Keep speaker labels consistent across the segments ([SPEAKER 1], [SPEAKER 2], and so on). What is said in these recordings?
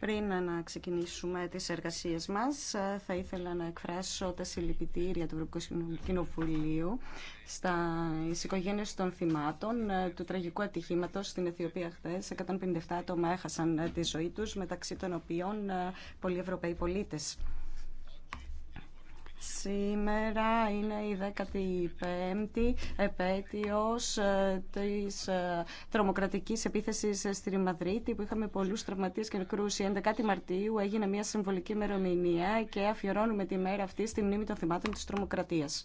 [SPEAKER 1] Πριν να ξεκινήσουμε τις εργασίες μας, ε, θα ήθελα να εκφράσω τα συλληπιτήρια του Ευρωπαϊκού Κοινοβουλίου στα οικογένειε των θυμάτων ε, του τραγικού ατυχήματος στην Αιθιοπία χθες. 157 άτομα έχασαν ε, τη ζωή τους, μεταξύ των οποίων πολλοί Ευρωπαίοι πολίτες. Σήμερα είναι η 15η επέτειος ε, της ε, τρομοκρατικής επίθεσης στη Μαδρίτη που είχαμε πολλούς τραυματίες και νεκρούς. Η 11η Μαρτίου έγινε μια συμβολική ημερομηνία και αφιερώνουμε τη μέρα αυτή στη μνήμη των θυμάτων της τρομοκρατίας.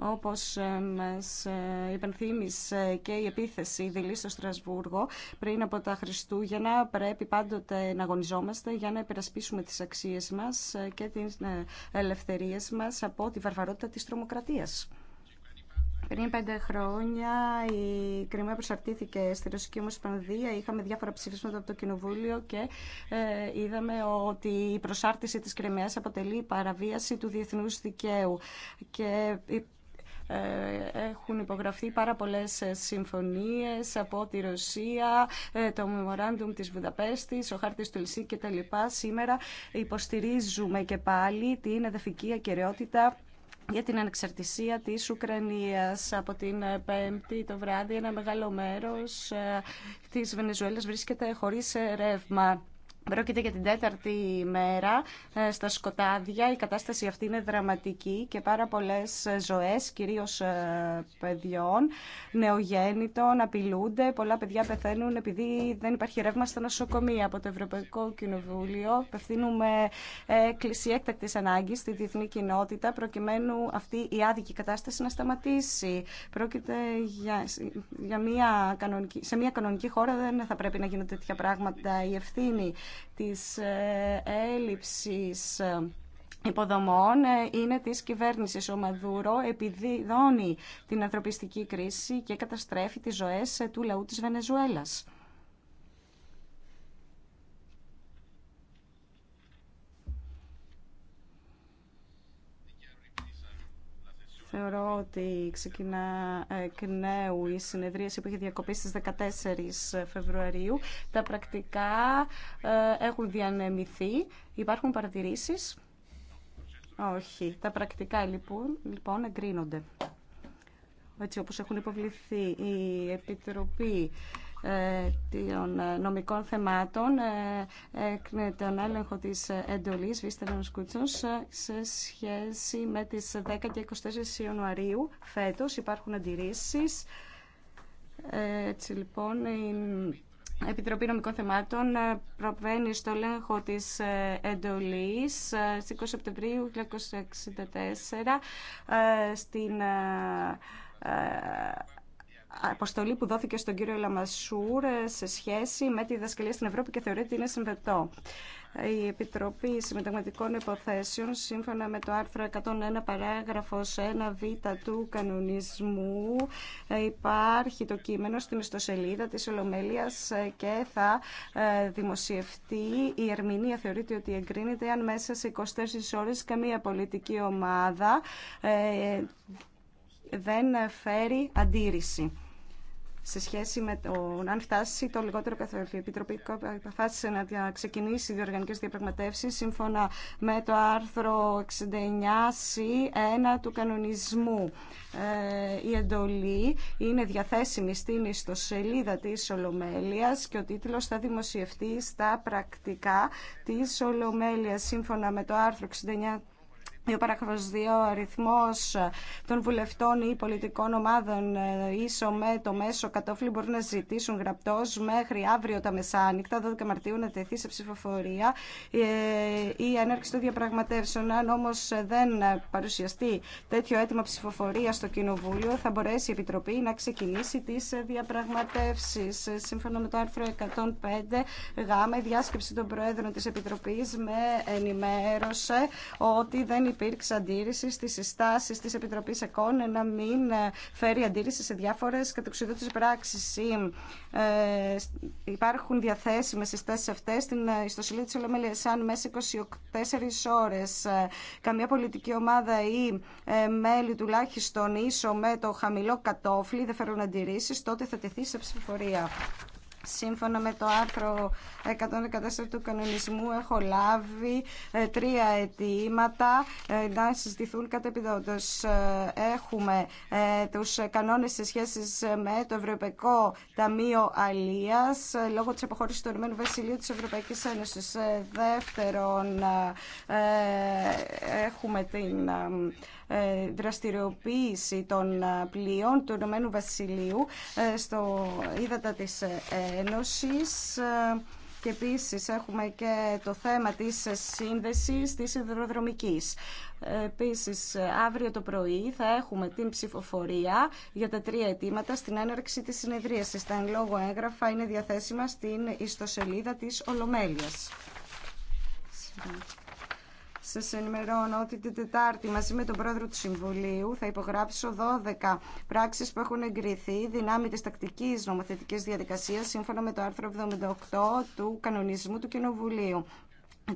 [SPEAKER 1] Όπως ε, μας ε, υπενθύμισε και η επίθεση δηλή στο Στρασβούργο πριν από τα Χριστούγεννα, πρέπει πάντοτε να αγωνιζόμαστε για να υπερασπίσουμε τις αξίες μας ε, και τις ελευθερίες μας από τη βαρβαρότητα της τρομοκρατίας. Πριν πέντε χρόνια η Κρυμαία προσαρτήθηκε στη Ρωσική Ομοσπονδία. Είχαμε διάφορα ψηφίσματα από το Κοινοβούλιο και είδαμε ότι η προσάρτηση της Κρυμαίας αποτελεί παραβίαση του διεθνού δικαίου. Και ε, έχουν υπογραφεί πάρα πολλές συμφωνίες από τη Ρωσία, ε, το Memorandum της Βουδαπέστης, ο Χάρτης του Ελσί λοιπά. Σήμερα υποστηρίζουμε και πάλι την εδεφική ακαιρεότητα για την ανεξαρτησία της Ουκρανίας. Από την Πέμπτη το βράδυ ένα μεγάλο μέρος ε, της Βενεζουέλας βρίσκεται χωρίς ρεύμα. Πρόκειται για την τέταρτη μέρα ε, στα σκοτάδια. Η κατάσταση αυτή είναι δραματική και πάρα πολλές ζωές, κυρίως ε, παιδιών, νεογέννητων, απειλούνται. Πολλά παιδιά πεθαίνουν επειδή δεν υπάρχει ρεύμα στα νοσοκομεία. Από το Ευρωπαϊκό Κοινοβούλιο απευθύνουμε κλίση έκτακτης ανάγκης στη διεθνή κοινότητα προκειμένου αυτή η άδικη κατάσταση να σταματήσει. Πρόκειται για, για μια κανονική, σε μια κανονική χώρα δεν θα πρέπει να γίνονται τέτοια πράγματα. Η ευθύνη της ε, έλλειψης ε, υποδομών ε, είναι της κυβέρνησης. Ο Μαδούρο επιδιδώνει την ανθρωπιστική κρίση και καταστρέφει τις ζωές του λαού της Βενεζουέλας. Θεωρώ ότι ξεκινά ε, εκ νέου η συνεδρίαση που είχε διακοπεί στις 14 Φεβρουαρίου. Τα πρακτικά ε, έχουν διανεμηθεί. Υπάρχουν παρατηρήσεις. Όχι. Τα πρακτικά λοιπόν, λοιπόν εγκρίνονται. Έτσι όπως έχουν υποβληθεί η Επιτροπή ε, των ε, νομικών θεμάτων έκνε τον έλεγχο της εντολής βιστερον σκούτσος ε, σε σχέση με τις 10 και 24 Ιανουαρίου φέτος υπάρχουν αντιρρήσεις έτσι λοιπόν η Επιτροπή Νομικών Θεμάτων προβαίνει στο έλεγχο της εντολής στις 20 Σεπτεμβρίου 1964 στην αποστολή που δόθηκε στον κύριο Λαμασούρ ε, σε σχέση με τη διδασκαλία στην Ευρώπη και θεωρείται ότι είναι συμβετό. Η Επιτροπή Συμμεταγματικών Υποθέσεων, σύμφωνα με το άρθρο 101 παράγραφος 1β του κανονισμού, ε, υπάρχει το κείμενο στην ιστοσελίδα της Ολομέλειας ε, και θα δημοσιευτεί. Η ερμηνεία θεωρείται ότι εγκρίνεται αν μέσα σε 24 ώρες καμία πολιτική ομάδα δεν φέρει αντίρρηση σε σχέση με το αν φτάσει το λιγότερο καθόλου. Η Επιτροπή αποφάσισε να ξεκινήσει διοργανικέ διαπραγματεύσει σύμφωνα με το άρθρο 69C1 του κανονισμού. Ε, η εντολή είναι διαθέσιμη στην ιστοσελίδα τη Ολομέλεια και ο τίτλο θα δημοσιευτεί στα πρακτικά τη Ολομέλεια σύμφωνα με το άρθρο 69 ο παράγραφος 2 αριθμός των βουλευτών ή πολιτικών ομάδων ε, ίσο με το μέσο κατόφλι μπορούν να ζητήσουν γραπτός μέχρι αύριο τα μεσάνυχτα 12 Μαρτίου να τεθεί σε ψηφοφορία ε, η έναρξη των διαπραγματεύσεων. Αν όμως δεν παρουσιαστεί τέτοιο αίτημα ψηφοφορία στο Κοινοβούλιο θα μπορέσει η Επιτροπή να ξεκινήσει τις διαπραγματεύσεις. Σύμφωνα με το άρθρο 105 γάμα η διάσκεψη των Προέδρων της Επιτροπής με ενημέρωσε ότι δεν υπάρχει υπήρξε αντίρρηση στις συστάσει τη Επιτροπής ΕΚΟΝ να μην ε, φέρει αντίρρηση σε διάφορες κατοξιδότητε πράξει. ε, υπάρχουν διαθέσιμε συστάσεις αυτές στην ε, ιστοσελίδα τη Ολομέλειας αν μέσα 24 ώρες ε, καμία πολιτική ομάδα ή μέλη τουλάχιστον ίσο με το χαμηλό κατόφλι δεν φέρουν αντιρρήσει, τότε θα τεθεί σε ψηφοφορία. Σύμφωνα με το άρθρο 114 του κανονισμού έχω λάβει ε, τρία αιτήματα ε, να συζητηθούν κατ' επιδότως. Ε, έχουμε τους κανόνες σε σχέση με το Ευρωπαϊκό Ταμείο Αλίας λόγω της αποχώρησης του Ορειμένου Βασιλείου της Ευρωπαϊκής Ένωσης. Δεύτερον, έχουμε την ε, δραστηριοποίηση των ε, πλοίων του Ηνωμένου Βασιλείου ε, στο ύδατα της Ένωσης. Και επίσης έχουμε και το θέμα της σύνδεσης της υδροδρομικής. Επίσης, αύριο το πρωί θα έχουμε την ψηφοφορία για τα τρία αιτήματα στην έναρξη της συνεδρίασης. Τα εν λόγω έγγραφα είναι διαθέσιμα στην ιστοσελίδα της Ολομέλειας. Σα ενημερώνω ότι την Τετάρτη μαζί με τον Πρόεδρο του Συμβουλίου θα υπογράψω 12 πράξεις που έχουν εγκριθεί δυνάμει τη τακτικής νομοθετική διαδικασία σύμφωνα με το άρθρο 78 του κανονισμού του Κοινοβουλίου.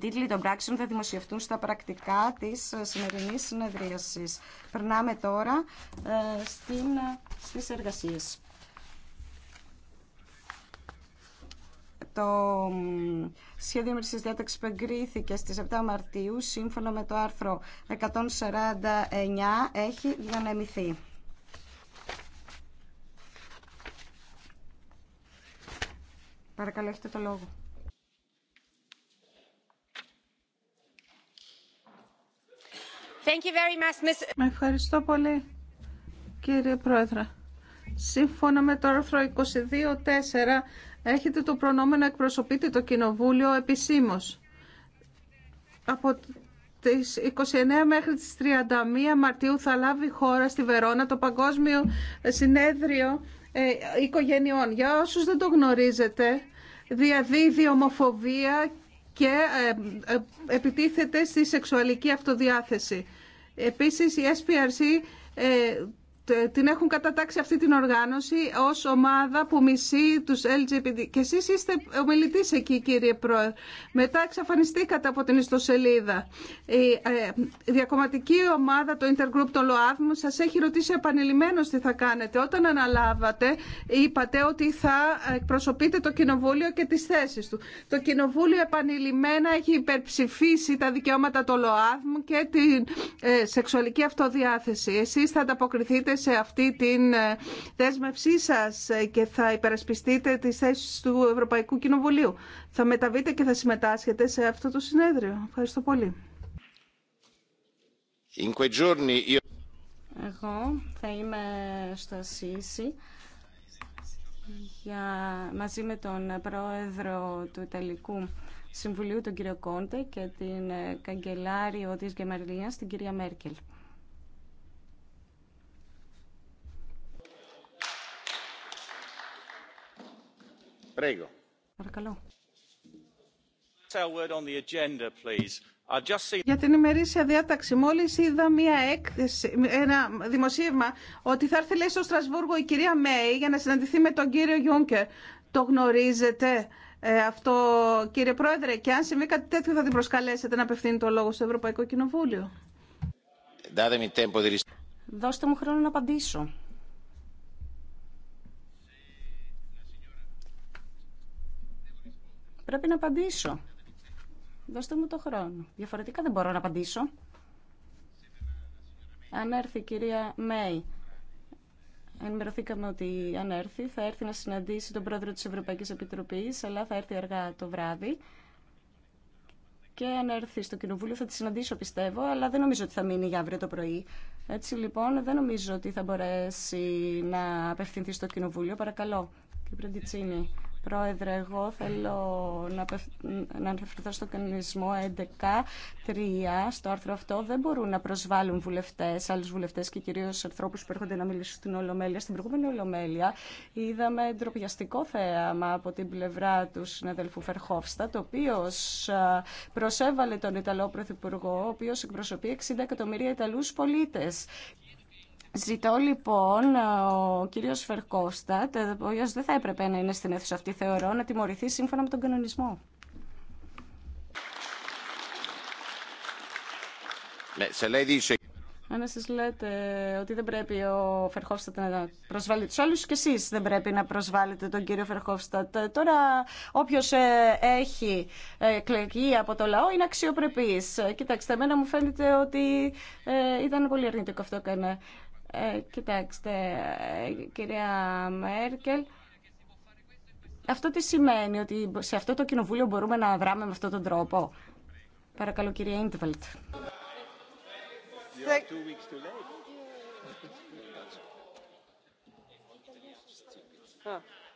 [SPEAKER 1] τίτλοι των πράξεων θα δημοσιευτούν στα πρακτικά της σημερινή συνεδρίασης. Περνάμε τώρα ε, στην, ε, το σχέδιο μερική διάταξη που εγκρίθηκε στις 7 Μαρτίου, σύμφωνα με το άρθρο 149, έχει διανεμηθεί.
[SPEAKER 2] Παρακαλώ, έχετε το λόγο.
[SPEAKER 3] Thank you very much, Ευχαριστώ πολύ, κύριε Πρόεδρε. Σύμφωνα με το άρθρο 22.4 έχετε το προνόμιο να εκπροσωπείτε το Κοινοβούλιο επισήμως. Από τις 29 μέχρι τις 31 Μαρτίου θα λάβει χώρα στη Βερόνα το Παγκόσμιο Συνέδριο ε, Οικογενειών. Για όσους δεν το γνωρίζετε, διαδίδει ομοφοβία και ε, ε, επιτίθεται στη σεξουαλική αυτοδιάθεση. Επίσης, η SPRC την έχουν κατατάξει αυτή την οργάνωση ως ομάδα που μισεί τους LGBT. Και εσείς είστε ομιλητής εκεί κύριε Πρόεδρε. Μετά εξαφανιστήκατε από την ιστοσελίδα. Η ε, διακομματική ομάδα, το Intergroup των ΛΟΑΔΜ, σας έχει ρωτήσει επανειλημμένως τι θα κάνετε. Όταν αναλάβατε είπατε ότι θα εκπροσωπείτε το Κοινοβούλιο και τις θέσεις του. Το Κοινοβούλιο επανειλημμένα έχει υπερψηφίσει τα δικαιώματα των ΛΟΑΔΜ και την ε, σεξουαλική αυτοδιάθεση. Εσείς θα ανταποκριθείτε σε αυτή την ε, δέσμευσή σας και θα υπερασπιστείτε τις θέσεις του Ευρωπαϊκού Κοινοβουλίου. Θα μεταβείτε και θα συμμετάσχετε σε αυτό το συνέδριο. Ευχαριστώ πολύ. Εγώ θα είμαι στο ΣΥΣΥ για,
[SPEAKER 1] μαζί με τον πρόεδρο του Ιταλικού Συμβουλίου, τον κύριο Κόντε, και την καγκελάριο της Γεμαρλίας, την κυρία Μέρκελ.
[SPEAKER 4] Για
[SPEAKER 3] την ημερήσια διάταξη, μόλι είδα μια έκθεση, ένα δημοσίευμα ότι θα έρθει λέει στο Στρασβούργο η κυρία Μέη για να συναντηθεί με τον κύριο Γιούνκερ. Το γνωρίζετε ε, αυτό, κύριε Πρόεδρε, και αν συμβεί κάτι τέτοιο θα την προσκαλέσετε να απευθύνει το λόγο στο Ευρωπαϊκό Κοινοβούλιο. Δώστε μου χρόνο να απαντήσω.
[SPEAKER 1] Πρέπει να απαντήσω. Δώστε μου το χρόνο. Διαφορετικά δεν μπορώ να απαντήσω. Αν έρθει η κυρία Μέη, ενημερωθήκαμε ότι αν έρθει, θα έρθει να συναντήσει τον πρόεδρο της Ευρωπαϊκής Επιτροπής, αλλά θα έρθει αργά το βράδυ. Και αν έρθει στο Κοινοβούλιο θα τη συναντήσω, πιστεύω, αλλά δεν νομίζω ότι θα μείνει για αύριο το πρωί. Έτσι λοιπόν δεν νομίζω ότι θα μπορέσει να απευθυνθεί στο Κοινοβούλιο. Παρακαλώ, κύριε Πρόεδρε, εγώ θέλω να, να αναφερθώ στο κανονισμό 11.3. Στο άρθρο αυτό δεν μπορούν να προσβάλλουν βουλευτέ, άλλου βουλευτέ και κυρίω ανθρώπου που έρχονται να μιλήσουν στην Ολομέλεια. Στην προηγούμενη Ολομέλεια είδαμε ντροπιαστικό θέαμα από την πλευρά του συναδελφού Φερχόφστα, το οποίο προσέβαλε τον Ιταλό Πρωθυπουργό, ο οποίο εκπροσωπεί 60 εκατομμύρια Ιταλού πολίτε. Ζητώ λοιπόν ο κύριος Φερκόστατ, ο οποίο δεν θα έπρεπε να είναι στην αίθουσα αυτή, θεωρώ, να τιμωρηθεί σύμφωνα με τον κανονισμό. Αν ναι, σα λέτε ότι δεν πρέπει ο Φερχόφστατ να προσβάλλει του άλλου, και εσεί δεν πρέπει να προσβάλλετε τον κύριο Φερχόφστατ. Τώρα, όποιο ε, έχει ε, εκλεγεί από το λαό είναι αξιοπρεπή. Ε, κοιτάξτε, εμένα μου φαίνεται ότι ήταν πολύ αρνητικό αυτό που έκανε. Ε, κοιτάξτε, ε, κυρία Μέρκελ, αυτό τι σημαίνει, ότι σε αυτό το κοινοβούλιο μπορούμε να δράμε με αυτόν τον τρόπο. Παρακαλώ, κυρία Ιντβελτ.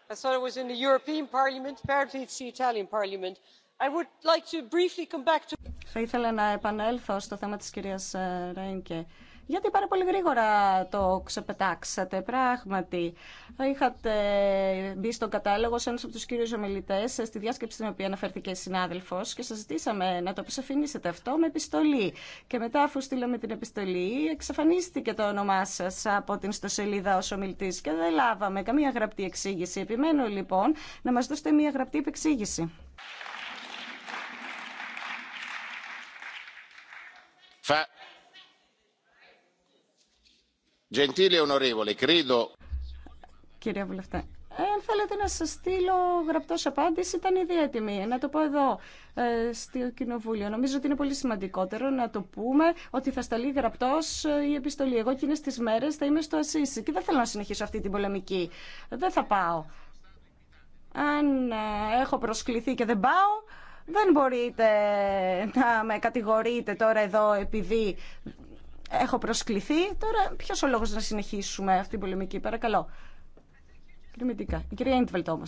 [SPEAKER 1] I thought it was in the European Parliament. Apparently, it's the Italian Parliament. I would like to briefly come back to. Θα ήθελα να επανέλθω στο θέμα της κυρίας ε, Ρέινκε γιατί πάρα πολύ γρήγορα το ξεπετάξατε πράγματι. Είχατε μπει στον κατάλογο σε ένα από του κύριους ομιλητές στη διάσκεψη στην οποία αναφέρθηκε η συνάδελφος και σας ζητήσαμε να το επισαφήνισετε αυτό με επιστολή. Και μετά αφού στείλαμε την επιστολή εξαφανίστηκε το όνομά σα από την ιστοσελίδα ω ομιλητή. και δεν λάβαμε καμία γραπτή εξήγηση. Επιμένω λοιπόν να μα δώσετε μια γραπτή επεξήγηση. Κύριε Βουλευτέ, αν θέλετε να σας στείλω γραπτός απάντηση, ήταν ήδη έτοιμη. Να το πω εδώ, ε, στο Κοινοβούλιο. Νομίζω ότι είναι πολύ σημαντικότερο να το πούμε ότι θα σταλεί γραπτός ε, η επιστολή. Εγώ εκείνες τις μέρες θα είμαι στο Ασίσι και δεν θέλω να συνεχίσω αυτή την πολεμική. Δεν θα πάω. Αν ε, έχω προσκληθεί και δεν πάω, δεν μπορείτε να με κατηγορείτε τώρα εδώ επειδή έχω προσκληθεί. Τώρα ποιο ο λόγο να συνεχίσουμε αυτή την πολεμική. Παρακαλώ. Κριμητικά. Η κυρία Ιντβελτ όμω.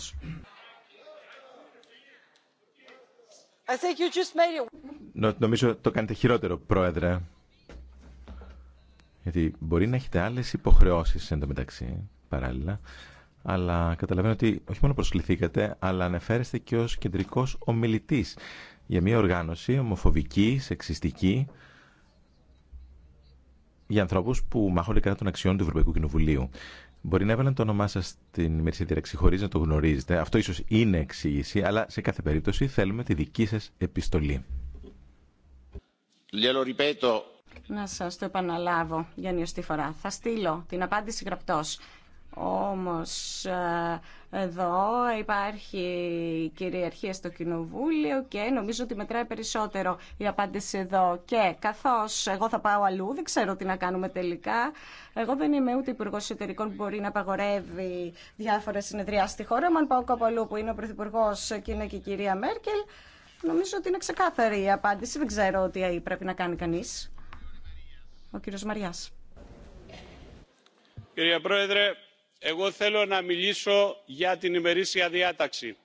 [SPEAKER 5] νομίζω το κάνετε χειρότερο, Πρόεδρε. Γιατί μπορεί να έχετε άλλε υποχρεώσεις εν τω μεταξύ, παράλληλα. Αλλά καταλαβαίνω ότι όχι μόνο προσκληθήκατε, αλλά αναφέρεστε και ως κεντρικός ομιλητής για μια οργάνωση ομοφοβική, σεξιστική, για ανθρώπου που μάχονται κατά των αξιών του Ευρωπαϊκού Κοινοβουλίου. Μπορεί να έβαλαν το όνομά σα στην ημερήσια διαταξή χωρί να το γνωρίζετε. Αυτό ίσω είναι εξήγηση, αλλά σε κάθε περίπτωση θέλουμε τη δική σα επιστολή.
[SPEAKER 1] Να σα το επαναλάβω για νιωστή φορά. Θα στείλω την απάντηση γραπτό. Όμως ε, εδώ υπάρχει κυριαρχία στο Κοινοβούλιο και νομίζω ότι μετράει περισσότερο η απάντηση εδώ. Και καθώς εγώ θα πάω αλλού, δεν ξέρω τι να κάνουμε τελικά. Εγώ δεν είμαι ούτε υπουργό εσωτερικών που μπορεί να απαγορεύει διάφορες συνεδρία στη χώρα. αν πάω κάπου αλλού που είναι ο Πρωθυπουργό και είναι και η κυρία Μέρκελ, νομίζω ότι είναι ξεκάθαρη η απάντηση. Δεν ξέρω τι πρέπει να κάνει κανείς. Ο κύριος Μαριάς.
[SPEAKER 6] Κυρία Πρόεδρε, εγώ θέλω να μιλήσω για την ημερήσια διάταξη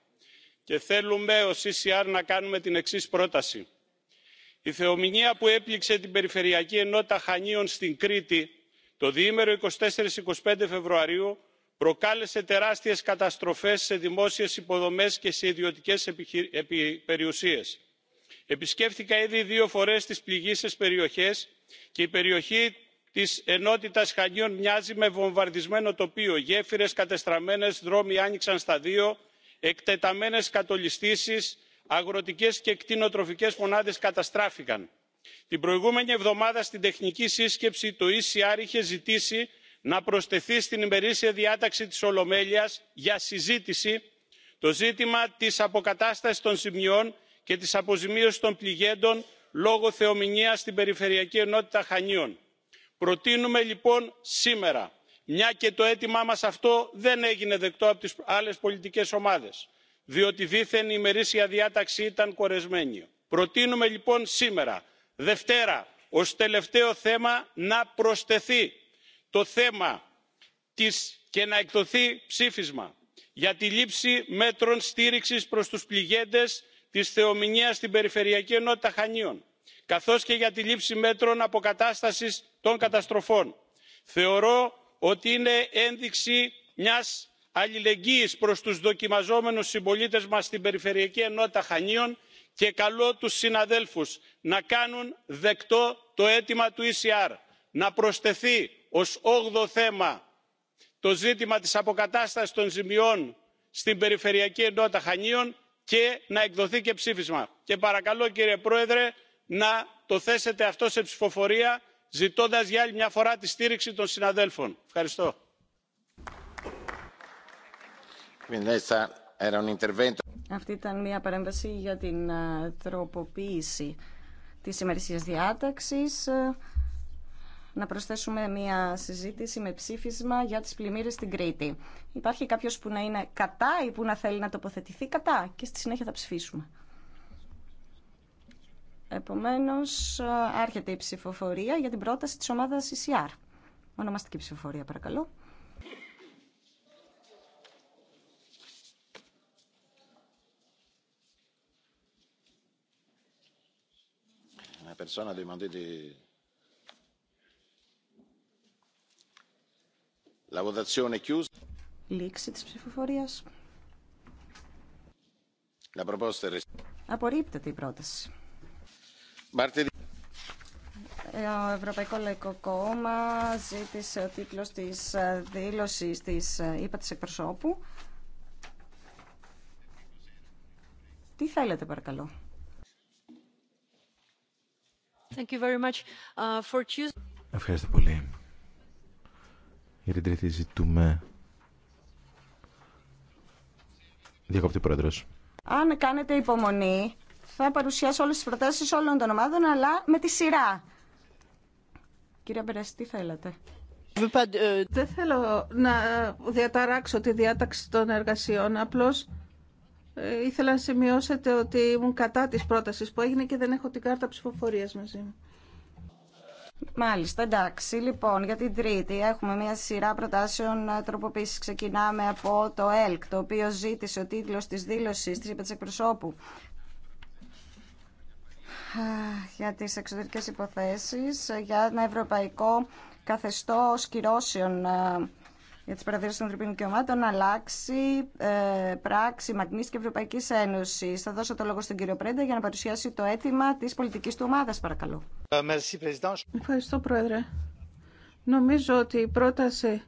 [SPEAKER 6] και θέλουμε ως ecr να κάνουμε την εξής πρόταση η θεομηνία που έπληξε την περιφερειακή ενότητα χανίων στην κρήτη το διήμερο 24 25 φεβρουαρίου προκάλεσε τεράστιες καταστροφές σε δημόσιες υποδομές και σε ιδιωτικές περιουσίες. επισκέφθηκα ήδη δύο φορές τις πληγείσες περιοχές και η περιοχή της ενότητας χανίων μοιάζει με βομβαρδισμένο τοπίο γέφυρες κατεστραμμένες δρόμοι άνοιξαν στα δύο εκτεταμένες κατολιστήσεις αγροτικές και κτηνοτροφικές μονάδε καταστράφηκαν. την προηγούμενη εβδομάδα στην τεχνική σύσκεψη το ecr είχε ζητήσει να προσθεθεί στην ημερήσια διάταξη της ολομέλειας για συζήτηση το ζήτημα της αποκατάστασης των ζημιών και της αποζημίωσης των πληγέντων λόγω θεομηνίας στην περιφερειακή ενότητα χανίων προτείνουμε λοιπόν σήμερα μια και το αίτημά μας αυτό δεν έγινε δεκτό από τις άλλες πολιτικές ομάδες διότι δήθεν η ημερήσια διάταξη ήταν κορεσμένη προτείνουμε λοιπόν σήμερα δευτέρα ως τελευταίο θέμα να προσθεθεί το θέμα της και να εκδοθεί ψήφισμα για τη λήψη μέτρων στήριξης προς τους πληγέντες της θεομηνίας στην περιφερειακή ενότητα χανίων καθώς και για τη λήψη μέτρων αποκατάστασης των καταστροφών. θεωρώ ότι είναι ένδειξη μιας αλληλεγγύης προς τους δοκιμαζόμενους συμπολίτες μας στην περιφερειακή ενότητα χανίων και καλώ τους συναδέλφους να κάνουν δεκτό το αίτημα του ecr να προσθεθεί ως όγδοο θέμα το ζήτημα της αποκατάστασης των ζημιών στην περιφερειακή ενότητα χανίων και να εκδοθεί και ψήφισμα. και παρακαλώ κύριε πρόεδρε να το θέσετε αυτό σε ψηφοφορία ζητώντας για άλλη μια φορά τη στήριξη των συναδέλφων. ευχαριστώ.
[SPEAKER 1] Αυτή ήταν μια παρέμβαση για την ε, τροποποίηση της ημερησίας διάταξης. Ε, να προσθέσουμε μια συζήτηση με ψήφισμα για τις πλημμύρες στην Κρήτη. Υπάρχει κάποιος που να είναι κατά ή που να θέλει να τοποθετηθεί κατά και στη συνέχεια θα ψηφίσουμε. Επομένω, έρχεται η ψηφοφορία για την πρόταση της ομάδας ECR. Ονομαστική ψηφοφορία, παρακαλώ. Λήξη της ψηφοφορίας. Απορρίπτεται
[SPEAKER 7] η πρόταση. Ο
[SPEAKER 1] Ευρωπαϊκό Λαϊκό Κόμμα ζήτησε ο τίτλος της ε, δήλωσης της ΥΠΑ ε, της εκπροσώπου.
[SPEAKER 8] Τι θέλετε παρακαλώ. Thank you very much uh, for choosing...
[SPEAKER 9] Ευχαριστώ πολύ.
[SPEAKER 5] Η την τρίτη ζητούμε. Διακόπτη πρόεδρος.
[SPEAKER 1] Αν κάνετε υπομονή, θα παρουσιάσω όλες τις προτάσεις όλων των ομάδων, αλλά με τη σειρά. Κυρία Μπεραστή, τι θέλετε.
[SPEAKER 3] Δεν θέλω να διαταράξω τη διάταξη των εργασιών, απλώς ε, ήθελα να σημειώσετε ότι ήμουν κατά της πρότασης που έγινε και δεν έχω την κάρτα ψηφοφορίας μαζί μου. Μάλιστα, εντάξει. Λοιπόν, για την Τρίτη
[SPEAKER 1] έχουμε μια σειρά προτάσεων ε, τροποποίηση. Ξεκινάμε από το ΕΛΚ, το οποίο ζήτησε ο τίτλο τη δήλωση τη εκπροσώπου για τις εξωτερικές υποθέσεις για ένα ευρωπαϊκό καθεστώς κυρώσεων ε, για τις παραδείγματα των ανθρωπίνων δικαιωμάτων αλλάξει ε, πράξη Μαγνής και Ευρωπαϊκής Ένωσης. Θα δώσω το λόγο στον κύριο Πρέντα για να παρουσιάσει το αίτημα της πολιτικής
[SPEAKER 3] του ομάδας, παρακαλώ. Ε, Ευχαριστώ, Πρόεδρε. Νομίζω ότι η πρόταση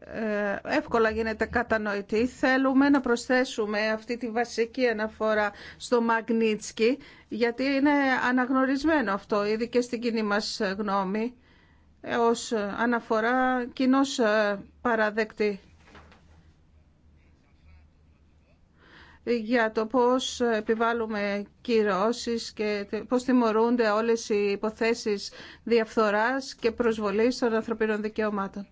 [SPEAKER 3] ε, εύκολα γίνεται κατανοητή. Θέλουμε να προσθέσουμε αυτή τη βασική αναφορά στο Μαγνίτσκι, γιατί είναι αναγνωρισμένο αυτό, ήδη και στην κοινή μας γνώμη, ως αναφορά κοινώ ε, παραδεκτή. για το πώς επιβάλλουμε κυρώσεις και πώς τιμωρούνται όλες οι υποθέσεις διαφθοράς και προσβολής των ανθρωπίνων δικαιωμάτων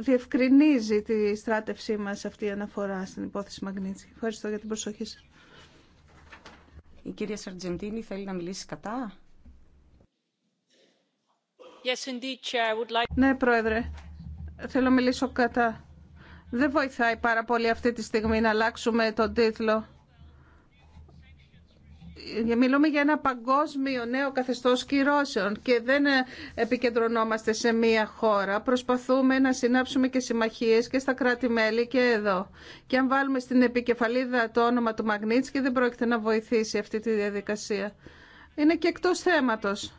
[SPEAKER 3] διευκρινίζει τη στράτευσή μας αυτή η αναφορά στην υπόθεση Μαγνίτση. Ευχαριστώ για την προσοχή σας. Η κυρία Σαρτζεντίνη θέλει να μιλήσει κατά. Yes, indeed, Chair. Would like... Ναι, Πρόεδρε. Θέλω να μιλήσω κατά. Δεν βοηθάει πάρα πολύ αυτή τη στιγμή να αλλάξουμε τον τίτλο ε, μιλούμε για ένα παγκόσμιο νέο καθεστώς κυρώσεων και δεν ε, επικεντρωνόμαστε σε μία χώρα. Προσπαθούμε να συνάψουμε και συμμαχίες και στα κράτη-μέλη και εδώ. Και αν βάλουμε στην επικεφαλίδα το όνομα του και δεν πρόκειται να βοηθήσει αυτή τη διαδικασία. Είναι και εκτός θέματος.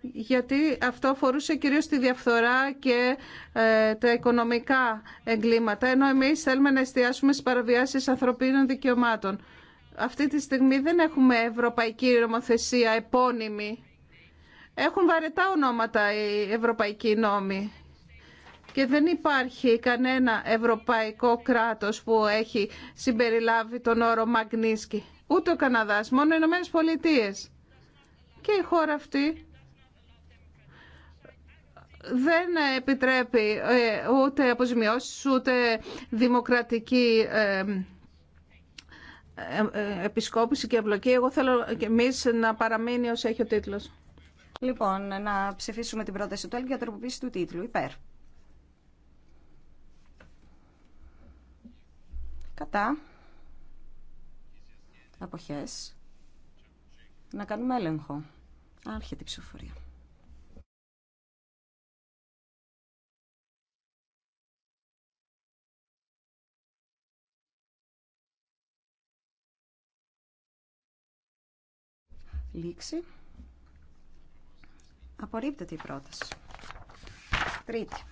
[SPEAKER 3] Γιατί αυτό αφορούσε κυρίως τη διαφθορά και ε, τα οικονομικά εγκλήματα, ενώ εμείς θέλουμε να εστιάσουμε στις παραβιάσεις ανθρωπίνων δικαιωμάτων. Αυτή τη στιγμή δεν έχουμε ευρωπαϊκή νομοθεσία επώνυμη. Έχουν βαρετά ονόματα οι ευρωπαϊκοί νόμοι και δεν υπάρχει κανένα ευρωπαϊκό κράτος που έχει συμπεριλάβει τον όρο Μαγνίσκι. Ούτε ο Καναδάς, μόνο οι Ηνωμένες Πολιτείες. Και η χώρα αυτή δεν επιτρέπει ε, ούτε αποζημιώσεις, ούτε δημοκρατική ε, ε, ε, επισκόπηση και ευλογία Εγώ θέλω και εμείς να παραμείνει όσο έχει ο τίτλος. Λοιπόν, να ψηφίσουμε την πρόταση του ΕΛΚ για τροποποίηση του τίτλου. Υπέρ.
[SPEAKER 1] Κατά. Αποχές. Να κάνουμε έλεγχο.
[SPEAKER 9] Άρχεται η ψηφοφορία. Λήξη.
[SPEAKER 1] Απορρίπτεται η πρόταση. Τρίτη.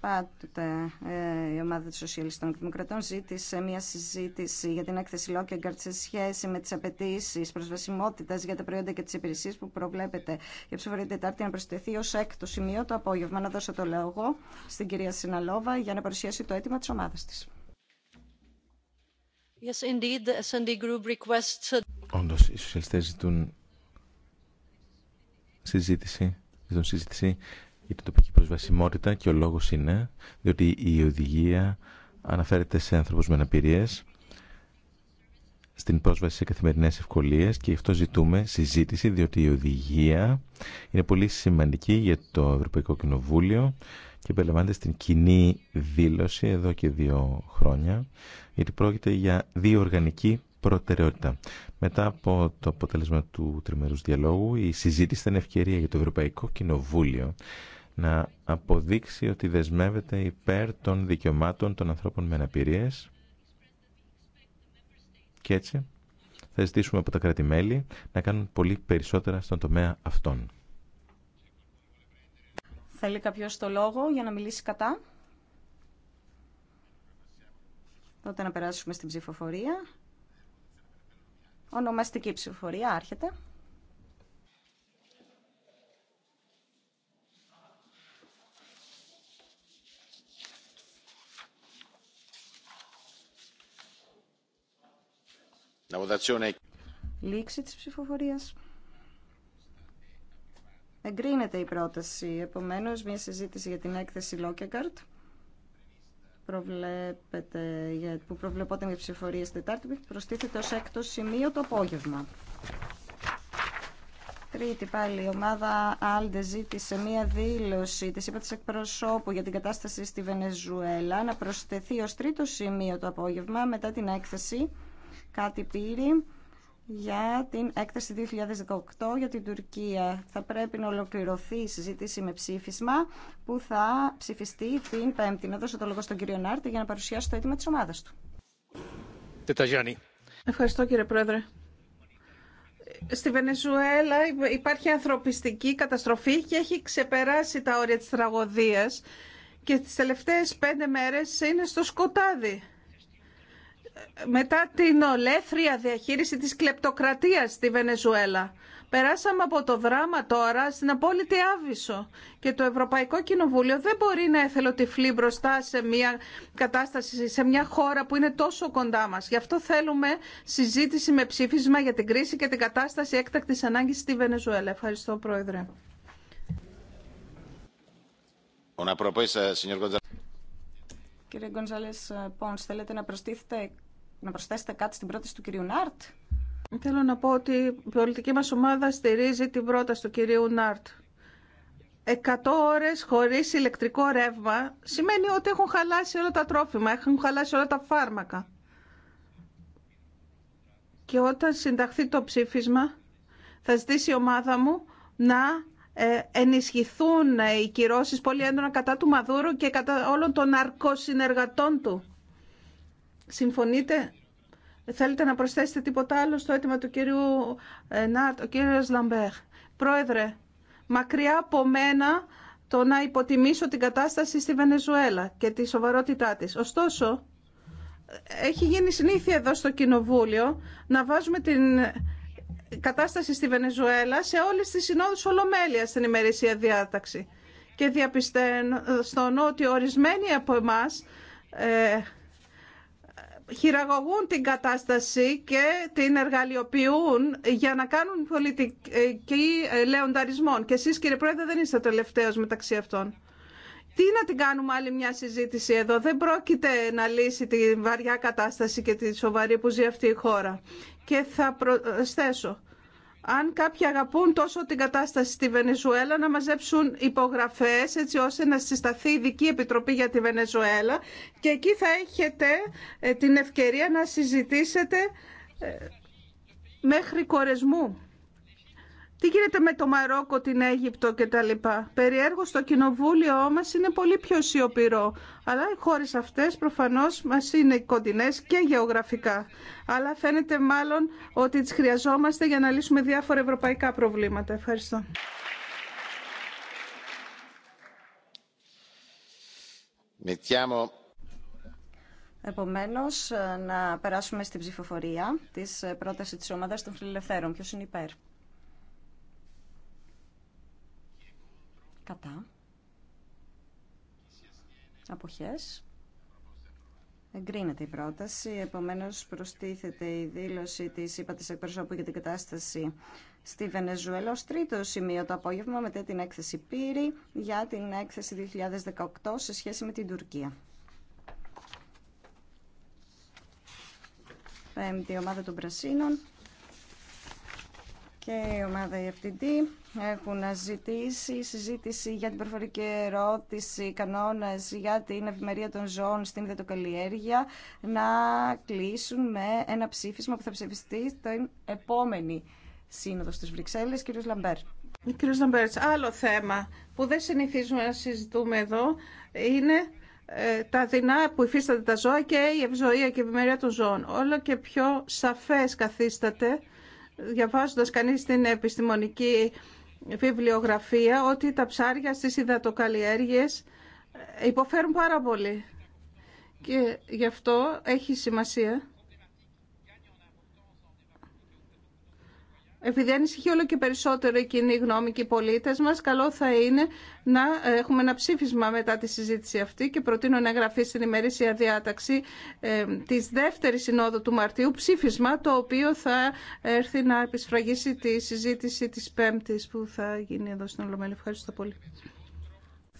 [SPEAKER 1] Πάντοτε ε, η ομάδα των Σοσιαλιστών και Δημοκρατών ζήτησε μια συζήτηση για την έκθεση Λόκεγκαρτ σε σχέση με τι απαιτήσει προσβασιμότητα για τα προϊόντα και τι υπηρεσίε που προβλέπεται για ψηφορία Τετάρτη να προσθεθεί ω έκτο σημείο το απόγευμα. Να δώσω το λόγο στην κυρία Συναλόβα για να παρουσιάσει το αίτημα τη ομάδα τη.
[SPEAKER 8] Yes, indeed, the group
[SPEAKER 5] Όντω, οι σοσιαλιστέ ζητούν συζήτηση, στον συζήτηση για την τοπική προσβασιμότητα και ο λόγος είναι διότι η οδηγία αναφέρεται σε άνθρωπους με αναπηρίες στην πρόσβαση σε καθημερινές ευκολίες και γι' αυτό ζητούμε συζήτηση διότι η οδηγία είναι πολύ σημαντική για το Ευρωπαϊκό Κοινοβούλιο και περιλαμβάνεται στην κοινή δήλωση εδώ και δύο χρόνια γιατί πρόκειται για δύο οργανική προτεραιότητα. Μετά από το αποτέλεσμα του τριμερούς διαλόγου, η συζήτηση ήταν ευκαιρία για το Ευρωπαϊκό Κοινοβούλιο να αποδείξει ότι δεσμεύεται υπέρ των δικαιωμάτων των ανθρώπων με αναπηρίες και έτσι θα ζητήσουμε από τα κράτη-μέλη να κάνουν πολύ περισσότερα στον τομέα αυτών.
[SPEAKER 1] Θέλει κάποιο το λόγο για να μιλήσει κατά. Τότε να περάσουμε στην ψηφοφορία. Ονομαστική ψηφοφορία άρχεται. Λήξη της ψηφοφορίας. Εγκρίνεται η πρόταση. Επομένως, μια συζήτηση για την έκθεση Λόκεγκαρτ για, που προβλεπόταν για ψηφορίες Τετάρτη προστίθεται ως έκτο σημείο το απόγευμα. Τρίτη πάλι η ομάδα Άλντε ζήτησε μία δήλωση της είπα της εκπροσώπου για την κατάσταση στη Βενεζουέλα να προσθεθεί ως τρίτο σημείο το απόγευμα μετά την έκθεση κάτι πήρε για την έκθεση 2018 για την Τουρκία. Θα πρέπει να ολοκληρωθεί η συζήτηση με ψήφισμα που θα ψηφιστεί την Πέμπτη. Να δώσω το λόγο στον κύριο Νάρτη για να παρουσιάσει το αίτημα της ομάδας του.
[SPEAKER 3] Ευχαριστώ κύριε Πρόεδρε. Στη Βενεζουέλα υπάρχει ανθρωπιστική καταστροφή και έχει ξεπεράσει τα όρια της τραγωδίας και τις τελευταίες πέντε μέρες είναι στο σκοτάδι μετά την ολέθρια διαχείριση της κλεπτοκρατίας στη Βενεζουέλα. Περάσαμε από το δράμα τώρα στην απόλυτη άβυσο και το Ευρωπαϊκό Κοινοβούλιο δεν μπορεί να έθελο τυφλή μπροστά σε μια κατάσταση, σε μια χώρα που είναι τόσο κοντά μας. Γι' αυτό θέλουμε συζήτηση με ψήφισμα για την κρίση και την κατάσταση έκτακτης ανάγκης στη Βενεζουέλα. Ευχαριστώ, Πρόεδρε.
[SPEAKER 1] Κύριε Γκονζάλες ε, Πόνς, θέλετε να προστίθετε
[SPEAKER 3] να προσθέσετε κάτι στην πρόταση του κυρίου Νάρτ. Θέλω να πω ότι η πολιτική μας ομάδα στηρίζει την πρόταση του κυρίου Νάρτ. Εκατό ώρες χωρίς ηλεκτρικό ρεύμα σημαίνει ότι έχουν χαλάσει όλα τα τρόφιμα, έχουν χαλάσει όλα τα φάρμακα. Και όταν συνταχθεί το ψήφισμα θα ζητήσει η ομάδα μου να ε, ενισχυθούν οι κυρώσεις πολύ έντονα κατά του Μαδούρου και κατά όλων των αρκοσυνεργατών του. Συμφωνείτε, θέλετε να προσθέσετε τίποτα άλλο στο αίτημα του κύριου ε, Νάτ, ο κύριος Λαμπέρ. Πρόεδρε, μακριά από μένα το να υποτιμήσω την κατάσταση στη Βενεζουέλα και τη σοβαρότητά της. Ωστόσο, έχει γίνει συνήθεια εδώ στο Κοινοβούλιο να βάζουμε την κατάσταση στη Βενεζουέλα σε όλες τις συνόδους ολομέλειας στην ημερήσια διάταξη. Και διαπιστώνω ότι ορισμένοι από εμάς ε, χειραγωγούν την κατάσταση και την εργαλειοποιούν για να κάνουν πολιτική λεονταρισμό. Και εσείς κύριε Πρόεδρε δεν είστε τελευταίος μεταξύ αυτών. Τι να την κάνουμε άλλη μια συζήτηση εδώ. Δεν πρόκειται να λύσει τη βαριά κατάσταση και τη σοβαρή που ζει αυτή η χώρα. Και θα προσθέσω αν κάποιοι αγαπούν τόσο την κατάσταση στη Βενεζουέλα να μαζέψουν υπογραφές έτσι ώστε να συσταθεί ειδική επιτροπή για τη Βενεζουέλα και εκεί θα έχετε ε, την ευκαιρία να συζητήσετε ε, μέχρι κορεσμού τι γίνεται με το Μαρόκο, την Αίγυπτο λοιπά. Περιέργως το κοινοβούλιο μας είναι πολύ πιο σιωπηρό. Αλλά οι χώρες αυτές προφανώς μας είναι κοντινές και γεωγραφικά. Αλλά φαίνεται μάλλον ότι τις χρειαζόμαστε για να λύσουμε διάφορα ευρωπαϊκά προβλήματα. Ευχαριστώ.
[SPEAKER 1] Επομένως, να περάσουμε στην ψηφοφορία της πρόταση της ομάδας των φιλελευθέρων. Ποιος είναι υπέρ. Κατά. Αποχές. Εγκρίνεται η πρόταση, επομένως προστίθεται η δήλωση της ΥΠΑ της εκπροσώπου για την κατάσταση στη Βενεζουέλα ως τρίτο σημείο το απόγευμα μετά την έκθεση Πύρη για την έκθεση 2018 σε σχέση με την Τουρκία. Πέμπτη ομάδα των Πρασίνων και η ομάδα FTD έχουν ζητήσει συζήτηση για την προφορική ερώτηση, κανόνες για την ευημερία των ζώων στην ιδετοκαλλιέργεια να κλείσουν με ένα ψήφισμα που θα ψηφιστεί στην επόμενη σύνοδο στις Βρυξέλλες. Κύριος
[SPEAKER 3] Λαμπέρ. Κύριος Λαμπέρτς, άλλο θέμα που δεν συνηθίζουμε να συζητούμε εδώ είναι ε, τα δεινά που υφίστανται τα ζώα και η ευζοία και η ευημερία των ζώων. Όλο και πιο σαφές καθίσταται διαβάζοντας κανείς την επιστημονική βιβλιογραφία ότι τα ψάρια στις υδατοκαλλιέργειες υποφέρουν πάρα πολύ. Και γι' αυτό έχει σημασία επειδή ανησυχεί όλο και περισσότερο η κοινή γνώμη και οι πολίτες μας, καλό θα είναι να έχουμε ένα ψήφισμα μετά τη συζήτηση αυτή και προτείνω να εγγραφεί στην ημερήσια διάταξη ε, της δεύτερης συνόδου του Μαρτίου ψήφισμα το οποίο θα έρθει να επισφραγίσει τη συζήτηση της Πέμπτης που θα γίνει εδώ στην Ολομέλη. Ευχαριστώ πολύ.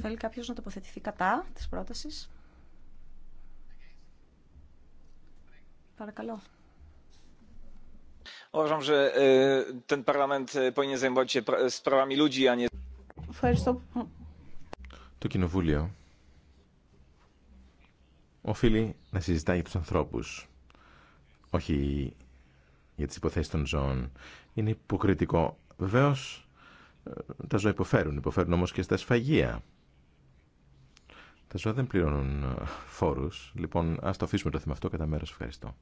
[SPEAKER 3] Θέλει κάποιος να τοποθετηθεί κατά της πρότασης.
[SPEAKER 1] Παρακαλώ.
[SPEAKER 4] Uważam, że ten parlament
[SPEAKER 5] Το κοινοβούλιο οφείλει να συζητάει για τους ανθρώπους, όχι για τις υποθέσεις των ζώων. Είναι υποκριτικό. Βεβαίω, ε, τα ζώα υποφέρουν. Υποφέρουν όμως και στα σφαγεία. Τα ζώα δεν πληρώνουν ε, φόρους. Λοιπόν, ας το αφήσουμε το θέμα αυτό κατά μέρος. Ευχαριστώ.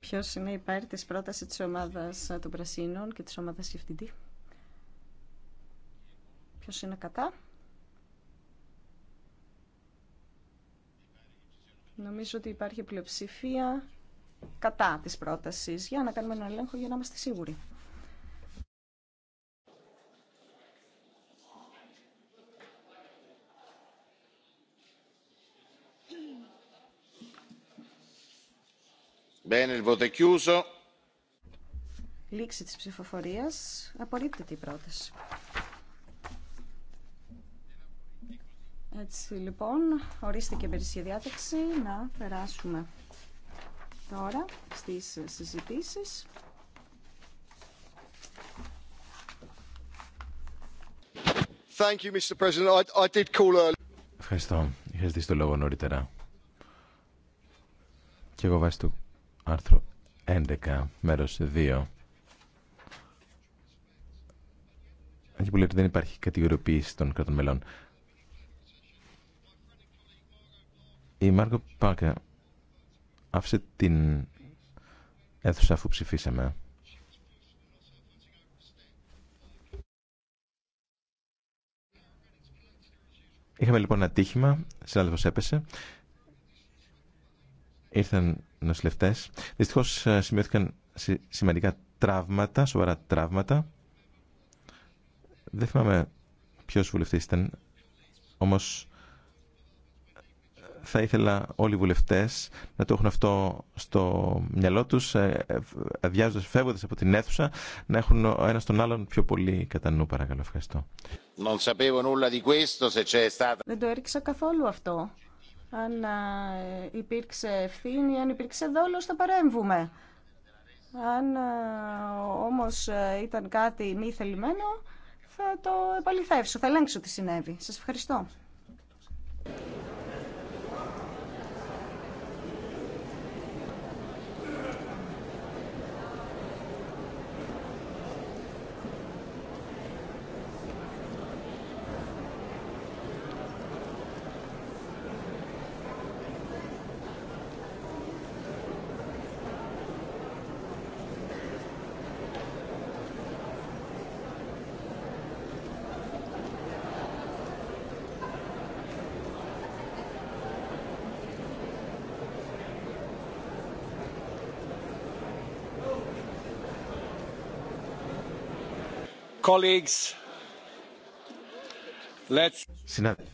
[SPEAKER 7] Ποιο είναι
[SPEAKER 1] υπέρ τη πρόταση τη ομάδα των Πρασίνων και τη ομάδα Διευθυντή. Ποιο είναι κατά. Νομίζω ότι υπάρχει πλειοψηφία κατά της πρότασης. Για να κάνουμε ένα έλεγχο για να είμαστε σίγουροι. Λήξη της ψηφοφορίας. Απορρίπτεται η πρόταση. Έτσι λοιπόν, ορίστηκε η περισσία διάταξη να περάσουμε τώρα στις συζητήσεις.
[SPEAKER 5] Ευχαριστώ. Είχα ζητήσει το λόγο νωρίτερα. Και εγώ βαστού. του άρθρο 11, μέρος 2. και που λέει ότι δεν υπάρχει κατηγοριοποίηση των κρατών μελών. Η Μάρκο Πάκα άφησε την αίθουσα αφού ψηφίσαμε. Είχαμε λοιπόν ένα τύχημα, συνάδελφος έπεσε. Ήρθαν νοσηλευτές. Δυστυχώς ε, σημειώθηκαν σημαντικά τραύματα, σοβαρά τραύματα. Δεν θυμάμαι ποιο βουλευτής ήταν, Όμω, ε, θα ήθελα όλοι οι βουλευτέ να το έχουν αυτό στο μυαλό του, ε, αδειάζοντα, φεύγοντα από την αίθουσα, να έχουν ο ένας τον άλλον πιο πολύ κατά
[SPEAKER 7] νου, παρακαλώ. Ευχαριστώ. Δεν
[SPEAKER 1] το έριξα καθόλου αυτό αν ε, υπήρξε ευθύνη, αν υπήρξε δόλο θα παρέμβουμε. Αν ε, όμως ε, ήταν κάτι μη θελημένο, θα το επαληθεύσω, θα ελέγξω τι συνέβη. Σας ευχαριστώ.
[SPEAKER 9] Συνάδελφοι,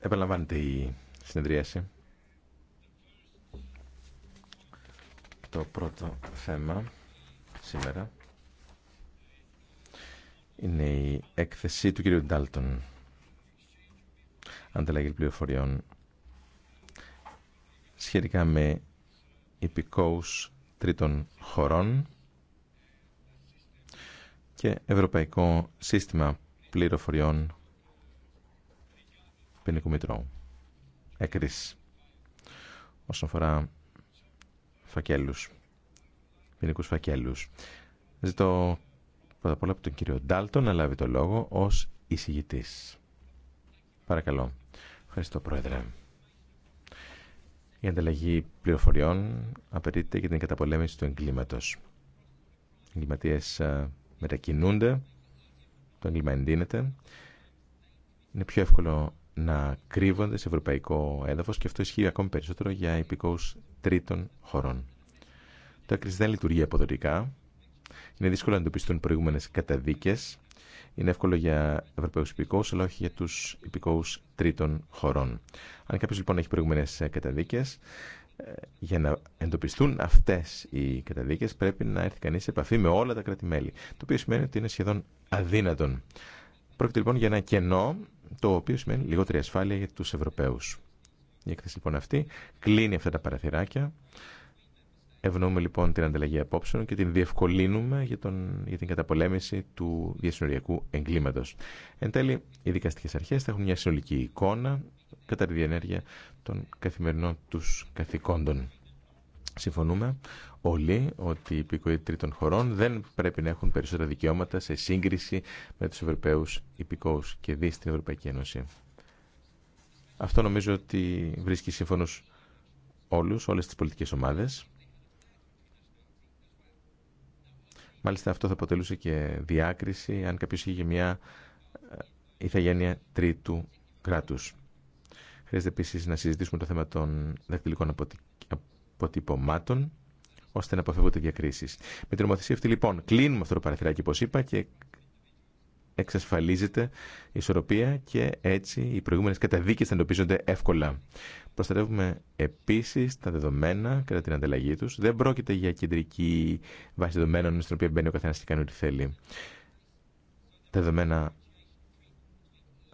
[SPEAKER 5] επαναλαμβάνεται η συνεδρίαση. Το πρώτο θέμα σήμερα είναι η έκθεση του κύριου Ντάλτον. Ανταλλαγή πληροφοριών σχετικά με υπηκόους τρίτων χωρών και Ευρωπαϊκό Σύστημα Πληροφοριών Ποινικού Μητρώου. Έκρης. Όσον αφορά φακέλους, ποινικούς φακέλους. Ζητώ πρώτα απ' όλα από τον κύριο Ντάλτο να λάβει το λόγο ως εισηγητής. Παρακαλώ. Ευχαριστώ, Πρόεδρε. Η ανταλλαγή πληροφοριών απαιτείται για την καταπολέμηση του εγκλήματος. εγκληματίες ε, μετακινούνται, το έγκλημα εντείνεται. Είναι πιο εύκολο να κρύβονται σε ευρωπαϊκό έδαφος και αυτό ισχύει ακόμη περισσότερο για υπηκόους τρίτων χωρών. Το έκρηση δεν λειτουργεί αποδοτικά. Είναι δύσκολο να εντοπιστούν προηγούμενε καταδίκε. Είναι εύκολο για Ευρωπαίου υπηκόου, αλλά όχι για του υπηκόου τρίτων χωρών. Αν κάποιο λοιπόν έχει προηγούμενε καταδίκε, ε, για να εντοπιστούν αυτέ οι καταδίκε, πρέπει να έρθει κανεί σε επαφή με όλα τα κράτη-μέλη, το οποίο σημαίνει ότι είναι σχεδόν αδύνατον. Πρόκειται λοιπόν για ένα κενό, το οποίο σημαίνει λιγότερη ασφάλεια για του Ευρωπαίου. Η έκθεση λοιπόν αυτή κλείνει αυτά τα παραθυράκια. Ευνοούμε λοιπόν την ανταλλαγή απόψεων και την διευκολύνουμε για, τον, για την καταπολέμηση του διασυνοριακού εγκλήματος. Εν τέλει, οι δικαστικές αρχές θα έχουν μια συνολική εικόνα κατά τη διενέργεια των καθημερινών τους καθηκόντων. Συμφωνούμε όλοι ότι οι υπηκοοί τρίτων χωρών δεν πρέπει να έχουν περισσότερα δικαιώματα σε σύγκριση με τους Ευρωπαίους υπηκόους και δι στην Ευρωπαϊκή Ένωση. Αυτό νομίζω ότι βρίσκει σύμφωνος όλους, όλες τις πολιτικές ομάδες. Μάλιστα αυτό θα αποτελούσε και διάκριση αν κάποιος είχε μια ε, ηθαγένεια τρίτου κράτους. Χρειάζεται επίση να συζητήσουμε το θέμα των δακτυλικών αποτυπωμάτων, ώστε να αποφεύγονται διακρίσει. Με την νομοθεσία αυτή, λοιπόν, κλείνουμε αυτό το παραθυράκι, όπω είπα, και εξασφαλίζεται η ισορροπία και έτσι οι προηγούμενε καταδίκε θα εντοπίζονται εύκολα. Προστατεύουμε επίση τα δεδομένα κατά την ανταλλαγή του. Δεν πρόκειται για κεντρική βάση δεδομένων στην οποία μπαίνει ο καθένα και κάνει ό,τι θέλει. Τα δεδομένα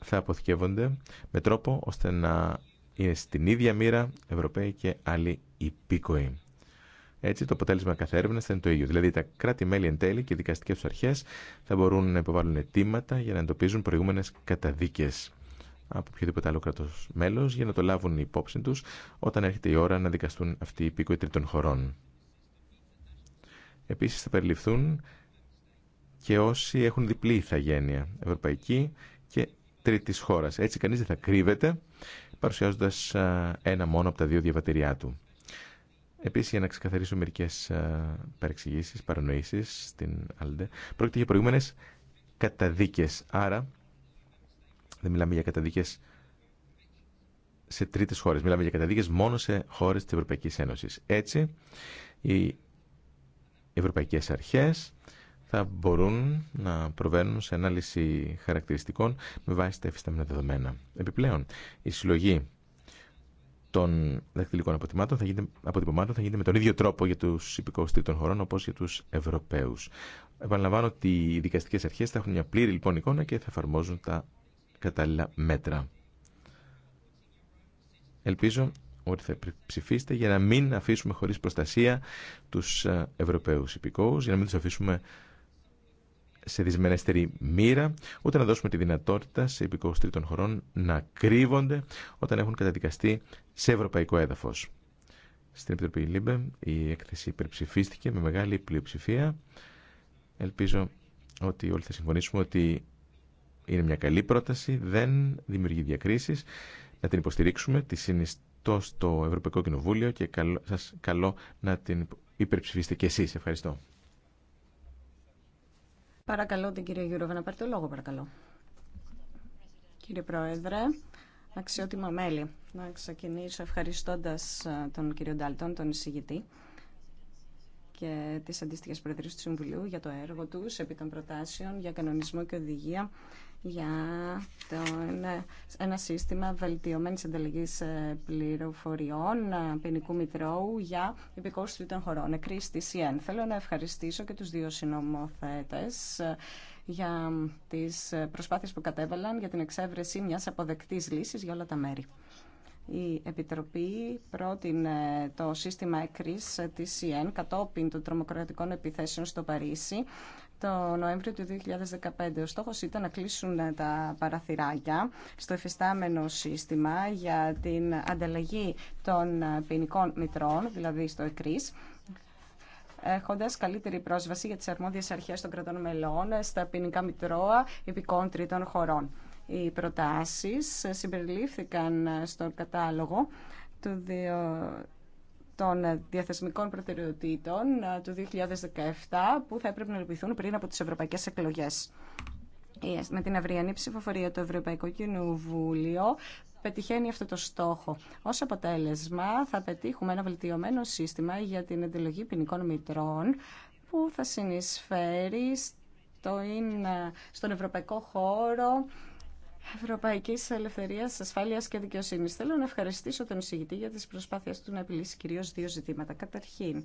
[SPEAKER 5] θα αποθηκεύονται με τρόπο ώστε να είναι στην ίδια μοίρα Ευρωπαίοι και άλλοι υπήκοοι. Έτσι, το αποτέλεσμα κάθε έρευνα θα είναι το ίδιο. Δηλαδή, τα κράτη-μέλη εν τέλει και οι δικαστικέ του αρχέ θα μπορούν να υποβάλουν αιτήματα για να εντοπίζουν προηγούμενε καταδίκε από οποιοδήποτε άλλο κράτο μέλο για να το λάβουν υπόψη του όταν έρχεται η ώρα να δικαστούν αυτοί οι υπήκοοι τρίτων χωρών. Επίση, θα περιληφθούν και όσοι έχουν διπλή ηθαγένεια, ευρωπαϊκή και τρίτης χώρας. Έτσι κανεί δεν θα κρύβεται παρουσιάζοντα ένα μόνο από τα δύο διαβατηριά του. Επίση, για να ξεκαθαρίσω μερικέ παρεξηγήσει, παρανοήσει στην Άλντε, πρόκειται για προηγούμενε καταδίκε. Άρα, δεν μιλάμε για καταδίκε σε τρίτε χώρε, Μιλάμε για καταδίκε μόνο σε χώρε τη Ευρωπαϊκή Ένωση. Έτσι, οι Ευρωπαϊκέ αρχέ θα μπορούν να προβαίνουν σε ανάλυση χαρακτηριστικών με βάση τα εφιστάμενα δεδομένα. Επιπλέον, η συλλογή των δακτυλικών αποτυπωμάτων θα γίνεται, αποτυπωμάτων θα γίνεται με τον ίδιο τρόπο για του υπηκόου τρίτων χωρών όπω για του Ευρωπαίου. Επαναλαμβάνω ότι οι δικαστικέ αρχέ θα έχουν μια πλήρη λοιπόν εικόνα και θα εφαρμόζουν τα κατάλληλα μέτρα. Ελπίζω ότι θα ψηφίσετε για να μην αφήσουμε χωρίς προστασία τους ε, Ευρωπαίους υπηκόους, για να μην τους αφήσουμε σε δυσμενέστερη μοίρα, ούτε να δώσουμε τη δυνατότητα σε υπηκόους των χωρών να κρύβονται όταν έχουν καταδικαστεί σε ευρωπαϊκό έδαφος. Στην Επιτροπή ΛΥΜΠΕ η έκθεση υπερψηφίστηκε με μεγάλη πλειοψηφία. Ελπίζω ότι όλοι θα συμφωνήσουμε ότι είναι μια καλή πρόταση, δεν δημιουργεί διακρίσεις. Να την υποστηρίξουμε, τη συνιστώ στο Ευρωπαϊκό Κοινοβούλιο και σα σας καλώ να την υπερψηφίσετε και εσείς. Ευχαριστώ.
[SPEAKER 1] Παρακαλώ την κυρία Γιούροβα να πάρει το λόγο, παρακαλώ. Κύριε Πρόεδρε, αξιότιμα μέλη, να ξεκινήσω ευχαριστώντας ε, τον κύριο Ντάλτον, τον εισηγητή και τις αντίστοιχες Προεδρείς του Συμβουλίου για το έργο τους επί των προτάσεων για κανονισμό και οδηγία για το ένα, σύστημα βελτιωμένης ανταλλαγής ε, πληροφοριών ε, ποινικού μητρώου για υπηκόρους τρίτων χωρών. τη ΙΕΝ Θέλω να ευχαριστήσω και τους δύο συνομοθέτες ε, για τις προσπάθειες που κατέβαλαν για την εξέβρεση μιας αποδεκτής λύσης για όλα τα μέρη. Η Επιτροπή πρότεινε το σύστημα ΕΚΡΙΣ της ΙΕΝ κατόπιν των τρομοκρατικών επιθέσεων στο Παρίσι το Νοέμβριο του 2015. Ο στόχος ήταν να κλείσουν ε, τα παραθυράκια στο εφιστάμενο σύστημα για την ανταλλαγή των ε, ποινικών μητρών, δηλαδή στο ΕΚΡΙΣ, έχοντα καλύτερη πρόσβαση για τι αρμόδιε αρχέ των κρατών μελών ε, στα ποινικά μητρώα υπηκών τρίτων χωρών. Οι προτάσει συμπεριλήφθηκαν στον κατάλογο του των διαθεσμικών προτεραιοτήτων ε, του 2017 που θα έπρεπε να ελοπιθούν πριν από τις ευρωπαϊκές εκλογές. Με την αυριανή ψηφοφορία του Ευρωπαϊκού Κοινοβούλιο πετυχαίνει αυτό το στόχο. Ως αποτέλεσμα θα πετύχουμε ένα βελτιωμένο σύστημα για την εντελογή ποινικών μητρών που θα συνεισφέρει στο, ε, στον ευρωπαϊκό χώρο Ευρωπαϊκή ελευθερία, ασφαλεια και Δικαιοσύνης. Θέλω να ευχαριστήσω τον εισηγητή για τι προσπάθειε του να επιλύσει κυρίω δύο ζητήματα. Καταρχήν,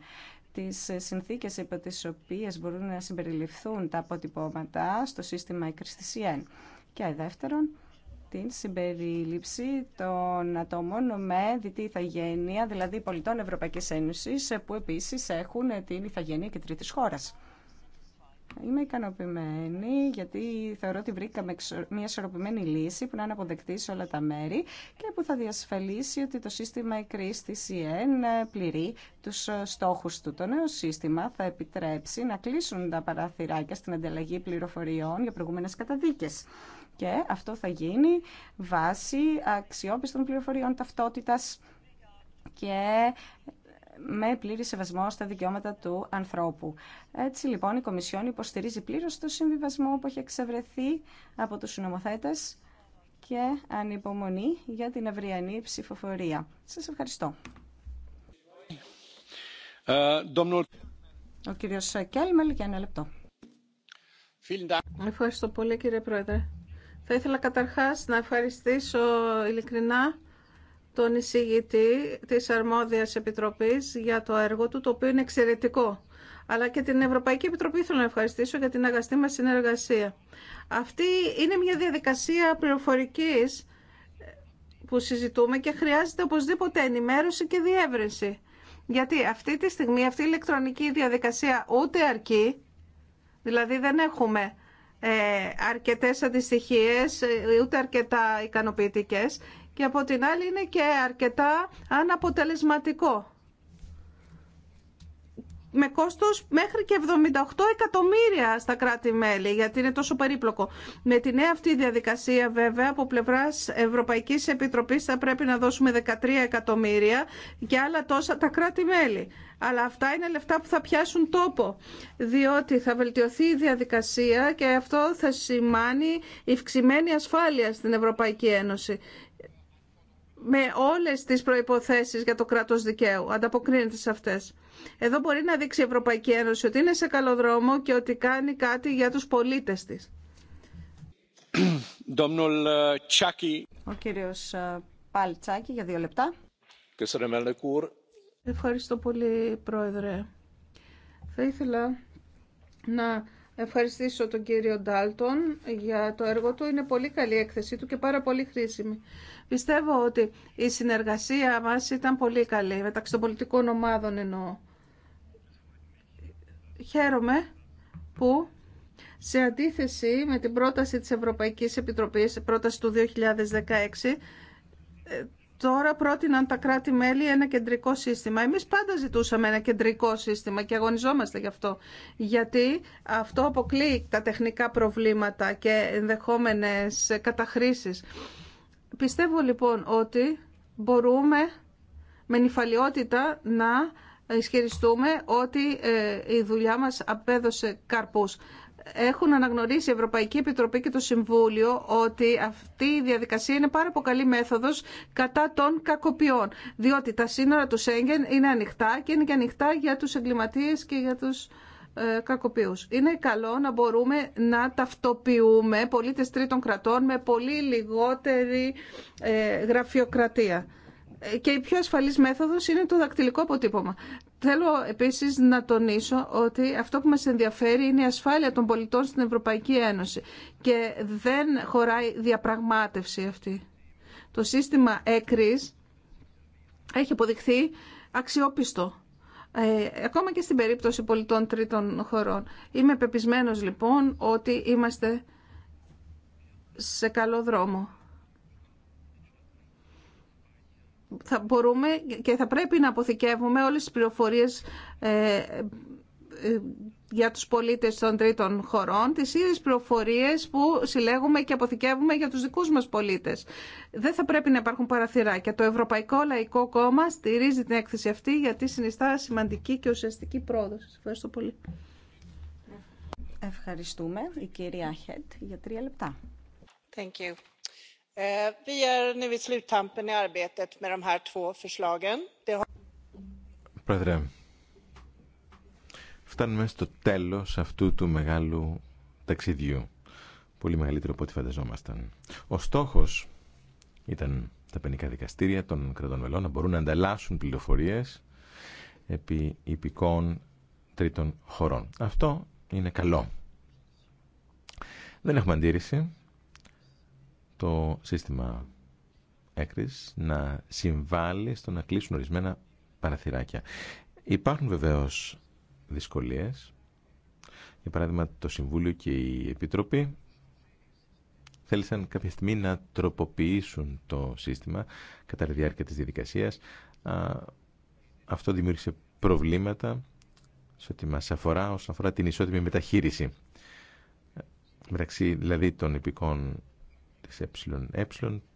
[SPEAKER 1] τι συνθήκε υπό τι οποίε μπορούν να συμπεριληφθούν τα αποτυπώματα στο σύστημα εκκριστησιέν. Και δεύτερον, την συμπερίληψη των ατόμων με διτή ηθαγένεια, δηλαδή πολιτών Ευρωπαϊκή Ένωση, που επίση έχουν την ηθαγένεια και τρίτη χώρα. Είμαι ικανοποιημένη γιατί θεωρώ ότι βρήκαμε μια ισορροπημένη λύση που να είναι αποδεκτή σε όλα τα μέρη και που θα διασφαλίσει ότι το σύστημα ECRIS της ε, πληρεί τους ε, στόχους του. Το νέο σύστημα θα επιτρέψει να κλείσουν τα παραθυράκια στην ανταλλαγή πληροφοριών για προηγούμενες καταδίκες. Και αυτό θα γίνει βάσει αξιόπιστων πληροφοριών ταυτότητα. και με πλήρη σεβασμό στα δικαιώματα του ανθρώπου. Έτσι λοιπόν η Κομισιόν υποστηρίζει πλήρως το συμβιβασμό που έχει εξευρεθεί από τους συνομοθέτες και ανυπομονή για την αυριανή ψηφοφορία. Σας ευχαριστώ. Ο κύριος
[SPEAKER 3] Κέλμελ για ένα λεπτό. Ευχαριστώ πολύ κύριε Πρόεδρε. Θα ήθελα καταρχάς να ευχαριστήσω ειλικρινά τον εισηγητή της Αρμόδιας Επιτροπής για το έργο του, το οποίο είναι εξαιρετικό. Αλλά και την Ευρωπαϊκή Επιτροπή θέλω να ευχαριστήσω για την αγαστή μας συνεργασία. Αυτή είναι μια διαδικασία πληροφορικής που συζητούμε και χρειάζεται οπωσδήποτε ενημέρωση και διεύρυνση. Γιατί αυτή τη στιγμή αυτή η ηλεκτρονική διαδικασία ούτε αρκεί, δηλαδή δεν έχουμε ε, αρκετές αντιστοιχίες, ε, ούτε αρκετά ικανοποιητικές και από την άλλη είναι και αρκετά αναποτελεσματικό. Με κόστος μέχρι και 78 εκατομμύρια στα κράτη-μέλη, γιατί είναι τόσο περίπλοκο. Με τη νέα αυτή διαδικασία βέβαια από πλευράς Ευρωπαϊκής Επιτροπής θα πρέπει να δώσουμε 13 εκατομμύρια και άλλα τόσα τα κράτη-μέλη. Αλλά αυτά είναι λεφτά που θα πιάσουν τόπο, διότι θα βελτιωθεί η διαδικασία και αυτό θα σημάνει ευξημένη ασφάλεια στην Ευρωπαϊκή Ένωση με όλες τις προϋποθέσεις για το κράτος δικαίου. Ανταποκρίνεται σε αυτές. Εδώ μπορεί να δείξει η Ευρωπαϊκή Ένωση ότι είναι σε καλό δρόμο και ότι κάνει κάτι για τους πολίτες της.
[SPEAKER 10] Ε,
[SPEAKER 3] Ο κύριος ε, Παλτσάκη για δύο λεπτά. Ευχαριστώ πολύ, Πρόεδρε. Θα ήθελα να ευχαριστήσω τον κύριο Ντάλτον για το έργο του. Είναι πολύ καλή η έκθεσή του και πάρα πολύ χρήσιμη. Πιστεύω ότι η συνεργασία μας ήταν πολύ καλή, μεταξύ των πολιτικών ομάδων εννοώ. Χαίρομαι που σε αντίθεση με την πρόταση της Ευρωπαϊκής Επιτροπής, πρόταση του 2016, Τώρα πρότειναν τα κράτη-μέλη ένα κεντρικό σύστημα. Εμείς πάντα ζητούσαμε ένα κεντρικό σύστημα και αγωνιζόμαστε γι' αυτό. Γιατί αυτό αποκλείει τα τεχνικά προβλήματα και ενδεχόμενες καταχρήσεις. Πιστεύω λοιπόν ότι μπορούμε με νυφαλιότητα να ισχυριστούμε ότι ε, η δουλειά μας απέδωσε καρπούς έχουν αναγνωρίσει η Ευρωπαϊκή Επιτροπή και το Συμβούλιο ότι αυτή η διαδικασία είναι πάρα πολύ καλή μέθοδος κατά των κακοποιών. Διότι τα σύνορα του Σέγγεν είναι ανοιχτά και είναι και ανοιχτά για τους εγκληματίες και για τους ε, κακοποιούς. Είναι καλό να μπορούμε να ταυτοποιούμε πολίτες τρίτων κρατών με πολύ λιγότερη ε, γραφειοκρατία. Ε, και η πιο ασφαλής μέθοδος είναι το δακτυλικό αποτύπωμα. Θέλω επίσης να τονίσω ότι αυτό που μας ενδιαφέρει είναι η ασφάλεια των πολιτών στην Ευρωπαϊκή Ένωση και δεν χωράει διαπραγμάτευση αυτή. Το σύστημα ECRIS έχει αποδειχθεί αξιόπιστο. Ε, ακόμα και στην περίπτωση πολιτών τρίτων χωρών. Είμαι πεπισμένος λοιπόν ότι είμαστε σε καλό δρόμο. θα μπορούμε και θα πρέπει να αποθηκεύουμε όλες τις πληροφορίες ε, ε, για τους πολίτες των τρίτων χωρών, τις ίδιες πληροφορίες που συλλέγουμε και αποθηκεύουμε για τους δικούς μας πολίτες. Δεν θα πρέπει να υπάρχουν παραθυράκια. Το Ευρωπαϊκό Λαϊκό Κόμμα στηρίζει την έκθεση αυτή γιατί συνιστά σημαντική και ουσιαστική πρόοδο. Σας ευχαριστώ πολύ. Ευχαριστούμε η κυρία Χέτ για τρία λεπτά.
[SPEAKER 11] Thank you.
[SPEAKER 5] Πρόεδρε, φτάνουμε στο τέλος αυτού του μεγάλου ταξιδιού. Πολύ μεγαλύτερο από ό,τι φανταζόμασταν. Ο στόχος ήταν τα πενικά δικαστήρια των κρατών μελών να μπορούν να ανταλλάσσουν πληροφορίες επί υπηκών τρίτων χωρών. Αυτό είναι καλό. Δεν έχουμε αντίρρηση το σύστημα έκρης να συμβάλλει στο να κλείσουν ορισμένα παραθυράκια. Υπάρχουν βεβαίως δυσκολίες. Για παράδειγμα το Συμβούλιο και η Επιτροπή θέλησαν κάποια στιγμή να τροποποιήσουν το σύστημα κατά τη διάρκεια της διαδικασίας. Αυτό δημιούργησε προβλήματα σε ό,τι μας αφορά όσον αφορά την ισότιμη μεταχείριση μεταξύ δηλαδή των της ΕΕ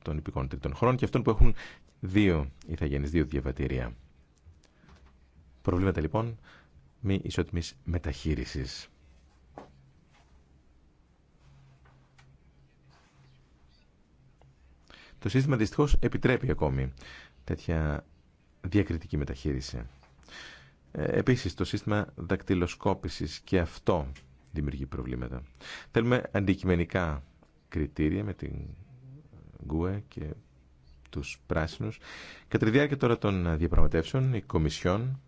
[SPEAKER 5] των υπηκών τρίτων χρόνων και αυτών που έχουν δύο ηθαγενείς, δύο διαβατήρια. Προβλήματα λοιπόν μη ισότιμης μεταχείρισης. Το σύστημα δυστυχώ επιτρέπει ακόμη τέτοια διακριτική μεταχείριση. Ε, επίσης, το σύστημα δακτυλοσκόπησης και αυτό δημιουργεί προβλήματα. Θέλουμε αντικειμενικά κριτήρια με την Γκουε και τους πράσινους. Κατά τη διάρκεια τώρα των διαπραγματεύσεων, η Κομισιόν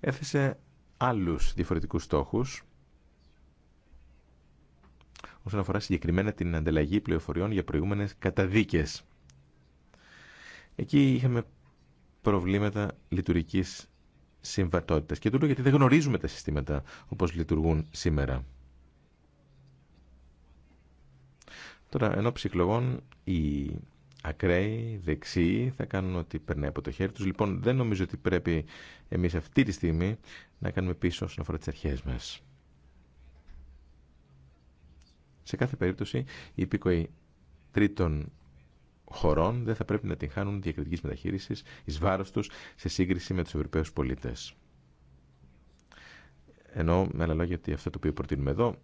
[SPEAKER 5] έθεσε άλλους διαφορετικούς στόχους όσον αφορά συγκεκριμένα την ανταλλαγή πληροφοριών για προηγούμενες καταδίκες. Εκεί είχαμε προβλήματα λειτουργικής συμβατότητας και τούτο γιατί δεν γνωρίζουμε τα συστήματα όπως λειτουργούν σήμερα. Τώρα, ενώ ψυχλογών οι ακραίοι, δεξιοί θα κάνουν ό,τι περνάει από το χέρι τους. Λοιπόν, δεν νομίζω ότι πρέπει εμείς αυτή τη στιγμή να κάνουμε πίσω όσον αφορά τις αρχές μας. Σε κάθε περίπτωση, οι υπήκοοι τρίτων χωρών δεν θα πρέπει να την χάνουν διακριτική μεταχείρισης ει βάρο του σε σύγκριση με τους ευρωπαίου πολίτε. Ενώ, με άλλα λόγια, ότι αυτό το οποίο προτείνουμε εδώ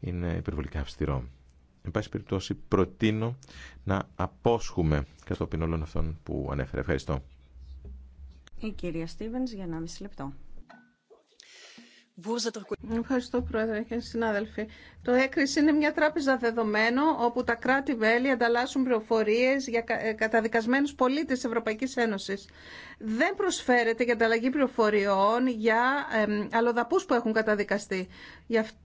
[SPEAKER 5] είναι υπερβολικά αυστηρό. Εν πάση περιπτώσει, προτείνω να απόσχουμε κατόπιν όλων αυτών που ανέφερε. Ευχαριστώ.
[SPEAKER 1] Η κυρία
[SPEAKER 3] Στίβεν, για μισή λεπτό. Ευχαριστώ, Πρόεδρε και συνάδελφοι. Το έκριση είναι μια τράπεζα δεδομένο όπου τα κράτη-μέλη ανταλλάσσουν πληροφορίε για ε, καταδικασμένου πολίτε της Ευρωπαϊκής Ένωσης. Δεν προσφέρεται για ανταλλαγή πληροφοριών για αλλοδαπού που έχουν καταδικαστεί. Γι' αυτό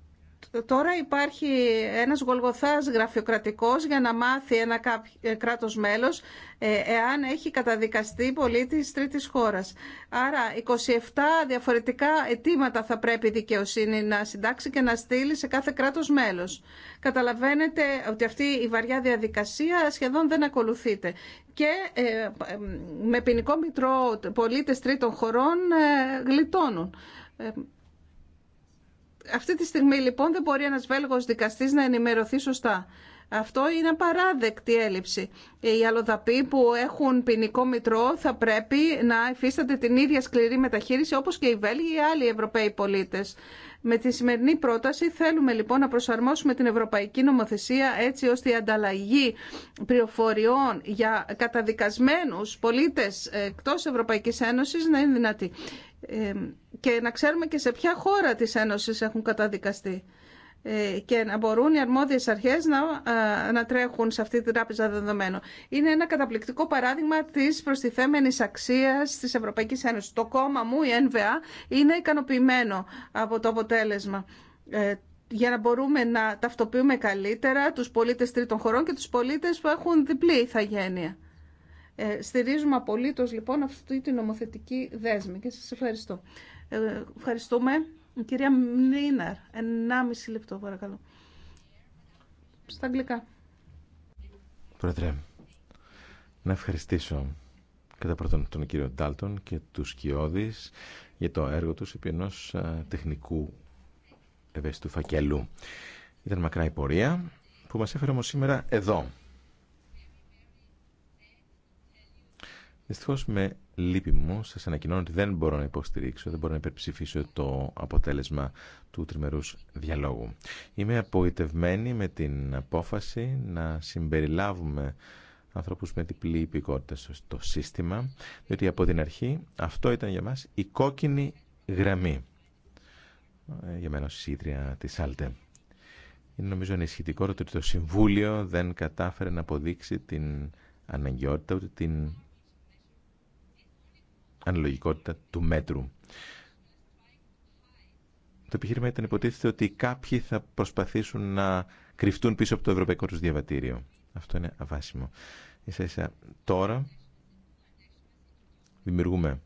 [SPEAKER 3] Τώρα υπάρχει ένας γολγοθάς γραφειοκρατικός για να μάθει ένα ε, κράτος μέλος ε, εάν έχει καταδικαστεί πολίτης τρίτης χώρας. Άρα 27 διαφορετικά αιτήματα θα πρέπει η δικαιοσύνη να συντάξει και να στείλει σε κάθε κράτος μέλος. Καταλαβαίνετε ότι αυτή η βαριά διαδικασία σχεδόν δεν ακολουθείται. Και ε, με ποινικό μητρό πολίτες τρίτων χωρών γλιτώνουν. Αυτή τη στιγμή λοιπόν δεν μπορεί ένας Βέλγος δικαστής να ενημερωθεί σωστά. Αυτό είναι παράδεκτη έλλειψη. Οι αλλοδαποί που έχουν ποινικό μητρό θα πρέπει να υφίστανται την ίδια σκληρή μεταχείριση όπως και οι Βέλγοι ή άλλοι Ευρωπαίοι πολίτες. Με τη σημερινή πρόταση θέλουμε λοιπόν να προσαρμόσουμε την ευρωπαϊκή νομοθεσία έτσι ώστε η ανταλλαγή πληροφοριών για καταδικασμένους πολίτες εκτός Ευρωπαϊκής Ένωσης να είναι δυνατή και να ξέρουμε και σε ποια χώρα της Ένωσης έχουν καταδικαστεί ε, και να μπορούν οι αρμόδιες αρχές να, να τρέχουν σε αυτή την τράπεζα δεδομένων. Είναι ένα καταπληκτικό παράδειγμα της προστιθέμενης αξίας της Ευρωπαϊκής Ένωσης. Το κόμμα μου, η ΕΝΒΑ, είναι ικανοποιημένο από το αποτέλεσμα ε, για να μπορούμε να ταυτοποιούμε καλύτερα τους πολίτες τρίτων χωρών και τους πολίτες που έχουν διπλή ηθαγένεια. Ε, στηρίζουμε απολύτως λοιπόν αυτή την νομοθετική δέσμη και σας ευχαριστώ. Ε, ευχαριστούμε. κυρία Μνίναρ, 1,5 λεπτό παρακαλώ. Στα αγγλικά.
[SPEAKER 5] Πρόεδρε, να ευχαριστήσω κατά πρώτον τον κύριο Ντάλτον και τους Κιώδης για το έργο τους επί ενός τεχνικού ευαίσθητου φακελού. Ήταν μακρά η πορεία που μας έφερε όμως σήμερα εδώ Δυστυχώ με λύπη μου σας ανακοινώνω ότι δεν μπορώ να υποστηρίξω, δεν μπορώ να υπερψηφίσω το αποτέλεσμα του τριμερού διαλόγου. Είμαι απογοητευμένη με την απόφαση να συμπεριλάβουμε ανθρώπους με διπλή υπηκότητα στο σύστημα, διότι από την αρχή αυτό ήταν για μας η κόκκινη γραμμή. Ε, για μένα ως τη της Άλτε. Είναι νομίζω ενισχυτικό ότι το Συμβούλιο δεν κατάφερε να αποδείξει την αναγκαιότητα ούτε την αναλογικότητα του μέτρου. Το επιχείρημα ήταν υποτίθεται ότι κάποιοι θα προσπαθήσουν να κρυφτούν πίσω από το ευρωπαϊκό τους διαβατήριο. Αυτό είναι αβάσιμο. Ίσα ίσα τώρα δημιουργούμε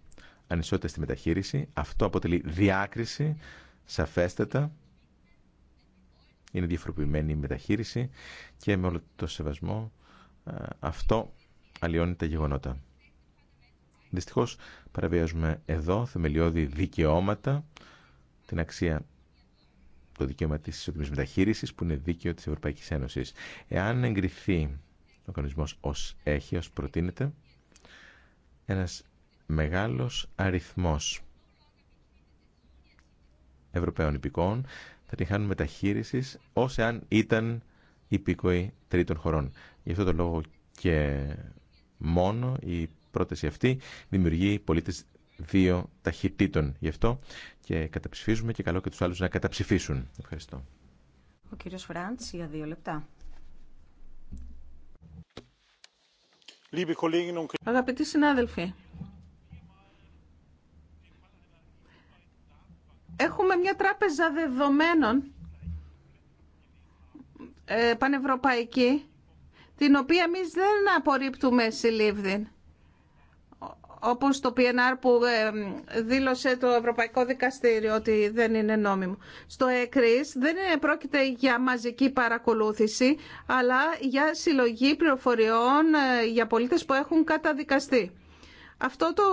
[SPEAKER 5] ανισότητα στη μεταχείριση. Αυτό αποτελεί διάκριση, σαφέστατα. Είναι διαφοροποιημένη η μεταχείριση και με όλο το σεβασμό ε, αυτό αλλοιώνει τα γεγονότα. Δυστυχώ, παραβιάζουμε εδώ θεμελιώδη δικαιώματα, την αξία το δικαίωμα της ισότιμη μεταχείριση, που είναι δίκαιο τη Ευρωπαϊκή Ένωση. Εάν εγκριθεί ο κανονισμό ως έχει, ω προτείνεται, ένας μεγάλο αριθμός Ευρωπαίων υπηκόων θα την χάνουν μεταχείρισης ως εάν ήταν υπήκοοι τρίτων χωρών. Γι' αυτό το λόγο και μόνο η πρόταση αυτή δημιουργεί πολίτε δύο ταχυτήτων. Γι' αυτό και καταψηφίζουμε και καλό και του άλλου να καταψηφίσουν. Ευχαριστώ.
[SPEAKER 1] Ο κύριος Φραντ για δύο λεπτά.
[SPEAKER 3] Αγαπητοί συνάδελφοι, έχουμε μια τράπεζα δεδομένων ε, πανευρωπαϊκή, την οποία εμεί δεν απορρίπτουμε Λίβδιν όπως το PNR που δήλωσε το Ευρωπαϊκό Δικαστήριο ότι δεν είναι νόμιμο. Στο ΕΚΡΙΣ δεν πρόκειται για μαζική παρακολούθηση, αλλά για συλλογή πληροφοριών ε, για πολίτες που έχουν καταδικαστεί. Αυτό το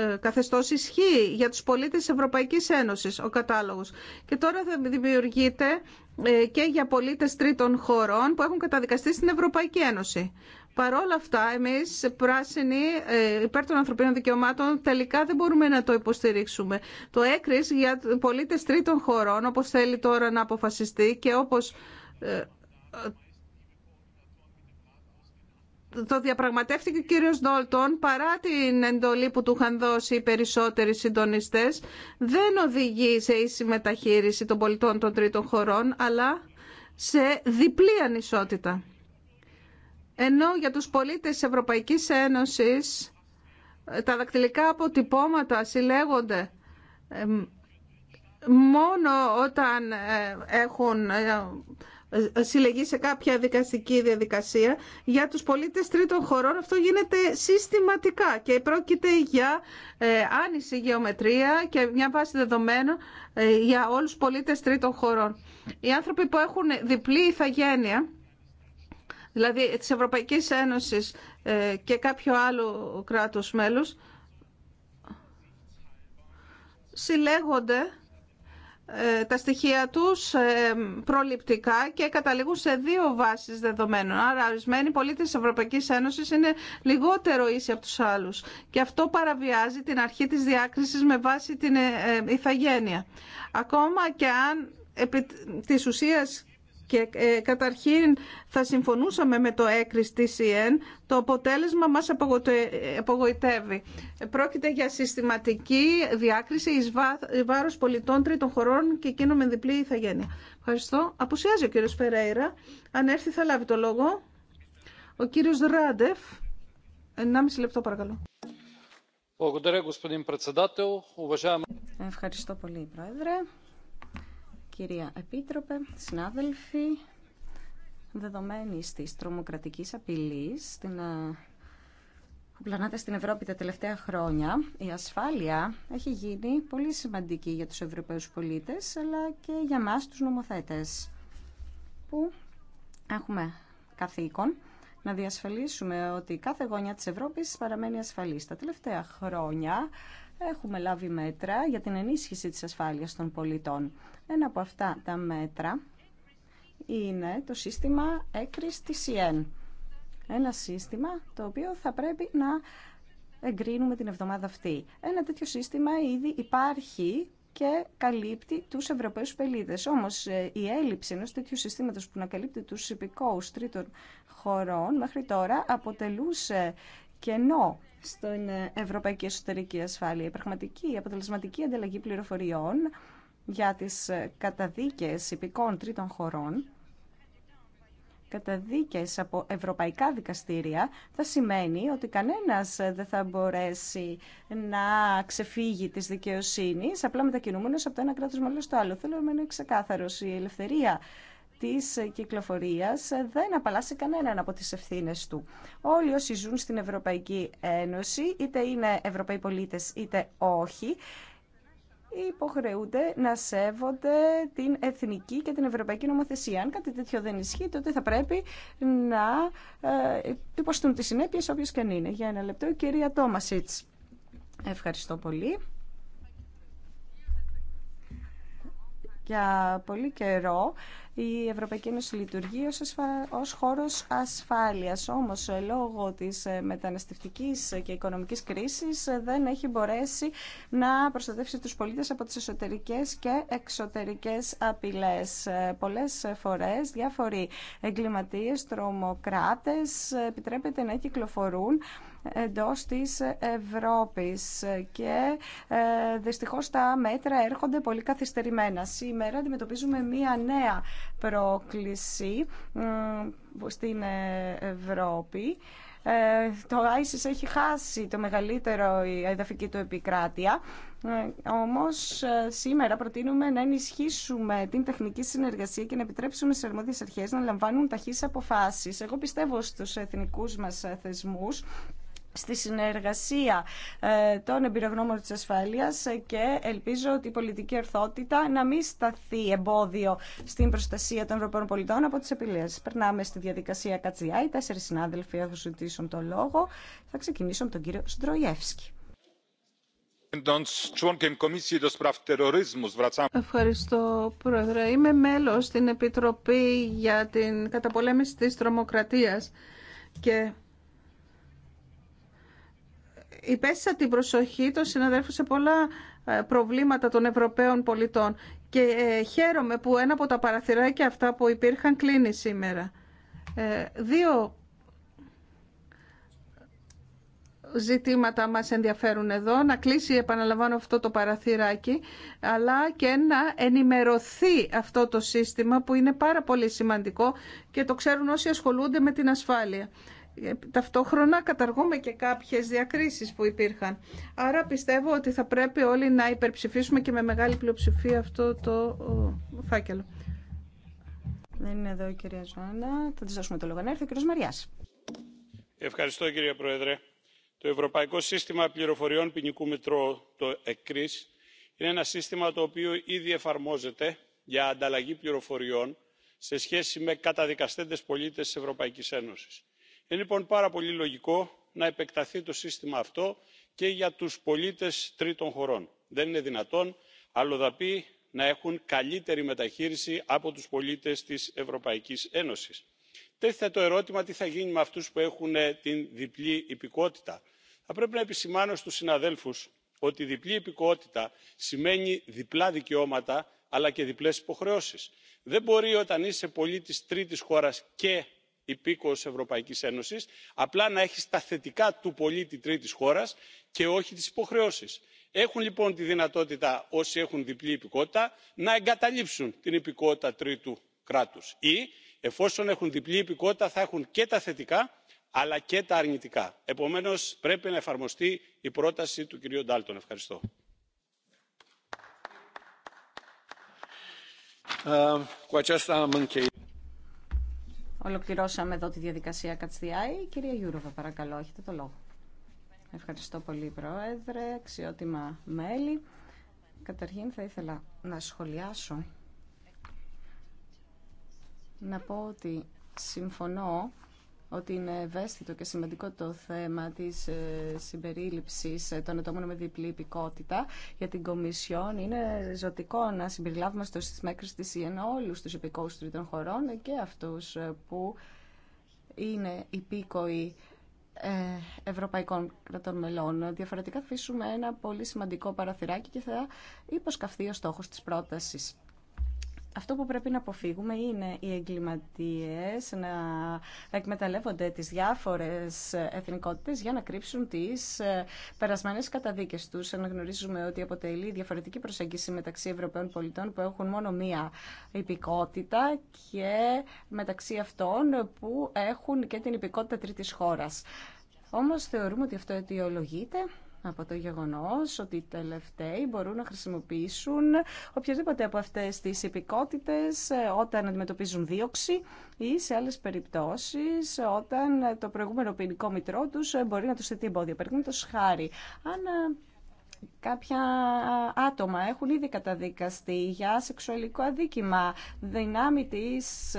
[SPEAKER 3] ε, καθεστώς ισχύει για τους πολίτες Ευρωπαϊκής Ένωσης, ο κατάλογος. Και τώρα θα δημιουργείται ε, και για πολίτες τρίτων χωρών που έχουν καταδικαστεί στην Ευρωπαϊκή Ένωση. Παρόλα αυτά, εμείς πράσινοι ε, υπέρ των ανθρωπίνων δικαιωμάτων τελικά δεν μπορούμε να το υποστηρίξουμε. Το έκρι για πολίτε τρίτων χωρών, όπως θέλει τώρα να αποφασιστεί και όπως ε, το διαπραγματεύτηκε ο κύριος Ντόλτον παρά την εντολή που του είχαν δώσει οι περισσότεροι συντονιστές δεν οδηγεί σε ίση μεταχείριση των πολιτών των τρίτων χωρών αλλά σε διπλή ανισότητα ενώ για τους πολίτες της Ευρωπαϊκής Ένωσης ε, τα δακτυλικά αποτυπώματα συλλέγονται μόνο όταν ε, έχουν ε, συλλεγεί σε κάποια δικαστική διαδικασία. Για τους πολίτες τρίτων χωρών αυτό γίνεται συστηματικά και πρόκειται για άνηση γεωμετρία και μια βάση δεδομένων για όλους τους πολίτες τρίτων χωρών. Οι άνθρωποι που έχουν διπλή ηθαγένεια δηλαδή της Ευρωπαϊκής Ένωσης ε, και κάποιο άλλο κράτος μέλους, συλλέγονται ε, τα στοιχεία τους ε, προληπτικά και καταλήγουν σε δύο βάσεις δεδομένων. Άρα, ορισμένοι πολίτες της Ευρωπαϊκής Ένωσης είναι λιγότερο ίσοι από τους άλλους. Και αυτό παραβιάζει την αρχή της διάκρισης με βάση την ηθαγένεια. Ακόμα και αν επί της ουσίας και ε, καταρχήν θα συμφωνούσαμε με το έκρης το αποτέλεσμα μας απογοητεύει. Πρόκειται για συστηματική διάκριση εις βάρος πολιτών τρίτων χωρών και εκείνο με διπλή ηθαγένεια. Ευχαριστώ. Αποσιάζει ο κύριος Φερέιρα. Αν έρθει θα λάβει το λόγο. Ο κύριος Ράντεφ. 1,5 λεπτό παρακαλώ. Ευχαριστώ πολύ, Πρόεδρε. Κυρία Επίτροπε,
[SPEAKER 1] συνάδελφοι, δεδομένης της τρομοκρατική απειλή, στην, ε, που πλανάται στην Ευρώπη τα τελευταία χρόνια, η ασφάλεια έχει γίνει πολύ σημαντική για τους Ευρωπαίους πολίτες, αλλά και για μας τους νομοθέτες, που έχουμε καθήκον να διασφαλίσουμε ότι κάθε γωνιά της Ευρώπης παραμένει ασφαλής. Τα τελευταία χρόνια έχουμε λάβει μέτρα για την ενίσχυση της ασφάλειας των πολιτών. Ένα από αυτά τα μέτρα είναι το σύστημα έκρης Ένα σύστημα το οποίο θα πρέπει να εγκρίνουμε την εβδομάδα αυτή. Ένα τέτοιο σύστημα ήδη υπάρχει και καλύπτει τους Ευρωπαίους πελίτες. Όμως ε, η έλλειψη ενός τέτοιου συστήματος που να καλύπτει τους υπηκόους τρίτων χωρών μέχρι τώρα αποτελούσε κενό στην ε, ευρωπαϊκή εσωτερική ασφάλεια. Η πραγματική, αποτελεσματική ανταλλαγή πληροφοριών για τις ε, καταδίκες υπηκών τρίτων χωρών, καταδίκες από ευρωπαϊκά δικαστήρια, θα σημαίνει ότι κανένας ε, δεν θα μπορέσει να ξεφύγει της δικαιοσύνης, απλά μετακινούμενος από το ένα κράτος μόνο στο άλλο. Θέλω να είναι ξεκάθαρος η ελευθερία της κυκλοφορίας δεν απαλλάσσει κανέναν από τις ευθύνες του. Όλοι όσοι ζουν στην Ευρωπαϊκή Ένωση, είτε είναι Ευρωπαίοι πολίτες είτε όχι, υποχρεούνται να σέβονται την εθνική και την ευρωπαϊκή νομοθεσία. Αν κάτι τέτοιο δεν ισχύει, τότε θα πρέπει να ε, υποστούν τις συνέπειες, όποιος και αν είναι. Για ένα λεπτό, η κυρία Τόμασιτς. Ευχαριστώ πολύ. για πολύ καιρό η Ευρωπαϊκή Ένωση λειτουργεί ως, χώρος ασφάλειας. Όμως, ε, λόγω της ε, μεταναστευτικής και οικονομικής κρίσης ε, δεν έχει μπορέσει να προστατεύσει τους πολίτες από τις εσωτερικές και εξωτερικές απειλές. Πολλές φορές διάφοροι εγκληματίες, τρομοκράτες επιτρέπεται να κυκλοφορούν εντός της Ευρώπης και ε, δυστυχώς τα μέτρα έρχονται πολύ καθυστερημένα. Σήμερα αντιμετωπίζουμε μία νέα πρόκληση στην ε, Ευρώπη. Ε, το ISIS έχει χάσει το μεγαλύτερο η εδαφική του επικράτεια. Όμως σήμερα προτείνουμε να ενισχύσουμε την τεχνική συνεργασία και να επιτρέψουμε στις αρμόδιες αρχές να λαμβάνουν ταχύς αποφάσεις. Εγώ πιστεύω στους εθνικούς μας θεσμούς στη συνεργασία ε, των εμπειρογνώμων της ασφάλειας και ελπίζω ότι η πολιτική ορθότητα να μην σταθεί εμπόδιο στην προστασία των Ευρωπαίων πολιτών από τις επιλέσεις. Περνάμε στη διαδικασία Κατζιά. Οι τέσσερις συνάδελφοι έχουν ζητήσουν το λόγο. Θα ξεκινήσω με τον κύριο Στρογεύσκη.
[SPEAKER 3] Ευχαριστώ, Πρόεδρε. Είμαι μέλος στην Επιτροπή για την καταπολέμηση της τρομοκρατίας και υπέστησα την προσοχή των συναδέλφων σε πολλά ε, προβλήματα των Ευρωπαίων πολιτών και ε, χαίρομαι που ένα από τα παραθυράκια αυτά που υπήρχαν κλείνει σήμερα. Ε, δύο ζητήματα μας ενδιαφέρουν εδώ, να κλείσει επαναλαμβάνω αυτό το παραθυράκι, αλλά και να ενημερωθεί αυτό το σύστημα που είναι πάρα πολύ σημαντικό και το ξέρουν όσοι ασχολούνται με την ασφάλεια. Ε, ταυτόχρονα καταργούμε και κάποιες διακρίσεις που υπήρχαν. Άρα πιστεύω ότι θα πρέπει όλοι να υπερψηφίσουμε και με μεγάλη πλειοψηφία αυτό το φάκελο. Δεν είναι εδώ η κυρία Ζωάννα. Θα της δώσουμε το λόγο να έρθει ο κύριος Μαριάς.
[SPEAKER 6] Ευχαριστώ κύριε Πρόεδρε. Το Ευρωπαϊκό Σύστημα Πληροφοριών Ποινικού Μητρώου, το ΕΚΡΙΣ, είναι ένα σύστημα το οποίο ήδη εφαρμόζεται για ανταλλαγή πληροφοριών σε σχέση με καταδικαστέντες πολίτες της Ευρωπαϊκής Ένωσης είναι λοιπόν πάρα πολύ λογικό να επεκταθεί το σύστημα αυτό και για τους πολίτες τρίτων χωρών. δεν είναι δυνατόν αλλοδαποί να έχουν καλύτερη μεταχείριση από τους πολίτες της ευρωπαϊκής ένωσης. τίθεται το ερώτημα τι θα γίνει με αυτούς που έχουν ε, την διπλή υπηκότητα. θα πρέπει να επισημάνω στους συναδέλφους ότι διπλή υπηκότητα σημαίνει διπλά δικαιώματα αλλά και διπλές υποχρεώσεις. δεν μπορεί όταν είσαι πολίτης τρίτης χώρας και υπήκοος ευρωπαϊκής ένωσης απλά να έχει τα θετικά του πολίτη τρίτης χώρας και όχι τις υποχρεώσεις. έχουν λοιπόν τη δυνατότητα όσοι έχουν διπλή υπηκότητα να εγκαταλείψουν την υπηκότητα τρίτου κράτους ή εφόσον έχουν διπλή υπηκότητα θα έχουν και τα θετικά αλλά και τα αρνητικά. επομένως πρέπει να εφαρμοστεί η πρόταση του κυρίου ντάλτον. ευχαριστώ.
[SPEAKER 10] Ε,
[SPEAKER 1] Ολοκληρώσαμε εδώ τη διαδικασία Κατσδιάη. Κυρία Γιούροβα, παρακαλώ, έχετε το λόγο. Ευχαριστώ πολύ, Πρόεδρε, αξιότιμα μέλη. Καταρχήν θα ήθελα να σχολιάσω, να πω ότι συμφωνώ ότι είναι ευαίσθητο και σημαντικό το θέμα της ε, συμπερίληψης ε, των ατόμων με διπλή υπηκότητα για την Κομισιόν. Είναι ζωτικό να συμπεριλάβουμε στο σύστημα έκρηση της ΙΕΝ όλους τους υπηκόους τρίτων χωρών και αυτούς ε, που είναι υπήκοοι ευρωπαϊκών κρατών μελών. Διαφορετικά θα αφήσουμε ένα πολύ σημαντικό παραθυράκι και θα υποσκαφθεί ο στόχος της πρότασης αυτό που πρέπει να αποφύγουμε είναι οι εγκληματίες να εκμεταλλεύονται τις διάφορες εθνικότητες για να κρύψουν τις ε, περασμένες καταδίκες τους. Αναγνωρίζουμε ότι αποτελεί διαφορετική προσέγγιση μεταξύ Ευρωπαίων πολιτών που έχουν μόνο μία υπηκότητα και μεταξύ αυτών που έχουν και την υπηκότητα τρίτης χώρας. Όμως θεωρούμε ότι αυτό αιτιολογείται από το γεγονός ότι οι τελευταίοι μπορούν να χρησιμοποιήσουν οποιαδήποτε από αυτές τις υπηκότητες ε, όταν αντιμετωπίζουν δίωξη ή σε άλλες περιπτώσεις όταν το προηγούμενο ποινικό μητρό τους ε, μπορεί να τους θέτει εμπόδια. το χάρη, αν ε, Κάποια άτομα έχουν ήδη καταδικαστεί για σεξουαλικό αδίκημα. Δυνάμει τη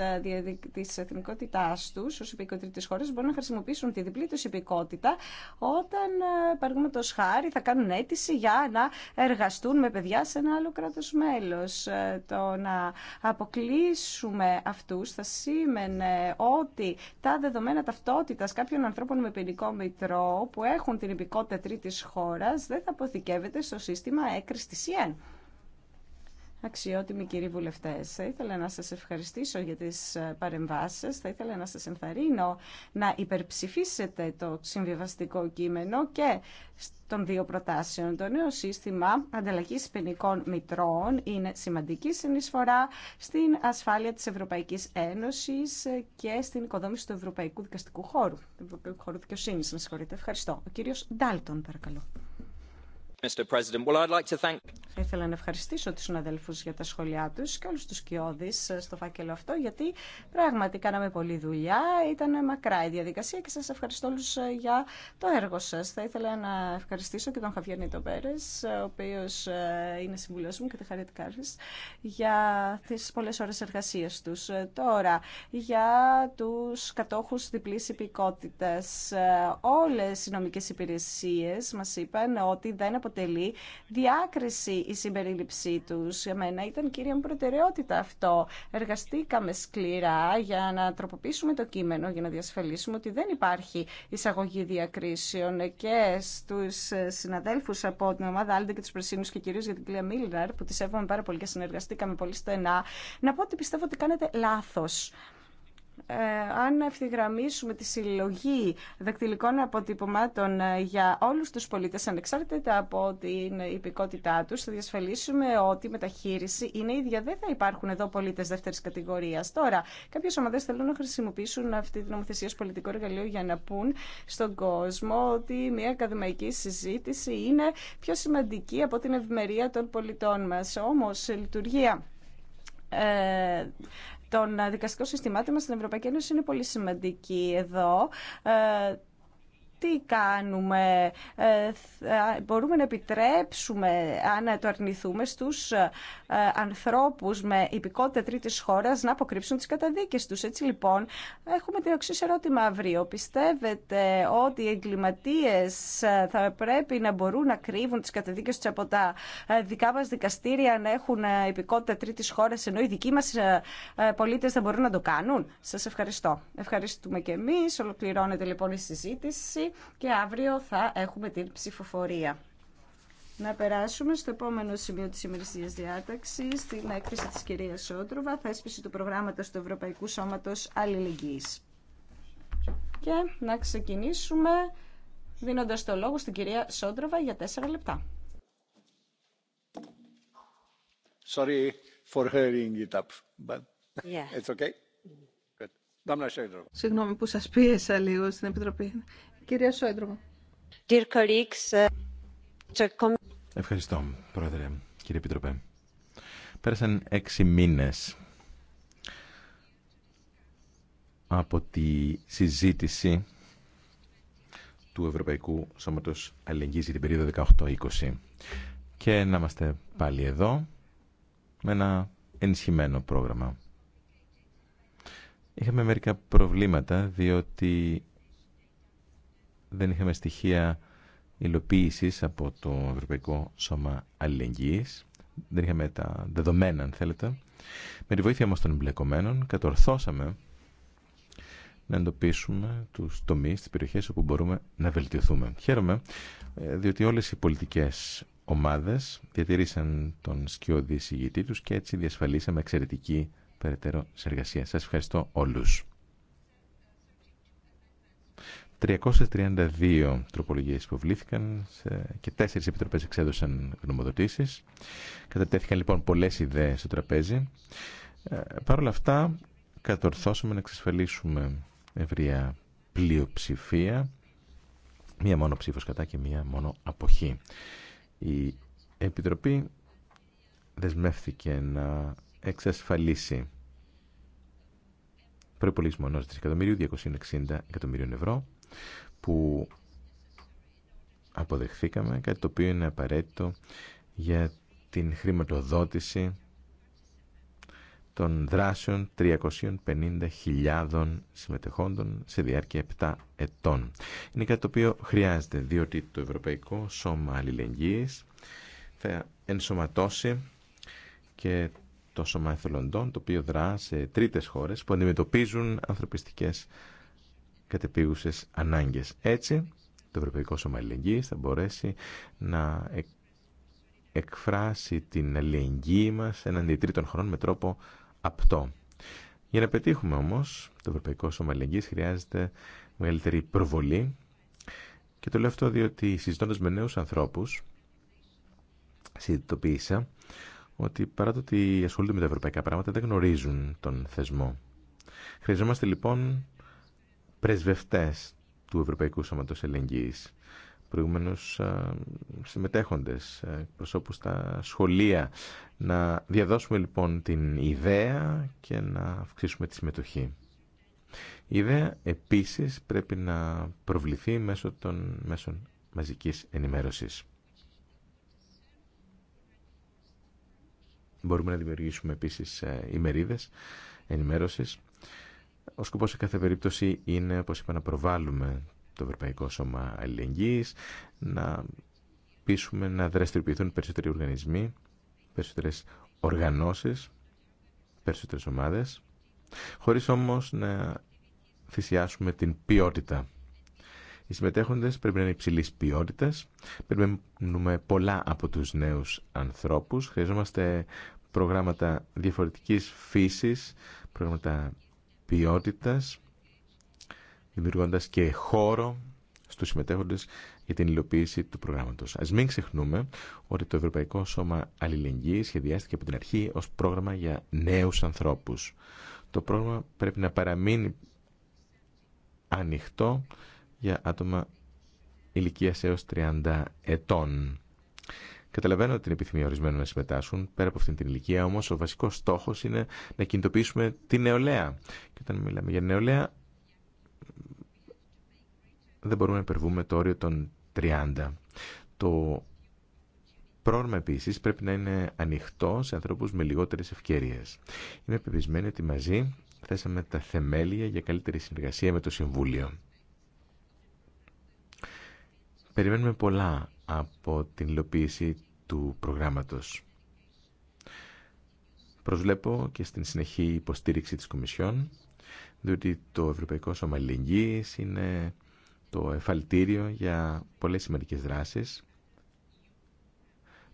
[SPEAKER 1] ε, της εθνικότητάς τους, ως υπηκότητε της χώρας, μπορούν να χρησιμοποιήσουν τη διπλή του υπηκότητα όταν, ε, παραδείγματο χάρη, θα κάνουν αίτηση για να εργαστούν με παιδιά σε ένα άλλο κράτο μέλο. Ε, το να αποκλείσουμε αυτού θα σήμαινε ότι τα δεδομένα ταυτότητα κάποιων ανθρώπων με ποινικό μητρό που έχουν την υπηκότητα τρίτη χώρα δεν θα αποθηκεύουν στοχεύεται στο σύστημα ΙΕΝ. Αξιότιμοι κύριοι βουλευτέ, θα ήθελα να σα ευχαριστήσω για τι ε, παρεμβάσει. Θα ήθελα να σα ενθαρρύνω να υπερψηφίσετε το συμβιβαστικό κείμενο και των δύο προτάσεων. Το νέο σύστημα ανταλλαγή ποινικών μητρών είναι σημαντική συνεισφορά στην ασφάλεια τη Ευρωπαϊκή Ένωση και στην οικοδόμηση του Ευρωπαϊκού Δικαστικού Χώρου. Του Ευρωπαϊκού Χώρου Δικαιοσύνη, με συγχωρείτε. Ευχαριστώ. Ο κύριο Ντάλτον, παρακαλώ. Θα ήθελα να ευχαριστήσω τους συναδέλφους για τα σχόλιά τους και όλους τους κοιόδης ε, στο φάκελο αυτό, γιατί πράγματι κάναμε πολλή δουλειά, ήταν μακρά η διαδικασία και σας ευχαριστώ όλους ε, για το έργο σας. Θα ήθελα να ευχαριστήσω και τον Χαβιέρ Νιτοπέρες, ε, ο οποίος είναι συμβουλός μου και τη Χαρίτη Κάρφης, για τις πολλές ώρες εργασίας τους. Τώρα, για τους κατόχους διπλής υπηκότητας, όλες οι νομικές υπηρεσίες μας είπαν ότι δεν αποτελούν διάκριση η συμπερίληψή του Για μένα ήταν κυρία μου προτεραιότητα αυτό. Εργαστήκαμε σκληρά για να τροποποιήσουμε το κείμενο, για να διασφαλίσουμε ότι δεν υπάρχει εισαγωγή διακρίσεων και στου συναδέλφους από την ομάδα Άλντε και τους Πρεσίνου και κυρίως για την κυρία Μίλναρ που τη σέβομαι πάρα πολύ και συνεργαστήκαμε πολύ στενά, να πω ότι πιστεύω ότι κάνετε λάθο. Ε, αν ευθυγραμμίσουμε τη συλλογή δακτυλικών αποτυπωμάτων ε, για όλους τους πολίτες ανεξάρτητα από την υπηκότητά τους θα διασφαλίσουμε ότι η μεταχείριση είναι ίδια. Δεν θα υπάρχουν εδώ πολίτες δεύτερης κατηγορίας. Τώρα, κάποιες ομάδες θέλουν να χρησιμοποιήσουν αυτή την νομοθεσία ως πολιτικό εργαλείο για να πούν στον κόσμο ότι μια ακαδημαϊκή συζήτηση είναι πιο σημαντική από την ευμερία των πολιτών μας. Όμως, λειτουργία ε, των δικαστικό συστημάτων μας στην Ευρωπαϊκή Ένωση είναι πολύ σημαντική εδώ. Ε, τι κάνουμε. Ε, μπορούμε να επιτρέψουμε, αν το αρνηθούμε, στους ε, ανθρώπους με υπηκότητα τρίτης χώρας να αποκρύψουν τις καταδίκες τους. Έτσι λοιπόν, έχουμε το εξή ερώτημα αύριο. Πιστεύετε ότι οι εγκληματίες ε, θα πρέπει να μπορούν να κρύβουν τις καταδίκες τους από τα δικά μας δικαστήρια, αν έχουν υπηκότητα τρίτης χώρας, ενώ οι δικοί μας πολίτες θα μπορούν να το κάνουν. Σας ευχαριστώ. Ευχαριστούμε και εμείς. Ολοκληρώνεται λοιπόν η συζήτηση και αύριο θα έχουμε την ψηφοφορία. Να περάσουμε στο επόμενο σημείο της ημερησίας διάταξης, στην έκθεση της κυρίας Σόντροβα, θέσπιση του προγράμματος του Ευρωπαϊκού Σώματος Αλληλεγγύης. Και να ξεκινήσουμε δίνοντας το λόγο στην κυρία Σόντροβα για τέσσερα λεπτά.
[SPEAKER 4] Sorry for hearing it up, but
[SPEAKER 3] yeah. it's okay. Συγγνώμη που σας πίεσα λίγο στην Επιτροπή. Κυρία uh,
[SPEAKER 6] Ευχαριστώ,
[SPEAKER 5] Πρόεδρε, κύριε Επιτροπέ. Πέρασαν έξι μήνες από τη συζήτηση του Ευρωπαϊκού Σώματος Αλληλεγγύης για την περίοδο 18-20 και να είμαστε πάλι εδώ με ένα ενισχυμένο πρόγραμμα. Είχαμε μερικά προβλήματα διότι δεν είχαμε στοιχεία υλοποίηση από το Ευρωπαϊκό Σώμα Αλληλεγγύη. Δεν είχαμε τα δεδομένα, αν θέλετε. Με τη βοήθεια όμω των εμπλεκομένων κατορθώσαμε να εντοπίσουμε του τομεί, τι περιοχέ όπου μπορούμε να βελτιωθούμε. Χαίρομαι, ε, διότι όλες οι πολιτικές ομάδες διατηρήσαν τον σκιώδη συγγητή τους και έτσι διασφαλίσαμε εξαιρετική περαιτέρω συνεργασία. Σα ευχαριστώ όλους. 332 τροπολογίες υποβλήθηκαν και τέσσερις επιτροπές εξέδωσαν γνωμοδοτήσεις. Κατατέθηκαν λοιπόν πολλές ιδέες στο τραπέζι. Ε, παρ' όλα αυτά κατορθώσαμε να εξασφαλίσουμε ευρεία πλειοψηφία, μία μόνο ψήφο κατά και μία μόνο αποχή. Η Επιτροπή δεσμεύθηκε να εξασφαλίσει προπολογισμό ενό δισεκατομμυρίου 260 εκατομμυρίων ευρώ που αποδεχθήκαμε, κάτι το οποίο είναι απαραίτητο για την χρηματοδότηση των δράσεων 350.000 συμμετεχόντων σε διάρκεια 7 ετών. Είναι κάτι το οποίο χρειάζεται, διότι το Ευρωπαϊκό Σώμα Αλληλεγγύης θα ενσωματώσει και το Σώμα Εθελοντών, το οποίο δρά σε τρίτες χώρες που αντιμετωπίζουν ανθρωπιστικές κατεπίγουσες ανάγκες. Έτσι, το Ευρωπαϊκό Σώμα θα μπορέσει να εκφράσει την αλληλεγγύη μας έναν τρίτων χρόνων με τρόπο απτό. Για να πετύχουμε όμως, το Ευρωπαϊκό Σώμα χρειάζεται μεγαλύτερη προβολή και το λέω αυτό διότι συζητώντας με νέους ανθρώπους συνειδητοποίησα ότι παρά το ότι ασχολούνται με τα ευρωπαϊκά πράγματα δεν γνωρίζουν τον θεσμό. Χρειαζόμαστε λοιπόν πρεσβευτές του Ευρωπαϊκού Σώματος Ελεγγύης προηγούμενους συμμετέχοντες, ε, προσώπους στα σχολεία. Να διαδώσουμε λοιπόν την ιδέα και να αυξήσουμε τη συμμετοχή. Η ιδέα επίσης πρέπει να προβληθεί μέσω των μέσων μαζικής ενημέρωσης. Μπορούμε να δημιουργήσουμε επίσης ε, ημερίδες ενημέρωσης ο σκοπός σε κάθε περίπτωση είναι, όπως είπα, να προβάλλουμε το Ευρωπαϊκό Σώμα Αλληλεγγύης, να πείσουμε να δραστηριοποιηθούν περισσότεροι οργανισμοί, περισσότερες οργανώσεις, περισσότερες ομάδες, χωρίς όμως να θυσιάσουμε την ποιότητα. Οι συμμετέχοντες πρέπει να είναι υψηλής ποιότητας, να πολλά από τους νέους ανθρώπους, χρειαζόμαστε προγράμματα διαφορετικής φύσης, προγράμματα ποιότητας, δημιουργώντας και χώρο στους συμμετέχοντες για την υλοποίηση του προγράμματος. Ας μην ξεχνούμε ότι το Ευρωπαϊκό Σώμα Αλληλεγγύης σχεδιάστηκε από την αρχή ως πρόγραμμα για νέους ανθρώπους. Το πρόγραμμα πρέπει να παραμείνει ανοιχτό για άτομα ηλικίας έως 30 ετών. Καταλαβαίνω την επιθυμία ορισμένων να συμμετάσχουν πέρα από αυτήν την ηλικία, όμω ο βασικό στόχο είναι να κινητοποιήσουμε τη νεολαία. Και όταν μιλάμε για νεολαία, δεν μπορούμε να υπερβούμε το όριο των 30. Το πρόγραμμα επίση πρέπει να είναι ανοιχτό σε ανθρώπου με λιγότερε ευκαιρίε. Είμαι πεπισμένη ότι μαζί θέσαμε τα θεμέλια για καλύτερη συνεργασία με το Συμβούλιο. Περιμένουμε πολλά από την υλοποίηση του προγράμματος. Προσβλέπω και στην συνεχή υποστήριξη της Κομισιόν, διότι το Ευρωπαϊκό Σώμα είναι το εφαλτήριο για πολλές σημαντικές δράσεις.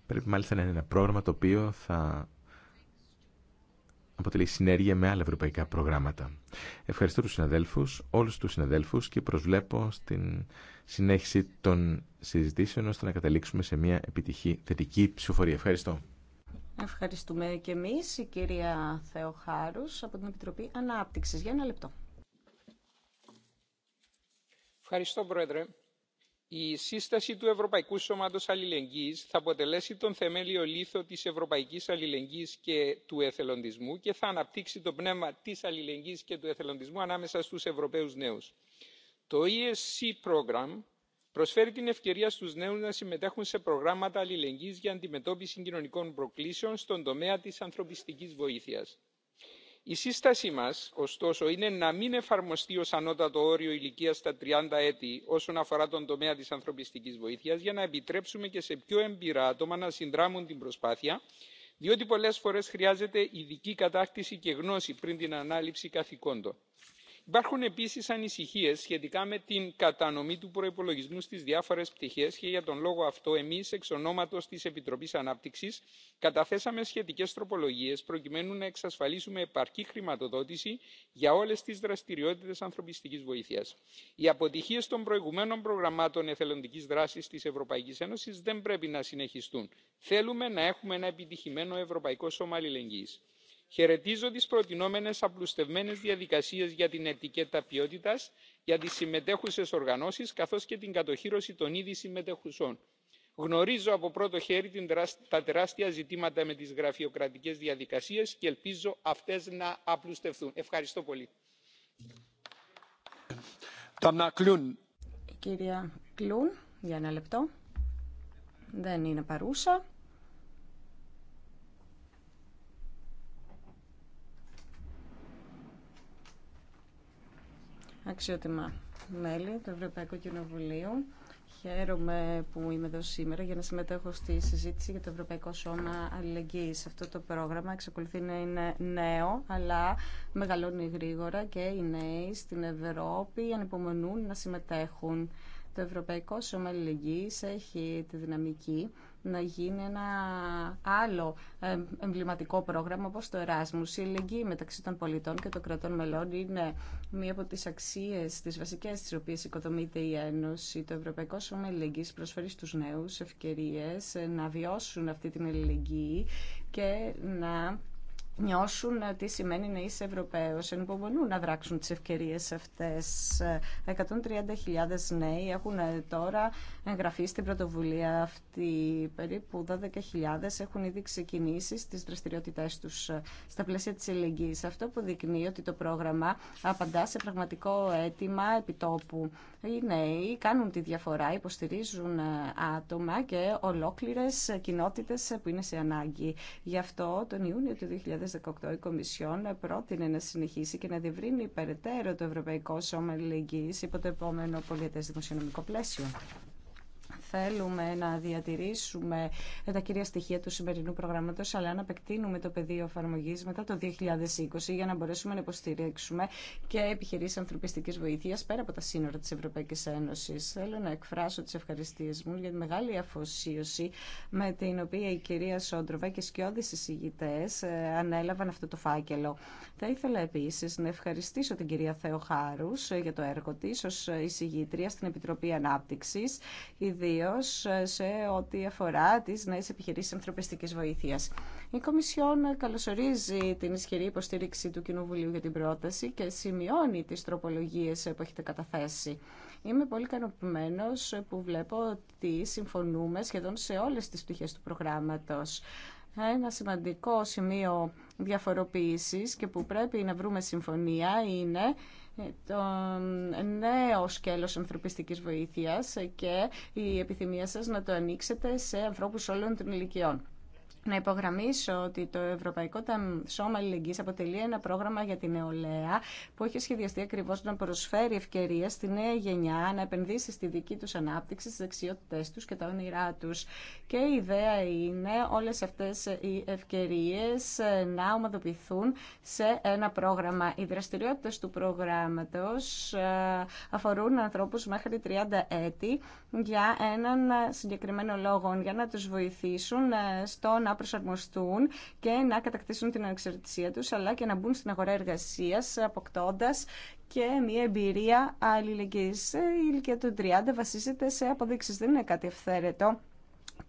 [SPEAKER 5] Πρέπει μάλιστα να είναι ένα πρόγραμμα το οποίο θα αποτελεί συνέργεια με άλλα ευρωπαϊκά προγράμματα. Ευχαριστώ τους συναδέλφους, όλους τους συναδέλφους και προσβλέπω στην συνέχιση των συζητήσεων ώστε να καταλήξουμε σε μια επιτυχή θετική ψηφοφορία. Ευχαριστώ.
[SPEAKER 1] Ευχαριστούμε και εμείς η κυρία Θεοχάρους από την Επιτροπή Ανάπτυξης. Για ένα λεπτό.
[SPEAKER 10] Ευχαριστώ Πρόεδρε η σύσταση του ευρωπαϊκού σώματος αλληλεγγύης θα αποτελέσει τον θεμέλιο λίθο της ευρωπαϊκής αλληλεγγύης και του εθελοντισμού και θα αναπτύξει το πνεύμα της αλληλεγγύης και του εθελοντισμού ανάμεσα στους ευρωπαίους νέους. το esc program προσφέρει την ευκαιρία στους νέους να συμμετέχουν σε προγράμματα αλληλεγγύης για αντιμετώπιση κοινωνικών προκλήσεων στον τομέα της ανθρωπιστικής βοήθειας η σύστασή μα, ωστόσο είναι να μην εφαρμοστεί ω ανώτατο όριο ηλικία στα 30 έτη όσον αφορά τον τομέα τη ανθρωπιστική βοήθεια, για να επιτρέψουμε και σε πιο εμπειρά άτομα να συνδράμουν την προσπάθεια διότι πολλέ φορέ χρειάζεται ειδική κατάκτηση και γνώση πριν την ανάληψη καθηκόντων υπάρχουν επίσης ανησυχίες σχετικά με την κατανομή του προϋπολογισμού στις διάφορες πτυχές και για τον λόγο αυτό εμείς εξ ονόματος της επιτροπής ανάπτυξης καταθέσαμε σχετικές τροπολογίες προκειμένου να εξασφαλίσουμε επαρκή χρηματοδότηση για όλες τις δραστηριότητες ανθρωπιστικής βοήθειας. οι αποτυχίες των προηγουμένων προγραμμάτων εθελοντικής δράσης της ευρωπαϊκής ένωσης δεν πρέπει να συνεχιστούν. θέλουμε να έχουμε ένα επιτυχημένο ευρωπαϊκό σώμα αλληλεγγύης χαιρετίζω τις προτεινόμενες απλουστευμένες διαδικασίες για την ετικέτα ποιότητας για τις συμμετέχουσες οργανώσεις καθώς και την κατοχύρωση των ήδη συμμετεχουσών. γνωρίζω από πρώτο χέρι τα τεράστια ζητήματα με τις γραφειοκρατικές διαδικασίες και ελπίζω αυτές να απλουστευτούν. ευχαριστώ πολύ.
[SPEAKER 1] Αξιότιμα μέλη του Ευρωπαϊκού Κοινοβουλίου. Χαίρομαι που είμαι εδώ σήμερα για να συμμετέχω στη συζήτηση για το Ευρωπαϊκό Σώμα Αλληλεγγύης. Αυτό το πρόγραμμα εξακολουθεί να είναι νέο, αλλά μεγαλώνει γρήγορα και οι νέοι στην Ευρώπη ανυπομονούν να συμμετέχουν. Το Ευρωπαϊκό Σώμα αλληλεγγύη. έχει τη δυναμική να γίνει ένα άλλο εμβληματικό πρόγραμμα όπως το Εράσμους. Η ελεγγύη μεταξύ των πολιτών και των κρατών μελών είναι μία από τις αξίες, τις βασικές τις οποίες οικοδομείται η Ένωση. Το Ευρωπαϊκό Σώμα Ελεγγύης προσφέρει στους νέους ευκαιρίες να βιώσουν αυτή την ελεγγύη και να νιώσουν τι σημαίνει να είσαι Ευρωπαίος. Ενυπομονούν να δράξουν τις ευκαιρίες αυτές. 130.000 νέοι έχουν τώρα εγγραφεί στην πρωτοβουλία αυτή. Περίπου 12.000 έχουν ήδη ξεκινήσει στις δραστηριότητές τους στα πλαίσια της ελληνικής. Αυτό που δεικνύει ότι το πρόγραμμα απαντά σε πραγματικό αίτημα επιτόπου. Οι νέοι κάνουν τη διαφορά, υποστηρίζουν άτομα και ολόκληρες κοινότητες που είναι σε ανάγκη. Γι' αυτό τον Ιούνιο του 2018 η Κομισιόν πρότεινε να συνεχίσει και να διευρύνει περαιτέρω το Ευρωπαϊκό Σώμα Αλληλεγγύης υπό το επόμενο πολιετές δημοσιονομικό πλαίσιο θέλουμε να διατηρήσουμε τα κυρία στοιχεία του σημερινού προγράμματο, αλλά να επεκτείνουμε το πεδίο εφαρμογή μετά το 2020 για να μπορέσουμε να υποστηρίξουμε και επιχειρήσει ανθρωπιστική βοήθειας πέρα από τα σύνορα τη Ευρωπαϊκή Ένωση. Θέλω να εκφράσω τι ευχαριστίες μου για τη μεγάλη αφοσίωση με την οποία η κυρία Σόντροβα και σκιώδη εισηγητές ε, ανέλαβαν αυτό το φάκελο. Θα ήθελα επίση να ευχαριστήσω την κυρία Θεοχάρου ε, για το έργο τη ω εισηγήτρια στην Επιτροπή Ανάπτυξη, ιδίω ε, σε ό,τι αφορά τις νέες επιχειρήσεις ανθρωπιστικής βοήθειας. Η Κομισιόν καλωσορίζει την ισχυρή υποστήριξη του Κοινοβουλίου για την πρόταση και σημειώνει τις τροπολογίες που έχετε καταθέσει. Είμαι πολύ ικανοποιημένο που βλέπω ότι συμφωνούμε σχεδόν σε όλες τις πτυχές του προγράμματος. Ένα σημαντικό σημείο διαφοροποίησης και που πρέπει να βρούμε συμφωνία είναι το νέο σκέλος ανθρωπιστικής βοήθειας και η επιθυμία σας να το ανοίξετε σε ανθρώπους όλων των ηλικιών να υπογραμμίσω ότι το Ευρωπαϊκό Σώμα Αλληλεγγύης αποτελεί ένα πρόγραμμα για την νεολαία που έχει σχεδιαστεί ακριβώ να προσφέρει ευκαιρίε στη νέα γενιά να επενδύσει στη δική του ανάπτυξη, στι δεξιότητέ του και τα όνειρά του. Και η ιδέα είναι όλε αυτέ οι ευκαιρίε ε, να ομαδοποιηθούν σε ένα πρόγραμμα. Οι δραστηριότητε του προγράμματο ε, αφορούν ανθρώπου μέχρι 30 έτη για έναν συγκεκριμένο λόγο, για να τους βοηθήσουν ε, στο να να προσαρμοστούν και να κατακτήσουν την ανεξαρτησία τους, αλλά και να μπουν στην αγορά εργασίας, αποκτώντας και μια εμπειρία αλληλεγγύης. Η ηλικία του 30 βασίζεται σε αποδείξεις, δεν είναι κάτι ευθέρετο.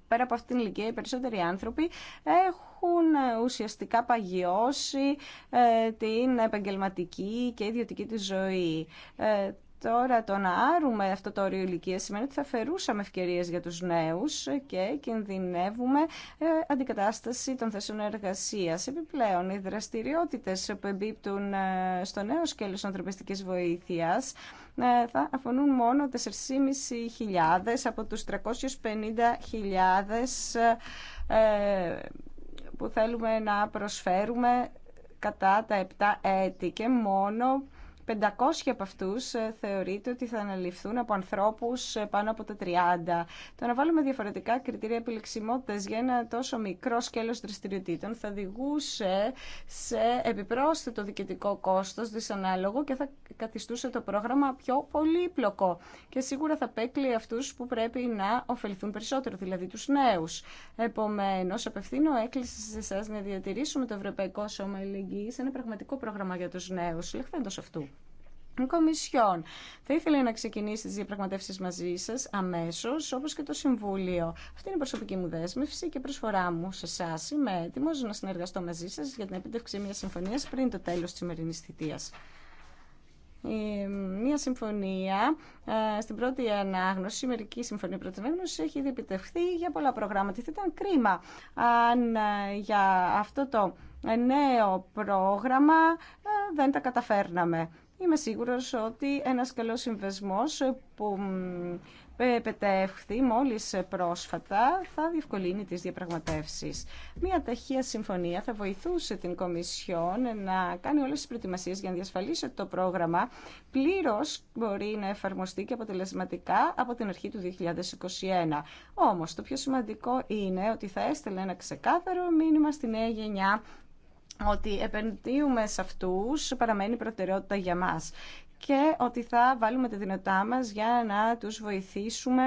[SPEAKER 1] Πέρα από αυτήν την ηλικία, οι περισσότεροι άνθρωποι έχουν ουσιαστικά παγιώσει ε, την επαγγελματική και ιδιωτική της ζωή. Ε, Τώρα το να άρουμε αυτό το όριο ηλικία σημαίνει ότι θα φερούσαμε ευκαιρίες για τους νέους και κινδυνεύουμε ε, αντικατάσταση των θέσεων εργασίας. Επιπλέον, οι δραστηριότητες που εμπίπτουν ε, στο νέο σκέλος ανθρωπιστικής βοήθειας ε, θα αφορούν μόνο 4.500 από τους 350.000 που θέλουμε να προσφέρουμε κατά τα 7 έτη και μόνο 500 από αυτού ε, θεωρείται ότι θα αναλυφθούν από ανθρώπου ε, πάνω από τα 30. Το να βάλουμε διαφορετικά κριτήρια επιλεξιμότητα για ένα τόσο μικρό σκέλο δραστηριοτήτων θα οδηγούσε σε επιπρόσθετο διοικητικό κόστο, δυσανάλογο και θα καθιστούσε το πρόγραμμα πιο πολύπλοκο. Και σίγουρα θα παίκλει αυτού που πρέπει να ωφεληθούν περισσότερο, δηλαδή του νέου. Επομένω, απευθύνω έκκληση σε εσά να διατηρήσουμε το Ευρωπαϊκό Σώμα Ελληνική σε ένα πραγματικό πρόγραμμα για του νέου, λεχθέντο αυτού. Κομισιόν. Θα ήθελα να ξεκινήσει τι διαπραγματεύσει μαζί σα αμέσω, όπω και το Συμβούλιο. Αυτή είναι η προσωπική μου δέσμευση και προσφορά μου σε εσά. Είμαι έτοιμο να συνεργαστώ μαζί σα για την επίτευξη μια συμφωνία πριν το τέλο τη σημερινή θητεία. Μια συμφωνία στην πρώτη ανάγνωση, η μερική συμφωνία πρώτη ανάγνωση έχει ήδη επιτευχθεί για πολλά προγράμματα. Θα ήταν κρίμα αν ε, για αυτό το νέο πρόγραμμα ε, δεν τα καταφέρναμε είμαι σίγουρος ότι ένας καλός συμβεσμός που πετεύχθη μόλις πρόσφατα θα διευκολύνει τις διαπραγματεύσεις. Μία ταχεία συμφωνία θα βοηθούσε την Κομισιόν να κάνει όλες τις προετοιμασίες για να διασφαλίσει ότι το πρόγραμμα πλήρως μπορεί να εφαρμοστεί και αποτελεσματικά από την αρχή του 2021. Όμως το πιο σημαντικό είναι ότι θα έστελνε ένα ξεκάθαρο μήνυμα στη νέα γενιά ότι επενδύουμε σε αυτούς παραμένει προτεραιότητα για μας και ότι θα βάλουμε τη δυνατά μας για να τους βοηθήσουμε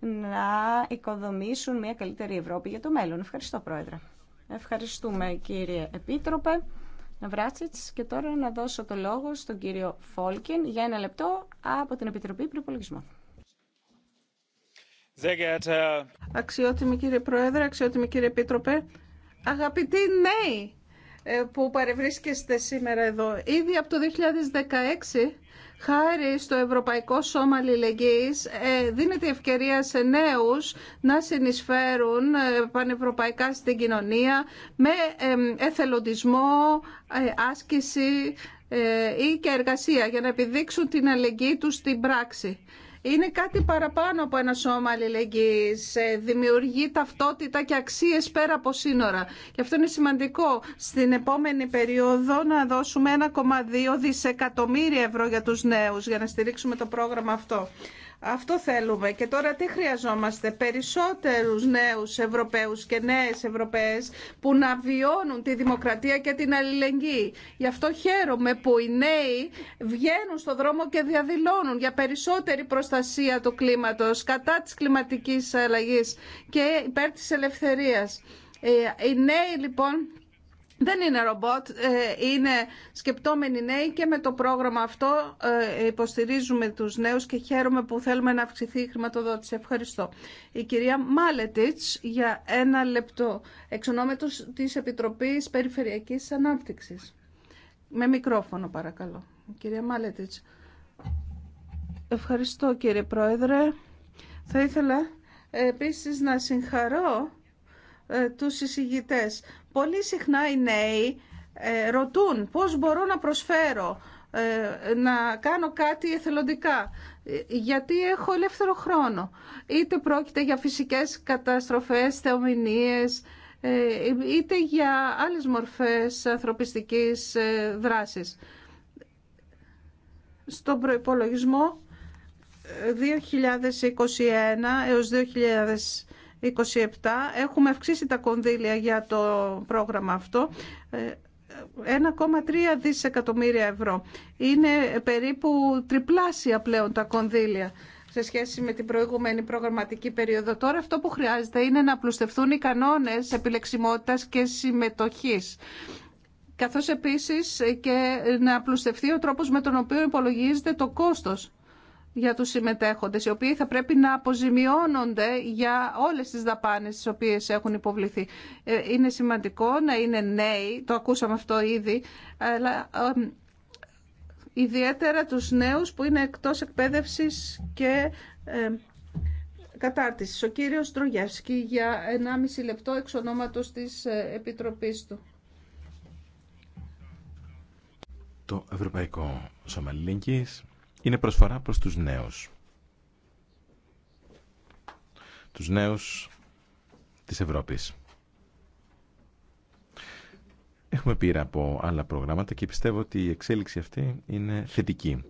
[SPEAKER 1] να οικοδομήσουν μια καλύτερη Ευρώπη για το μέλλον. Ευχαριστώ, Πρόεδρε. Ευχαριστούμε, κύριε Επίτροπε. Βράτσιτς. και τώρα να δώσω το λόγο στον κύριο Φόλκιν για ένα λεπτό από την Επιτροπή Προπολογισμών.
[SPEAKER 3] Αξιότιμη κύριε Πρόεδρε, αξιότιμη κύριε Επίτροπε, αγαπητοί νέοι, ε, που παρευρίσκεστε σήμερα εδώ. Ήδη από το 2016 Χάρη στο Ευρωπαϊκό Σώμα Αλληλεγγύης ε, δίνεται ευκαιρία σε νέους να συνεισφέρουν ε, πανευρωπαϊκά στην κοινωνία με εθελοντισμό, άσκηση ή και εργασία για να επιδείξουν την αλληλεγγύη τους στην πράξη είναι κάτι παραπάνω από ένα σώμα αλληλεγγύης. Ε, δημιουργεί ταυτότητα και αξίες πέρα από σύνορα. Και αυτό είναι σημαντικό. Στην επόμενη περίοδο να δώσουμε 1,2 δισεκατομμύρια ευρώ για τους νέους για να στηρίξουμε το πρόγραμμα αυτό. Αυτό θέλουμε. Και τώρα τι χρειαζόμαστε. Περισσότερους νέους Ευρωπαίους και νέες Ευρωπαίες που να βιώνουν τη δημοκρατία και την αλληλεγγύη. Γι' αυτό χαίρομαι που οι νέοι βγαίνουν στο δρόμο και διαδηλώνουν για περισσότερη προστασία του κλίματος, κατά της κλιματικής αλλαγής και υπέρ της ελευθερίας. Ε, οι νέοι λοιπόν δεν είναι ρομπότ, ε, είναι σκεπτόμενοι νέοι και με το πρόγραμμα αυτό ε, υποστηρίζουμε τους νέους και χαίρομαι που θέλουμε να αυξηθεί η χρηματοδότηση. Ευχαριστώ. Η κυρία Μάλετιτς για ένα λεπτό, εξ της Επιτροπής Περιφερειακής Ανάπτυξης. Με μικρόφωνο παρακαλώ. κυρία Μάλετιτς. Ευχαριστώ κύριε Πρόεδρε. Θα ήθελα ε, επίσης να συγχαρώ τους εισηγητές Πολύ συχνά οι νέοι ε, ρωτούν πώς μπορώ να προσφέρω, ε, να κάνω κάτι εθελοντικά, γιατί έχω ελεύθερο χρόνο. Είτε πρόκειται για φυσικές καταστροφές, θεομηνίες, ε, είτε για άλλες μορφές ανθρωπιστικής δράσης. Στον προϋπολογισμό 2021 έως 2000 27 έχουμε αυξήσει τα κονδύλια για το πρόγραμμα αυτό 1,3 ε, δισεκατομμύρια ευρώ. Είναι περίπου τριπλάσια πλέον τα κονδύλια σε σχέση με την προηγούμενη προγραμματική περίοδο. Τώρα αυτό που χρειάζεται είναι να απλουστευτούν οι κανόνες επιλεξιμότητας και συμμετοχής καθώς επίσης και να απλουστευτεί ο τρόπος με τον οποίο υπολογίζεται το κόστος για τους συμμετέχοντες, οι οποίοι θα πρέπει να αποζημιώνονται για όλες τις δαπάνες τις οποίες έχουν υποβληθεί. Ε, είναι σημαντικό να είναι νέοι, το ακούσαμε αυτό ήδη, αλλά ιδιαίτερα τους νέους που είναι εκτός εκπαίδευσης και κατάρτισης. Ο κύριος Τρογιάσκη για 1,5 λεπτό εξ ονόματος της ε, Επιτροπής του.
[SPEAKER 5] Το Ευρωπαϊκό Σώμα είναι προσφορά προς τους νέους. Τους νέους της Ευρώπης. Έχουμε πείρα από άλλα προγράμματα και πιστεύω ότι η εξέλιξη αυτή είναι θετική.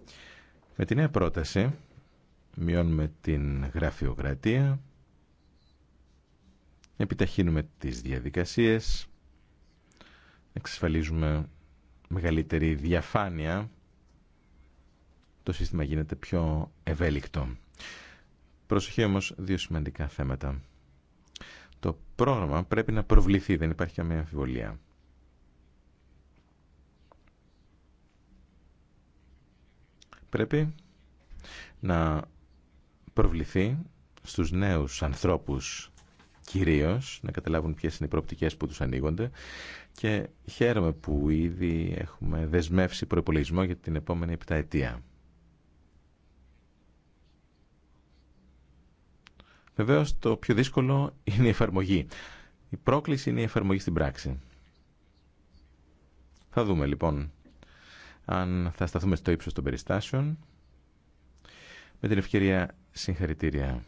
[SPEAKER 5] Με τη νέα πρόταση μειώνουμε την γραφειοκρατία, επιταχύνουμε τις διαδικασίες, εξασφαλίζουμε μεγαλύτερη διαφάνεια το σύστημα γίνεται πιο ευέλικτο. Προσοχή όμως δύο σημαντικά θέματα. Το πρόγραμμα πρέπει να προβληθεί, δεν υπάρχει καμία αμφιβολία. Πρέπει να προβληθεί στους νέους ανθρώπους κυρίως, να καταλάβουν ποιες είναι οι προοπτικές που τους ανοίγονται και χαίρομαι που ήδη έχουμε δεσμεύσει προπολογισμό για την επόμενη ετία. Βεβαίω το πιο δύσκολο είναι η εφαρμογή. Η πρόκληση είναι η εφαρμογή στην πράξη. Θα δούμε λοιπόν αν θα σταθούμε στο ύψος των περιστάσεων. Με την ευκαιρία συγχαρητήρια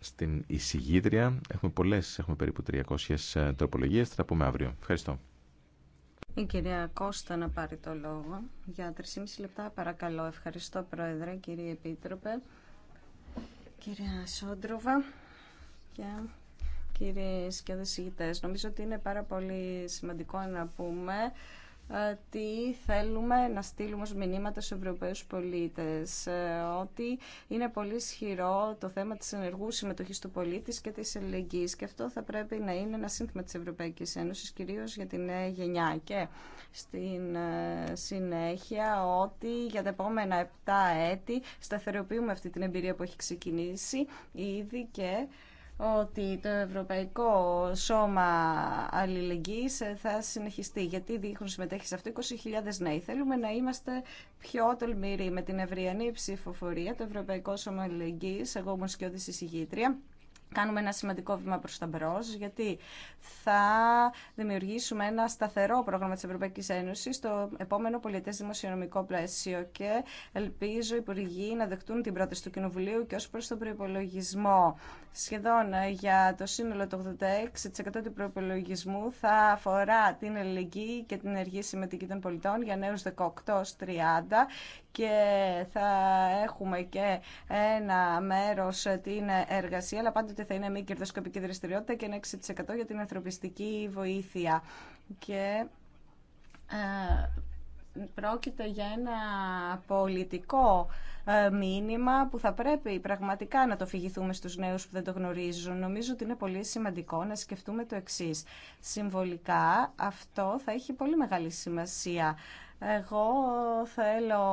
[SPEAKER 5] στην εισηγήτρια. Έχουμε πολλές, έχουμε περίπου 300 ε, τροπολογίες. Θα τα πούμε αύριο. Ευχαριστώ.
[SPEAKER 1] Η κυρία Κώστα να πάρει το λόγο για 3,5 λεπτά. Παρακαλώ. Ευχαριστώ, Πρόεδρε, κύριε Επίτροπε κυρία Σόντροβα και κύριοι και ηγητές. Νομίζω ότι είναι πάρα πολύ σημαντικό να πούμε τι θέλουμε να στείλουμε ως μηνύματα στους Ευρωπαίους πολίτες. Ε, ότι είναι πολύ ισχυρό το θέμα της ενεργού συμμετοχής του πολίτη και της ελεγγύης και αυτό θα πρέπει να είναι ένα σύνθημα της Ευρωπαϊκής Ένωσης, κυρίως για την νέα γενιά. Και στην ε, συνέχεια ότι για τα επόμενα 7 έτη σταθεροποιούμε αυτή την εμπειρία που έχει ξεκινήσει ήδη και ότι το Ευρωπαϊκό Σώμα Αλληλεγγύης ε, θα συνεχιστεί, γιατί δείχνουν συμμετέχει σε αυτό 20.000 νέοι. Θέλουμε να είμαστε πιο τολμηροί με την ευριανή ψηφοφορία, το Ευρωπαϊκό Σώμα Αλληλεγγύης, εγώ όμως και όδηση κάνουμε ένα σημαντικό βήμα προς τα μπρος, γιατί θα δημιουργήσουμε ένα σταθερό πρόγραμμα της Ευρωπαϊκής Ένωσης στο επόμενο πολιτές δημοσιονομικό πλαίσιο και ελπίζω οι υπουργοί να δεχτούν την πρόταση του Κοινοβουλίου και ως προς τον προϋπολογισμό. Σχεδόν ε, για το σύνολο του 86% του προϋπολογισμού θα αφορά την ελληνική και την ενεργή συμμετοχή των πολιτών για νέους 18-30 και θα έχουμε και ένα μέρος την εργασία, αλλά πάντοτε θα είναι μη κερδοσκοπική δραστηριότητα και ένα 6% για την ανθρωπιστική βοήθεια. Και ε, πρόκειται για ένα πολιτικό ε, μήνυμα που θα πρέπει πραγματικά να το φυγηθούμε στους νέους που δεν το γνωρίζουν. Νομίζω ότι είναι πολύ σημαντικό να σκεφτούμε το εξής. Συμβολικά αυτό θα έχει πολύ μεγάλη σημασία εγώ θέλω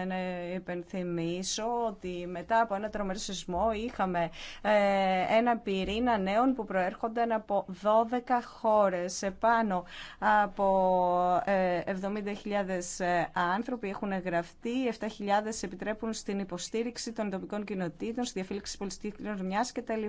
[SPEAKER 1] ε, να υπενθυμίσω ότι μετά από ένα τρομερό σεισμό είχαμε ε, ένα πυρήνα νέων που προέρχονταν από 12 χώρες. Επάνω από 70.000 ε, άνθρωποι έχουν εγγραφτεί, 7.000 επιτρέπουν στην υποστήριξη των τοπικών κοινοτήτων, στη διαφύλαξη πολιτικής κοινωνίας κτλ.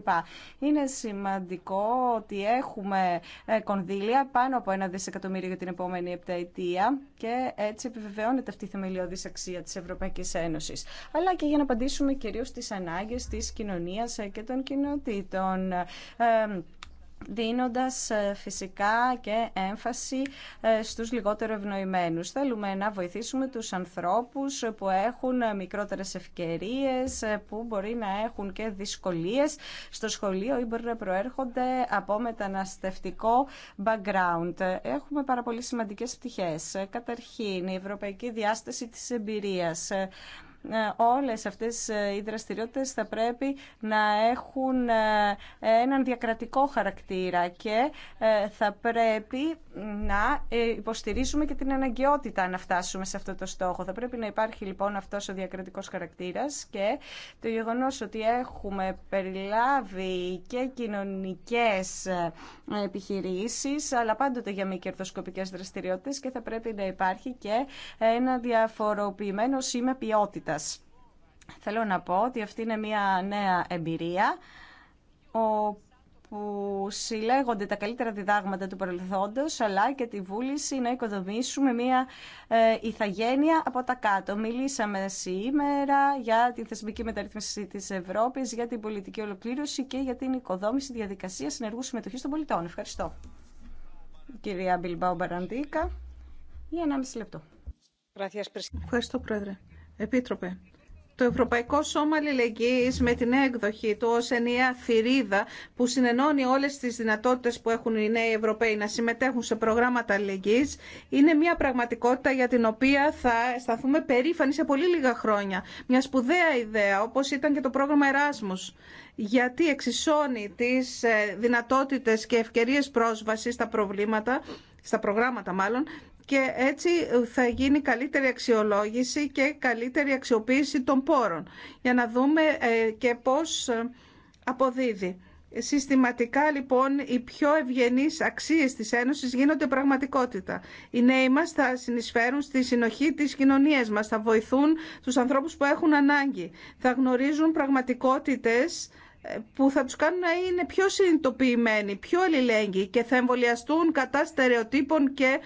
[SPEAKER 1] Είναι σημαντικό ότι έχουμε κονδύλια πάνω από ένα δισεκατομμύριο για την επόμενη επταετία και έτσι επιβεβαιώνεται αυτή η θεμελιώδης αξία της Ευρωπαϊκής Ένωσης. Αλλά και για να απαντήσουμε κυρίως στις ανάγκες της κοινωνίας ε, και των κοινοτήτων. Ε, δίνοντας ε, φυσικά και έμφαση ε, στους λιγότερο ευνοημένους. Θέλουμε να βοηθήσουμε τους ανθρώπους που έχουν ε, μικρότερες ευκαιρίες, που μπορεί να έχουν και δυσκολίες στο σχολείο ή μπορεί να προέρχονται από μεταναστευτικό background. Έχουμε πάρα πολύ σημαντικές πτυχές. Καταρχήν, η ευρωπαϊκή διάσταση της εμπειρίας. Ε, όλες αυτές ε, οι δραστηριότητες θα πρέπει να έχουν ε, έναν διακρατικό χαρακτήρα και θα πρέπει να υποστηρίζουμε και την αναγκαιότητα να φτάσουμε σε αυτό το στόχο. Θα πρέπει να υπάρχει λοιπόν αυτός ο διακρατικός χαρακτήρας και το γεγονός ότι έχουμε περιλάβει και κοινωνικές επιχειρήσεις αλλά πάντοτε για μη κερδοσκοπικές δραστηριότητες και θα πρέπει να υπάρχει και ένα διαφοροποιημένο σήμα ποιότητα Θέλω να πω ότι αυτή είναι μια νέα εμπειρία όπου συλλέγονται τα καλύτερα διδάγματα του παρελθόντος αλλά και τη βούληση να οικοδομήσουμε μια ε, ηθαγένεια από τα κάτω. Μιλήσαμε σήμερα για τη θεσμική μεταρρύθμιση της Ευρώπης, για την πολιτική ολοκλήρωση και για την οικοδόμηση διαδικασίας συνεργού συμμετοχής των πολιτών. Ευχαριστώ. Κυρία Μπιλμπάου Μπαραντίκα,
[SPEAKER 3] για μισή λεπτό. Ευχαριστώ, Πρόεδρε. Επίτροπε. Το Ευρωπαϊκό Σώμα Αλληλεγγύης με την εκδοχή του ως ενιαία θηρίδα που συνενώνει όλες τις δυνατότητες που έχουν οι νέοι Ευρωπαίοι να συμμετέχουν σε προγράμματα αλληλεγγύης είναι μια πραγματικότητα για την οποία θα σταθούμε περήφανοι σε πολύ λίγα χρόνια. Μια σπουδαία ιδέα όπως ήταν και το πρόγραμμα Εράσμους γιατί εξισώνει τις ε, δυνατότητες και ευκαιρίες πρόσβασης στα προβλήματα στα προγράμματα μάλλον, και έτσι θα γίνει καλύτερη αξιολόγηση και καλύτερη αξιοποίηση των πόρων για να δούμε ε, και πώς ε, αποδίδει. Συστηματικά λοιπόν οι πιο ευγενείς αξίες της Ένωσης γίνονται πραγματικότητα. Οι νέοι μας θα συνεισφέρουν στη συνοχή της κοινωνίας μας, θα βοηθούν τους ανθρώπους που έχουν ανάγκη, θα γνωρίζουν πραγματικότητες ε, που θα τους κάνουν να είναι πιο συνειδητοποιημένοι, πιο αλληλέγγυοι και θα εμβολιαστούν κατά στερεοτύπων και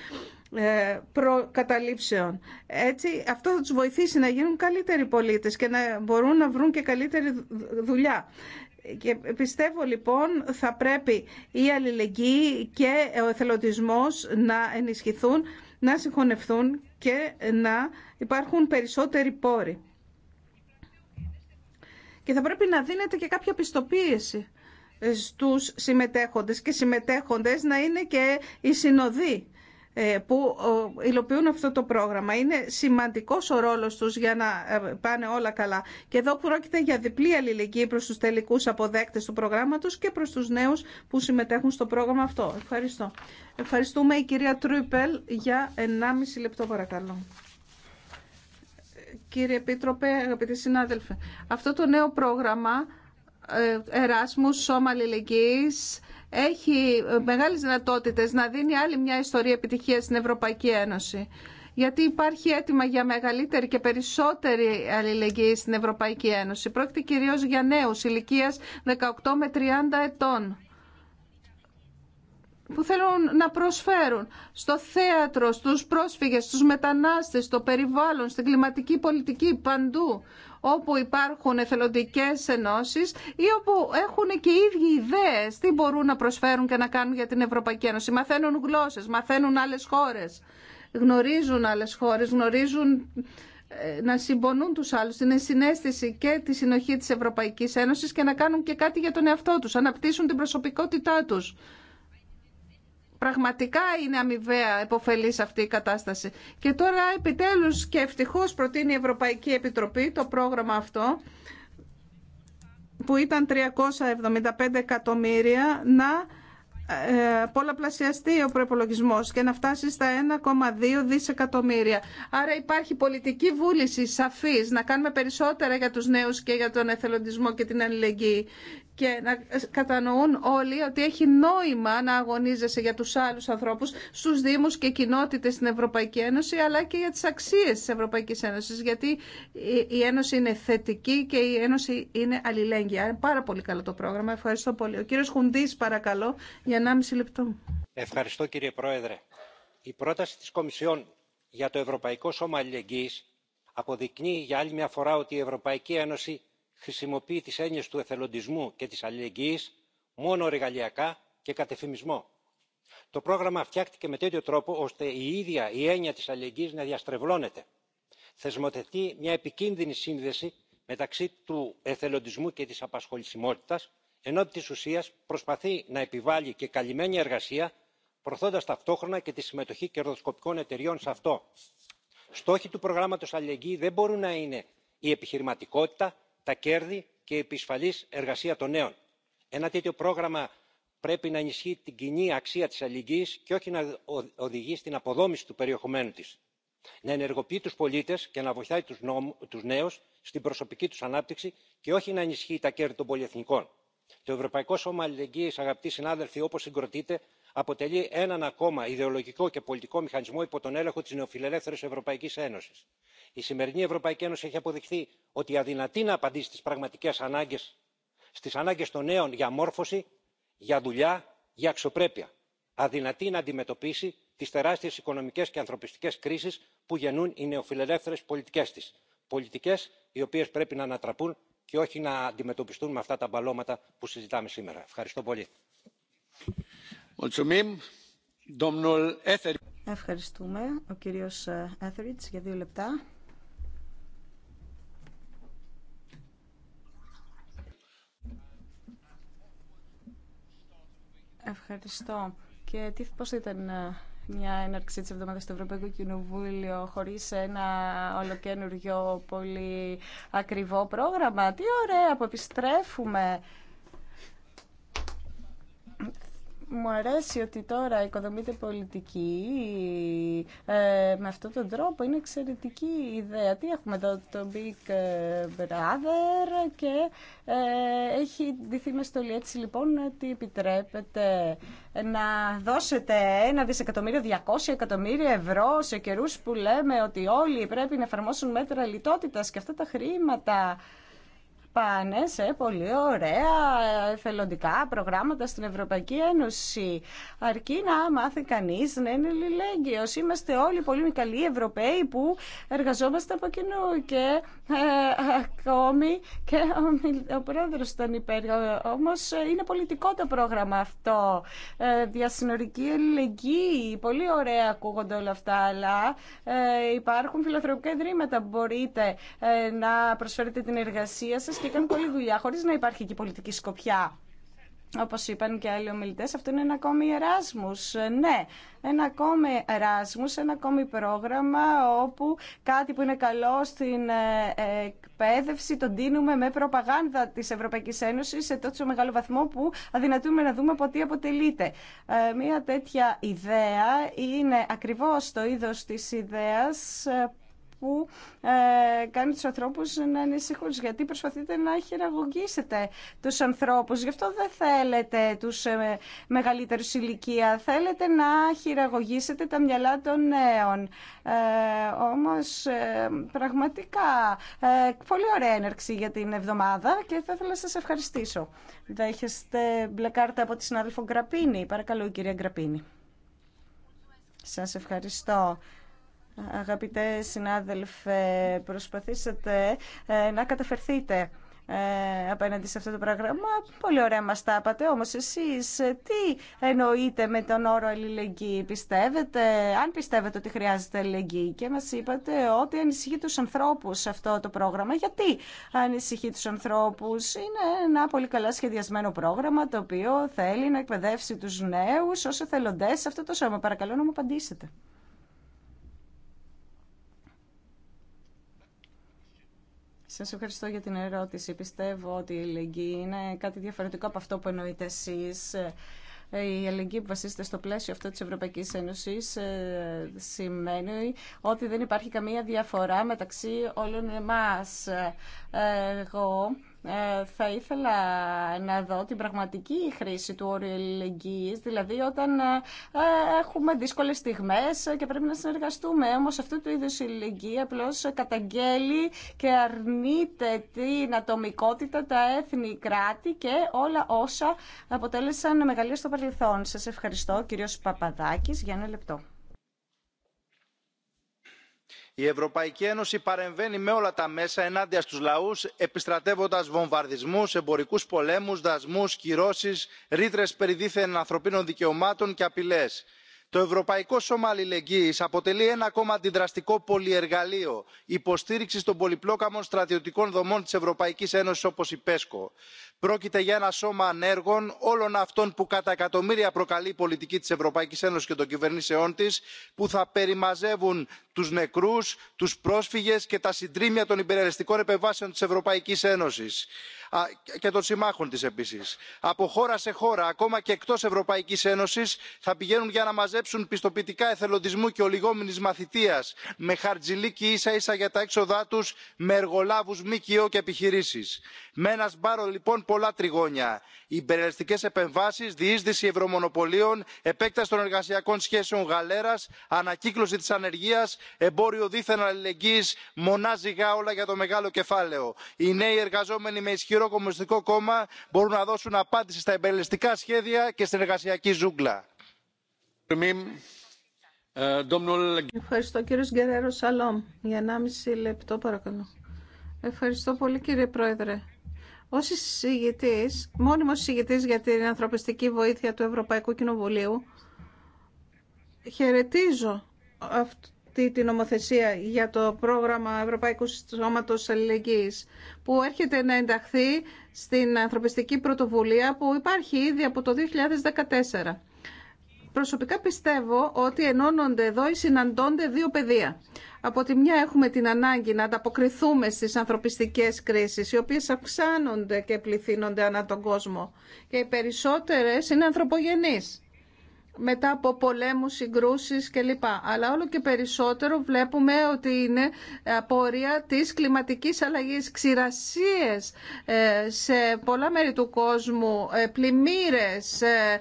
[SPEAKER 3] ε, προκαταλήψεων. Έτσι, αυτό θα τους βοηθήσει να γίνουν καλύτεροι πολίτες και να μπορούν να βρουν και καλύτερη δουλειά. Και πιστεύω λοιπόν θα πρέπει η αλληλεγγύη και ο εθελοντισμός να ενισχυθούν, να συγχωνευθούν και να υπάρχουν περισσότεροι πόροι. Και θα πρέπει να δίνεται και κάποια πιστοποίηση στους συμμετέχοντες και συμμετέχοντες να είναι και οι συνοδοί ε, που υλοποιούν αυτό το πρόγραμμα. Είναι σημαντικός ο ρόλος τους για να ε, πάνε όλα καλά. Και εδώ πρόκειται για διπλή αλληλεγγύη προς τους τελικούς αποδέκτες του προγράμματος και προς τους νέους που συμμετέχουν στο πρόγραμμα αυτό. Ευχαριστώ. Ευχαριστούμε η κυρία Τρούπελ για 1,5 λεπτό παρακαλώ. Κύριε Επίτροπε, αγαπητοί συνάδελφοι, αυτό το νέο πρόγραμμα ε, Εράσμου Σώμα Αλληλεγγύης, έχει ε, μεγάλες δυνατότητες να δίνει άλλη μια ιστορία επιτυχίας στην Ευρωπαϊκή Ένωση. Γιατί υπάρχει αίτημα για μεγαλύτερη και περισσότερη αλληλεγγύη στην Ευρωπαϊκή Ένωση. Πρόκειται κυρίως για νέους ηλικίας 18 με 30 ετών που θέλουν να προσφέρουν στο θέατρο, στους πρόσφυγες, στους μετανάστες, στο περιβάλλον, στην κλιματική πολιτική, παντού όπου υπάρχουν εθελοντικές ενώσεις ή όπου έχουν και οι ίδιοι ιδέες τι μπορούν να προσφέρουν και να κάνουν για την Ευρωπαϊκή Ένωση. Μαθαίνουν γλώσσες, μαθαίνουν άλλες χώρες, γνωρίζουν άλλες χώρες, γνωρίζουν ε, να συμπονούν τους άλλους, την συνέστηση και τη συνοχή της Ευρωπαϊκής Ένωσης και να κάνουν και κάτι για τον εαυτό τους, αναπτύσσουν την προσωπικότητά τους. Πραγματικά είναι αμοιβαία επωφελής αυτή η κατάσταση. Και τώρα επιτέλους και ευτυχώς προτείνει η Ευρωπαϊκή Επιτροπή το πρόγραμμα αυτό που ήταν 375 εκατομμύρια να ε, πολλαπλασιαστεί ο προπολογισμό και να φτάσει στα 1,2 δισεκατομμύρια. Άρα υπάρχει πολιτική βούληση σαφής να κάνουμε περισσότερα για τους νέους και για τον εθελοντισμό και την αλληλεγγύη και να κατανοούν όλοι ότι έχει νόημα να αγωνίζεσαι για τους άλλους ανθρώπους στους Δήμους και κοινότητες στην Ευρωπαϊκή Ένωση αλλά και για τις αξίες της Ευρωπαϊκής Ένωσης γιατί η Ένωση είναι θετική και η Ένωση είναι αλληλέγγυα. Είναι πάρα πολύ καλό το πρόγραμμα. Ευχαριστώ πολύ. Ο κύριος Χουντής παρακαλώ για 1,5 λεπτό.
[SPEAKER 12] Ευχαριστώ κύριε Πρόεδρε. Η πρόταση της Κομισιόν για το Ευρωπαϊκό Σώμα Αλληλεγγύης αποδεικνύει για άλλη μια φορά ότι η Ευρωπαϊκή Ένωση χρησιμοποιεί τις έννοιες του εθελοντισμού και της αλληλεγγύης μόνο εργαλειακά και κατ' το πρόγραμμα φτιάχτηκε με τέτοιο τρόπο ώστε η ίδια η έννοια της αλληλεγγύης να διαστρεβλώνεται. θεσμοθετεί μια επικίνδυνη σύνδεση μεταξύ του εθελοντισμού και της απασχολησιμότητας ενώ τη της ουσίας προσπαθεί να επιβάλλει και καλυμμένη εργασία προωθώντας ταυτόχρονα και τη συμμετοχή κερδοσκοπικών εταιριών σε αυτό. στόχοι του προγράμματος αλληλεγγύη δεν μπορούν να είναι η επιχειρηματικότητα τα κέρδη και η επισφαλής εργασία των νέων. ένα τέτοιο πρόγραμμα πρέπει να ενισχύει την κοινή αξία της αλληλεγγύης και όχι να οδηγεί στην αποδόμηση του περιεχομένου της να ενεργοποιεί τους πολίτες και να βοηθάει τους νέους στην προσωπική τους ανάπτυξη και όχι να ενισχύει τα κέρδη των πολυεθνικών. το ευρωπαϊκό σώμα αλληλεγγύης αγαπητοί συνάδελφοι όπως συγκροτείται αποτελεί έναν ακόμα ιδεολογικό και πολιτικό μηχανισμό υπό τον έλεγχο τη νεοφιλελεύθερη ευρωπαϊκή ένωση. η σημερινή ευρωπαϊκή ένωση έχει αποδειχθεί ότι αδυνατεί να απαντήσει στι πραγματικέ ανάγκε στι ανάγκε των νέων για μόρφωση για δουλειά για αξιοπρέπεια. αδυνατεί να αντιμετωπίσει τι τεράστιε οικονομικέ και ανθρωπιστικέ κρίσει που γεννούν οι νεοφιλελεύθερε πολιτικέ τη πολιτικέ οι οποίε πρέπει να ανατραπούν και όχι να αντιμετωπιστούν με αυτά τα μπαλώματα που συζητάμε σήμερα. ευχαριστώ πολύ. Ευχαριστούμε.
[SPEAKER 1] Ο κύριο Έθεριτς ε, για δύο λεπτά. Ευχαριστώ. Και τι, πώς ήταν ε, μια έναρξη της εβδομάδας στο Ευρωπαϊκό Κοινοβούλιο χωρίς ένα ολοκένουργιο πολύ ακριβό πρόγραμμα. Τι ωραία που επιστρέφουμε μου αρέσει ότι τώρα οικοδομείται πολιτική ε, με αυτόν τον τρόπο. Είναι εξαιρετική ιδέα. Τι έχουμε εδώ, το Big ε, Brother και ε, έχει ντυθεί με στολή έτσι λοιπόν ότι επιτρέπεται να δώσετε ένα δισεκατομμύριο, 200 εκατομμύρια ευρώ σε καιρούς που λέμε ότι όλοι πρέπει να εφαρμόσουν μέτρα λιτότητας και αυτά τα χρήματα πάνε σε πολύ ωραία εθελοντικά προγράμματα στην Ευρωπαϊκή Ένωση. Αρκεί να μάθει κανείς να είναι λιλέγγυο. Είμαστε όλοι πολύ καλοί Ευρωπαίοι που εργαζόμαστε από κοινού και ε, ακόμη και ο, ο πρόεδρος ήταν υπέρ. Όμως είναι πολιτικό το πρόγραμμα αυτό. Ε, διασυνορική ελληνική. Πολύ ωραία ακούγονται όλα αυτά, αλλά ε, υπάρχουν φιλανθρωπικά ιδρύματα που μπορείτε να προσφέρετε την εργασία σας και κάνουν πολλή δουλειά χωρί να υπάρχει και πολιτική σκοπιά. Όπω είπαν και άλλοι ομιλητέ, αυτό είναι ένα ακόμη Εράσμου. Ναι, ένα ακόμη Εράσμου, ένα ακόμη πρόγραμμα όπου κάτι που είναι καλό στην ε, εκπαίδευση τον τίνουμε με προπαγάνδα τη Ευρωπαϊκή Ένωση σε τόσο μεγάλο βαθμό που αδυνατούμε να δούμε από τι αποτελείται. Ε, μία τέτοια ιδέα είναι ακριβώ το είδο τη ιδέα ε, που ε, κάνει τους ανθρώπους να ανησυχούν γιατί προσπαθείτε να χειραγωγήσετε τους ανθρώπους. Γι' αυτό δεν θέλετε τους ε, μεγαλύτερου ηλικία. Θέλετε να χειραγωγήσετε τα μυαλά των νέων. Ε, όμως ε, πραγματικά πολύ ωραία έναρξη για την εβδομάδα και θα ήθελα να σας ευχαριστήσω. Δέχεστε μπλε κάρτα από τη συνάδελφο Γκραπίνη. Παρακαλώ κυρία Γκραπίνη. Σας ευχαριστώ. Αγαπητέ συνάδελφε, προσπαθήσατε ε, να καταφερθείτε ε, απέναντι σε αυτό το πρόγραμμα. Πολύ ωραία μας τα είπατε, όμως εσείς ε, τι εννοείτε με τον όρο αλληλεγγύη, πιστεύετε, αν πιστεύετε ότι χρειάζεται αλληλεγγύη και μας είπατε ότι ανησυχεί τους ανθρώπους αυτό το πρόγραμμα. Γιατί ανησυχεί τους ανθρώπους, είναι ένα πολύ καλά σχεδιασμένο πρόγραμμα το οποίο θέλει να εκπαιδεύσει τους νέους όσο σε Αυτό το σώμα παρακαλώ να μου απαντήσετε. Σα ευχαριστώ για την ερώτηση. Πιστεύω ότι η ελεγγύη είναι κάτι διαφορετικό από αυτό που εννοείτε εσεί. Ε, η αλληλεγγύη που βασίζεται στο πλαίσιο αυτό της Ευρωπαϊκής Ένωση ε, σημαίνει ότι δεν υπάρχει καμία διαφορά μεταξύ όλων εμά ε, Εγώ ε, θα ήθελα να δω την πραγματική χρήση του όρου ελληνικής, δηλαδή όταν ε, ε, έχουμε δύσκολες στιγμές και πρέπει να συνεργαστούμε. Όμως αυτού του είδους η ελληνική απλώς καταγγέλει και αρνείται την ατομικότητα, τα έθνη, κράτη και όλα όσα αποτέλεσαν μεγαλύτερα στο παρελθόν. Σας ευχαριστώ κύριος Παπαδάκης για ένα λεπτό
[SPEAKER 13] η ευρωπαϊκή ένωση παρεμβαίνει με όλα τα μέσα ενάντια στους λαούς επιστρατεύοντας βομβαρδισμούς εμπορικούς πολέμους δασμούς κυρώσεις ρήτρες περί ανθρωπίνων δικαιωμάτων και απειλές το ευρωπαϊκό σώμα αλληλεγγύης αποτελεί ένα ακόμα αντιδραστικό πολυεργαλείο υποστήριξης των πολυπλόκαμων στρατιωτικών δομών της ευρωπαϊκής ένωσης όπως η πεσκο. πρόκειται για ένα σώμα ανέργων όλων αυτών που κατά εκατομμύρια προκαλεί η πολιτική της ευρωπαϊκής ένωσης και των κυβερνήσεών της που θα περιμαζεύουν τους νεκρούς τους πρόσφυγες και τα συντρίμια των υπερελεστικών επεμβάσεων της ευρωπαϊκής ένωσης και των συμμάχων της επίσης. από χώρα σε χώρα ακόμα και εκτός ευρωπαϊκής ένωσης θα πηγαίνουν για να μαζέψουν πιστοποιητικά εθελοντισμού και ολιγόμενης μαθητείας με χαρτζηλίκι ίσα ίσα για τα έξοδά τους με εργολάβους μκο και επιχειρήσεις. με ένα σπάρο λοιπόν πολλά τριγώνια υπερελιστικές επεμβάσεις διείσδυση ευρωμονοπωλίων επέκταση των εργασιακών σχέσεων γαλέρας ανακύκλωση της ανεργίας εμπόριο δίθεν αλληλεγγύης μονάζιγα όλα για το μεγάλο κεφάλαιο. οι νέοι εργαζόμενοι με ισχυρό κομμουνιστικό κόμμα μπορούν να δώσουν απάντηση στα υπερελεστικά σχέδια και στην εργασιακή ζούγκλα.
[SPEAKER 3] Ευχαριστώ κύριο Γκερέρο Σαλόμ. Για 1,5 λεπτό παρακαλώ. Ευχαριστώ πολύ κύριε Πρόεδρε. Ω εισηγητή, μόνιμο εισηγητή για την ανθρωπιστική βοήθεια του Ευρωπαϊκού Κοινοβουλίου, χαιρετίζω αυτή την νομοθεσία για το πρόγραμμα Ευρωπαϊκού Σώματος Αλληλεγγύης που έρχεται να ενταχθεί στην ανθρωπιστική πρωτοβουλία που υπάρχει ήδη από το 2014. Προσωπικά πιστεύω ότι ενώνονται εδώ ή συναντώνται δύο πεδία. Από τη μια έχουμε την ανάγκη να ανταποκριθούμε στις ανθρωπιστικές κρίσεις, οι οποίες αυξάνονται και πληθύνονται ανά τον κόσμο. Και οι περισσότερες είναι ανθρωπογενείς μετά από πολέμους, συγκρούσεις κλπ. Αλλά όλο και περισσότερο βλέπουμε ότι είναι απορία της κλιματικής αλλαγής, ξηρασίες ε, σε πολλά μέρη του κόσμου, ε, πλημμύρες, ε,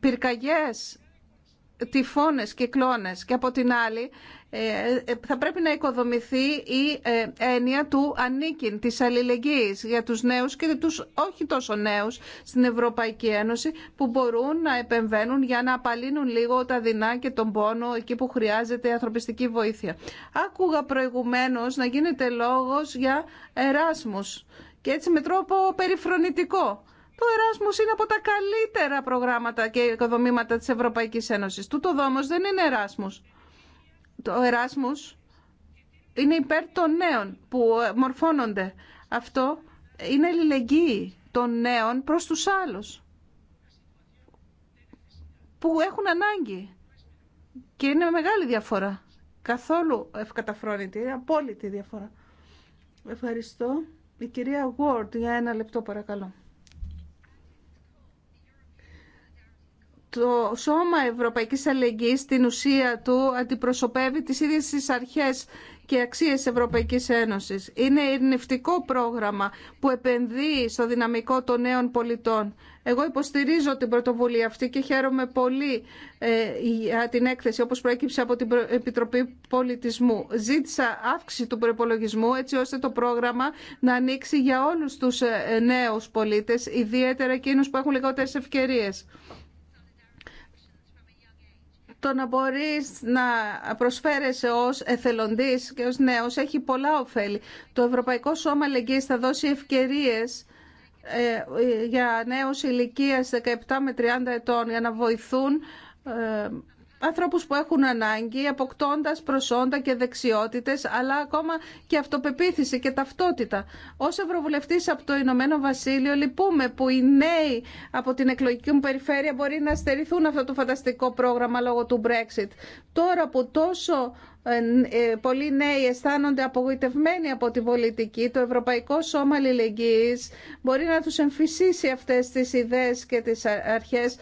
[SPEAKER 3] πυρκαγιές, τυφώνες, κυκλώνες και από την άλλη ε, ε, θα πρέπει να οικοδομηθεί η ε, έννοια του ανήκειν, της αλληλεγγύης για τους νέους και τους όχι τόσο νέους στην Ευρωπαϊκή Ένωση που μπορούν να επεμβαίνουν για να απαλύνουν λίγο τα δεινά και τον πόνο εκεί που χρειάζεται η ανθρωπιστική βοήθεια. Άκουγα προηγουμένως να γίνεται λόγος για εράσμους και έτσι με τρόπο περιφρονητικό. Το Εράσμο είναι από τα καλύτερα προγράμματα και οικοδομήματα τη Ευρωπαϊκή Ένωση. Τούτο δόμος δεν είναι Εράσμο. Το Εράσμο είναι υπέρ των νέων που ε, μορφώνονται. Αυτό είναι αλληλεγγύη των νέων προς τους άλλους που έχουν ανάγκη και είναι μεγάλη διαφορά. Καθόλου ευκαταφρόνητη, απόλυτη διαφορά. Ευχαριστώ. Η κυρία Ward για ένα λεπτό παρακαλώ. το Σώμα Ευρωπαϊκής Αλληλεγγύης στην ουσία του αντιπροσωπεύει τις ίδιες τις αρχές και αξίες Ευρωπαϊκής Ένωσης. Είναι ειρνευτικό πρόγραμμα που επενδύει στο δυναμικό των νέων πολιτών. Εγώ υποστηρίζω την πρωτοβουλία αυτή και χαίρομαι πολύ ε, για την έκθεση όπως προέκυψε από την Επιτροπή Πολιτισμού. Ζήτησα αύξηση του προπολογισμού έτσι ώστε το πρόγραμμα να ανοίξει για όλους τους ε, νέους πολίτες, ιδιαίτερα εκείνους που έχουν λιγότερες ευκαιρίες το να μπορεί να προσφέρεσαι ως εθελοντή και ως νέος έχει πολλά ωφέλη. Το Ευρωπαϊκό Σώμα Λεγγύη θα δώσει ευκαιρίες ε, για νέους ηλικίας 17 με 30 ετών για να βοηθούν ε, ανθρώπους που έχουν ανάγκη, αποκτώντας προσόντα και δεξιότητες, αλλά ακόμα και αυτοπεποίθηση και ταυτότητα. Ως Ευρωβουλευτής από το Ηνωμένο Βασίλειο λυπούμε που οι νέοι από την εκλογική μου περιφέρεια μπορεί να στερηθούν αυτό το φανταστικό πρόγραμμα λόγω του Brexit. Τώρα που τόσο ε, ε, πολλοί νέοι αισθάνονται απογοητευμένοι από την πολιτική, το Ευρωπαϊκό Σώμα Αλληλεγγύης μπορεί να τους εμφυσίσει αυτές τις ιδέες και τις αρχές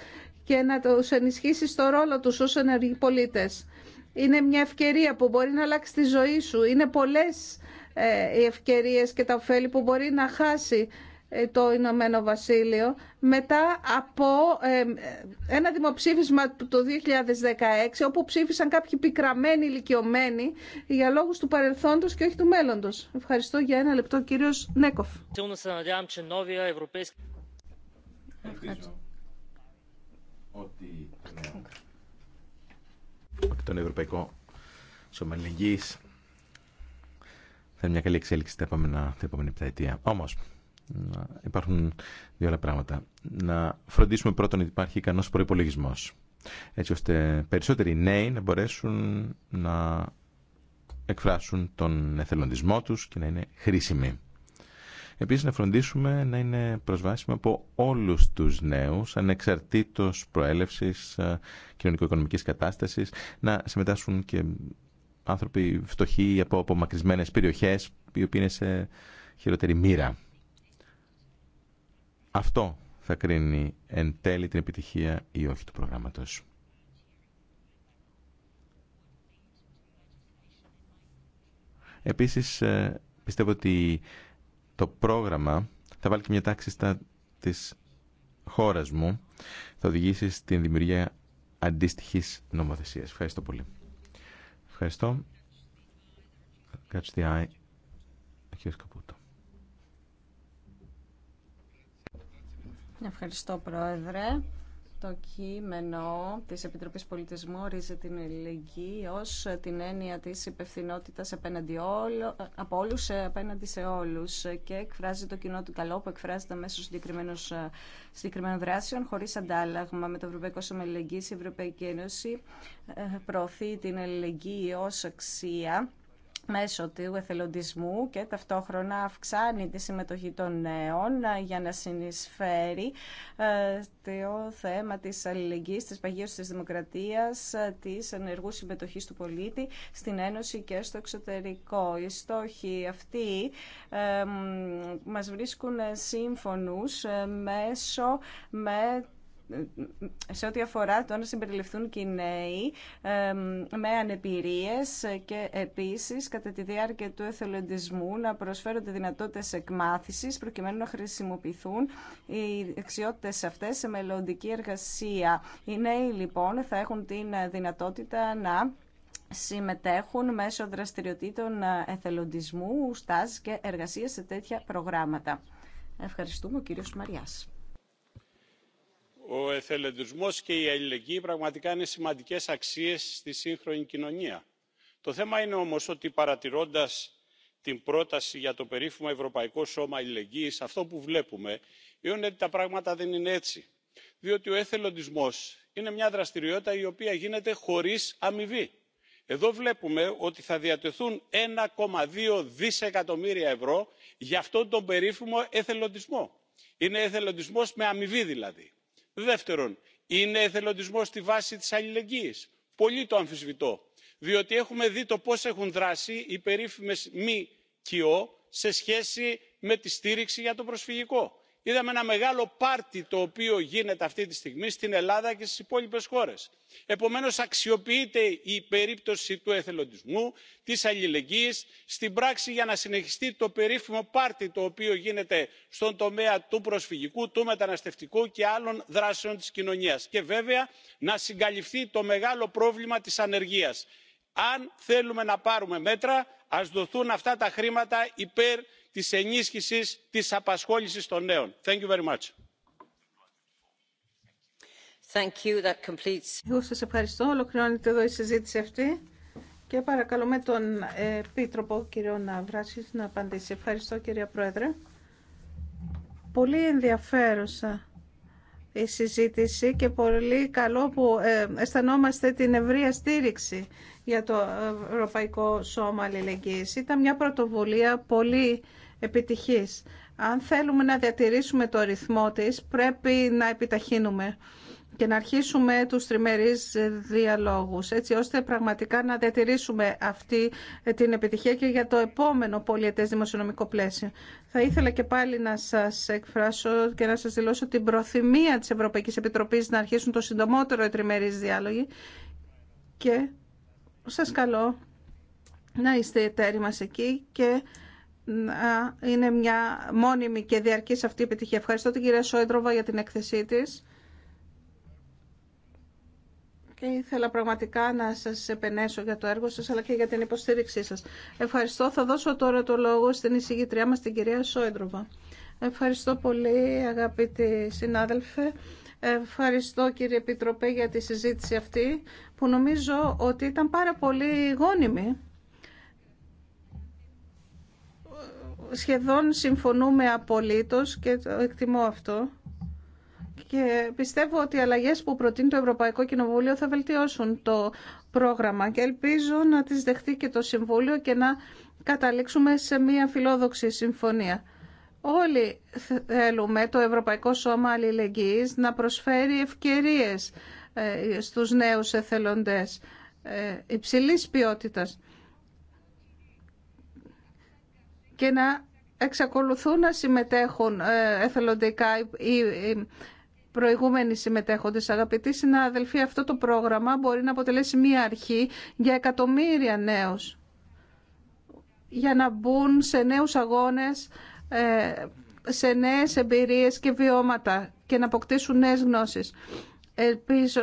[SPEAKER 3] και να τους ενισχύσει το ρόλο τους ως ενεργοί πολίτες. Είναι μια ευκαιρία που μπορεί να αλλάξει τη ζωή σου. Είναι πολλές ε, οι ευκαιρίες και τα ωφέλη που μπορεί να χάσει ε, το Ηνωμένο Βασίλειο μετά από ε, ένα δημοψήφισμα το 2016 όπου ψήφισαν κάποιοι πικραμένοι ηλικιωμένοι για λόγους του παρελθόντος και όχι του μέλλοντος. Ευχαριστώ για ένα λεπτό κύριος Νέκοφ
[SPEAKER 8] ότι
[SPEAKER 5] τον Ευρωπαϊκό Σώμα θα είναι μια καλή εξέλιξη τα επόμενα, τα επόμενη Όμως, υπάρχουν δύο άλλα πράγματα. Να φροντίσουμε πρώτον ότι υπάρχει ικανός προπολογισμό. έτσι ώστε περισσότεροι νέοι να μπορέσουν να εκφράσουν τον εθελοντισμό τους και να είναι χρήσιμοι. Επίσης να φροντίσουμε να είναι προσβάσιμο από όλους τους νέους, ανεξαρτήτως προέλευσης, ε, κοινωνικο-οικονομικής κατάστασης, να συμμετάσχουν και άνθρωποι φτωχοί από απομακρυσμένες περιοχές, οι οποίοι είναι σε χειροτερή μοίρα. Αυτό θα κρίνει εν τέλει την επιτυχία ή όχι του προγράμματος. Επίσης, ε, πιστεύω ότι το πρόγραμμα θα βάλει και μια τάξη στα της χώρας μου, θα οδηγήσει στην δημιουργία αντίστοιχης νομοθεσίας. Ευχαριστώ πολύ. Ευχαριστώ. Catch
[SPEAKER 1] Ευχαριστώ, Πρόεδρε. Το κείμενο της Επιτροπής Πολιτισμού ορίζει την ελληνική ως την έννοια της υπευθυνότητας απέναντι όλο, από όλους απέναντι σε όλους και εκφράζει το κοινό του καλό που εκφράζεται μέσω ε, συγκεκριμένων δράσεων χωρίς αντάλλαγμα. Με το Ευρωπαϊκό Σώμα η Ευρωπαϊκή Ένωση ε, προωθεί την ελληνική ως αξία μέσω του εθελοντισμού και ταυτόχρονα αυξάνει τη συμμετοχή των νέων ε, για να συνεισφέρει ε, το θέμα της αλληλεγγύης, της παγίωσης της δημοκρατίας, ε, της ενεργού συμμετοχής του πολίτη στην Ένωση και στο εξωτερικό. Οι στόχοι αυτοί μας βρίσκουν σύμφωνους μέσω με σε ό,τι αφορά το να συμπεριληφθούν και οι νέοι με ανεπηρίες και επίσης κατά τη διάρκεια του εθελοντισμού να προσφέρονται δυνατότητες εκμάθησης προκειμένου να χρησιμοποιηθούν οι δεξιότητε αυτές σε μελλοντική εργασία. Οι νέοι λοιπόν θα έχουν την δυνατότητα να συμμετέχουν μέσω δραστηριοτήτων εθελοντισμού, στάζ και εργασία σε τέτοια προγράμματα. Ευχαριστούμε ο κύριος Μαριάς
[SPEAKER 6] ο εθελοντισμός και η αλληλεγγύη πραγματικά είναι σημαντικές αξίες στη σύγχρονη κοινωνία. το θέμα είναι όμως ότι παρατηρώντας την πρόταση για το περίφημο ευρωπαϊκό σώμα αλληλεγγύης αυτό που βλέπουμε είναι ότι τα πράγματα δεν είναι έτσι διότι ο εθελοντισμός είναι μια δραστηριότητα η οποία γίνεται χωρίς αμοιβή. εδώ βλέπουμε ότι θα διατεθούν ένα δισεκατομμύρια ευρώ για αυτόν τον περίφημο εθελοντισμό. είναι εθελοντισμός με αμοιβή δηλαδή δεύτερον είναι εθελοντισμός στη βάση της αλληλεγγύης; πολύ το αμφισβητώ διότι έχουμε δει το πώς έχουν δράσει οι περίφημες μη κοιο σε σχέση με τη στήριξη για το προσφυγικό είδαμε ένα μεγάλο πάρτι το οποίο γίνεται αυτή τη στιγμή στην ελλάδα και στις υπόλοιπες χώρες. επομένως αξιοποιείται η περίπτωση του εθελοντισμού της αλληλεγγύης στην πράξη για να συνεχιστεί το περίφημο πάρτι το οποίο γίνεται στον τομέα του προσφυγικού του μεταναστευτικού και άλλων δράσεων της κοινωνίας και βέβαια να συγκαλυφθεί το μεγάλο πρόβλημα της ανεργίας. αν θέλουμε να πάρουμε μέτρα ας δοθούν αυτά τα χρήματα υπέρ της ενίσχυσης της απασχόλησης των νέων. Thank you very much.
[SPEAKER 3] Εγώ σας ευχαριστώ. Ολοκληρώνεται εδώ η συζήτηση αυτή και παρακαλούμε τον Επίτροπο κύριο Ναυράσης να απαντήσει. Ευχαριστώ κύριε Πρόεδρε. Πολύ ενδιαφέρουσα η συζήτηση και πολύ καλό που ε, αισθανόμαστε την ευρεία στήριξη για το Ευρωπαϊκό Σώμα Αλληλεγγύης. Ήταν μια πρωτοβουλία πολύ επιτυχής. Αν θέλουμε να διατηρήσουμε το ρυθμό της, πρέπει να επιταχύνουμε και να αρχίσουμε τους τριμερείς διαλόγους, έτσι ώστε πραγματικά να διατηρήσουμε αυτή την επιτυχία και για το επόμενο πολιετές δημοσιονομικό πλαίσιο. Θα ήθελα και πάλι να σας εκφράσω και να σας δηλώσω την προθυμία της Ευρωπαϊκής Επιτροπής να αρχίσουν το συντομότερο τριμερείς διάλογοι και σας καλώ να είστε εταίροι μας εκεί και να είναι μια μόνιμη και διαρκής αυτή η επιτυχία. Ευχαριστώ την κυρία Σόιντροβα για την έκθεσή της. Και ήθελα πραγματικά να σας επενέσω για το έργο σας, αλλά και για την υποστήριξή σας. Ευχαριστώ. Θα δώσω τώρα το λόγο στην εισηγητριά μας, την κυρία Σόιντροβα. Ευχαριστώ πολύ, αγαπητοί συνάδελφε. Ευχαριστώ κύριε Επιτροπέ για τη συζήτηση αυτή που νομίζω ότι ήταν πάρα πολύ γόνιμη σχεδόν συμφωνούμε απολύτως και το εκτιμώ αυτό. Και πιστεύω ότι οι αλλαγές που προτείνει το Ευρωπαϊκό Κοινοβούλιο θα βελτιώσουν το πρόγραμμα και ελπίζω να τις δεχτεί και το Συμβούλιο και να καταλήξουμε σε μια φιλόδοξη συμφωνία. Όλοι θέλουμε το Ευρωπαϊκό Σώμα Αλληλεγγύης να προσφέρει ευκαιρίες ε, στους νέους εθελοντές ε, υψηλής ποιότητας. και να εξακολουθούν να συμμετέχουν ε, εθελοντικά οι προηγούμενοι συμμετέχοντες. Αγαπητοί συνάδελφοι, αυτό το πρόγραμμα μπορεί να αποτελέσει μία αρχή για εκατομμύρια νέους για να μπουν σε νέους αγώνες, ε, σε νέες εμπειρίες και βιώματα και να αποκτήσουν νέες γνώσεις. Ελπίζω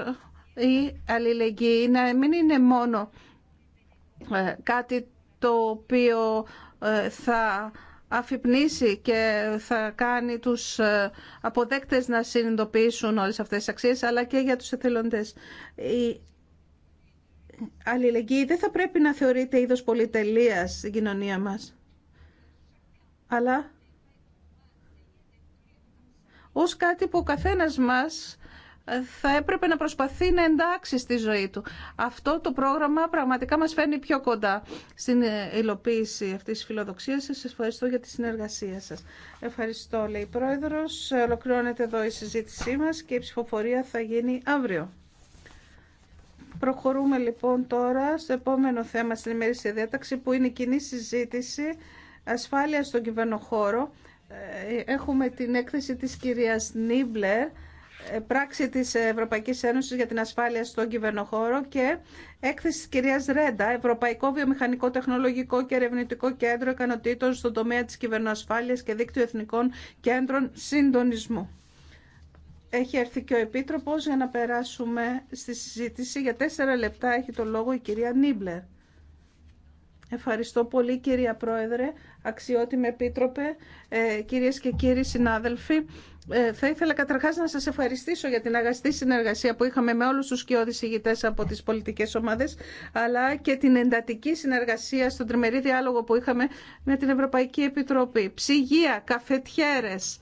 [SPEAKER 3] η αλληλεγγύη να μην είναι μόνο ε, κάτι το οποίο ε, θα αφυπνήσει και θα κάνει τους ε, αποδέκτες να συνειδητοποιήσουν όλες αυτές τις αξίες, αλλά και για τους εθελοντές. Η αλληλεγγύη δεν θα πρέπει να θεωρείται είδος πολυτελείας στην κοινωνία μας, αλλά ως κάτι που ο καθένας μας θα έπρεπε να προσπαθεί να εντάξει στη ζωή του. Αυτό το πρόγραμμα πραγματικά μας φέρνει πιο κοντά στην υλοποίηση αυτής της φιλοδοξίας σας. Σας ευχαριστώ για τη συνεργασία σας. Ευχαριστώ, λέει η Πρόεδρος. Ολοκληρώνεται εδώ η συζήτησή μας και η ψηφοφορία θα γίνει αύριο. Προχωρούμε λοιπόν τώρα στο επόμενο θέμα στην ημερήσια διάταξη που είναι η κοινή συζήτηση ασφάλεια στον κυβερνοχώρο. Ε, έχουμε την έκθεση της κυρίας Νίμπλερ ε, πράξη της Ευρωπαϊκής Ένωσης για την ασφάλεια στον κυβερνοχώρο και έκθεση της κυρίας Ρέντα, Ευρωπαϊκό Βιομηχανικό Τεχνολογικό και Ερευνητικό Κέντρο Εκανοτήτων στον τομέα της κυβερνοασφάλειας και Δίκτυο Εθνικών Κέντρων Συντονισμού. Έχει έρθει και ο Επίτροπος για να περάσουμε στη συζήτηση. Για τέσσερα λεπτά έχει το λόγο η κυρία Νίμπλερ. Ευχαριστώ πολύ κυρία Πρόεδρε, αξιότιμη Επίτροπε, ε, κυρίες και κύριοι συνάδελφοι. Ε, θα ήθελα καταρχά να σας ευχαριστήσω για την αγαστή συνεργασία που είχαμε με όλους τους κοιόδης ηγητέ από τις πολιτικές ομάδες, αλλά και την εντατική συνεργασία στον τριμερή διάλογο που είχαμε με την Ευρωπαϊκή Επιτροπή. Ψυγεία, καφετιέρες,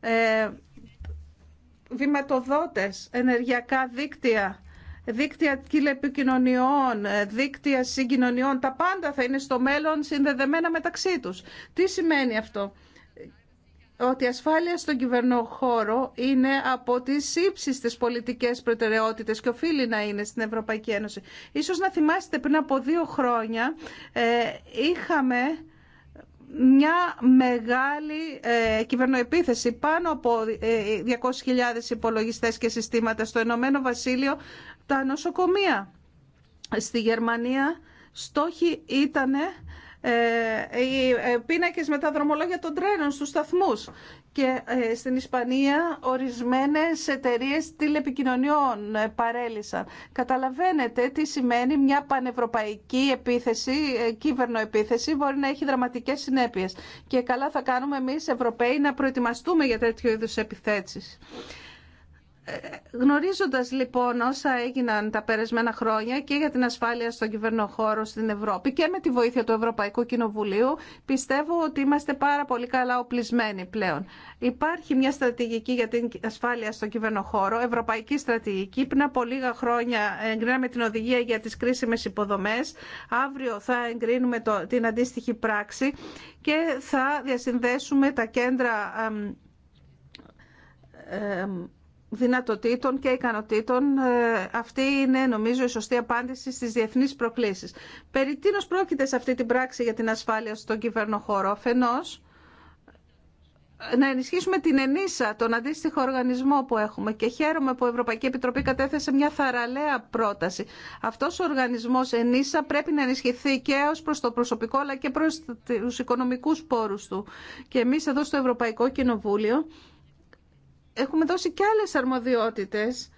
[SPEAKER 3] ε, ενεργειακά δίκτυα, δίκτυα τηλεπικοινωνιών, ε, δίκτυα συγκοινωνιών, τα πάντα θα είναι στο μέλλον συνδεδεμένα μεταξύ του. Τι σημαίνει αυτό ότι η ασφάλεια στον χώρο είναι από τις ύψιστες πολιτικές προτεραιότητες και οφείλει να είναι στην Ευρωπαϊκή Ένωση. Ίσως να θυμάστε πριν από δύο χρόνια ε, είχαμε μια μεγάλη ε, κυβερνοεπίθεση πάνω από 200.000 ε, υπολογιστές και συστήματα στο Ενωμένο Βασίλειο τα νοσοκομεία. Στη Γερμανία στόχοι ήτανε ε, οι ε, πίνακες με τα δρομολόγια των τρένων στους σταθμούς και ε, στην Ισπανία ορισμένες εταιρείες τηλεπικοινωνιών παρέλυσαν. Καταλαβαίνετε τι σημαίνει μια πανευρωπαϊκή επίθεση, επίθεση, μπορεί να έχει δραματικές συνέπειες. Και καλά θα κάνουμε εμείς Ευρωπαίοι να προετοιμαστούμε για τέτοιου είδους επιθέσεις. Γνωρίζοντας λοιπόν όσα έγιναν τα περασμένα χρόνια και για την ασφάλεια στον κυβερνοχώρο στην Ευρώπη και με τη βοήθεια του Ευρωπαϊκού Κοινοβουλίου, πιστεύω ότι είμαστε πάρα πολύ καλά οπλισμένοι πλέον. Υπάρχει μια στρατηγική για την ασφάλεια στον κυβερνοχώρο, ευρωπαϊκή στρατηγική. Πριν από λίγα χρόνια εγκρίναμε την οδηγία για τις κρίσιμες υποδομές. Αύριο θα εγκρίνουμε την αντίστοιχη πράξη και θα διασυνδέσουμε τα κέντρα δυνατοτήτων και ικανοτήτων. Ε, αυτή είναι νομίζω η σωστή απάντηση στις διεθνείς προκλήσεις. Περί τίνος πρόκειται σε αυτή την πράξη για την ασφάλεια στον κυβερνοχώρο. Αφενός, να ενισχύσουμε την ΕΝΙΣΑ, τον αντίστοιχο οργανισμό που έχουμε και χαίρομαι που η Ευρωπαϊκή Επιτροπή κατέθεσε μια θαραλέα πρόταση. Αυτός ο οργανισμός ΕΝΙΣΑ πρέπει να ενισχυθεί και ως προς το προσωπικό αλλά και προς τους οικονομικούς πόρους του. Και εμείς εδώ στο Ευρωπαϊκό Κοινοβούλιο έχουμε δώσει και άλλες αρμοδιότητες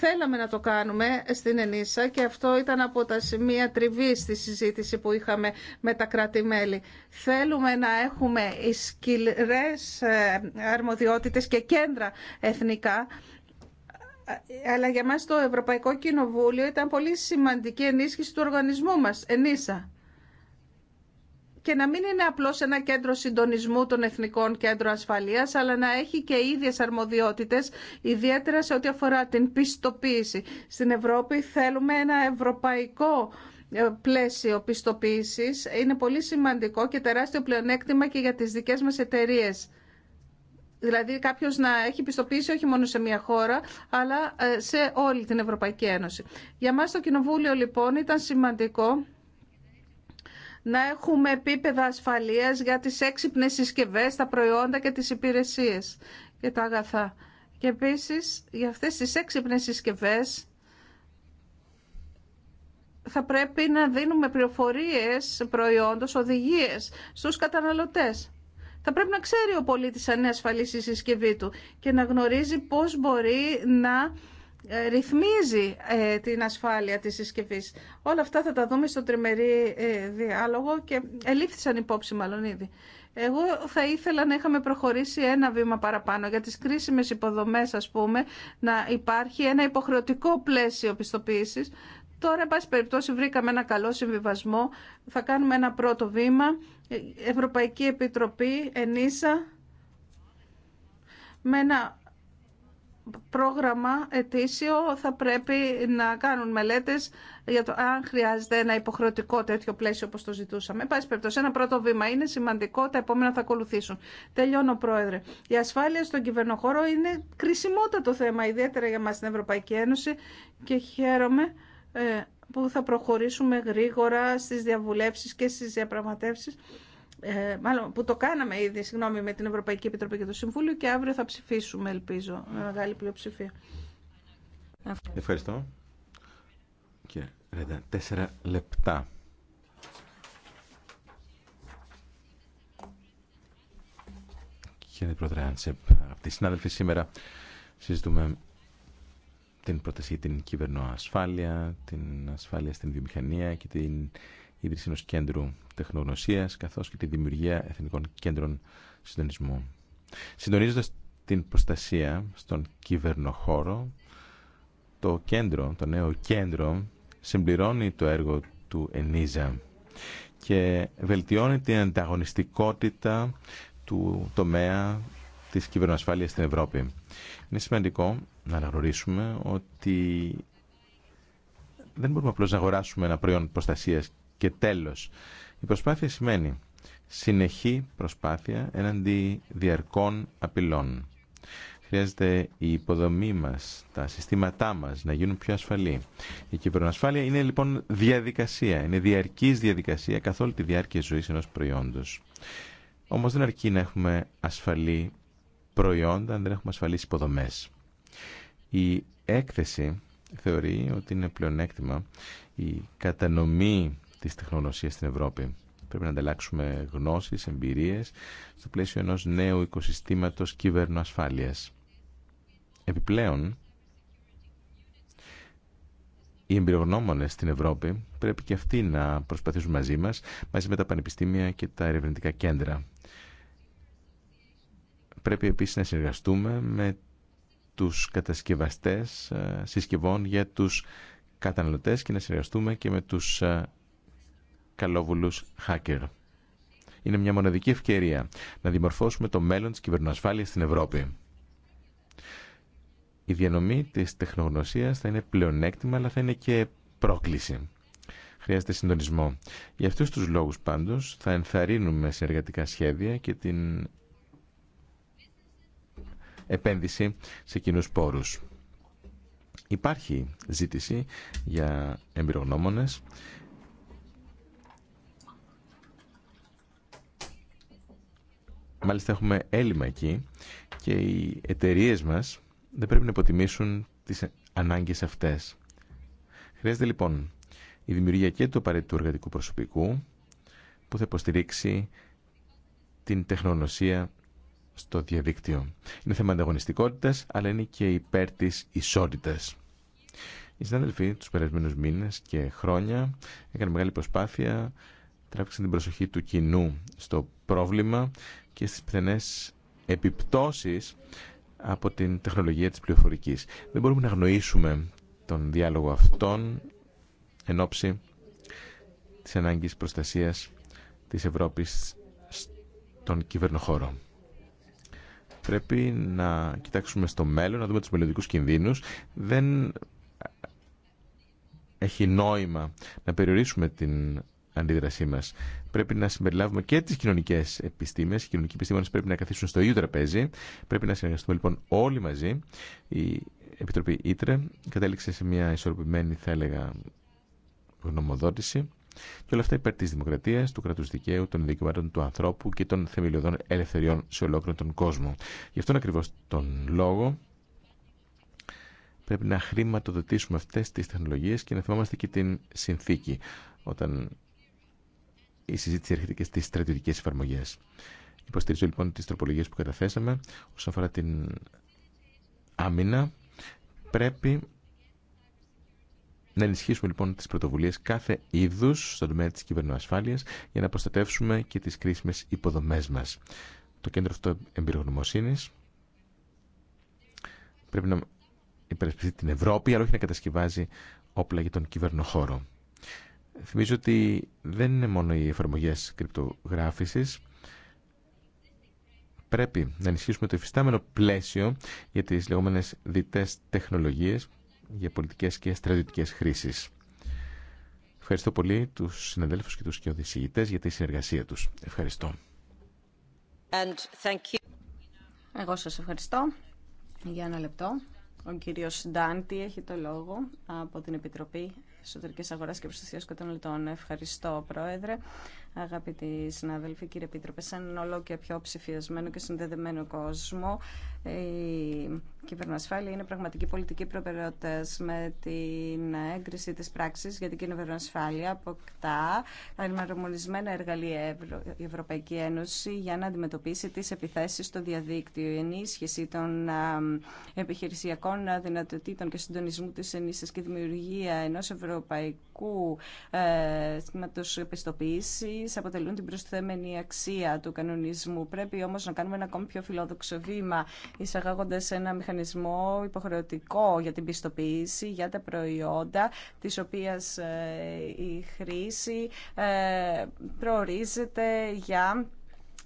[SPEAKER 3] Θέλαμε να το κάνουμε στην Ενίσα και αυτό ήταν από τα σημεία τριβή στη συζήτηση που είχαμε με τα κράτη-μέλη. Θέλουμε να έχουμε ισχυρές ε, αρμοδιότητες και κέντρα εθνικά αλλά για μας το Ευρωπαϊκό Κοινοβούλιο ήταν πολύ σημαντική ενίσχυση του οργανισμού μας, Ενίσα και να μην είναι απλώς ένα κέντρο συντονισμού των Εθνικών Κέντρων Ασφαλείας, αλλά να έχει και ίδιες αρμοδιότητες, ιδιαίτερα σε ό,τι αφορά την πιστοποίηση. Στην Ευρώπη θέλουμε ένα ευρωπαϊκό ε, πλαίσιο πιστοποίησης. Είναι πολύ σημαντικό και τεράστιο πλεονέκτημα και για τις δικές μας εταιρείε. Δηλαδή κάποιο να έχει πιστοποίηση όχι μόνο σε μια χώρα, αλλά ε, σε όλη την Ευρωπαϊκή Ένωση. Για μας το Κοινοβούλιο λοιπόν ήταν σημαντικό να έχουμε επίπεδα ασφαλείας για τις έξυπνες συσκευές, τα προϊόντα και τις υπηρεσίες και τα αγαθά. Και επίσης για αυτές τις έξυπνες συσκευές θα πρέπει να δίνουμε πληροφορίες, προϊόντος, οδηγίες στους καταναλωτές. Θα πρέπει να ξέρει ο πολίτης αν είναι ασφαλής η συσκευή του και να γνωρίζει πώς μπορεί να ε, ρυθμίζει ε, την ασφάλεια της συσκευή. Όλα αυτά θα τα δούμε στο τριμερή ε, διάλογο και ελήφθησαν υπόψη μάλλον ήδη. Εγώ θα ήθελα να είχαμε προχωρήσει ένα βήμα παραπάνω για τις κρίσιμες υποδομές ας πούμε να υπάρχει ένα υποχρεωτικό πλαίσιο πιστοποίησης. Τώρα, εν πάση περιπτώσει, βρήκαμε ένα καλό συμβιβασμό. Θα κάνουμε ένα πρώτο βήμα. Ευρωπαϊκή Επιτροπή, ενίσα, με ένα πρόγραμμα ετήσιο θα πρέπει να κάνουν μελέτες για το αν χρειάζεται ένα υποχρεωτικό τέτοιο πλαίσιο όπως το ζητούσαμε. Πάση περιπτώσει, ένα πρώτο βήμα είναι σημαντικό, τα επόμενα θα ακολουθήσουν. Τελειώνω, Πρόεδρε. Η ασφάλεια στον κυβερνοχώρο είναι κρισιμότατο θέμα, ιδιαίτερα για μας στην Ευρωπαϊκή Ένωση και χαίρομαι ε, που θα προχωρήσουμε γρήγορα στις διαβουλεύσεις και στις διαπραγματεύσεις ε, μάλλον που το κάναμε ήδη, συγγνώμη, με την Ευρωπαϊκή Επιτροπή και το Συμβούλιο και αύριο θα ψηφίσουμε, ελπίζω, με μεγάλη πλειοψηφία.
[SPEAKER 5] Ευχαριστώ. Και Ρέντα, τέσσερα λεπτά. Κύριε Πρόεδρε Άντσεπ, αγαπητοί συνάδελφοι, σήμερα συζητούμε την πρόταση για την κυβερνοασφάλεια, την ασφάλεια στην βιομηχανία και την ίδρυση ενό κέντρου τεχνογνωσίας καθώς και τη δημιουργία εθνικών κέντρων συντονισμού. Συντονίζοντα την προστασία στον κυβερνοχώρο, το κέντρο, το νέο κέντρο συμπληρώνει το έργο του ΕΝΙΖΑ και βελτιώνει την ανταγωνιστικότητα του τομέα της κυβερνοασφάλειας στην Ευρώπη. Είναι σημαντικό να αναγνωρίσουμε ότι δεν μπορούμε απλώς να αγοράσουμε ένα προϊόν προστασίας και τέλος, η προσπάθεια σημαίνει συνεχή προσπάθεια εναντί διαρκών απειλών. Χρειάζεται η υποδομή μας, τα συστήματά μας να γίνουν πιο ασφαλή. Η κυβερνοασφάλεια είναι λοιπόν διαδικασία, είναι διαρκής διαδικασία καθ' όλη τη διάρκεια ζωής ενός προϊόντος. Όμως δεν αρκεί να έχουμε ασφαλή προϊόντα αν δεν έχουμε ασφαλείς υποδομές. Η έκθεση θεωρεί ότι είναι πλεονέκτημα η κατανομή της τεχνογνωσίας στην Ευρώπη. Πρέπει να ανταλλάξουμε γνώσεις, εμπειρίες στο πλαίσιο ενός νέου οικοσυστήματος κυβέρνου Επιπλέον, οι εμπειρογνώμονες στην Ευρώπη πρέπει και αυτοί να προσπαθήσουν μαζί μας, μαζί με τα πανεπιστήμια και τα ερευνητικά κέντρα. Πρέπει επίσης να συνεργαστούμε με τους κατασκευαστές ε, συσκευών για τους καταναλωτές και να συνεργαστούμε και με τους ε, καλόβουλους hacker. Είναι μια μοναδική ευκαιρία να δημορφώσουμε το μέλλον της κυβερνοασφάλειας στην Ευρώπη. Η διανομή της τεχνογνωσίας θα είναι πλεονέκτημα, αλλά θα είναι και πρόκληση. Χρειάζεται συντονισμό. Για αυτούς τους λόγους πάντως θα ενθαρρύνουμε συνεργατικά σχέδια και την επένδυση σε κοινού πόρους. Υπάρχει ζήτηση για εμπειρογνώμονες Μάλιστα έχουμε έλλειμμα εκεί και οι εταιρείε μας δεν πρέπει να υποτιμήσουν τις ανάγκες αυτές. Χρειάζεται λοιπόν η δημιουργία και του απαραίτητου εργατικού προσωπικού που θα υποστηρίξει την τεχνογνωσία στο διαδίκτυο. Είναι θέμα ανταγωνιστικότητα, αλλά είναι και υπέρ τη ισότητα. Οι συνάδελφοι του περασμένου μήνε και χρόνια έκαναν μεγάλη προσπάθεια, τράβηξαν την προσοχή του κοινού στο πρόβλημα και στις πιθανές επιπτώσεις από την τεχνολογία της πληροφορικής. Δεν μπορούμε να γνωρίσουμε τον διάλογο αυτόν εν ώψη της ανάγκης προστασίας της Ευρώπης στον κυβερνοχώρο. Πρέπει να κοιτάξουμε στο μέλλον, να δούμε τους μελλοντικού κινδύνους. Δεν έχει νόημα να περιορίσουμε την αντίδρασή μα. Πρέπει να συμπεριλάβουμε και τι κοινωνικέ επιστήμε. Οι κοινωνικοί επιστήμονε πρέπει να καθίσουν στο ίδιο τραπέζι. Πρέπει να συνεργαστούμε λοιπόν όλοι μαζί. Η Επιτροπή Ήτρε κατέληξε σε μια ισορροπημένη, θα έλεγα, γνωμοδότηση. Και όλα αυτά υπέρ τη δημοκρατία, του κράτου δικαίου, των δικαιωμάτων του ανθρώπου και των θεμελιωδών ελευθεριών σε ολόκληρο τον κόσμο. Γι' αυτόν ακριβώ τον λόγο πρέπει να χρηματοδοτήσουμε αυτέ τι τεχνολογίε και να θυμάμαστε και την συνθήκη. Όταν η συζήτηση έρχεται και στις στρατιωτικέ εφαρμογέ. Υποστηρίζω λοιπόν τι τροπολογίε που καταθέσαμε όσον αφορά την άμυνα. Πρέπει να ενισχύσουμε λοιπόν τις πρωτοβουλίες κάθε είδου στον τομέα της κυβερνοασφάλειας για να προστατεύσουμε και τις κρίσιμε υποδομές μας. Το κέντρο αυτό εμπειρογνωμοσύνης πρέπει να υπερασπιστεί την Ευρώπη, αλλά όχι να κατασκευάζει όπλα για τον κυβερνοχώρο. Θυμίζω ότι δεν είναι μόνο οι εφαρμογές κρυπτογράφησης. Πρέπει να ενισχύσουμε το εφιστάμενο πλαίσιο για τις λεγόμενες διτές τεχνολογίες για πολιτικές και στρατιωτικές χρήσεις. Ευχαριστώ πολύ τους συναδέλφους και τους κοιοδησηγητές για τη συνεργασία τους. Ευχαριστώ.
[SPEAKER 1] And thank you. Εγώ σας ευχαριστώ. Για ένα λεπτό. Ο κύριος Ντάντι έχει το λόγο από την Επιτροπή εσωτερικής αγορά και προστασίας καταναλωτών. Ευχαριστώ, Πρόεδρε αγαπητοί συνάδελφοι, κύριε Πίτροπε, σε έναν όλο και πιο ψηφιασμένο και συνδεδεμένο κόσμο, η κυβερνοασφάλεια είναι πραγματική πολιτική προτεραιότητα με την έγκριση τη πράξη για την κυβερνοασφάλεια. Αποκτά αρμαρμονισμένα εργαλεία η Ευρωπαϊκή Ένωση για να αντιμετωπίσει τι επιθέσει στο διαδίκτυο. Η ενίσχυση των επιχειρησιακών δυνατοτήτων και συντονισμού τη ενίσχυση και δημιουργία ενό ευρωπαϊκού ηλεκτρονικού ε, σχήματος επιστοποίησης αποτελούν την προσθέμενη αξία του κανονισμού. Πρέπει όμως να κάνουμε ένα ακόμη πιο φιλόδοξο βήμα ένα μηχανισμό υποχρεωτικό για την πιστοποίηση για τα προϊόντα της οποίας ε, η χρήση ε, προορίζεται για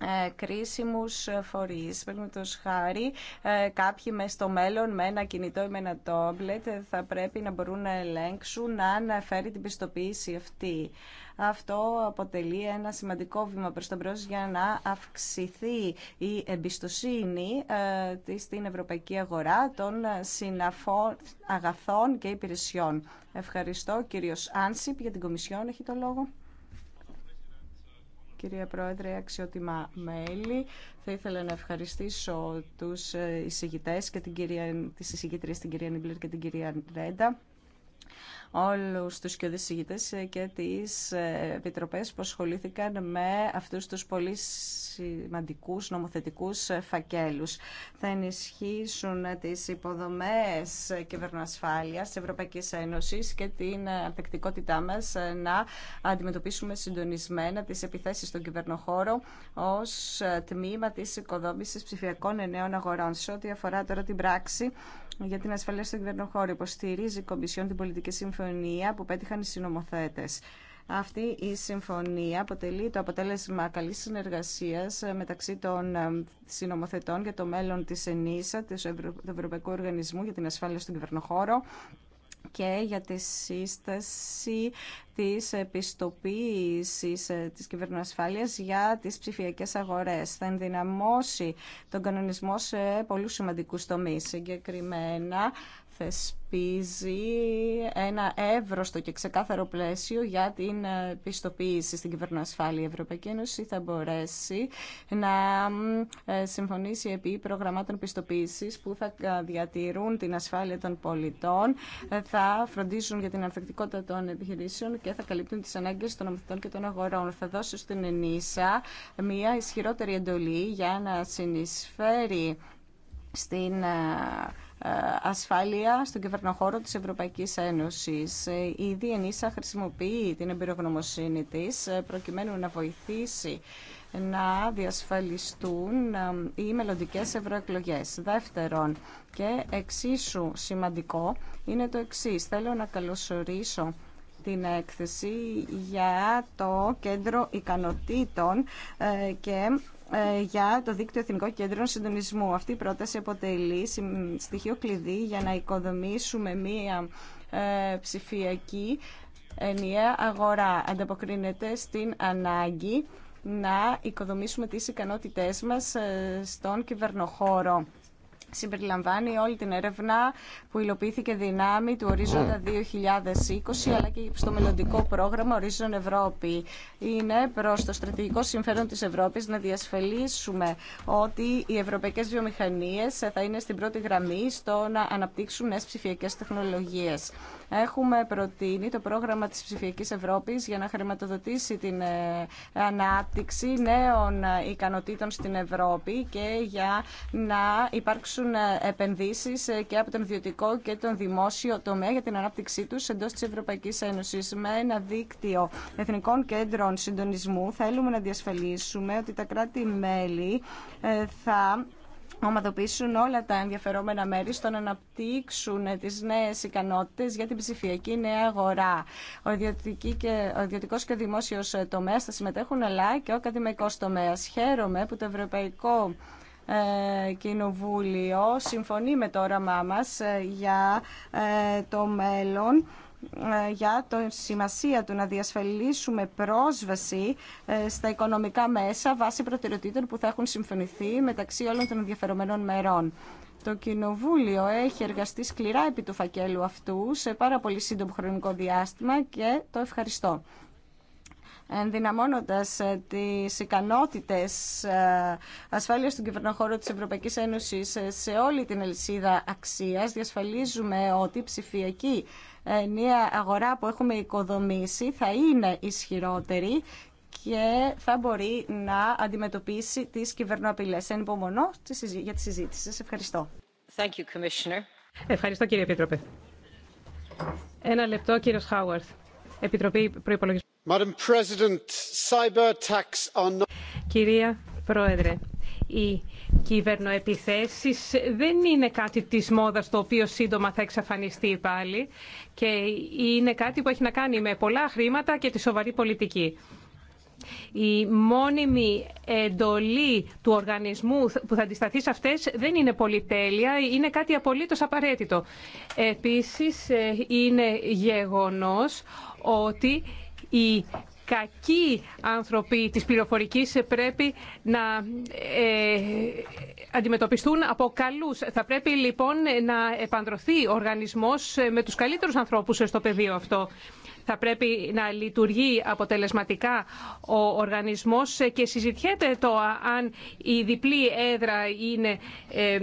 [SPEAKER 1] ε, κρίσιμους φορείς. Παραδείγματο χάρη, ε, κάποιοι με στο μέλλον με ένα κινητό ή με ένα τόμπλετ θα πρέπει να μπορούν να ελέγξουν αν φέρει την πιστοποίηση αυτή. Αυτό αποτελεί ένα σημαντικό βήμα προς τον προς για να αυξηθεί η εμπιστοσύνη ε, στην ευρωπαϊκή αγορά των συναφών αγαθών και υπηρεσιών. Ευχαριστώ. Κύριος Άνσιπ για την Κομισιόν έχει το λόγο. Κυρία Πρόεδρε, αξιότιμα μέλη, θα ήθελα να ευχαριστήσω τους ε, εισηγητές και την κυρία, τις εισηγήτριες, την κυρία Νίμπλερ και την κυρία Ρέντα όλους τους και ε, και τις ε, επιτροπές που ασχολήθηκαν με αυτούς τους πολύ σημαντικούς νομοθετικούς ε, φακέλους. Θα ενισχύσουν τις υποδομές κυβερνοασφάλειας της Ευρωπαϊκής Ένωσης και την απεκτικότητά μας να αντιμετωπίσουμε συντονισμένα τις επιθέσεις στον κυβερνοχώρο ως τμήμα της οικοδόμησης ψηφιακών νέων αγορών. Σε ό,τι αφορά τώρα την πράξη, για την ασφαλεία στον κυβερνοχώρο. Υποστηρίζει η Κομισιόν την πολιτική συμφωνία που πέτυχαν οι συνομοθέτε. Αυτή η συμφωνία αποτελεί το αποτέλεσμα καλής συνεργασίας ε, μεταξύ των ε, συνομοθετών για το μέλλον της ΕΝΗΣΑ, του Ευρωπαϊκού Οργανισμού για την Ασφάλεια στον Κυβερνοχώρο και για τη σύσταση της επιστοποίησης ε, της κυβερνοασφάλειας για τις ψηφιακές αγορές. Θα ενδυναμώσει τον κανονισμό σε πολύ σημαντικούς τομείς. Συγκεκριμένα θεσπίζει ένα εύρωστο και ξεκάθαρο πλαίσιο για την ε, πιστοποίηση στην κυβερνοασφάλεια. Η Ευρωπαϊκή Ένωση θα μπορέσει να ε, συμφωνήσει επί προγραμμάτων πιστοποίησης που θα ε, διατηρούν την ασφάλεια των πολιτών, θα φροντίζουν για την ανθεκτικότητα των επιχειρήσεων και θα καλύπτουν τις ανάγκες των ομιλητών και των αγορών. Θα δώσει στην ΕΝΗΣΑ μια ισχυρότερη εντολή για να συνεισφέρει στην ασφάλεια στον κυβερνοχώρο της Ευρωπαϊκής Ένωσης. Η ΔΕΝΗΣΑ e χρησιμοποιεί την εμπειρογνωμοσύνη της ε, προκειμένου να βοηθήσει να διασφαλιστούν ε, οι μελλοντικέ ευρωεκλογέ. Δεύτερον, και εξίσου σημαντικό είναι το εξή. Θέλω να καλωσορίσω την έκθεση για το κέντρο ικανοτήτων ε, και ε, για το Δίκτυο Εθνικό Κέντρο Συντονισμού. Αυτή η πρόταση αποτελεί στοιχείο κλειδί για να οικοδομήσουμε μία ε, ψηφιακή ενιαία αγορά. Ανταποκρίνεται στην ανάγκη να οικοδομήσουμε τις ικανότητές μας ε, στον κυβερνοχώρο συμπεριλαμβάνει όλη την έρευνα που υλοποιήθηκε δυνάμει του ορίζοντα 2020 ναι. αλλά και στο μελλοντικό πρόγραμμα Ορίζον Ευρώπη. Είναι προ το στρατηγικό συμφέρον τη Ευρώπη να διασφαλίσουμε ότι οι ευρωπαϊκέ βιομηχανίε θα είναι στην πρώτη γραμμή στο να αναπτύξουν νέε ψηφιακέ τεχνολογίε έχουμε προτείνει το πρόγραμμα της ψηφιακής Ευρώπης για να χρηματοδοτήσει την ε, ανάπτυξη νέων ε, ικανοτήτων στην Ευρώπη και για να υπάρξουν ε, επενδύσεις και από τον ιδιωτικό και τον δημόσιο τομέα για την ανάπτυξή τους εντός της Ευρωπαϊκής Ένωσης. Με ένα δίκτυο εθνικών κέντρων συντονισμού θέλουμε να διασφαλίσουμε ότι τα κράτη-μέλη θα ομαδοποιήσουν όλα τα ενδιαφερόμενα μέρη στο να αναπτύξουν τις νέες ικανότητες για την ψηφιακή νέα αγορά. Ο, και, και δημόσιο τομέα θα συμμετέχουν, αλλά και ο ακαδημαϊκό τομέα. Χαίρομαι που το Ευρωπαϊκό ε, Κοινοβούλιο συμφωνεί με το όραμά μας ε, για ε, το μέλλον ε, για το σημασία του να διασφαλίσουμε πρόσβαση ε, στα οικονομικά μέσα βάσει προτεραιοτήτων που θα έχουν συμφωνηθεί μεταξύ όλων των ενδιαφερομένων μερών. Το Κοινοβούλιο έχει εργαστεί σκληρά επί του φακέλου αυτού σε πάρα πολύ σύντομο χρονικό διάστημα και το ευχαριστώ ενδυναμώνοντας ε, τις ικανότητες ασφάλειας του κυβερνοχώρου της Ευρωπαϊκής Ένωσης σε όλη την αλυσίδα αξίας, διασφαλίζουμε ότι η ψηφιακή ε, μια αγορά που έχουμε οικοδομήσει θα είναι ισχυρότερη και θα μπορεί να αντιμετωπίσει τις κυβερνοαπειλές. Εν υπομονώ για τη συζήτηση. Σας ευχαριστώ.
[SPEAKER 14] Thank you, Commissioner.
[SPEAKER 1] Ευχαριστώ κύριε
[SPEAKER 2] Επίτροπε. Ένα λεπτό κύριος Χάουαρθ. Επιτροπή Προϋπολογισμού. Madam President, cyber attacks are not... Κυρία Πρόεδρε, οι κυβερνοεπιθέσεις δεν είναι κάτι της μόδας το οποίο σύντομα θα εξαφανιστεί πάλι και είναι κάτι που έχει να κάνει με πολλά χρήματα και τη σοβαρή πολιτική. Η μόνιμη εντολή του οργανισμού που θα αντισταθεί σε αυτές δεν είναι πολυτέλεια, είναι κάτι απολύτως απαραίτητο. Επίσης, ε, είναι γεγονός ότι η κακοί άνθρωποι της πληροφορικής πρέπει να ε, αντιμετωπιστούν από καλούς. Θα πρέπει λοιπόν να επανδρωθεί ο οργανισμός με τους καλύτερους ανθρώπους στο πεδίο αυτό. Θα πρέπει να λειτουργεί αποτελεσματικά ο οργανισμός και συζητιέται το αν η διπλή έδρα είναι ε, ε,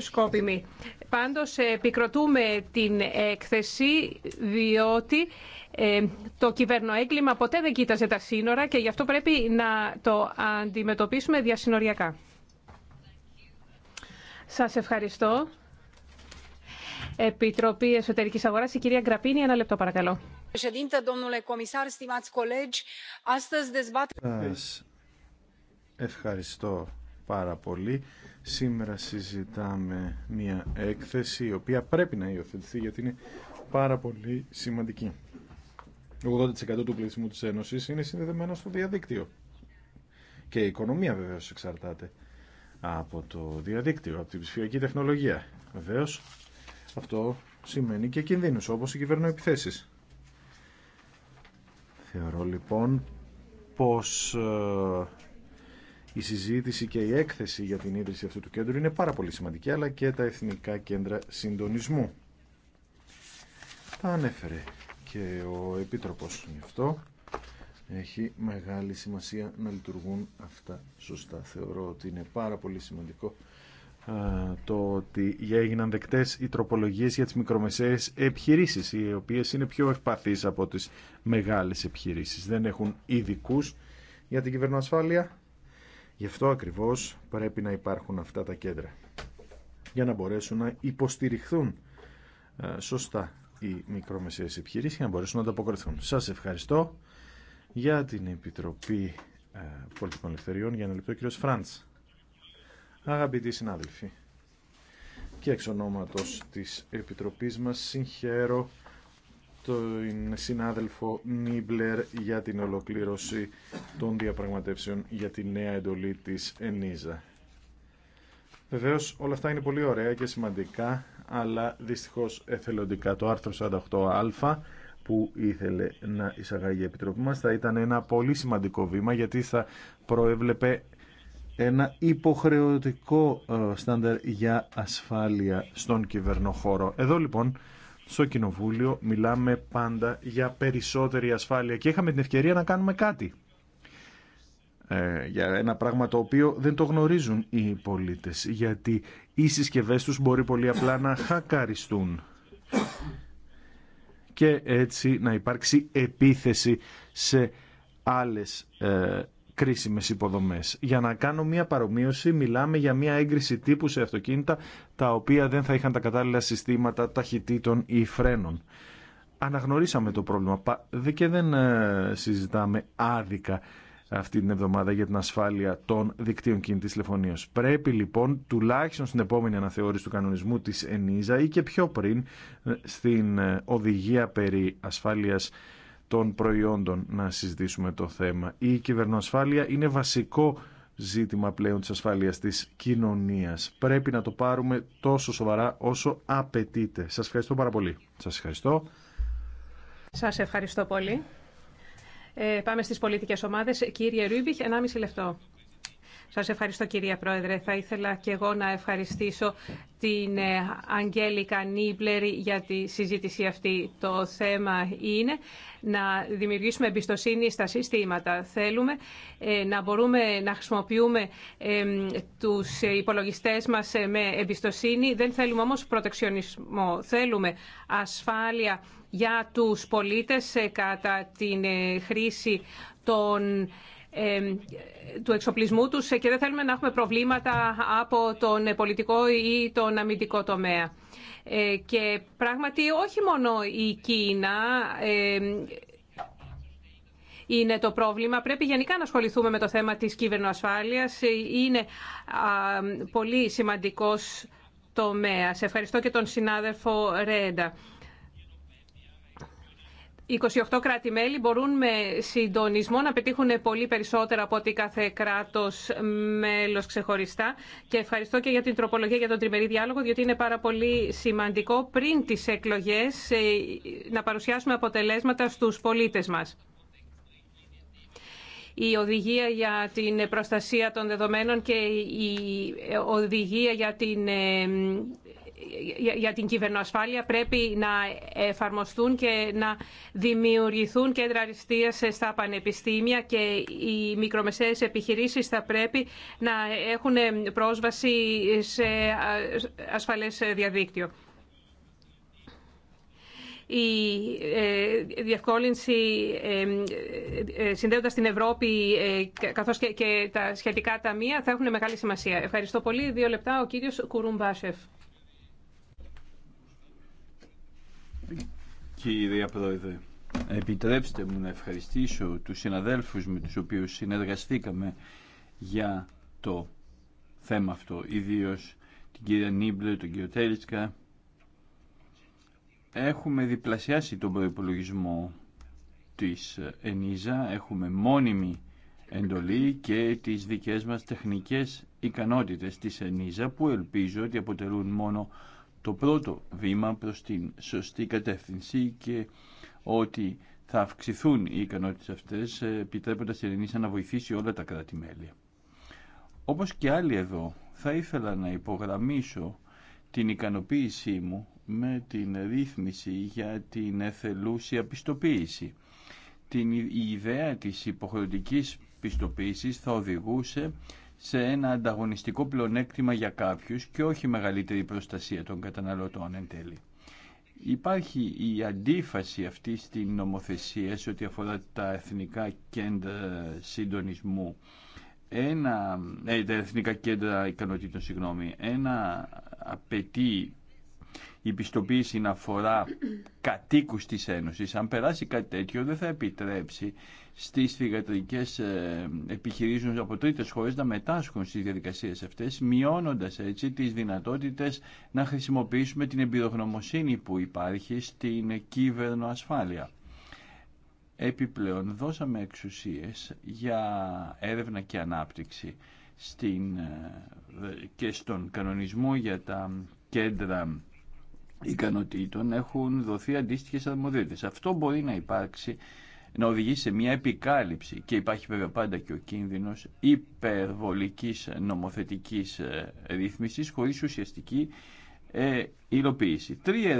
[SPEAKER 2] σκόπιμη. Πάντως ε, επικροτούμε την έκθεση διότι ε, το κυβερνοέγκλημα ποτέ δεν κοίταζε τα σύνορα και γι' αυτό πρέπει να το αντιμετωπίσουμε διασυνοριακά. Σας ευχαριστώ. Επιτροπή Εσωτερικής Αγοράς, η κυρία Γκραπίνη, ένα λεπτό παρακαλώ.
[SPEAKER 9] Σας ευχαριστώ πάρα πολύ. Σήμερα συζητάμε μια έκθεση η οποία πρέπει να υιοθετηθεί γιατί είναι πάρα πολύ σημαντική. 80% του πληθυσμού της Ένωσης είναι συνδεδεμένο στο διαδίκτυο. Και η οικονομία βεβαίως εξαρτάται από το διαδίκτυο, από την ψηφιακή τεχνολογία. Βεβαίως αυτό σημαίνει και κινδύνους όπως οι κυβερνοεπιθέσεις. Θεωρώ λοιπόν πως ε, η συζήτηση και η έκθεση για την ίδρυση αυτού του κέντρου είναι πάρα πολύ σημαντική, αλλά και τα εθνικά κέντρα συντονισμού. Τα ανέφερε και ο Επίτροπος γι' αυτό. Έχει μεγάλη σημασία να λειτουργούν αυτά σωστά. Θεωρώ ότι είναι πάρα πολύ σημαντικό το ότι έγιναν δεκτές οι τροπολογίες για τις μικρομεσαίες επιχειρήσεις, οι οποίες είναι πιο ευπαθείς από τις μεγάλες επιχειρήσεις. Δεν έχουν ειδικού για την κυβερνοασφάλεια Γι' αυτό ακριβώς πρέπει να υπάρχουν αυτά τα κέντρα για να μπορέσουν να υποστηριχθούν ε, σωστά οι μικρομεσαίες επιχειρήσεις για να μπορέσουν να ανταποκριθούν. Σας ευχαριστώ για την Επιτροπή ε, Πολιτικών Ελευθεριών. Για να λεπτό, ο κύριος Φραντς. Αγαπητοί συνάδελφοι, και εξ ονόματος της Επιτροπής μας συγχαίρω τον συνάδελφο Νίμπλερ για την ολοκλήρωση των διαπραγματεύσεων για τη νέα εντολή της ΕΝΙΖΑ. Βεβαίω όλα αυτά είναι πολύ ωραία και σημαντικά, αλλά δυστυχώς εθελοντικά το άρθρο 48α που ήθελε να εισαγάγει η Επιτροπή μας θα ήταν ένα πολύ σημαντικό βήμα γιατί θα προέβλεπε ένα υποχρεωτικό ε, στάνταρ για ασφάλεια στον κυβερνοχώρο. Εδώ λοιπόν στο Κοινοβούλιο μιλάμε πάντα για περισσότερη ασφάλεια και είχαμε την ευκαιρία να κάνουμε κάτι ε, για ένα πράγμα το οποίο δεν το γνωρίζουν οι πολίτες γιατί οι συσκευές τους μπορεί πολύ απλά να χακαριστούν και έτσι να υπάρξει επίθεση σε άλλες ε, Κρίσιμε υποδομέ. Για να κάνω μια παρομοίωση, μιλάμε για μια έγκριση τύπου σε αυτοκίνητα τα οποία δεν θα είχαν τα κατάλληλα συστήματα ταχυτήτων ή φρένων. Αναγνωρίσαμε το πρόβλημα και δεν ε, συζητάμε άδικα αυτή την εβδομάδα για την ασφάλεια των δικτύων κινητής τηλεφωνίας. Πρέπει λοιπόν τουλάχιστον στην επόμενη αναθεώρηση του κανονισμού της ΕΝΙΖΑ ή και πιο πριν ε, στην ε, οδηγία περί ασφάλειας των προϊόντων να συζητήσουμε το θέμα. Η κυβερνοασφάλεια είναι βασικό ζήτημα πλέον της ασφάλειας της κοινωνίας. Πρέπει να το πάρουμε τόσο σοβαρά όσο απαιτείται. Σας ευχαριστώ πάρα πολύ. Σας ευχαριστώ.
[SPEAKER 2] Σας ευχαριστώ πολύ. Ε, πάμε στις πολιτικές ομάδες. Κύριε Ρούμπιχ, 1,5 λεπτό. Σας ευχαριστώ κυρία Πρόεδρε. Θα ήθελα και εγώ να ευχαριστήσω την ε, Αγγέλικα Νίμπλερ για τη συζήτηση αυτή. Το θέμα είναι να δημιουργήσουμε εμπιστοσύνη στα συστήματα. Θέλουμε ε, να μπορούμε να χρησιμοποιούμε τους υπολογιστές μας ε, με εμπιστοσύνη. Δεν θέλουμε όμως προτεξιονισμό. Θέλουμε ασφάλεια για τους πολίτες κατά την χρήση των του εξοπλισμού τους και δεν θέλουμε να έχουμε προβλήματα από τον πολιτικό ή τον αμυντικό τομέα. Ε, και πράγματι όχι μόνο η Κίνα είναι το πρόβλημα. Πρέπει γενικά να ασχοληθούμε με το θέμα της κυβερνοασφάλειας. Είναι πολύ σημαντικός τομέας. Ευχαριστώ και τον συνάδελφο Ρέντα. 28 κράτη-μέλη μπορούν με συντονισμό να πετύχουν πολύ περισσότερα από ό,τι κάθε κράτος μέλος ξεχωριστά. Και ευχαριστώ και για την τροπολογία για τον τριμερή διάλογο, διότι είναι πάρα πολύ σημαντικό πριν τις εκλογές ε, να παρουσιάσουμε αποτελέσματα στους πολίτες μας. Η οδηγία για την προστασία των δεδομένων και η ε, οδηγία για την ε, για την κυβερνοασφάλεια πρέπει να εφαρμοστούν και να δημιουργηθούν κέντρα αριστείας στα πανεπιστήμια και οι μικρομεσαίες επιχειρήσεις θα πρέπει να έχουν πρόσβαση σε ασφαλές διαδίκτυο. Η ε, διευκόλυνση ε, ε, συνδέοντας την Ευρώπη καθώς και τα σχετικά ταμεία θα έχουν μεγάλη σημασία. Ευχαριστώ πολύ. Δύο λεπτά ο κύριος Κουρουμπάσεφ.
[SPEAKER 15] Κύριε Πρόεδρε, επιτρέψτε μου να ευχαριστήσω τους συναδέλφους με τους οποίους συνεργαστήκαμε για το θέμα αυτό, ιδίως την κυρία Νίμπλε, τον κύριο Τέλισκα. Έχουμε διπλασιάσει τον προϋπολογισμό της ΕΝΙΖΑ, έχουμε μόνιμη εντολή και τις δικές μας τεχνικές ικανότητες της ΕΝΙΖΑ που ελπίζω ότι αποτελούν μόνο το πρώτο βήμα προς την σωστή κατεύθυνση και ότι θα αυξηθούν οι ικανότητες αυτές ε, επιτρέποντας η Ελληνίσα να βοηθήσει όλα τα κράτη-μέλη. Όπως και άλλοι εδώ, θα ήθελα να υπογραμμίσω την ικανοποίησή μου με την ρύθμιση για την εθελούσια πιστοποίηση. Την, η ιδέα της υποχρεωτικής πιστοποίησης θα οδηγούσε σε ένα ανταγωνιστικό πλονέκτημα για κάποιους και όχι μεγαλύτερη προστασία των καταναλωτών εν τέλει. Υπάρχει η αντίφαση αυτή στην νομοθεσία σε ό,τι αφορά τα εθνικά κέντρα συντονισμού ένα, ε, τα εθνικά κέντρα ικανοτήτων, ένα απαιτεί η πιστοποίηση να αφορά κατοίκους της Ένωσης. Αν περάσει κάτι τέτοιο δεν θα επιτρέψει στις θηγατρικές ε, επιχειρήσεις από τρίτες χώρες να μετάσχουν στις διαδικασίες αυτές, μειώνοντας έτσι τις δυνατότητες να χρησιμοποιήσουμε την εμπειρογνωμοσύνη που υπάρχει στην κύβερνο ασφάλεια. Επιπλέον δώσαμε εξουσίες για έρευνα και ανάπτυξη στην, ε, και στον κανονισμό για τα κέντρα ικανοτήτων έχουν δοθεί αντίστοιχες αρμοδίτες. Αυτό μπορεί να υπάρξει να οδηγεί σε μια επικάλυψη και υπάρχει βέβαια πάντα και ο κίνδυνος υπερβολικής νομοθετικής ε, ρύθμισης χωρίς ουσιαστική ε, υλοποίηση. Τρία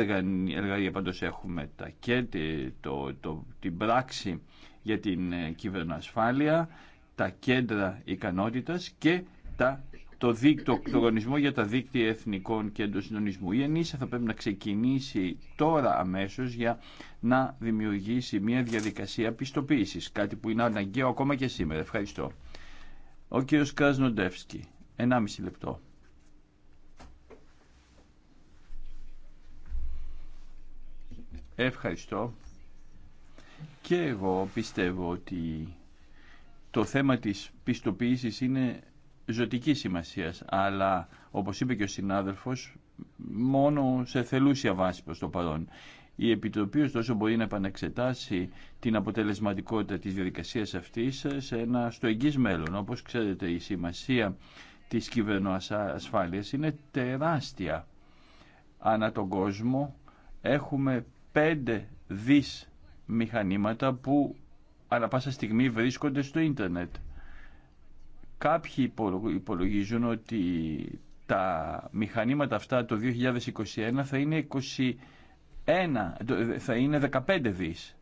[SPEAKER 15] εργαλεία πάντως έχουμε τα ΚΕΤ, το, το, την πράξη για την ε, κυβερνοασφάλεια, τα κέντρα ικανότητας και τα το, δίκτυο, το οργανισμό για τα δίκτυα εθνικών και συντονισμού. Η ΕΝΗΣΑ θα πρέπει να ξεκινήσει τώρα αμέσως για να δημιουργήσει μια διαδικασία πιστοποίησης, κάτι που είναι αναγκαίο ακόμα και σήμερα. Ευχαριστώ. Ο κ. Κρασνοντεύσκη, 1,5 λεπτό. Ευχαριστώ. Και εγώ πιστεύω ότι το θέμα της πιστοποίησης είναι ζωτική σημασία, αλλά όπως είπε και ο συνάδελφος, μόνο σε θελούσια βάση προ το παρόν. Η Επιτροπή ωστόσο μπορεί να επαναξετάσει την αποτελεσματικότητα της διαδικασίας αυτής σε ένα στο εγγύς μέλλον. Όπως ξέρετε η σημασία της κυβερνοασφάλειας είναι τεράστια. Ανά τον κόσμο έχουμε πέντε δις μηχανήματα που ανά πάσα στιγμή βρίσκονται στο ίντερνετ. Κάποιοι υπολογίζουν ότι τα μηχανήματα αυτά το 2021 θα είναι 21, θα είναι 15 δις.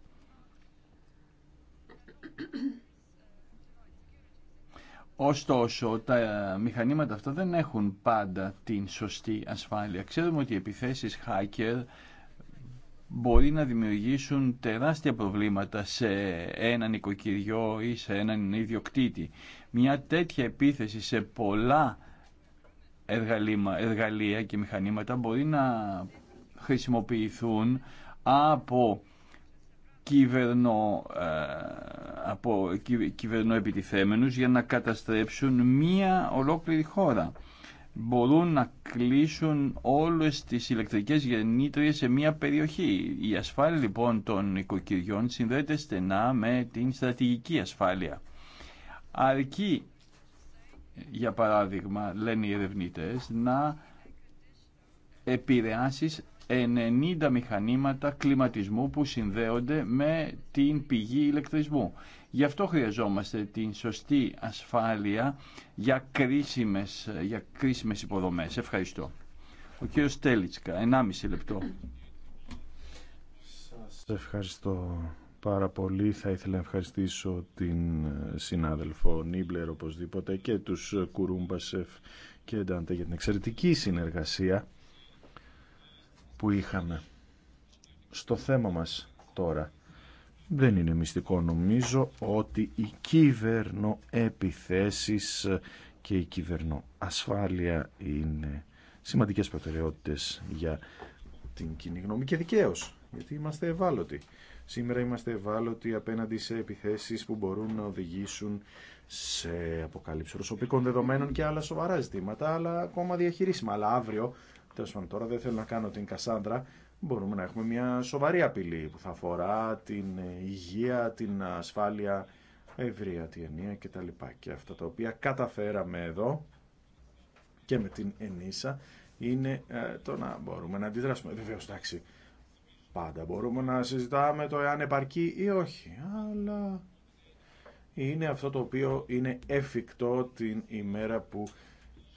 [SPEAKER 15] Ωστόσο, τα μηχανήματα αυτά δεν έχουν πάντα την σωστή ασφάλεια. Ξέρουμε ότι οι επιθέσεις hacker μπορεί να δημιουργήσουν τεράστια προβλήματα σε ένα νοικοκυριό ή σε έναν ιδιοκτήτη. Μια τέτοια επίθεση σε πολλά εργαλεία και μηχανήματα μπορεί να χρησιμοποιηθούν από κυβερνο, ε, από κυβερνοεπιτιθέμενους για να καταστρέψουν μία ολόκληρη χώρα μπορούν να κλείσουν όλες τις ηλεκτρικές γεννήτριες σε μία περιοχή. Η ασφάλεια λοιπόν των οικοκυριών συνδέεται στενά με την στρατηγική ασφάλεια. Αρκεί, για παράδειγμα, λένε οι ερευνητές, να επηρεάσεις 90 μηχανήματα κλιματισμού που συνδέονται με την πηγή ηλεκτρισμού. Γι' αυτό χρειαζόμαστε την σωστή ασφάλεια για κρίσιμες, για κρίσιμες υποδομές. Ευχαριστώ. Ο κύριος Τέλιτσκα, 1,5 λεπτό.
[SPEAKER 9] Σας ευχαριστώ πάρα πολύ. Θα ήθελα να ευχαριστήσω την συνάδελφο Νίμπλερ οπωσδήποτε και τους Κουρούμπασεφ και Ντάντε για την εξαιρετική συνεργασία που είχαμε στο θέμα μας τώρα. Δεν είναι μυστικό νομίζω ότι οι κυβερνοεπιθέσεις και η κυβερνοασφάλεια είναι σημαντικές προτεραιότητες για την κοινή γνώμη και δικαίως, γιατί είμαστε ευάλωτοι. Σήμερα είμαστε ευάλωτοι απέναντι σε επιθέσεις που μπορούν να οδηγήσουν σε αποκάλυψη προσωπικών δεδομένων και άλλα σοβαρά ζητήματα, αλλά ακόμα διαχειρίσιμα. Αλλά αύριο, τέλο πάντων τώρα δεν θέλω να κάνω την Κασάνδρα, μπορούμε να έχουμε μια σοβαρή απειλή που θα αφορά την υγεία, την ασφάλεια, ευρεία τη ενία κτλ. Και αυτά τα οποία καταφέραμε εδώ και με την ενίσα είναι ε, το να μπορούμε να αντιδράσουμε. Βεβαίω, εντάξει, πάντα μπορούμε να συζητάμε το εάν επαρκεί ή όχι, αλλά είναι αυτό το οποίο είναι εφικτό την ημέρα που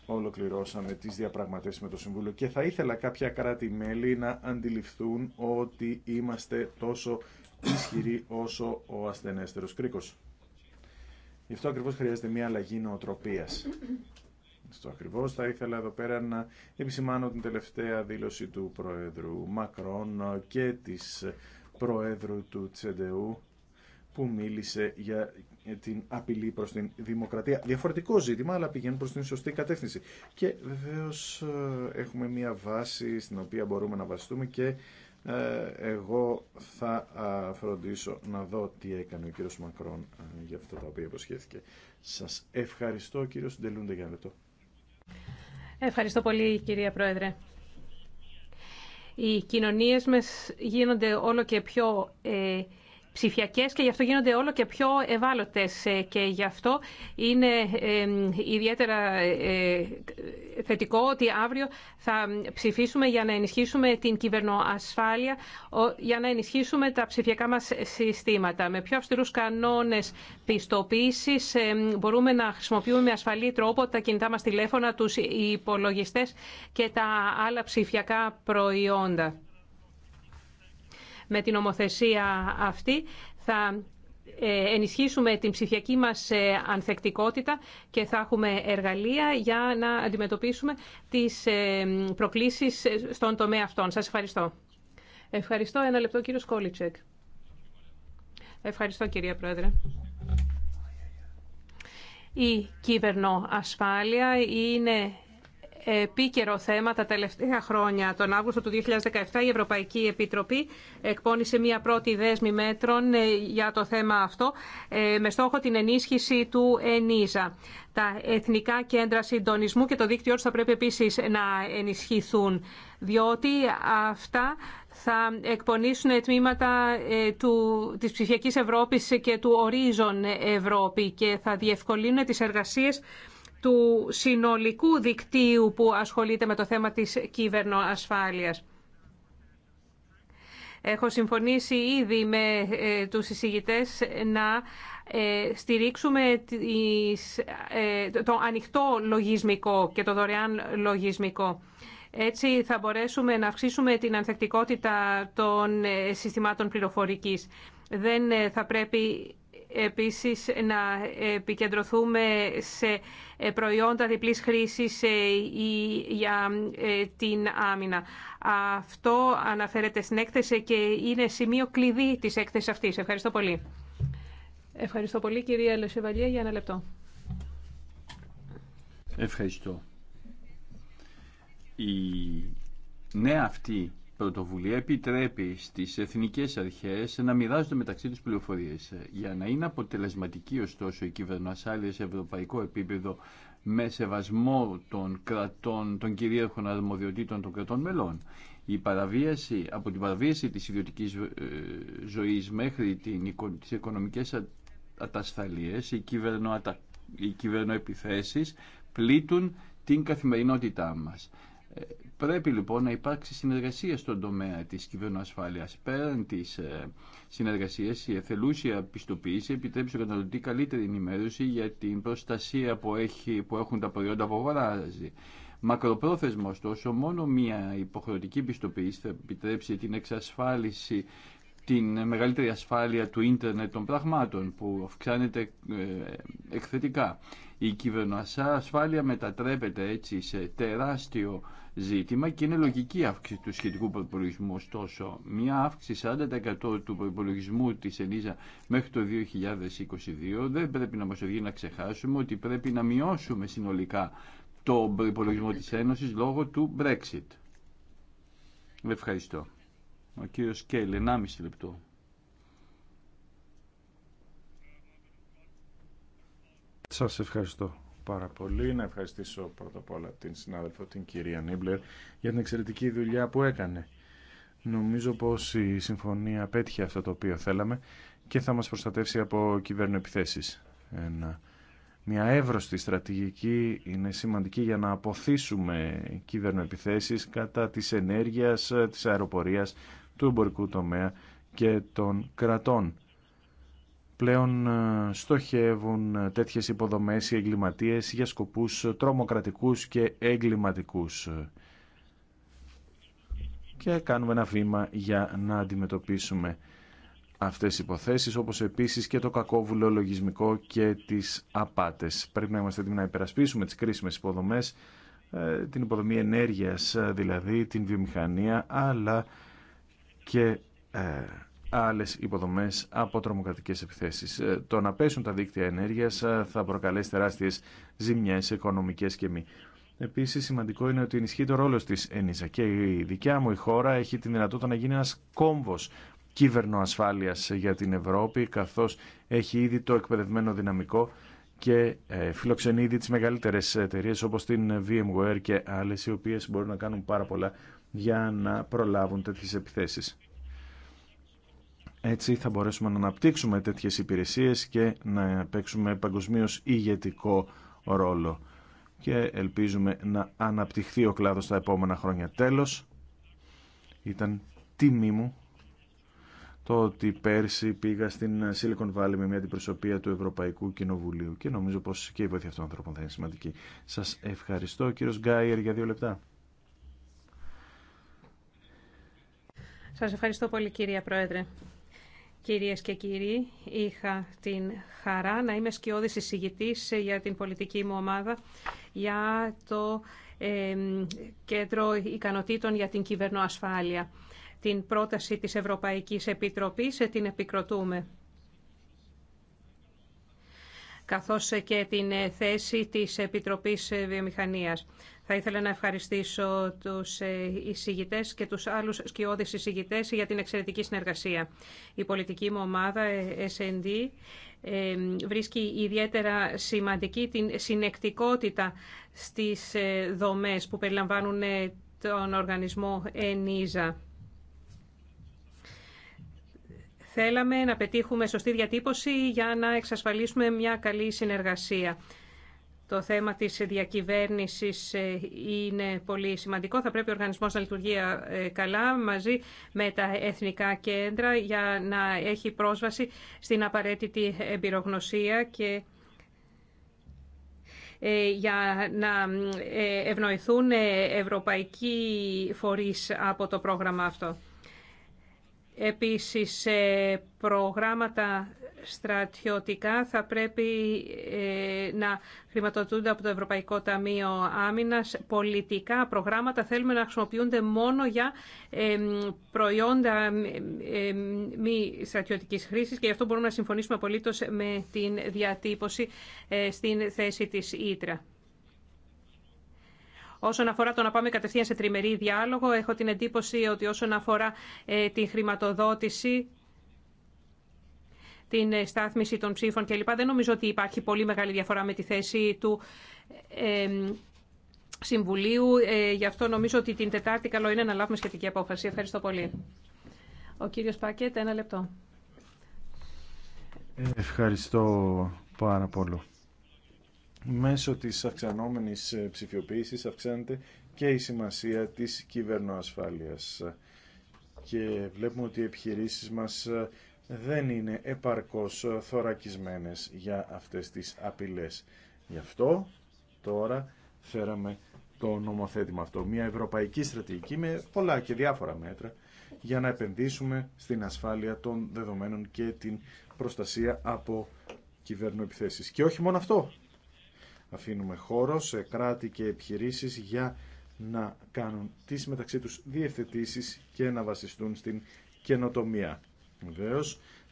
[SPEAKER 9] ολοκληρώσαμε τις διαπραγματεύσεις με το Συμβούλιο και θα ήθελα κάποια κράτη-μέλη να αντιληφθούν ότι είμαστε τόσο ισχυροί όσο ο ασθενέστερος κρίκος. Γι' αυτό ακριβώς χρειάζεται μια αλλαγή νοοτροπίας. Αυτό ακριβώς θα ήθελα εδώ πέρα να επισημάνω την τελευταία δήλωση του Προέδρου Μακρόν και της Προέδρου του Τσεντεού που μίλησε για ε, την απειλή προς την δημοκρατία. Διαφορετικό ζήτημα, αλλά πηγαίνει προς την σωστή κατεύθυνση. Και βεβαίως ε, έχουμε μία βάση στην οποία μπορούμε να βασιστούμε και ε, εγώ θα φροντίσω να δω τι έκανε ο κύριος Μακρόν για αυτά τα οποία υποσχέθηκε. Σας ευχαριστώ κύριο Συντελούντε για λεπτό.
[SPEAKER 2] Ευχαριστώ πολύ κυρία Πρόεδρε. Οι κοινωνίες μας γίνονται όλο και πιο ψηφιακές και γι' αυτό γίνονται όλο και πιο ευάλωτε. Ε, και γι' αυτό είναι ε, ιδιαίτερα ε, θετικό ότι αύριο θα ψηφίσουμε για να ενισχύσουμε την κυβερνοασφάλεια, για να ενισχύσουμε τα ψηφιακά μας συστήματα. Με πιο αυστηρούς κανόνες πιστοποίησης μπορούμε να χρησιμοποιούμε με ασφαλή τρόπο τα κινητά μα τηλέφωνα, του υπολογιστές και τα άλλα ψηφιακά προϊόντα με την ομοθεσία αυτή θα ε, ενισχύσουμε την ψηφιακή μας ε, ανθεκτικότητα και θα έχουμε εργαλεία για να αντιμετωπίσουμε τις ε, προκλήσεις στον τομέα αυτών. Σας ευχαριστώ. Ευχαριστώ. Ένα λεπτό κύριο Σκόλιτσεκ. Ευχαριστώ κυρία Πρόεδρε. Η κυβερνοασφάλεια είναι επίκαιρο θέμα τα τελευταία χρόνια. Τον Αύγουστο του 2017 η Ευρωπαϊκή Επιτροπή εκπώνησε μία πρώτη δέσμη μέτρων ε, για το θέμα αυτό ε, με στόχο την ενίσχυση του ΕΝΙΖΑ. Τα Εθνικά Κέντρα Συντονισμού και το δίκτυό τους θα πρέπει επίσης να ενισχυθούν διότι αυτά θα εκπονήσουν τμήματα ε, του, της ψηφιακής Ευρώπης και του Ορίζον Ευρώπη και θα διευκολύνουν τις εργασίες του συνολικού δικτύου που ασχολείται με το θέμα της κυβερνοασφάλειας. Έχω συμφωνήσει ήδη με ε, τους εισηγητές να ε, στηρίξουμε ε, το ανοιχτό λογισμικό και το δωρεάν λογισμικό. Έτσι θα μπορέσουμε να αυξήσουμε την ανθεκτικότητα των συστημάτων πληροφορικής. Δεν θα πρέπει επίσης να επικεντρωθούμε σε ε, προϊόντα διπλής χρήσης ε, για ε, την άμυνα. Αυτό αναφέρεται στην έκθεση και είναι σημείο κλειδί της έκθεσης αυτής. Ευχαριστώ πολύ. Ευχαριστώ πολύ κυρία Λεσεβαλία για ένα λεπτό.
[SPEAKER 15] Ευχαριστώ. Η νέα αυτή πρωτοβουλία επιτρέπει στις εθνικές αρχές να μοιράζονται μεταξύ τους πληροφορίες. Για να είναι αποτελεσματική ωστόσο η κυβερνοασάλεια σε ευρωπαϊκό επίπεδο με σεβασμό των, κρατών, των κυρίαρχων αρμοδιοτήτων των κρατών μελών. Η παραβίαση, από την παραβίαση της ιδιωτικής ε, ζωής μέχρι την, τις οικονομικές ατασφαλίες, οι, οι κυβερνοεπιθέσεις πλήττουν την καθημερινότητά μας ε, Πρέπει λοιπόν να υπάρξει συνεργασία στον τομέα της κυβερνοασφάλειας. Πέραν της ε, συνεργασίας, η εθελούσια πιστοποίηση επιτρέπει στον καταναλωτή καλύτερη ενημέρωση για την προστασία που, έχει, που έχουν τα προϊόντα που αγοράζει. Μακροπρόθεσμα, ωστόσο, μόνο μία υποχρεωτική πιστοποίηση θα επιτρέψει την εξασφάλιση την μεγαλύτερη ασφάλεια του ίντερνετ των πραγμάτων που αυξάνεται ε, εκθετικά. Η κυβερνοασφάλεια μετατρέπεται έτσι σε τεράστιο ζήτημα και είναι λογική αύξηση του σχετικού προπολογισμού. Ωστόσο, μια αύξηση 40% του προπολογισμού τη ΕΝΙΖΑ μέχρι το 2022 δεν πρέπει να μα οδηγεί να ξεχάσουμε ότι πρέπει να μειώσουμε συνολικά το προπολογισμό τη Ένωση λόγω του Brexit. Ευχαριστώ. Ο κύριο Κέιλ, 1,5 λεπτό.
[SPEAKER 9] Σας ευχαριστώ πάρα
[SPEAKER 15] πολύ. Να ευχαριστήσω
[SPEAKER 9] πρώτα απ' όλα την συνάδελφο, την κυρία Νίμπλερ, για την εξαιρετική δουλειά που έκανε. Νομίζω πως η συμφωνία πέτυχε αυτό το οποίο θέλαμε και θα μας προστατεύσει από κυβερνοεπιθέσεις. μια εύρωστη στρατηγική είναι σημαντική για να αποθήσουμε κυβερνοεπιθέσεις κατά της ενέργειας, της αεροπορίας, του εμπορικού τομέα και των κρατών πλέον ε, στοχεύουν ε, τέτοιες υποδομές οι εγκληματίες για σκοπούς ε, τρομοκρατικούς και εγκληματικούς. Και κάνουμε ένα βήμα για να αντιμετωπίσουμε αυτές τις υποθέσεις, όπως επίσης και το κακόβουλο λογισμικό και τις απάτες. Πρέπει να είμαστε έτοιμοι να υπερασπίσουμε τις κρίσιμες υποδομές, την υποδομή ενέργειας δηλαδή, την βιομηχανία, αλλά και άλλες υποδομές από τρομοκρατικές επιθέσεις. Ε, το να πέσουν τα δίκτυα ενέργειας ε, θα προκαλέσει τεράστιες ζημιές οικονομικές και μη. Επίσης σημαντικό είναι ότι ενισχύει το ρόλο της ΕΝΙΖΑ και η δικιά μου η χώρα έχει τη δυνατότητα να γίνει ένας κόμβος κύβερνο ασφάλειας για την Ευρώπη καθώς έχει ήδη το εκπαιδευμένο δυναμικό και ε, φιλοξενεί ήδη τις μεγαλύτερες εταιρείες όπως την VMware και άλλες οι οποίες μπορούν να κάνουν πάρα πολλά για να προλάβουν τέτοιες επιθέσεις. Έτσι θα μπορέσουμε να αναπτύξουμε τέτοιες υπηρεσίες και να παίξουμε παγκοσμίω ηγετικό ρόλο. Και ελπίζουμε να αναπτυχθεί ο κλάδος τα επόμενα χρόνια. Τέλος, ήταν τιμή μου το ότι πέρσι πήγα στην Silicon Valley με μια αντιπροσωπεία του Ευρωπαϊκού Κοινοβουλίου και νομίζω πως και η βοήθεια αυτών των ανθρώπων θα είναι σημαντική. Σας ευχαριστώ κύριος Γκάιερ για δύο λεπτά.
[SPEAKER 2] Σας ευχαριστώ πολύ κύριε Πρόεδρε. Κυρίες και κύριοι, είχα την χαρά να είμαι σκιώδης εισηγητής για την πολιτική μου ομάδα για το ε, Κέντρο Ικανοτήτων για την Κυβερνοασφάλεια. Την πρόταση της Ευρωπαϊκής Επιτροπής ε, την επικροτούμε καθώς ε, και την ε, θέση της Επιτροπής Βιομηχανίας. Θα ήθελα να ευχαριστήσω τους ε, εισηγητές και τους άλλους σκιώδεις εισηγητές για την εξαιρετική συνεργασία. Η πολιτική μου ομάδα ε, SND, ε, βρίσκει ιδιαίτερα σημαντική την συνεκτικότητα στις δομές που περιλαμβάνουν τον οργανισμό ΕΝΙΖΑ. Θέλαμε να πετύχουμε σωστή διατύπωση για να εξασφαλίσουμε μια καλή συνεργασία. Το θέμα της διακυβέρνησης ε, είναι πολύ σημαντικό. Θα πρέπει ο οργανισμός να λειτουργεί ε, καλά μαζί με τα εθνικά κέντρα για να έχει πρόσβαση στην απαραίτητη εμπειρογνωσία και ε, για να ευνοηθούν ευρωπαϊκοί φορείς από το πρόγραμμα αυτό. Επίσης, προγράμματα στρατιωτικά θα πρέπει ε, να χρηματοδοτούνται από το Ευρωπαϊκό Ταμείο Άμυνας. Πολιτικά προγράμματα θέλουμε να χρησιμοποιούνται μόνο για προϊόντα μη στρατιωτικής χρήσης και γι' αυτό μπορούμε να συμφωνήσουμε απολύτως με την διατύπωση ε, στην θέση της Ήτρα. Όσον αφορά το να πάμε κατευθείαν σε τριμερή διάλογο, έχω την εντύπωση ότι όσον αφορά ε, τη χρηματοδότηση την στάθμιση των ψήφων κλπ. Δεν νομίζω ότι υπάρχει πολύ μεγάλη διαφορά με τη θέση του ε, Συμβουλίου. Ε, γι' αυτό νομίζω ότι την Τετάρτη καλό είναι να λάβουμε σχετική απόφαση. Ευχαριστώ πολύ. Ο κύριος Πάκετ, ένα λεπτό.
[SPEAKER 9] Ευχαριστώ πάρα πολύ. Μέσω της αυξανόμενης ψηφιοποίησης αυξάνεται και η σημασία της κυβερνοασφάλειας. Και βλέπουμε ότι οι επιχειρήσεις μας δεν είναι επαρκώς θωρακισμένες για αυτές τις απειλές. Γι' αυτό τώρα φέραμε το νομοθέτημα αυτό. Μια ευρωπαϊκή στρατηγική με πολλά και διάφορα μέτρα για να επενδύσουμε στην ασφάλεια των δεδομένων και την προστασία από κυβερνοεπιθέσεις. Και όχι μόνο αυτό. Αφήνουμε χώρο σε κράτη και επιχειρήσεις για να κάνουν τις μεταξύ τους διευθετήσεις και να βασιστούν στην καινοτομία. Βεβαίω,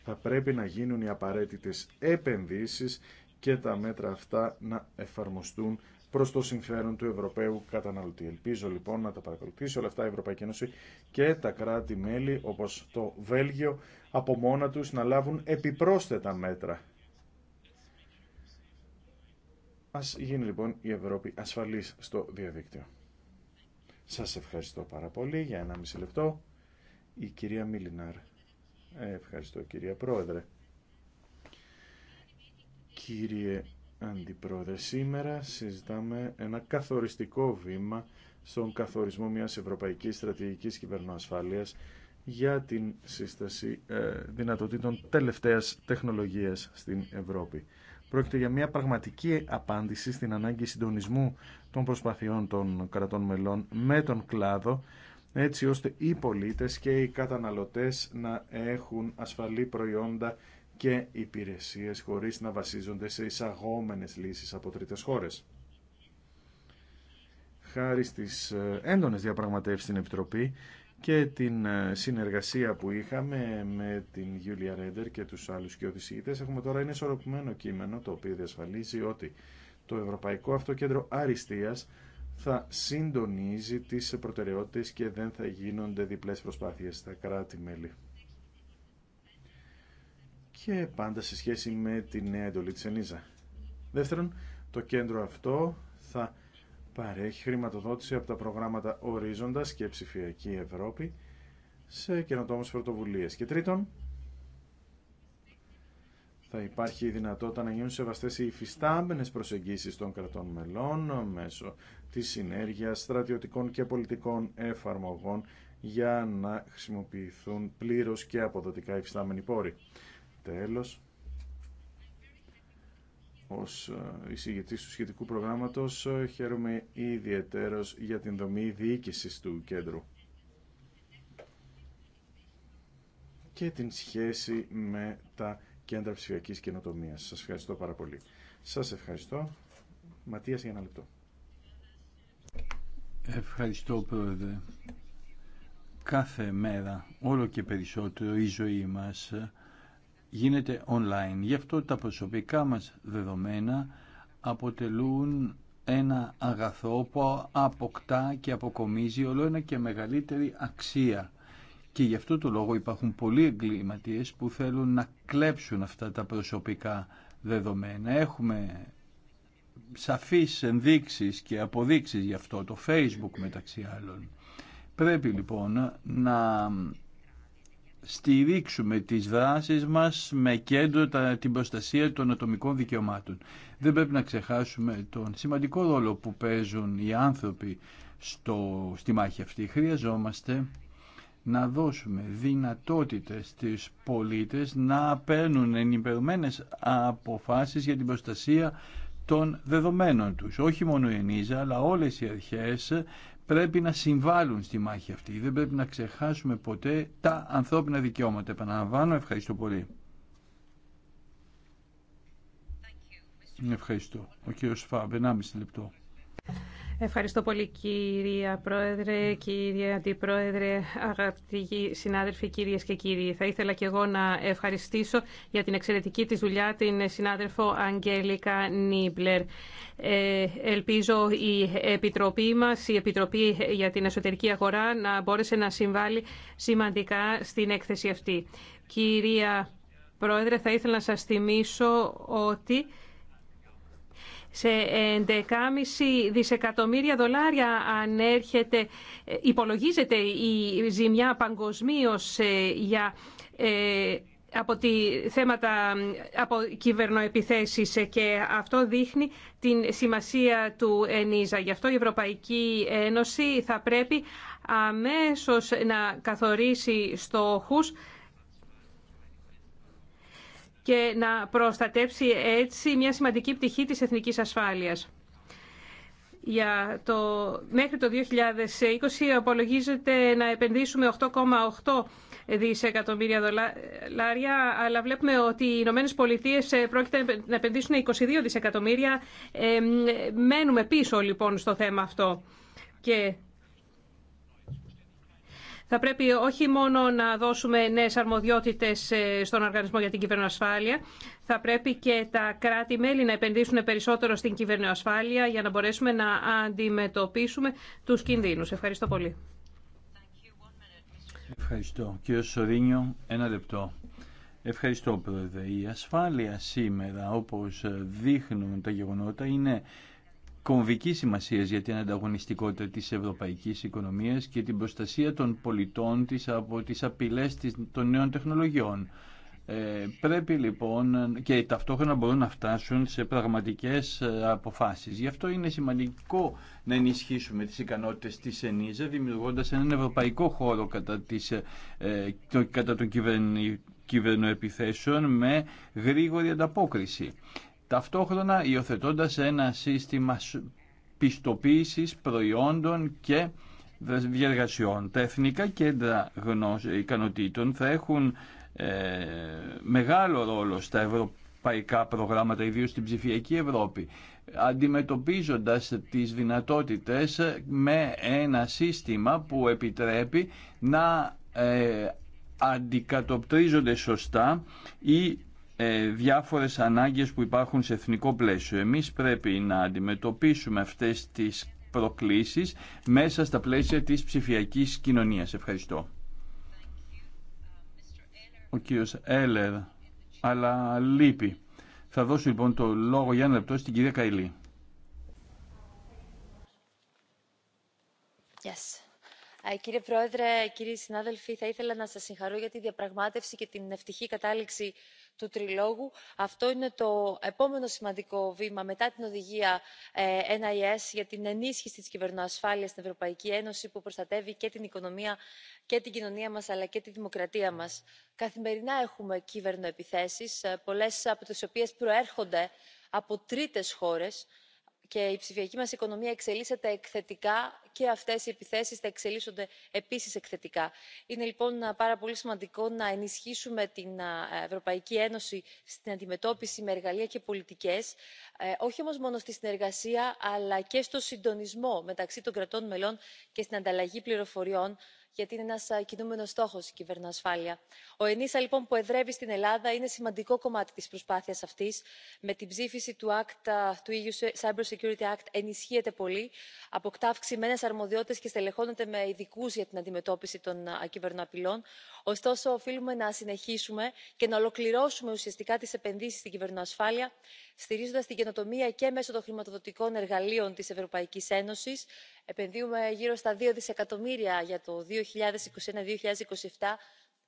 [SPEAKER 9] θα πρέπει να γίνουν οι απαραίτητες επενδύσεις και τα μέτρα αυτά να εφαρμοστούν προς το συμφέρον του Ευρωπαίου καταναλωτή. Ελπίζω λοιπόν να τα παρακολουθήσει όλα αυτά η Ευρωπαϊκή Ένωση και τα κράτη-μέλη όπως το Βέλγιο από μόνα τους να λάβουν επιπρόσθετα μέτρα. Ας γίνει λοιπόν η Ευρώπη ασφαλής στο διαδίκτυο. Σας ευχαριστώ πάρα πολύ για ένα μισή λεπτό. Η κυρία Μιλινάρ. Ευχαριστώ κυρία Πρόεδρε. Κύριε Αντιπρόεδρε, σήμερα συζητάμε ένα καθοριστικό βήμα στον καθορισμό μιας ευρωπαϊκής στρατηγικής κυβερνοασφάλειας για την σύσταση ε, δυνατοτήτων τελευταίας τεχνολογίας στην Ευρώπη. Πρόκειται για μια πραγματική απάντηση στην ανάγκη συντονισμού των προσπαθειών των κρατών μελών με τον κλάδο έτσι ώστε οι πολίτες και οι καταναλωτές να έχουν ασφαλή προϊόντα και υπηρεσίες χωρίς να βασίζονται σε εισαγόμενες λύσεις από τρίτες χώρες. Χάρη στις ε, έντονες διαπραγματεύσεις στην Επιτροπή και την ε, συνεργασία που είχαμε με την Γιούλια Ρέντερ και τους άλλους και έχουμε τώρα ένα ισορροπημένο κείμενο το οποίο διασφαλίζει ότι το Ευρωπαϊκό Αυτοκέντρο Αριστείας θα συντονίζει τις προτεραιότητες και δεν θα γίνονται διπλές προσπάθειες στα κράτη-μέλη. Και πάντα σε σχέση με τη νέα εντολή της ΕΝΙΖΑ. Δεύτερον, το κέντρο αυτό θα παρέχει χρηματοδότηση από τα προγράμματα Ορίζοντας και Ψηφιακή Ευρώπη σε καινοτόμους πρωτοβουλίες. Και τρίτον, θα υπάρχει η δυνατότητα να γίνουν σεβαστές οι υφιστάμενε προσεγγίσει των κρατών μελών μέσω της συνέργεια στρατιωτικών και πολιτικών εφαρμογών για να χρησιμοποιηθούν πλήρως και αποδοτικά υφιστάμενοι πόροι. Τέλος, ως ε, εισηγητή του σχετικού προγράμματος ε, χαίρομαι ιδιαίτερω για την δομή διοίκηση του κέντρου. και την σχέση με τα κέντρα ψηφιακής καινοτομίας. Σας ευχαριστώ πάρα πολύ. Σας ευχαριστώ. Ματίας για ένα λεπτό.
[SPEAKER 15] Ευχαριστώ Πρόεδρε. Κάθε μέρα, όλο και περισσότερο, η ζωή μας γίνεται online. Γι' αυτό τα προσωπικά μας δεδομένα αποτελούν ένα αγαθό που αποκτά και αποκομίζει όλο ένα και μεγαλύτερη αξία και γι' αυτό το λόγο υπάρχουν πολλοί εγκληματίες που θέλουν να κλέψουν αυτά τα προσωπικά δεδομένα. Έχουμε σαφείς ενδείξεις και αποδείξεις γι' αυτό, το Facebook μεταξύ άλλων. Πρέπει λοιπόν να στηρίξουμε τις δράσεις μας με κέντρο την προστασία των ατομικών δικαιωμάτων. Δεν πρέπει να ξεχάσουμε τον σημαντικό ρόλο που παίζουν οι άνθρωποι στο, στη μάχη αυτή. Χρειαζόμαστε να δώσουμε δυνατότητες στις πολίτες να παίρνουν ενημερωμένες αποφάσεις για την προστασία των δεδομένων τους. Όχι μόνο η ΕΝΙΖΑ, αλλά όλες οι αρχές πρέπει να συμβάλλουν στη μάχη αυτή. Δεν πρέπει να ξεχάσουμε ποτέ τα ανθρώπινα δικαιώματα. Επαναλαμβάνω, ευχαριστώ πολύ. Ευχαριστώ. Ο κύριος Φάμπ, 1,5 λεπτό.
[SPEAKER 2] Ευχαριστώ πολύ κυρία Πρόεδρε, κύριε Αντιπρόεδρε, αγαπητοί συνάδελφοι, κυρίες και κύριοι. Θα ήθελα και εγώ να ευχαριστήσω για την εξαιρετική της δουλειά την συνάδελφο Αγγέλικα Νίμπλερ. Ε, ελπίζω η Επιτροπή μας, η Επιτροπή για την Εσωτερική Αγορά να μπόρεσε να συμβάλλει σημαντικά στην έκθεση αυτή. Κυρία Πρόεδρε, θα ήθελα να σας θυμίσω ότι σε 11,5 δισεκατομμύρια δολάρια ανέρχεται, υπολογίζεται η ζημιά παγκοσμίω ε, για ε, από τη, θέματα από κυβερνοεπιθέσεις ε, και αυτό δείχνει την σημασία του ΕΝΙΖΑ. Γι' αυτό η Ευρωπαϊκή Ένωση θα πρέπει αμέσως να καθορίσει στόχους και να προστατέψει έτσι μια σημαντική πτυχή της εθνικής ασφάλειας. Για το... Μέχρι το 2020 απολογίζεται να επενδύσουμε 8,8 δισεκατομμύρια δολάρια, αλλά βλέπουμε ότι οι Ηνωμένε Πολιτείε ε, πρόκειται να επενδύσουν 22 δισεκατομμύρια. Ε, μένουμε πίσω λοιπόν στο θέμα αυτό. Και θα πρέπει όχι μόνο να δώσουμε νέες αρμοδιότητες ε, στον Οργανισμό για την Κυβερνοασφάλεια, θα πρέπει και τα κράτη-μέλη να επενδύσουν περισσότερο στην κυβερνοασφάλεια για να μπορέσουμε να αντιμετωπίσουμε τους κινδύνους. Ευχαριστώ πολύ.
[SPEAKER 15] Ευχαριστώ. Κύριο Σωρίνιο, ένα λεπτό. Ευχαριστώ, Πρόεδρε. Η ασφάλεια σήμερα, όπως δείχνουν τα γεγονότα, είναι κομβική σημασία για την ανταγωνιστικότητα της ευρωπαϊκής οικονομίας και την προστασία των πολιτών της από τις απειλές των νέων τεχνολογιών. Ε, πρέπει λοιπόν και ταυτόχρονα μπορούν να φτάσουν σε πραγματικές ε, αποφάσεις. Γι' αυτό είναι σημαντικό να ενισχύσουμε τις ικανότητες της ΕΝΙΖΑ δημιουργώντας έναν ευρωπαϊκό χώρο κατά, τις, ε, των κυβερνοεπιθέσεων με γρήγορη ανταπόκριση ταυτόχρονα υιοθετώντα ένα σύστημα πιστοποίησης προϊόντων και διεργασιών. Τα εθνικά κέντρα γνώση, ικανοτήτων θα έχουν ε, μεγάλο ρόλο στα ευρωπαϊκά προγράμματα, ιδίως στην ψηφιακή Ευρώπη, αντιμετωπίζοντας τις δυνατότητες με ένα σύστημα που επιτρέπει να ε, αντικατοπτρίζονται σωστά οι ε, διάφορες ανάγκες που υπάρχουν σε εθνικό πλαίσιο. Εμείς πρέπει να αντιμετωπίσουμε αυτές τις προκλήσεις μέσα στα πλαίσια της ψηφιακής κοινωνίας. Ευχαριστώ. Ο κύριος Έλερ, αλλά λείπει. Θα δώσω λοιπόν το λόγο για ένα λεπτό στην κυρία Καϊλή.
[SPEAKER 8] Yes. Ε, κύριε Πρόεδρε, κύριοι συνάδελφοι, θα ήθελα να σας συγχαρώ για τη διαπραγμάτευση και την ευτυχή κατάληξη του τριλόγου αυτό είναι το επόμενο σημαντικό βήμα μετά την οδηγία ε, nis για την ενίσχυση της κυβερνοασφάλειας στην ευρωπαϊκή ένωση που προστατεύει και την οικονομία και την κοινωνία μας αλλά και τη δημοκρατία μας. καθημερινά έχουμε κυβερνοεπιθέσεις ε, πολλές από τις οποίες προέρχονται από τρίτες χώρες και η ψηφιακή μας οικονομία εξελίσσεται εκθετικά και αυτές οι επιθέσεις θα εξελίσσονται επίσης εκθετικά. είναι λοιπόν πάρα πολύ σημαντικό να ενισχύσουμε την ευρωπαϊκή ένωση στην αντιμετώπιση με εργαλεία και πολιτικές ε, όχι όμως μόνο στη συνεργασία αλλά και στο συντονισμό μεταξύ των κρατών μελών και στην ανταλλαγή πληροφοριών γιατί είναι ένας κινούμενος στόχος η κυβερνοασφάλεια ο ΕΝΙΣΑ λοιπόν που εδρεύει στην ελλάδα είναι σημαντικό κομμάτι της προσπάθειας αυτής. με την ψήφιση του eu Security act ενισχύεται πολύ αποκτά αυξημένες αρμοδιότητες και στελεχώνεται με ειδικού για την αντιμετώπιση των κυβερνοαπειλών. ωστόσο οφείλουμε να συνεχίσουμε και να ολοκληρώσουμε ουσιαστικά τις επενδύσεις στην κυβερνοασφάλεια στηρίζοντας την καινοτομία και μέσω των χρηματοδοτικών εργαλείων της ευρωπαϊκής ένωσης επενδύουμε γύρω στα δύο δισεκατομμύρια για το 2021-2027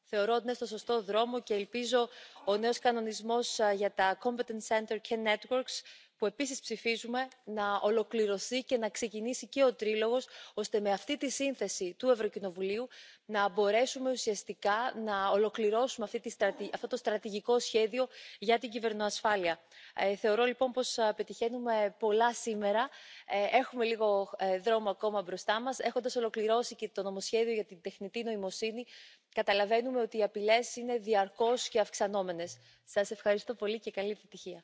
[SPEAKER 8] θεωρώ ότι είναι στο σωστό δρόμο και ελπίζω ο νέος κανονισμός για τα competence Center και networks που επίσης ψηφίζουμε να ολοκληρωθεί και να ξεκινήσει και ο τρίλογος ώστε με αυτή τη σύνθεση του ευρωκοινοβουλίου να μπορέσουμε ουσιαστικά να ολοκληρώσουμε αυτό το στρατηγικό σχέδιο για την κυβερνοασφάλεια. Ε, θεωρώ λοιπόν πως πετυχαίνουμε πολλά σήμερα ε, έχουμε λίγο ε, δρόμο ακόμα μπροστά μας έχοντας ολοκληρώσει και το νομοσχέδιο για την τεχνητή νοημοσύνη καταλαβαίνουμε ότι οι απειλές είναι διαρκώς και αυξανόμενες. σας ευχαριστώ πολύ και καλή επιτυχία.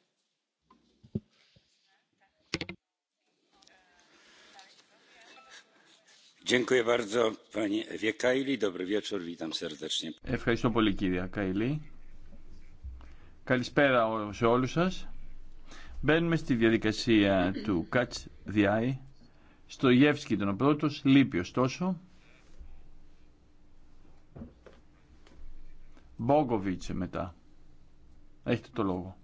[SPEAKER 15] Ευχαριστώ πολύ κύριε Καϊλή. Καλησπέρα σε όλους σας. Μπαίνουμε στη διαδικασία του Catch the Eye. Στο Γεύσκι ήταν ο πρώτος, λείπει ωστόσο. Μπόγκοβιτσε μετά. Έχετε το λόγο.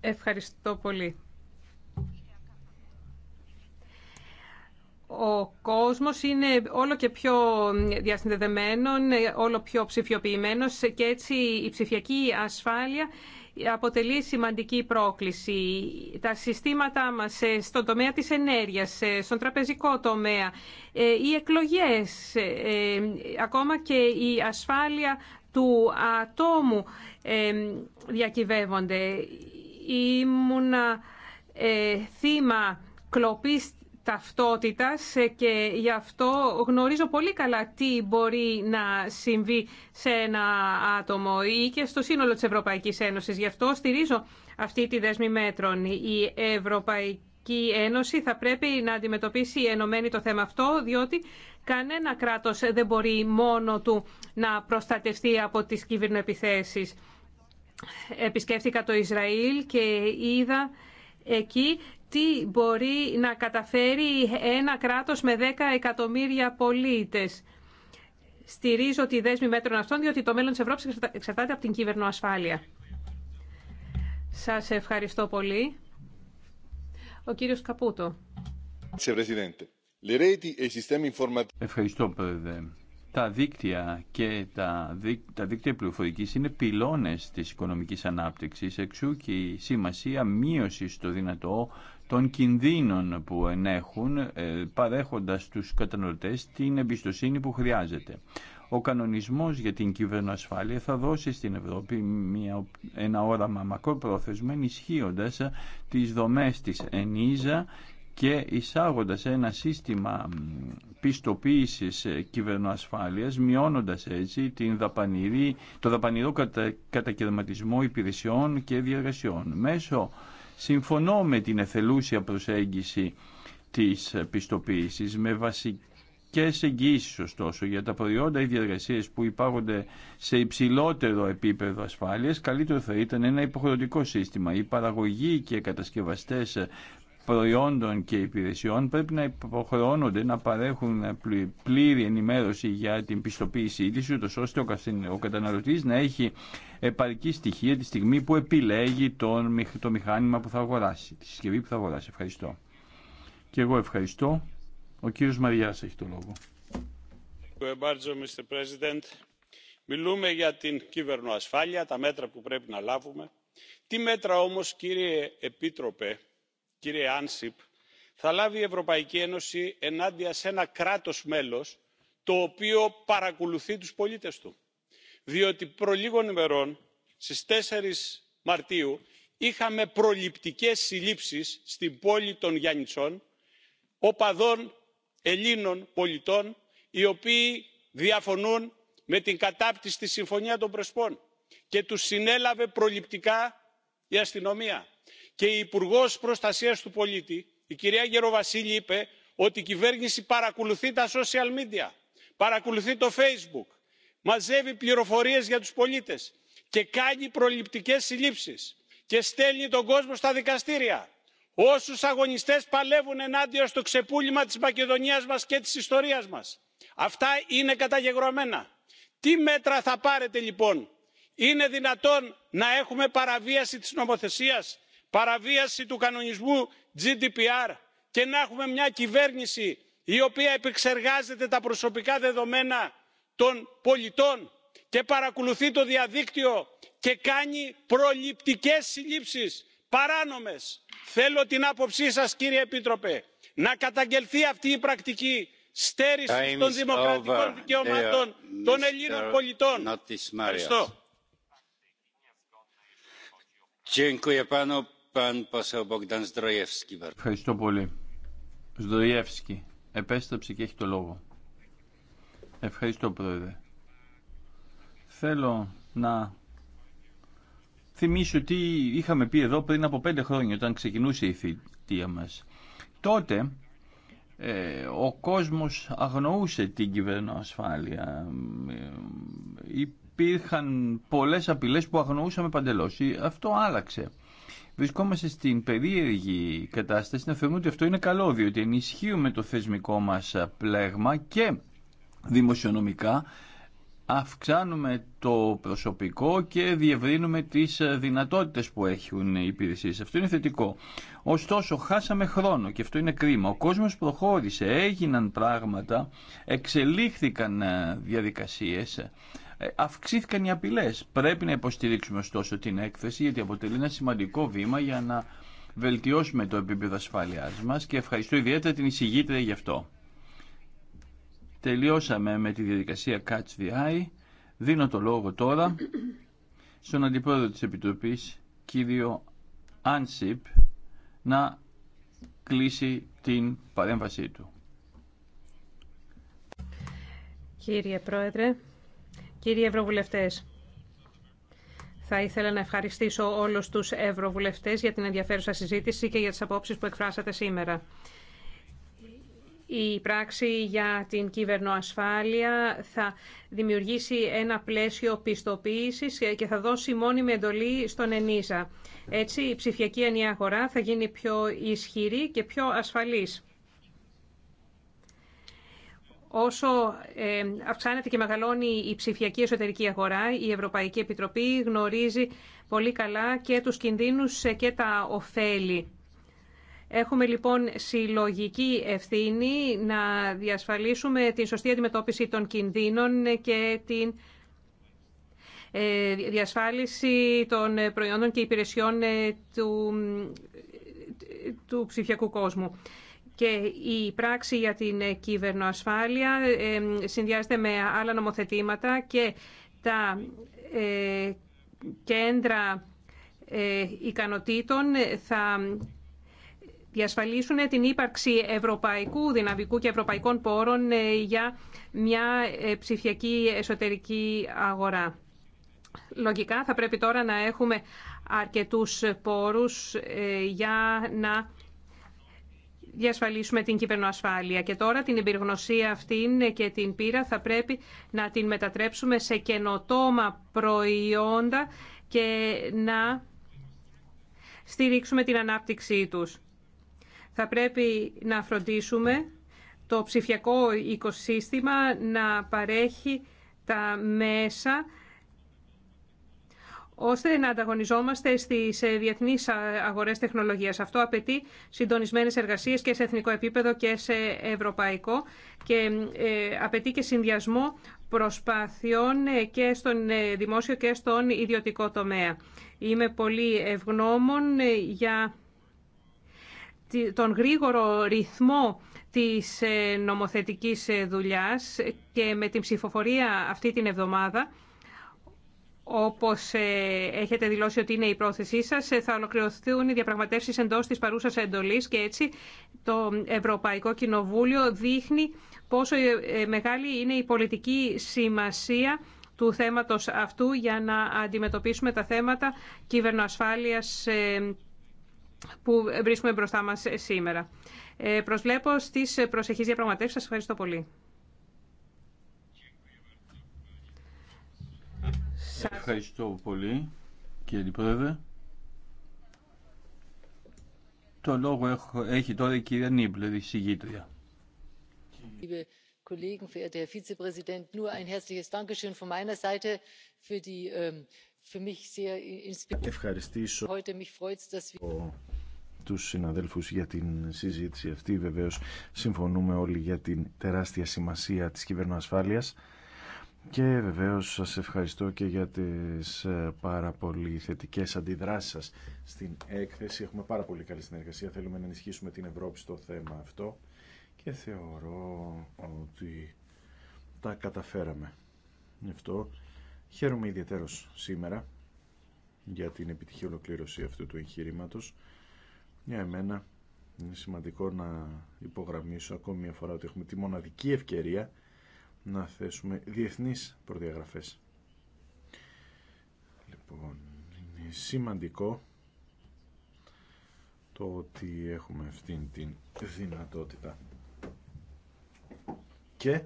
[SPEAKER 2] Ευχαριστώ πολύ. ο κόσμος είναι όλο και πιο διασυνδεδεμένον, όλο πιο ψηφιοποιημένος και έτσι η ψηφιακή ασφάλεια αποτελεί σημαντική πρόκληση. Τα συστήματά μας ε, στον τομέα της ενέργειας, ε, στον τραπεζικό τομέα, ε, οι εκλογές, ακόμα και η ασφάλεια του ατόμου διακυβεύονται. Ήμουνα θύμα κλοπής ταυτότητας και γι' αυτό γνωρίζω πολύ καλά τι μπορεί να συμβεί σε ένα άτομο ή και στο σύνολο της Ευρωπαϊκής Ένωσης. Γι' αυτό στηρίζω αυτή τη δέσμη μέτρων. Η Ευρωπαϊκή Ένωση θα πρέπει να αντιμετωπίσει ενωμένη το θέμα αυτό, διότι κανένα κράτος δεν μπορεί μόνο του να προστατευτεί από τις κυβερνοεπιθέσεις. Επισκέφθηκα το Ισραήλ και είδα εκεί τι μπορεί να καταφέρει ένα κράτος με 10 εκατομμύρια πολίτες. Στηρίζω τη δέσμη μέτρων αυτών, διότι το μέλλον της Ευρώπης εξαρτάται από την κυβερνοασφάλεια. Σας ευχαριστώ πολύ. Ο κύριος Καπούτο.
[SPEAKER 9] E
[SPEAKER 15] ευχαριστώ, Πρόεδρε. Τα δίκτυα και τα, τα δίκτυα πληροφορική είναι πυλώνες της οικονομικής ανάπτυξης, εξού και η σημασία μείωση στο δυνατό των κινδύνων που ενέχουν ε, παρέχοντας τους καταναλωτές την εμπιστοσύνη που χρειάζεται. Ο κανονισμός για την κυβερνοασφάλεια θα δώσει στην Ευρώπη μια, ένα όραμα μακροπρόθεσμα ενισχύοντα ε, τις δομές της ΕΝΙΖΑ και εισάγοντα ένα σύστημα πιστοποίησης ε, κυβερνοασφάλειας, μειώνοντας έτσι την δαπανηρή, το δαπανηρό κατακαιρματισμό υπηρεσιών και διαργασιών. Μέσω Συμφωνώ με την εθελούσια προσέγγιση της πιστοποίησης με βασικές εγγύσεις ωστόσο για τα προϊόντα ή διαργασίες που υπάγονται σε υψηλότερο επίπεδο ασφάλειας καλύτερο θα ήταν ένα υποχρεωτικό σύστημα. Οι παραγωγοί και κατασκευαστές προϊόντων και υπηρεσιών πρέπει να υποχρεώνονται να παρέχουν πλήρη ενημέρωση για την πιστοποίησή της ούτως ώστε ο καταναλωτής να έχει επαρκή στοιχεία τη στιγμή που επιλέγει το μηχάνημα που θα αγοράσει, τη συσκευή που θα αγοράσει. Ευχαριστώ. Και εγώ ευχαριστώ. Ο κύριος Μαριάς έχει το λόγο.
[SPEAKER 6] Μιλούμε για την κυβερνοασφάλεια, τα μέτρα που πρέπει να λάβουμε. Τι μέτρα όμως κύριε Επίτροπε κύριε ansip θα λάβει η ευρωπαϊκή ένωση ενάντια σε ένα κράτος μέλος το οποίο παρακολουθεί τους πολίτες του διότι προ λίγων ημερών στις 4 μαρτίου είχαμε προληπτικές συλλήψεις στην πόλη των γιάννητσών οπαδών ελλήνων πολιτών οι οποίοι διαφωνούν με την κατάπτυστη συμφωνία των πρεσπών και τους συνέλαβε προληπτικά η αστυνομία και η υπουργό προστασία του πολίτη η κυρία γεροβασίλη είπε ότι η κυβέρνηση παρακολουθεί τα social media παρακολουθεί το facebook μαζεύει πληροφορίες για τους πολίτες και κάνει προληπτικές συλλήψει και στέλνει τον κόσμο στα δικαστήρια Όσου αγωνιστές παλεύουν ενάντια στο ξεπούλημα της μακεδονίας μα και τη ιστορία μα. αυτά είναι καταγεγραμμένα. τι μέτρα θα πάρετε λοιπόν; είναι δυνατόν να έχουμε παραβίαση τη νομοθεσία παραβίαση του κανονισμού gdpr και να έχουμε μια κυβέρνηση η οποία επεξεργάζεται τα προσωπικά δεδομένα των πολιτών και παρακολουθεί το διαδίκτυο και κάνει προληπτικές συλλήψεις παράνομες. θέλω την άποψή σας κύριε επίτροπε να καταγγελθεί αυτή η πρακτική στέρησης των δημοκρατικών δικαιωμάτων των ελλήνων πολιτών.
[SPEAKER 4] ευχαριστώ.
[SPEAKER 15] Ευχαριστώ πολύ. Σδροϊεύσκη, επέστρεψε και έχει το λόγο. Ευχαριστώ, Πρόεδρε. Θέλω να θυμίσω τι είχαμε πει εδώ πριν από πέντε χρόνια, όταν ξεκινούσε η θητεία μας. Τότε ε, ο κόσμος αγνοούσε την κυβερνοασφάλεια. Υπήρχαν πολλές απειλές που αγνοούσαμε παντελώς. Αυτό άλλαξε. Βρισκόμαστε στην περίεργη κατάσταση να θεωρούμε ότι αυτό είναι καλό, διότι ενισχύουμε το θεσμικό μας πλέγμα και δημοσιονομικά αυξάνουμε το προσωπικό και διευρύνουμε τις δυνατότητες που έχουν οι υπηρεσίες. Αυτό είναι θετικό. Ωστόσο, χάσαμε χρόνο και αυτό είναι κρίμα. Ο κόσμος προχώρησε, έγιναν πράγματα, εξελίχθηκαν διαδικασίες. Ε, αυξήθηκαν οι απειλέ. Πρέπει να υποστηρίξουμε ωστόσο την έκθεση γιατί αποτελεί ένα σημαντικό βήμα για να βελτιώσουμε το επίπεδο ασφάλειά μα. και ευχαριστώ ιδιαίτερα την εισηγήτρια γι' αυτό. Τελειώσαμε με τη διαδικασία Catch the Eye. Δίνω το λόγο τώρα στον Αντιπρόεδρο της Επιτροπής, κύριο Άνσιπ, να κλείσει την παρέμβασή του.
[SPEAKER 2] Κύριε Πρόεδρε, Κύριοι Ευρωβουλευτές, θα ήθελα να ευχαριστήσω όλους τους Ευρωβουλευτές για την ενδιαφέρουσα συζήτηση και για τις απόψεις που εκφράσατε σήμερα. Η πράξη για την κυβερνοασφάλεια θα δημιουργήσει ένα πλαίσιο πιστοποίησης και θα δώσει μόνιμη εντολή στον ΕΝΙΖΑ. Έτσι, η ψηφιακή ενιαία αγορά θα γίνει πιο ισχυρή και πιο ασφαλής. Όσο ε, αυξάνεται και μεγαλώνει η ψηφιακή εσωτερική αγορά, η Ευρωπαϊκή Επιτροπή γνωρίζει πολύ καλά και τους κινδύνους ε, και τα ωφέλη. Έχουμε λοιπόν συλλογική ευθύνη να διασφαλίσουμε την σωστή αντιμετώπιση των κινδύνων και την ε, διασφάλιση των προϊόντων και υπηρεσιών του, του ψηφιακού κόσμου και η πράξη για την κυβερνοασφάλεια ε, συνδυάζεται με άλλα νομοθετήματα και τα ε, κέντρα ε, ικανοτήτων θα διασφαλίσουν την ύπαρξη ευρωπαϊκού δυναμικού και ευρωπαϊκών πόρων για μια ψηφιακή εσωτερική αγορά. Λογικά θα πρέπει τώρα να έχουμε αρκετούς πόρους για να διασφαλίσουμε την κυβερνοασφάλεια. Και τώρα την εμπειρογνωσία αυτή και την πείρα θα πρέπει να την μετατρέψουμε σε καινοτόμα προϊόντα και να στηρίξουμε την ανάπτυξή τους. Θα πρέπει να φροντίσουμε το ψηφιακό οικοσύστημα να παρέχει τα μέσα ώστε να ανταγωνιζόμαστε στι ε, διεθνεί αγορές τεχνολογίας. Αυτό απαιτεί συντονισμένες εργασίες και σε εθνικό επίπεδο και σε ευρωπαϊκό και ε, απαιτεί και συνδυασμό προσπάθειων ε, και στον δημόσιο και στον ιδιωτικό τομέα. Είμαι πολύ ευγνώμων για τον γρήγορο ρυθμό της νομοθετικής δουλειάς και με την ψηφοφορία αυτή την εβδομάδα όπως ε, έχετε δηλώσει ότι είναι η πρόθεσή σας, ε, θα ολοκληρωθούν οι διαπραγματεύσεις εντός της παρούσας εντολής και έτσι το Ευρωπαϊκό Κοινοβούλιο δείχνει πόσο ε, μεγάλη είναι η πολιτική σημασία του θέματος αυτού για να αντιμετωπίσουμε τα θέματα κυβερνοασφάλειας που βρίσκουμε μπροστά μας σήμερα. Προσβλέπω στις προσεχείς διαπραγματεύσεις. Σας ευχαριστώ πολύ.
[SPEAKER 15] Ευχαριστώ πολύ κύριε Πρόεδρε. Το λόγο έχω, έχει τώρα η κυρία Νίμπλε, η συγγήτρια.
[SPEAKER 11] Liebe Kollegen, verehrter Herr Vizepräsident, nur ein herzliches Dankeschön von meiner Seite für die ähm, für mich sehr
[SPEAKER 15] inspirierende.
[SPEAKER 9] Heute
[SPEAKER 11] mich freut es, dass
[SPEAKER 7] wir
[SPEAKER 9] τους συναδέλφους για την συζήτηση αυτή. Βεβαίως συμφωνούμε όλοι για την τεράστια σημασία της κυβερνοασφάλειας. Και βεβαίως σας ευχαριστώ και για τις ε, πάρα πολύ θετικές αντιδράσεις σας στην έκθεση. Έχουμε πάρα πολύ καλή συνεργασία. Θέλουμε να ενισχύσουμε την Ευρώπη στο θέμα αυτό και θεωρώ ότι τα καταφέραμε. Γι' αυτό χαίρομαι ιδιαίτερος σήμερα για την επιτυχή ολοκλήρωση αυτού του εγχειρήματο. Για εμένα είναι σημαντικό να υπογραμμίσω ακόμη μια φορά ότι έχουμε τη μοναδική ευκαιρία να θέσουμε διεθνείς προδιαγραφές. Λοιπόν, είναι σημαντικό το ότι έχουμε αυτήν την δυνατότητα. Και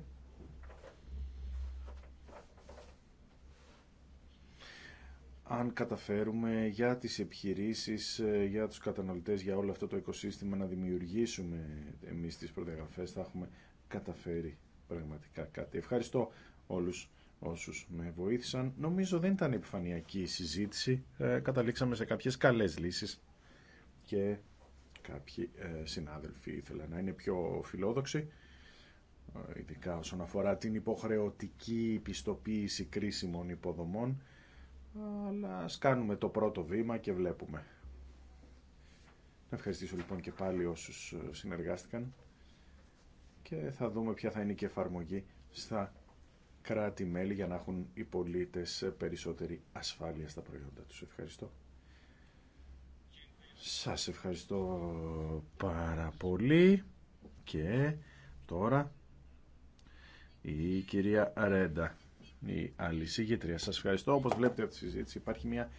[SPEAKER 9] αν καταφέρουμε για τις επιχειρήσεις, για τους καταναλωτές, για όλο αυτό το οικοσύστημα να δημιουργήσουμε εμείς τις προδιαγραφές, θα έχουμε καταφέρει πραγματικά κάτι. Ευχαριστώ όλους όσους με βοήθησαν. Νομίζω δεν ήταν επιφανειακή η συζήτηση. Ε, καταλήξαμε σε κάποιες καλές λύσεις και κάποιοι ε, συνάδελφοι ήθελαν να είναι πιο φιλόδοξοι ε, ειδικά όσον αφορά την υποχρεωτική πιστοποίηση κρίσιμων υποδομών αλλά ας κάνουμε το πρώτο βήμα και βλέπουμε. Να ευχαριστήσω λοιπόν και πάλι όσους συνεργάστηκαν και θα δούμε ποια θα είναι και εφαρμογή στα κράτη-μέλη για να έχουν οι πολίτες περισσότερη ασφάλεια στα προϊόντα τους. Ευχαριστώ. Σας ευχαριστώ πάρα πολύ και τώρα η κυρία Ρέντα, η άλλη Σας ευχαριστώ. Όπως βλέπετε από τη συζήτηση υπάρχει μια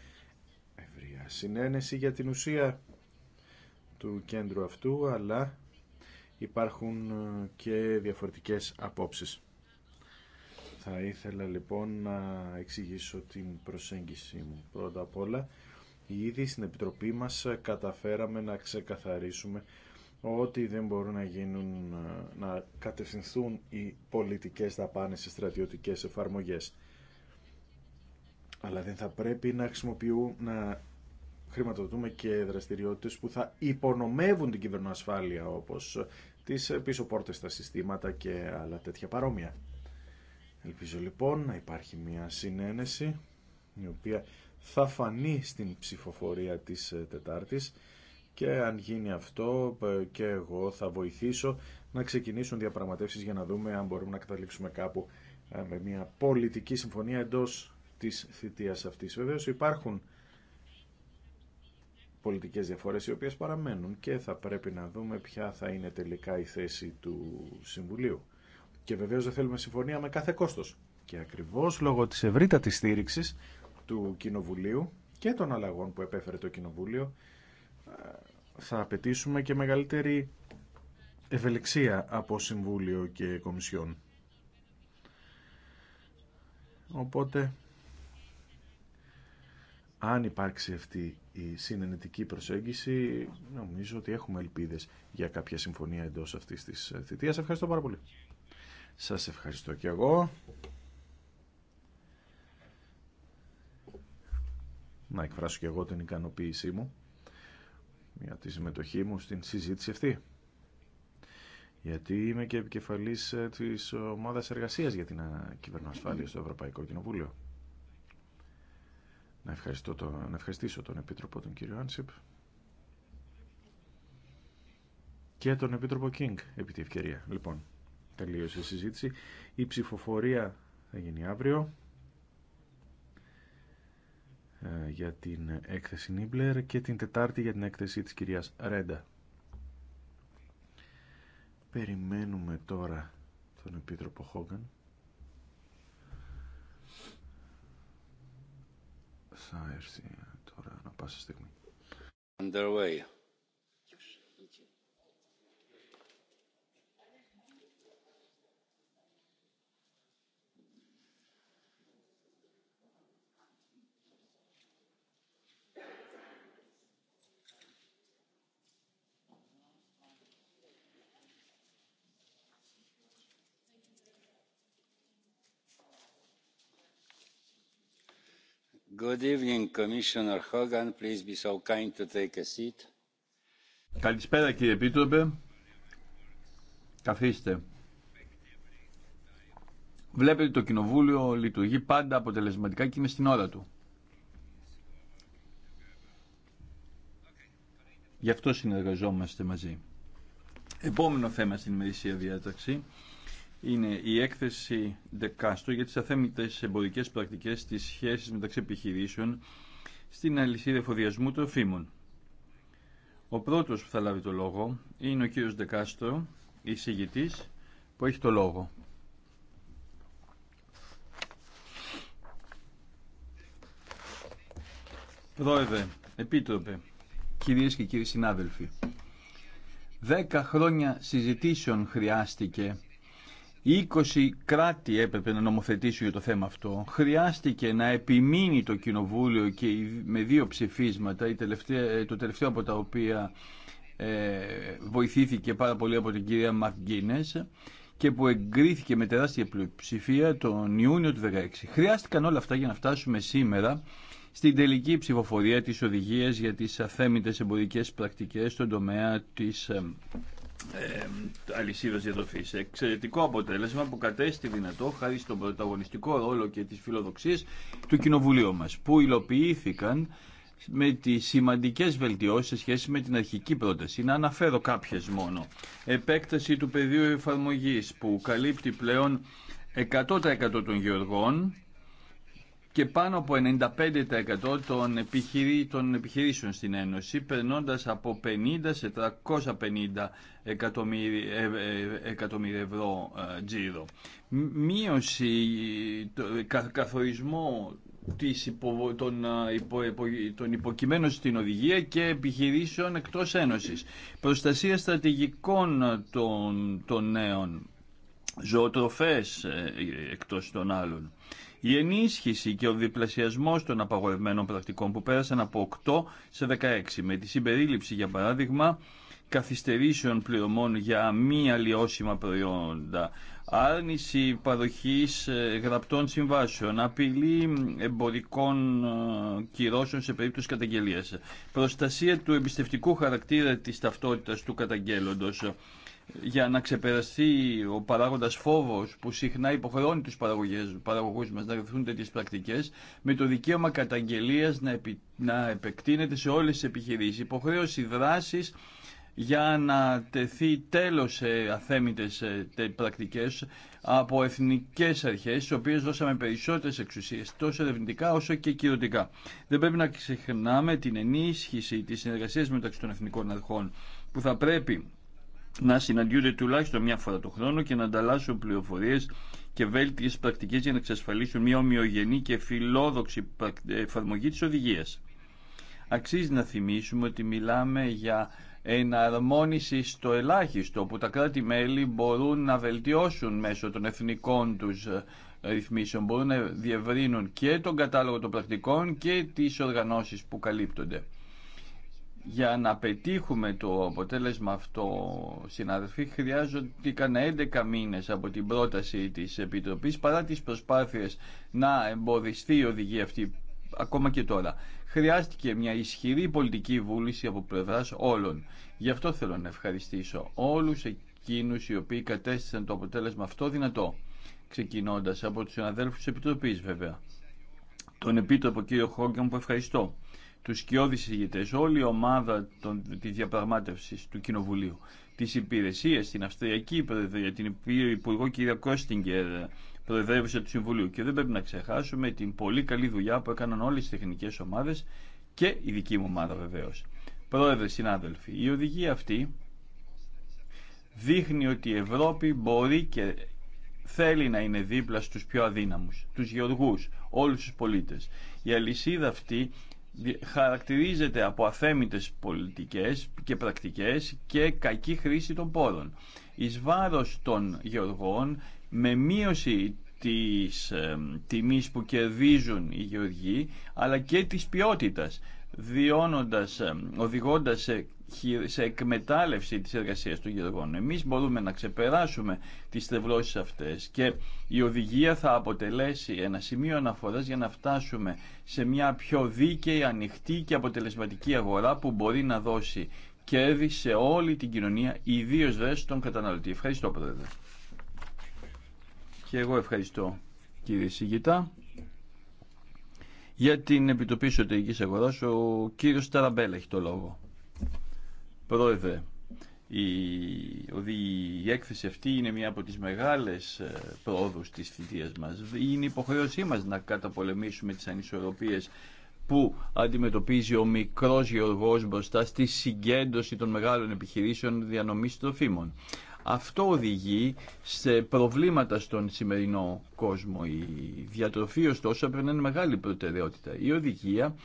[SPEAKER 9] ευρεία συνένεση για την ουσία του κέντρου αυτού, αλλά υπάρχουν ε, και διαφορετικές απόψεις. Θα ήθελα λοιπόν να εξηγήσω την προσέγγιση μου. Πρώτα απ' όλα, ήδη στην Επιτροπή μας ε, καταφέραμε να ξεκαθαρίσουμε ότι δεν μπορούν να γίνουν, ε, να κατευθυνθούν οι πολιτικές δαπάνες σε στρατιωτικές εφαρμογές. Αλλά δεν θα πρέπει να χρησιμοποιούν, χρηματοδοτούμε και δραστηριότητες που θα υπονομεύουν την κυβερνοασφάλεια όπως τις πίσω πόρτες στα συστήματα και άλλα τέτοια παρόμοια. Ελπίζω λοιπόν να υπάρχει μια συνένεση η οποία θα φανεί στην ψηφοφορία της Τετάρτης και αν γίνει αυτό ε, και εγώ θα βοηθήσω να ξεκινήσουν διαπραγματεύσεις για να δούμε αν μπορούμε να καταλήξουμε κάπου ε, με μια πολιτική συμφωνία εντός της θητείας αυτής. Βεβαίως υπάρχουν πολιτικές διαφορές οι οποίες παραμένουν και θα πρέπει να δούμε ποια θα είναι τελικά η θέση του Συμβουλίου. Και βεβαίως δεν θέλουμε συμφωνία με κάθε κόστος. Και ακριβώς λόγω της ευρύτατης στήριξης του Κοινοβουλίου και των αλλαγών που επέφερε το Κοινοβούλιο ε, θα απαιτήσουμε και μεγαλύτερη ευελιξία από Συμβούλιο και Κομισιόν. Οπότε, αν υπάρξει αυτή η συνενετική προσέγγιση, νομίζω ότι έχουμε ελπίδες για κάποια συμφωνία εντός αυτής της ε, θητείας. Ευχαριστώ πάρα πολύ. Σας ευχαριστώ και εγώ. Να εκφράσω και εγώ την ικανοποίησή μου για τη συμμετοχή μου στην συζήτηση αυτή. Γιατί είμαι και επικεφαλής ε, της ομάδας εργασίας για την ε, κυβερνοασφάλεια στο Ευρωπαϊκό Κοινοβούλιο. Να, ευχαριστώ το, να ευχαριστήσω τον Επίτροπο, τον κύριο Άνσιπ και τον Επίτροπο Κίνγκ επί τη ευκαιρία. Λοιπόν, τελείωσε η συζήτηση. Η ψηφοφορία θα γίνει αύριο ε, για την έκθεση Νίμπλερ και την Τετάρτη για την έκθεση της κυρίας Ρέντα. Περιμένουμε τώρα τον Επίτροπο Χόγκαν.
[SPEAKER 4] θα έρθει τώρα να πάσα στιγμή. Underway.
[SPEAKER 15] Καλησπέρα κύριε Επίτροπε. Καθίστε. Βλέπετε το Κοινοβούλιο λειτουργεί πάντα αποτελεσματικά και είναι στην ώρα του. Γι' αυτό συνεργαζόμαστε μαζί. Επόμενο θέμα στην ημερήσια διάταξη είναι η έκθεση δεκαστού για τις αθέμητες εμπορικές πρακτικές στις σχέσεις μεταξύ επιχειρήσεων στην αλυσίδα εφοδιασμού τροφίμων. Ο πρώτος που θα λάβει το λόγο είναι ο κύριος Δεκάστρο, εισηγητής, που έχει το λόγο. Πρόεδρε, Επίτροπε, κυρίες και κύριοι συνάδελφοι, δέκα χρόνια συζητήσεων χρειάστηκε 20 κράτη έπρεπε να νομοθετήσουν για το θέμα αυτό. Χρειάστηκε να επιμείνει το Κοινοβούλιο και με δύο ψηφίσματα, ε, το τελευταίο από τα οποία ε, βοηθήθηκε πάρα πολύ από την κυρία Μαγκίνες και που εγκρίθηκε με τεράστια πλειοψηφία τον Ιούνιο του 2016. Χρειάστηκαν όλα αυτά για να φτάσουμε σήμερα στην τελική ψηφοφορία της οδηγίας για τις αθέμητες εμπορικές πρακτικές στον τομέα της ε, ε, αλυσίδα διατροφή. Εξαιρετικό αποτέλεσμα που κατέστη δυνατό χάρη στον πρωταγωνιστικό ρόλο και τις φιλοδοξίες του Κοινοβουλίου μα. που υλοποιήθηκαν με τις σημαντικές βελτιώσεις σε σχέση με την αρχική πρόταση. Να αναφέρω κάποιες μόνο. Επέκταση του πεδίου εφαρμογής που καλύπτει πλέον 100% των γεωργών και πάνω από 95% των, επιχειρήσεων στην Ένωση, περνώντας από 50 σε 350 ε, ε, εκατομμύρια, ευρώ ε, τζίρο. Μείωση, καθορισμό της των, υπο, υποκειμένων στην οδηγία και επιχειρήσεων εκτός Ένωσης. Προστασία στρατηγικών των, των νέων, ζωοτροφές εκτός των άλλων η ενίσχυση και ο διπλασιασμό των απαγορευμένων πρακτικών που πέρασαν από 8 σε 16 με τη συμπερίληψη για παράδειγμα καθυστερήσεων πληρωμών για μη αλλοιώσιμα προϊόντα, άρνηση παροχής ε, γραπτών συμβάσεων, απειλή εμπορικών ε, κυρώσεων σε περίπτωση καταγγελίας, προστασία του εμπιστευτικού χαρακτήρα της ταυτότητας του καταγγέλλοντος, για να ξεπεραστεί ο παράγοντα φόβο που συχνά υποχρεώνει του παραγωγού μα να δεχθούν τέτοιε πρακτικέ με το δικαίωμα καταγγελία να, να επεκτείνεται σε όλε τι επιχειρήσει, Υποχρέωση δράση για να τεθεί τέλος σε αθέμητες ε, πρακτικές από εθνικές αρχές, στις οποίες δώσαμε περισσότερες εξουσίες, τόσο ερευνητικά όσο και κυρωτικά. Δεν πρέπει να ξεχνάμε την ενίσχυση της συνεργασίας μεταξύ των εθνικών αρχών, που θα πρέπει να συναντιούνται τουλάχιστον μια φορά το χρόνο και να ανταλλάσσουν πληροφορίε και βέλτιε πρακτικές για να εξασφαλίσουν μια ομοιογενή και φιλόδοξη εφαρμογή τη οδηγία. Αξίζει να θυμίσουμε ότι μιλάμε για εναρμόνιση στο ελάχιστο όπου τα κράτη-μέλη μπορούν να βελτιώσουν μέσω των εθνικών τους ε, ρυθμίσεων, μπορούν να διευρύνουν και τον κατάλογο των πρακτικών και τις οργανώσεις που καλύπτονται. Για να πετύχουμε το αποτέλεσμα αυτό, συνάδελφοι, χρειάζονται κανένα 11 μήνες από την πρόταση της Επιτροπής, παρά τις προσπάθειες να εμποδιστεί η οδηγία αυτή ακόμα και τώρα. Χρειάστηκε μια ισχυρή πολιτική βούληση από πλευρά όλων. Γι' αυτό θέλω να ευχαριστήσω όλους εκείνους οι οποίοι κατέστησαν το αποτέλεσμα αυτό δυνατό, ξεκινώντας από τους συναδέλφους της Επιτροπής βέβαια. Τον Επίτροπο κύριο Χόγκαν που ευχαριστώ τους σκιώδεις ηγητές, όλη η ομάδα των, της διαπραγμάτευσης του Κοινοβουλίου, τις υπηρεσίες, την Αυστριακή Προεδρία, την Υπουργό κ. Κόστιγκερ, ε, Προεδρεύουσα του Συμβουλίου. Και δεν πρέπει να ξεχάσουμε την πολύ καλή δουλειά που έκαναν όλε τι τεχνικέ ομάδε και η δική μου ομάδα βεβαίω. Πρόεδρε, συνάδελφοι, η οδηγία αυτή δείχνει ότι η Ευρώπη μπορεί και θέλει να είναι δίπλα στου πιο αδύναμους, τους γεωργούς, όλους τους πολίτες. Η αλυσίδα αυτή χαρακτηρίζεται από αθέμητες πολιτικές και πρακτικές και κακή χρήση των πόρων. Η βάρος των γεωργών, με μείωση της ε, τιμής που κερδίζουν οι γεωργοί, αλλά και της ποιότητας, διώνοντας, οδηγώντας σε σε εκμετάλλευση της εργασίας των γεωργών. Εμείς μπορούμε να ξεπεράσουμε τις θευλώσεις αυτές και η οδηγία θα αποτελέσει ένα σημείο αναφοράς για να φτάσουμε σε μια πιο δίκαιη, ανοιχτή και αποτελεσματική αγορά που μπορεί να δώσει κέρδη σε όλη την κοινωνία, ιδίω δε στον καταναλωτή. Ευχαριστώ, Πρόεδρε. Και εγώ ευχαριστώ, κύριε Σιγητά. Για την Επιτροπή Εσωτερική Αγορά, ο κύριο Ταραμπέλα έχει το λόγο. Πρόεδρε, η, η έκθεση αυτή είναι μία από τις μεγάλες ε, πρόοδους της θητείας μας. Είναι υποχρέωσή μας να καταπολεμήσουμε τις ανισορροπίες που αντιμετωπίζει ο μικρός γεωργός μπροστά στη συγκέντρωση των μεγάλων επιχειρήσεων διανομής τροφίμων. Αυτό οδηγεί σε προβλήματα στον σημερινό κόσμο. Η διατροφή ωστόσο έπαιρνε μεγάλη προτεραιότητα. Η οδηγία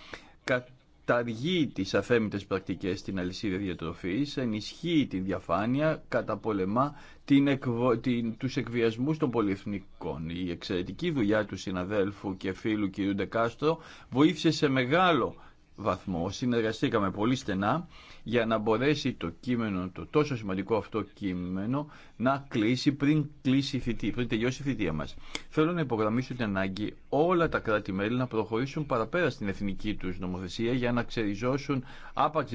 [SPEAKER 15] καταργεί τις αφέμητες πρακτικές στην αλυσίδα διατροφής, ενισχύει τη διαφάνεια, κατά την εκβο... την... τους εκβιασμούς των πολυεθνικών. Η εξαιρετική δουλειά του συναδέλφου και φίλου κ. Ντεκάστρο βοήθησε σε μεγάλο βαθμό συνεργαστήκαμε πολύ στενά για να μπορέσει το κείμενο, το τόσο σημαντικό αυτό κείμενο να κλείσει πριν, κλείσει θητή, πριν τελειώσει η θητεία μας. Θέλω να υπογραμμίσω την ανάγκη όλα τα κράτη-μέλη να προχωρήσουν παραπέρα στην εθνική του νομοθεσία για να ξεριζώσουν άπαξ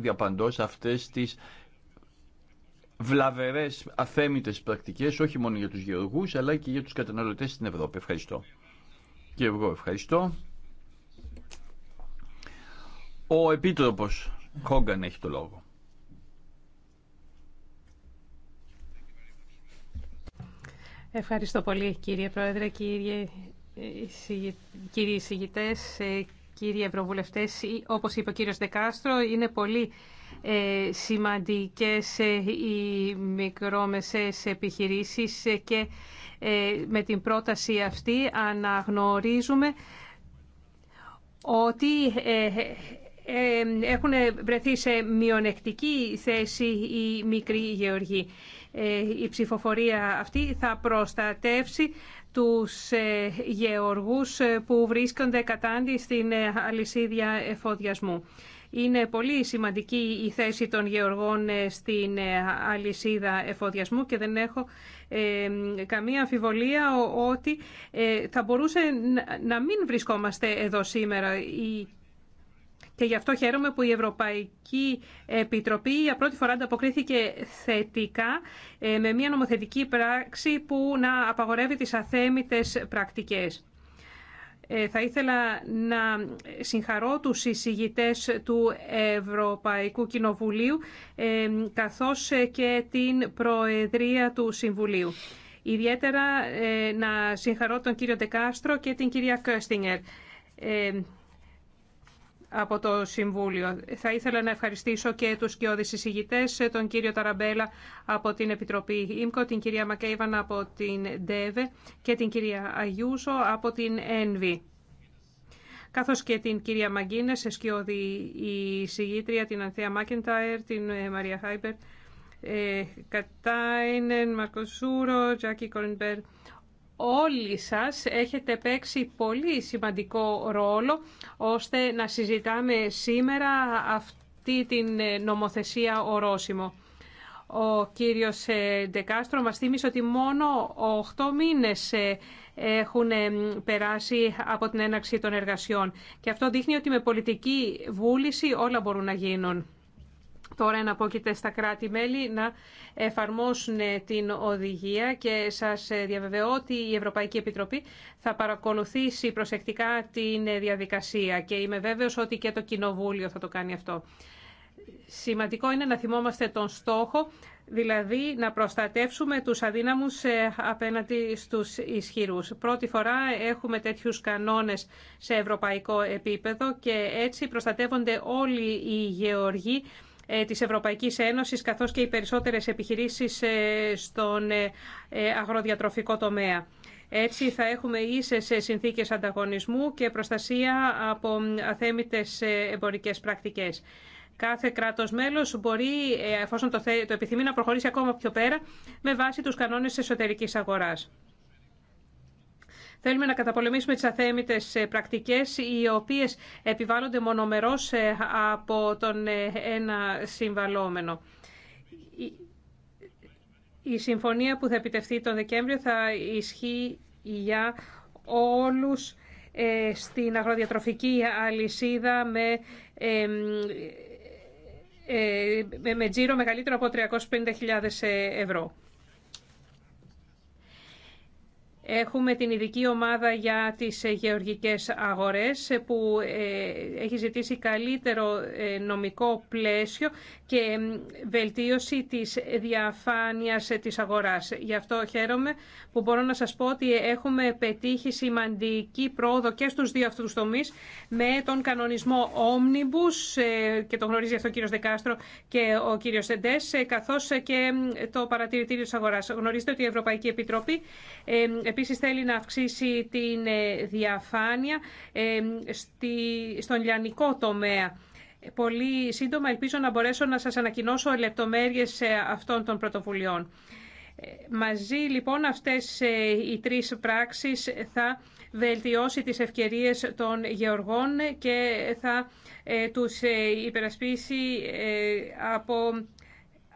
[SPEAKER 15] διαπαντό αυτέ τι βλαβερέ, αθέμητε πρακτικέ, όχι μόνο για του γεωργού, αλλά και για του καταναλωτέ στην Ευρώπη. Ευχαριστώ. Και εγώ ευχαριστώ. Ο Επίτροπος Χόγκαν έχει το λόγο.
[SPEAKER 2] Ευχαριστώ πολύ κύριε Πρόεδρε, κύριε, ε, κύριοι συγητές, ε, κύριοι ευρωβουλευτές. Ε, όπως είπε ο κύριος Δεκάστρο, είναι πολύ ε, σημαντικές οι μικρόμεσες επιχειρήσεις και με την πρόταση αυτή αναγνωρίζουμε ότι ε, έχουν βρεθεί σε μειονεκτική θέση οι μικροί γεωργοί. Ε, η ψηφοφορία αυτή θα προστατεύσει τους ε, γεωργούς που βρίσκονται κατάντι στην αλυσίδια εφοδιασμού. Είναι πολύ σημαντική η θέση των γεωργών στην αλυσίδα εφοδιασμού και δεν έχω καμία αμφιβολία ότι θα μπορούσε να μην βρισκόμαστε εδώ σήμερα. Η και γι' αυτό χαίρομαι που η Ευρωπαϊκή Επιτροπή για πρώτη φορά ανταποκρίθηκε θετικά ε, με μια νομοθετική πράξη που να απαγορεύει τις αθέμητες πρακτικές. Ε, θα ήθελα να συγχαρώ τους εισηγητές του Ευρωπαϊκού Κοινοβουλίου ε, καθώς και την Προεδρία του Συμβουλίου. Ιδιαίτερα να συγχαρώ τον κύριο Ντεκάστρο και την κυρία Κέρστινγκερ από το Συμβούλιο. Θα ήθελα να ευχαριστήσω και τους κοιόδης εισηγητές, τον κύριο Ταραμπέλα από την Επιτροπή ΙΜΚΟ, την κυρία Μακέιβαν από την ΔΕΒΕ και την κυρία Αγιούσο από την ΕΝΒΗ καθώς και την κυρία Μαγκίνε, σε σκιώδη η συγγήτρια, την Ανθέα Μάκενταερ την ε, Μαρία Χάιπερ, ε, Κατάινεν, Μαρκοσούρο, Τζάκι Κορνμπέρ, όλοι σας έχετε παίξει πολύ σημαντικό ρόλο ώστε να συζητάμε σήμερα αυτή την ε, νομοθεσία ορόσημο. Ο κύριος ε, Ντεκάστρο μας θύμισε ότι μόνο 8 μήνες ε, έχουν περάσει από την έναρξη των εργασιών. Και αυτό δείχνει ότι με πολιτική βούληση όλα μπορούν να γίνουν. Τώρα εναπόκειται στα κράτη-μέλη να εφαρμόσουν την οδηγία και σας διαβεβαιώ ότι η Ευρωπαϊκή Επιτροπή θα παρακολουθήσει προσεκτικά την διαδικασία και είμαι βέβαιος ότι και το Κοινοβούλιο θα το κάνει αυτό. Σημαντικό είναι να θυμόμαστε τον στόχο, δηλαδή να προστατεύσουμε τους αδύναμους ε, απέναντι στους ισχυρούς. Πρώτη φορά έχουμε τέτοιους κανόνες σε ευρωπαϊκό επίπεδο και έτσι προστατεύονται όλοι οι γεωργοί ε, της Ευρωπαϊκής Ένωσης καθώς και οι περισσότερες επιχειρήσεις ε, στον ε, αγροδιατροφικό τομέα. Έτσι θα έχουμε ίσες συνθήκες ανταγωνισμού και προστασία από αθέμητες εμπορικές πρακτικές. Κάθε κράτος μέλος μπορεί, εφόσον το, επιθυμεί, να προχωρήσει ακόμα πιο πέρα με βάση τους κανόνες εσωτερικής αγοράς. Θέλουμε να καταπολεμήσουμε τις αθέμητες ε, πρακτικές οι οποίες επιβάλλονται μονομερώς ε, από τον ε, ένα συμβαλόμενο. Η συμφωνία που θα επιτευχθεί τον Δεκέμβριο θα ισχύει για όλους στην αγροδιατροφική αλυσίδα με, με τζίρο μεγαλύτερο από 350.000 ευρώ. Έχουμε την ειδική ομάδα για τις ε, γεωργικές αγορές ε, που ε, έχει ζητήσει καλύτερο νομικό πλαίσιο και βελτίωση της διαφάνειας της αγοράς. Γι' αυτό χαίρομαι που μπορώ να σας πω ότι έχουμε πετύχει σημαντική πρόοδο και στους δύο αυτούς τομείς με τον κανονισμό Omnibus και το γνωρίζει αυτό ο κύριος Δεκάστρο και ο κύριος Σεντές καθώς και το παρατηρητήριο της αγοράς. Γνωρίζετε ότι η Ευρωπαϊκή Επιτροπή επίσης θέλει να αυξήσει την ε, διαφάνεια ε, στον λιανικό τομέα. Πολύ σύντομα ελπίζω να μπορέσω να σας ανακοινώσω λεπτομέρειες ε, αυτών των πρωτοβουλειών. Μαζί λοιπόν αυτές οι τρεις πράξεις θα βελτιώσει τις ευκαιρίες των γεωργών και θα τους υπερασπίσει από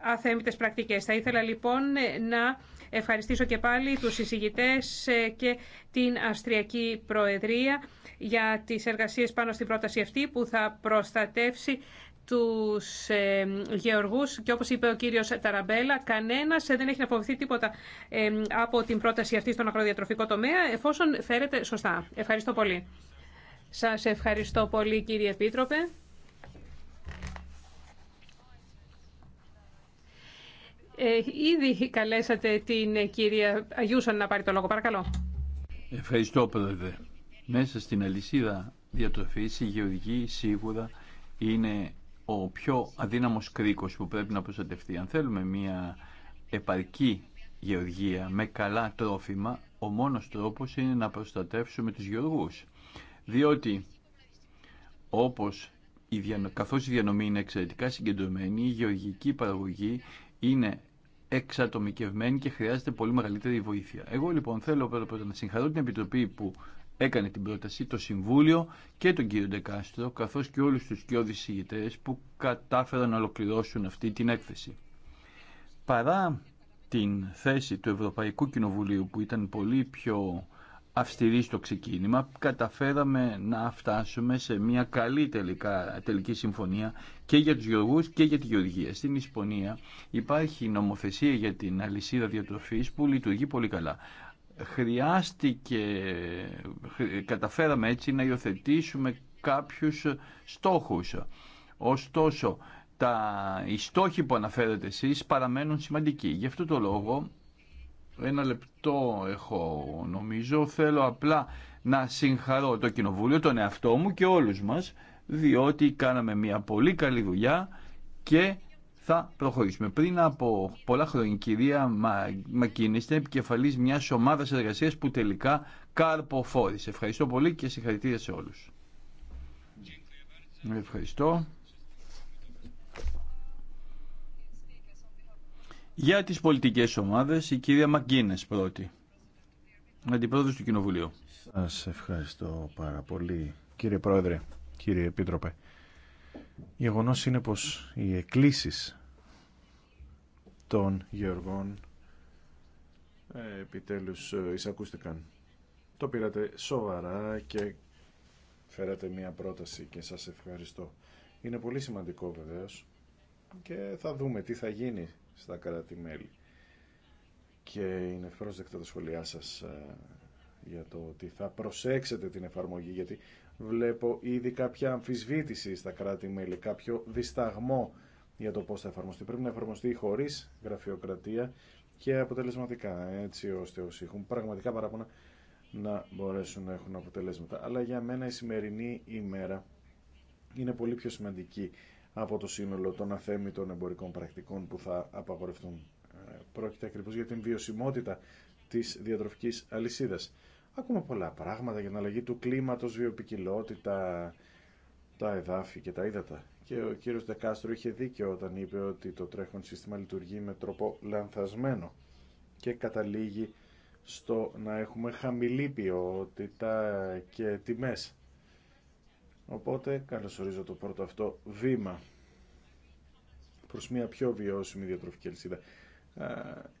[SPEAKER 2] αθέμητες πρακτικές. Θα ήθελα λοιπόν να ευχαριστήσω και πάλι τους συζητητές ε, και την Αυστριακή Προεδρία για τις εργασίες πάνω στην πρόταση αυτή που θα προστατεύσει τους ε, γεωργούς και όπως είπε ο κύριος Ταραμπέλα, κανένας δεν έχει να φοβηθεί τίποτα ε, από την πρόταση αυτή στον αγροδιατροφικό τομέα εφόσον φέρεται σωστά. Ευχαριστώ πολύ. Σας ευχαριστώ πολύ κύριε Επίτροπε. Ε, ήδη καλέσατε την κυρία Αγιούσαν να πάρει το λόγο. Παρακαλώ.
[SPEAKER 15] Ευχαριστώ, Πρόεδρε. Μέσα στην αλυσίδα διατροφής η γεωργή σίγουρα είναι ο πιο αδύναμος κρίκος που πρέπει να προστατευτεί. Αν θέλουμε μια επαρκή γεωργία με καλά τρόφιμα, ο μόνος τρόπος είναι να προστατεύσουμε τους γεωργούς. Διότι όπως η καθώς η διανομή είναι εξαιρετικά συγκεντρωμένη, η γεωργική παραγωγή είναι εξατομικευμένη και χρειάζεται πολύ μεγαλύτερη βοήθεια. Εγώ λοιπόν θέλω πρώτα να συγχαρώ την Επιτροπή που έκανε την πρόταση, το Συμβούλιο και τον κύριο Ντεκάστρο, καθώς και όλους τους κοιόδη ηγητέ, που κατάφεραν να ολοκληρώσουν αυτή την έκθεση. Παρά την θέση του Ευρωπαϊκού Κοινοβουλίου που ήταν πολύ πιο αυστηρή στο ξεκίνημα, καταφέραμε να φτάσουμε σε μια καλή τελικά, τελική συμφωνία και για τους γεωργούς και για τη γεωργία. Στην Ισπανία υπάρχει νομοθεσία για την αλυσίδα διατροφής που λειτουργεί πολύ καλά. Χρειάστηκε, καταφέραμε έτσι να υιοθετήσουμε κάποιους στόχους. Ωστόσο, τα, οι στόχοι που αναφέρετε εσείς παραμένουν σημαντικοί. Γι' αυτό το λόγο ένα λεπτό έχω νομίζω. Θέλω απλά να συγχαρώ το Κοινοβούλιο, τον εαυτό μου και όλους μας, διότι κάναμε μια πολύ καλή δουλειά και θα προχωρήσουμε. Πριν από πολλά χρόνια, η κυρία Μακίνη ήταν επικεφαλή μια ομάδα εργασία που τελικά καρποφόρησε. Ευχαριστώ πολύ και συγχαρητήρια σε όλου. Ευχαριστώ. Για τις πολιτικές ομάδες, η κυρία Μαγκίνες πρώτη, αντιπρόεδρος του Κοινοβουλίου. Σας
[SPEAKER 9] ευχαριστώ πάρα πολύ, κύριε Πρόεδρε, κύριε Επίτροπε. Η Γεγονό είναι πως οι εκκλήσεις των γεωργών ε, επιτέλους ε, εισακούστηκαν. Το πήρατε σοβαρά και φέρατε μία πρόταση και σας ευχαριστώ. Είναι πολύ σημαντικό βεβαίως και θα δούμε τι θα γίνει στα κράτη-μέλη. Και είναι ευπρόσδεκτο τα σχόλιά σας ε, για το ότι θα προσέξετε την εφαρμογή, γιατί βλέπω ήδη κάποια αμφισβήτηση στα κράτη-μέλη, κάποιο δισταγμό για το πώς θα εφαρμοστεί. Πρέπει να εφαρμοστεί χωρίς γραφειοκρατία και αποτελεσματικά, έτσι ώστε όσοι έχουν πραγματικά παράπονα να μπορέσουν να έχουν αποτελέσματα. Αλλά για μένα η σημερινή ημέρα είναι πολύ πιο σημαντική από το σύνολο των αθέμητων εμπορικών πρακτικών που θα απαγορευτούν. Ε, πρόκειται ακριβώς για την βιωσιμότητα της διατροφικής αλυσίδα. Ακούμε πολλά πράγματα για την αλλαγή του κλίματος, βιοπικιλότητα, τα εδάφη και τα ύδατα. Και ο κύριο Δεκάστρο είχε δίκιο όταν είπε ότι το τρέχον σύστημα λειτουργεί με τρόπο λανθασμένο και καταλήγει στο να έχουμε χαμηλή ποιότητα και τιμές. Οπότε καλωσορίζω το πρώτο αυτό βήμα προς μια πιο βιώσιμη διατροφική αλυσίδα.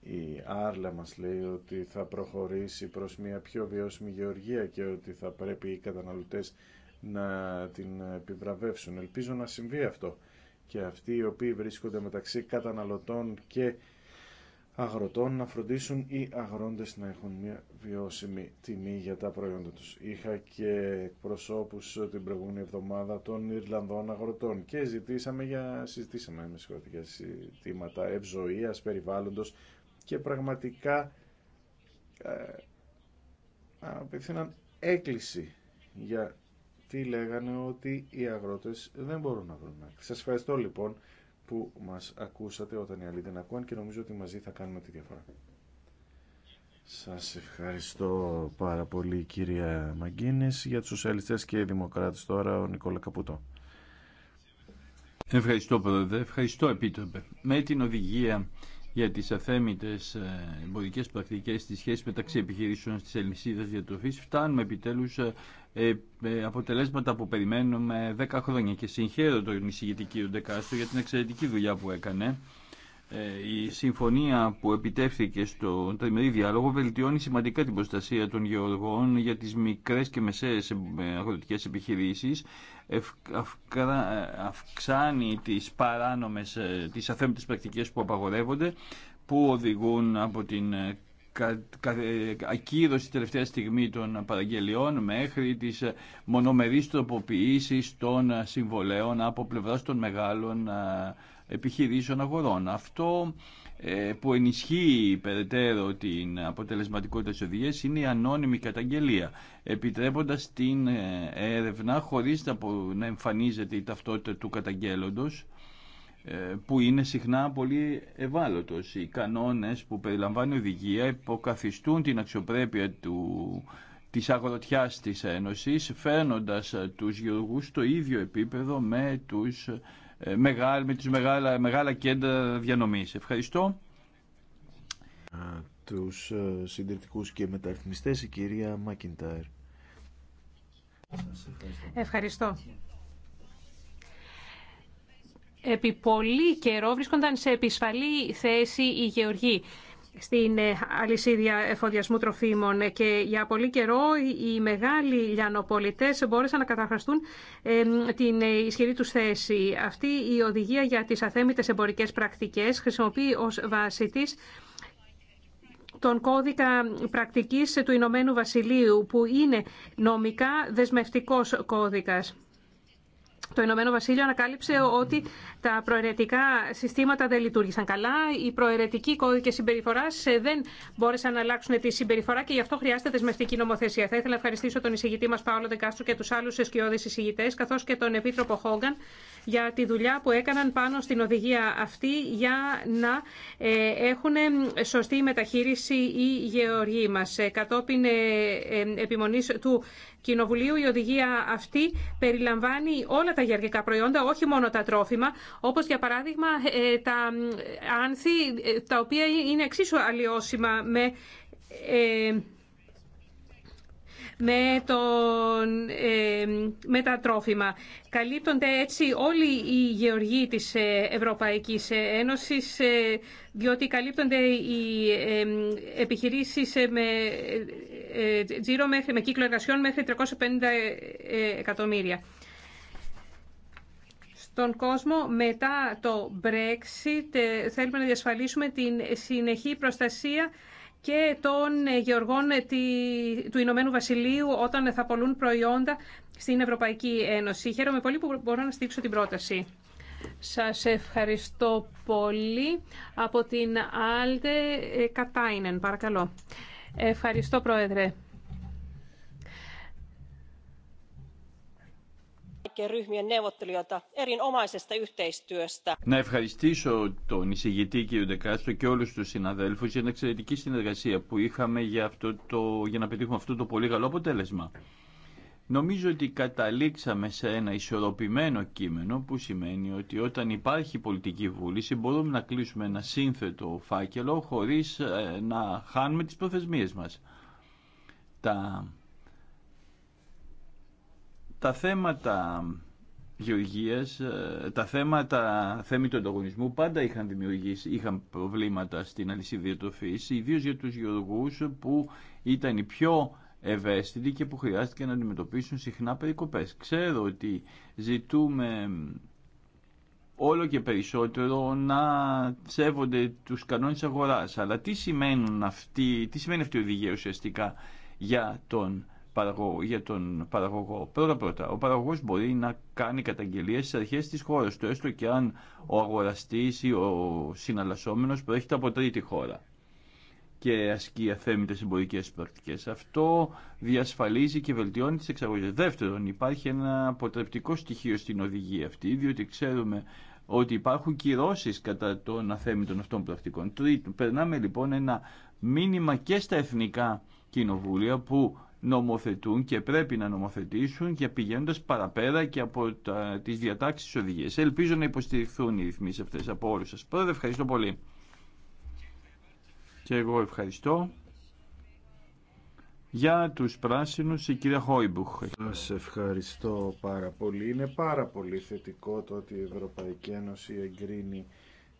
[SPEAKER 9] Η Άρλα μας λέει ότι θα προχωρήσει προς μια πιο βιώσιμη γεωργία και ότι θα πρέπει οι καταναλωτές να την επιβραβεύσουν. Ελπίζω να συμβεί αυτό και αυτοί οι οποίοι βρίσκονται μεταξύ καταναλωτών και αγροτών να φροντίσουν οι αγρόντες να έχουν μια βιώσιμη τιμή για τα προϊόντα τους. Είχα και εκπροσώπους την προηγούμενη εβδομάδα των Ιρλανδών αγροτών και ζητήσαμε για, συζητήσαμε με για ζητήματα ευζοίας, περιβάλλοντος και πραγματικά ε, απευθύναν έκκληση για τι λέγανε ότι οι αγρότες δεν μπορούν να βρουν άκρη. Σας ευχαριστώ λοιπόν που μας ακούσατε όταν οι άλλοι δεν ακούαν και νομίζω ότι μαζί θα κάνουμε τη διαφορά. Σας ευχαριστώ πάρα πολύ κυρία Μαγκίνης για τους σοσιαλιστές και οι δημοκράτες τώρα ο Νικόλα Καπούτο.
[SPEAKER 15] Ευχαριστώ πρόεδρε, ευχαριστώ επίτροπε. Με την οδηγία για τις αθέμητες ε, εμπορικές πρακτικές στη σχέση μεταξύ επιχειρήσεων στις αλυσίδες διατροφής φτάνουμε επιτέλους ε, ε, αποτελέσματα που περιμένουμε 10 χρόνια και συγχαίρω τον εισηγητή κύριο Ντεκάστρο για την εξαιρετική δουλειά που έκανε ε, η συμφωνία που επιτεύχθηκε στο τριμερή διάλογο βελτιώνει σημαντικά την προστασία των γεωργών για τις μικρές και μεσαίες ε, αγροτικές επιχειρήσεις, ε, αυξάνει τις παράνομες, τις αθέμπτες πρακτικές που απαγορεύονται, που οδηγούν από την ακύρωση τελευταία στιγμή των παραγγελιών μέχρι τις μονομερείς τροποποιήσεις των συμβολέων από πλευράς των μεγάλων επιχειρήσεων αγορών. Αυτό ε, που ενισχύει περαιτέρω την αποτελεσματικότητα της οδηγίας είναι η ανώνυμη καταγγελία, επιτρέποντας την ε, έρευνα χωρίς να εμφανίζεται η ταυτότητα του καταγγέλλοντος, ε, που είναι συχνά πολύ ευάλωτος. Οι κανόνες που περιλαμβάνει η οδηγία υποκαθιστούν την αξιοπρέπεια του, της αγροτιάς της Ένωσης, φέρνοντας τους γεωργούς στο ίδιο επίπεδο με τους ε, μεγάλη με τις μεγάλα, μεγάλα κέντρα διανομής. Ευχαριστώ.
[SPEAKER 9] Τους ε, συντηρητικούς και μεταρρυθμιστές, η κυρία Μακιντάερ.
[SPEAKER 2] Ευχαριστώ. Επί πολύ καιρό βρίσκονταν σε επισφαλή θέση η γεωργοί στην ε, αλυσίδια εφοδιασμού τροφίμων ε, και για πολύ καιρό οι μεγάλοι λιανοπολιτές μπόρεσαν να καταχραστούν την ε, ισχυρή τους θέση. Αυτή η οδηγία για τις αθέμητες εμπορικές πρακτικές χρησιμοποιεί ως βάση της τον κώδικα πρακτικής του Ηνωμένου Βασιλείου που είναι νομικά δεσμευτικός κώδικας το Ηνωμένο Βασίλειο ανακάλυψε ότι τα προαιρετικά συστήματα δεν λειτουργήσαν καλά. Οι προαιρετικοί κώδικε συμπεριφορά ε, δεν μπόρεσαν να αλλάξουν τη συμπεριφορά και γι' αυτό χρειάζεται δεσμευτική νομοθεσία. Θα ήθελα να ευχαριστήσω τον εισηγητή μα Παόλο Δεκάστρο και του άλλου εσκιώδει εισηγητέ, καθώ και τον Επίτροπο Χόγκαν για τη δουλειά που έκαναν πάνω στην οδηγία αυτή για να ε, έχουν σωστή μεταχείριση οι γεωργοί μας. Ε, κατόπιν ε, επιμονής του Κοινοβουλίου η οδηγία αυτή περιλαμβάνει όλα τα γεωργικά προϊόντα, όχι μόνο τα τρόφιμα, όπως για παράδειγμα τα άνθη, τα οποία είναι εξίσου αλλοιώσιμα με με, τον, ε, με τα τρόφιμα. Καλύπτονται έτσι όλοι οι γεωργοί της ε, Ευρωπαϊκής Ένωσης, ε, διότι καλύπτονται οι επιχειρήσεις με μέχρι, με κύκλο εργασιών μέχρι 350 εκατομμύρια. Στον κόσμο μετά το Brexit θέλουμε να διασφαλίσουμε την συνεχή προστασία και των ε, γεωργών ε, του Ηνωμένου Βασιλείου όταν θα πολλούν προϊόντα στην Ευρωπαϊκή Ένωση. Χαίρομαι πολύ που μπορώ να στήξω την πρόταση. Σας ευχαριστώ πολύ. Από την Άλτε ε, Κατάινεν, παρακαλώ. Ευχαριστώ, Πρόεδρε.
[SPEAKER 15] Να ευχαριστήσω τον εισηγητή κ. Ντεκάστρο και όλους τους συναδέλφους για την εξαιρετική συνεργασία που είχαμε για, αυτό το, για να πετύχουμε αυτό το πολύ καλό αποτέλεσμα. Νομίζω ότι καταλήξαμε σε ένα ισορροπημένο κείμενο που σημαίνει ότι όταν υπάρχει πολιτική βούληση μπορούμε να κλείσουμε ένα σύνθετο φάκελο χωρίς ε, να χάνουμε τις προθεσμίες μας. Τα τα θέματα γεωργίας, ε, τα θέματα θέμη του ανταγωνισμού πάντα είχαν δημιουργήσει, είχαν προβλήματα στην αλυσίδια φύση, ιδίως για τους γεωργούς που ήταν οι πιο ευαίσθητοι και που χρειάστηκε να αντιμετωπίσουν συχνά περικοπές. Ξέρω ότι ζητούμε όλο και περισσότερο να σέβονται τους κανόνες αγοράς. Αλλά τι, σημαίνουν τι σημαίνει αυτή η οδηγία ουσιαστικά για τον για τον παραγωγό. Πρώτα πρώτα, ο παραγωγό μπορεί να κάνει καταγγελίε στις αρχέ τη χώρας του, έστω και αν ο αγοραστή ή ο συναλλασσόμενο προέρχεται από τρίτη χώρα και ασκεί αθέμητες εμπορικέ πρακτικές. Αυτό διασφαλίζει και βελτιώνει τις εξαγωγές. Δεύτερον, υπάρχει ένα αποτρεπτικό στοιχείο στην οδηγία αυτή, διότι ξέρουμε ότι υπάρχουν κυρώσεις κατά των αθέμητων αυτών πρακτικών. Τρίτον, περνάμε λοιπόν ένα μήνυμα και στα εθνικά κοινοβούλια που νομοθετούν και πρέπει να νομοθετήσουν και πηγαίνοντα παραπέρα και από τα, τις διατάξεις της οδηγίας. Ελπίζω να υποστηριχθούν οι ρυθμίσεις αυτές από όλους σας. Πρόεδρε, ευχαριστώ πολύ. Και εγώ ευχαριστώ. Για τους πράσινους, η κυρία
[SPEAKER 9] Χόιμπουχ. Σας ευχαριστώ πάρα πολύ. Είναι πάρα πολύ θετικό το ότι η Ευρωπαϊκή Ένωση εγκρίνει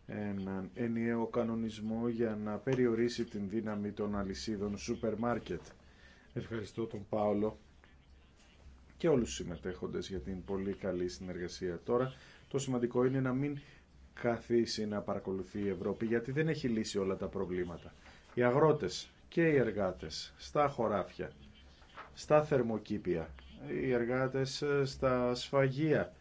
[SPEAKER 9] έναν ενιαίο κανονισμό για να περιορίσει την δύναμη των αλυσίδων σούπερ μάρκετ. Ευχαριστώ τον Πάολο και όλους τους συμμετέχοντες για την πολύ καλή συνεργασία τώρα. Το σημαντικό είναι να μην καθίσει να παρακολουθεί η Ευρώπη γιατί δεν έχει λύσει όλα τα προβλήματα. Οι αγρότες και οι εργάτες στα χωράφια, στα θερμοκήπια, οι εργάτες στα σφαγεία.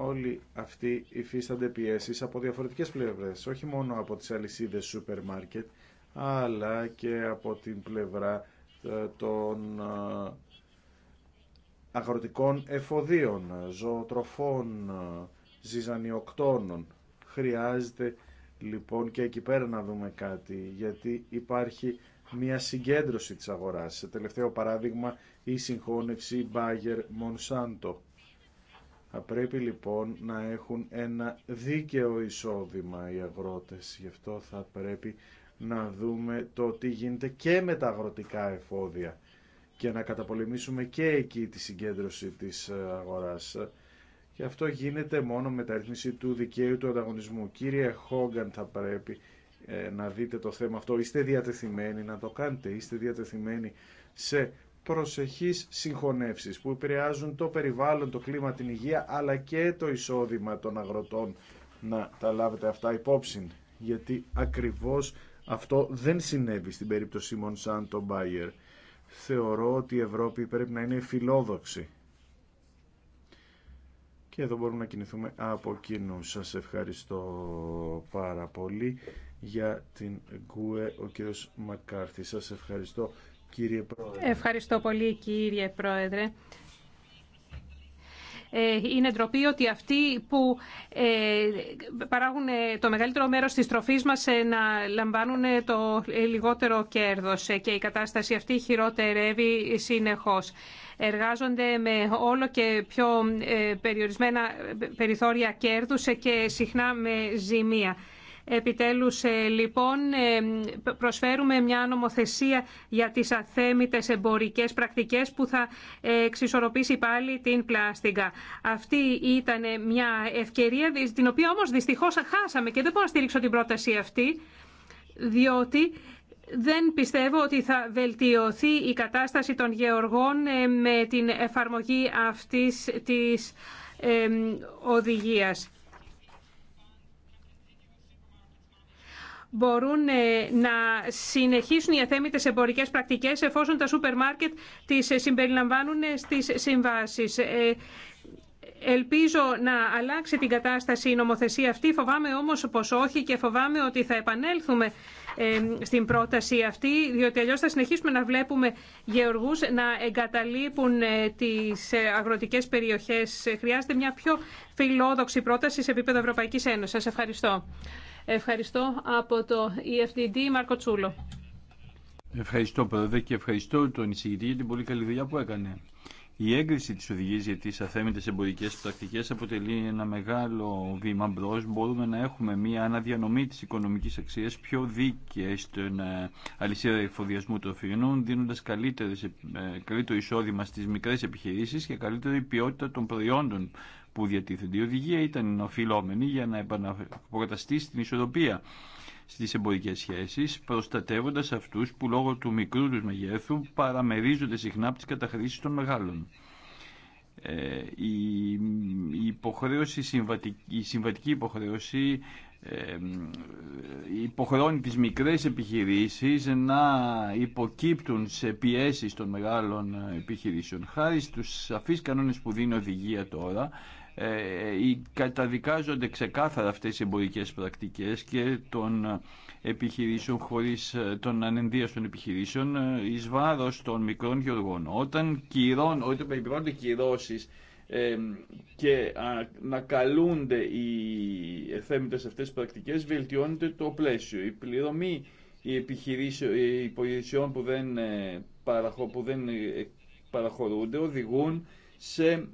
[SPEAKER 9] Όλοι αυτοί υφίστανται πιέσεις από διαφορετικές πλευρές, όχι μόνο από τις αλυσίδες σούπερ μάρκετ, αλλά και από την πλευρά ε, των ε, αγροτικών εφοδίων, ζωοτροφών, ε, ζυζανιοκτώνων. Χρειάζεται λοιπόν και εκεί πέρα να δούμε κάτι, γιατί υπάρχει μια συγκέντρωση της αγοράς. Σε τελευταίο παράδειγμα η συγχώνευση Bayer Monsanto. Θα πρέπει λοιπόν να έχουν ένα δίκαιο εισόδημα οι αγρότες, γι' αυτό θα πρέπει να δούμε το τι γίνεται και με τα αγροτικά εφόδια και να καταπολεμήσουμε και εκεί τη συγκέντρωση της ε, αγοράς. Και αυτό γίνεται μόνο με ρύθμιση του δικαίου του ανταγωνισμού. Κύριε Χόγκαν θα πρέπει ε, να δείτε το θέμα αυτό. Είστε διατεθειμένοι να το κάνετε. Είστε διατεθειμένοι σε προσεχείς συγχωνεύσεις που επηρεάζουν το περιβάλλον, το κλίμα, την υγεία αλλά και το εισόδημα των αγροτών να τα λάβετε αυτά υπόψη. Γιατί ακριβώς αυτό δεν συνέβη στην περίπτωση Μονσάντο Μπάιερ. Θεωρώ ότι η Ευρώπη πρέπει να είναι φιλόδοξη. Και εδώ μπορούμε να κινηθούμε από κοινού. Σας ευχαριστώ πάρα πολύ για την ΓΚΟΕ, ο κύριος Μακάρθη. Σας ευχαριστώ κύριε Πρόεδρε.
[SPEAKER 2] Ευχαριστώ πολύ κύριε Πρόεδρε. Ε, είναι ντροπή ότι αυτοί που ε, παράγουν ε, το μεγαλύτερο μέρος της τροφής μας να λαμβάνουν το λιγότερο κέρδος και η κατάσταση αυτή χειροτερεύει συνεχώς. Εργάζονται με όλο και πιο περιορισμένα περιθώρια κέρδους και συχνά με ζημία. Επιτέλους, ε, λοιπόν, ε, προσφέρουμε μια νομοθεσία για τις αθέμητες εμπορικές πρακτικές που θα ε, εξισορροπήσει πάλι την πλάστιγκα. Αυτή ήταν μια ευκαιρία, την οποία όμως δυστυχώς χάσαμε και δεν μπορώ να στήριξω την πρόταση αυτή, διότι δεν πιστεύω ότι θα βελτιωθεί η κατάσταση των γεωργών με την εφαρμογή αυτής της οδηγίας. μπορούν ε, να συνεχίσουν οι αθέμητες εμπορικές πρακτικές εφόσον τα σούπερ μάρκετ τις ε, συμπεριλαμβάνουν ε, στις συμβάσεις. Ελπίζω να αλλάξει την κατάσταση η νομοθεσία αυτή. Φοβάμαι όμως πως όχι και φοβάμαι ότι θα επανέλθουμε στην πρόταση αυτή, διότι αλλιώς θα συνεχίσουμε να βλέπουμε γεωργούς να εγκαταλείπουν τις αγροτικές περιοχές. Χρειάζεται μια πιο φιλόδοξη πρόταση σε επίπεδο Ευρωπαϊκής Ένωσης. Σας ευχαριστώ. Ευχαριστώ από το EFDD Μάρκο Τσούλο.
[SPEAKER 15] Ευχαριστώ Πρόεδρε και ευχαριστώ τον εισηγητή για την πολύ καλή δουλειά που έκανε. Η έγκριση της οδηγίας για τις αθέμητες εμπορικές πρακτικές αποτελεί ένα μεγάλο βήμα μπρο. Μπορούμε να έχουμε μια αναδιανομή της οικονομικής αξίας πιο δίκαιη στην ε, αλυσίδα εφοδιασμού τροφινών, δίνοντας ε, ε, καλύτερο εισόδημα στις μικρές επιχειρήσεις και καλύτερη ποιότητα των προϊόντων που διατίθενται. Η οδηγία ήταν οφειλόμενη για να αποκαταστήσει την ισορροπία στις εμπορικές σχέσεις, προστατεύοντας αυτούς που λόγω του μικρού τους μεγέθου παραμερίζονται συχνά από τις καταχρήσεις των μεγάλων. Ε, η, υποχρέωση, συμβατική, η υποχρέωση ε, υποχρεώνει τις μικρές επιχειρήσεις να υποκύπτουν σε πιέσεις των μεγάλων επιχειρήσεων. Χάρη στους σαφείς κανόνες που δίνει οδηγία τώρα, ε, ε, καταδικάζονται ξεκάθαρα αυτές οι εμπορικέ πρακτικές και των ε, επιχειρήσεων χωρίς των ανενδίαστων επιχειρήσεων εις βάρος των μικρών γεωργών. Όταν κυρών, όταν κυρώσεις και α, να καλούνται οι εθέμητες αυτές πρακτικές βελτιώνεται το πλαίσιο. Η πληρωμή οι υπηρεσιών που δεν, που δεν παραχωρούνται οδηγούν σε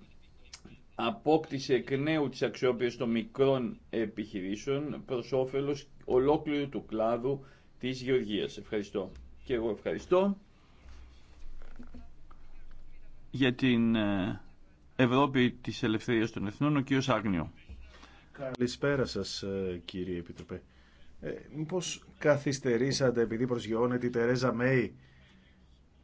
[SPEAKER 15] απόκτησε εκ νέου τις αξιόπιες των μικρών επιχειρήσεων προς όφελος ολόκληρου του κλάδου της γεωργίας. Ευχαριστώ. Και εγώ ευχαριστώ για την ε, Ευρώπη της Ελευθερίας των Εθνών, ο κύριος Άγνιο.
[SPEAKER 9] Καλησπέρα σας ε, κύριε Επιτροπέ. Ε, μήπως καθυστερήσατε επειδή προσγειώνεται η Τερέζα Μέη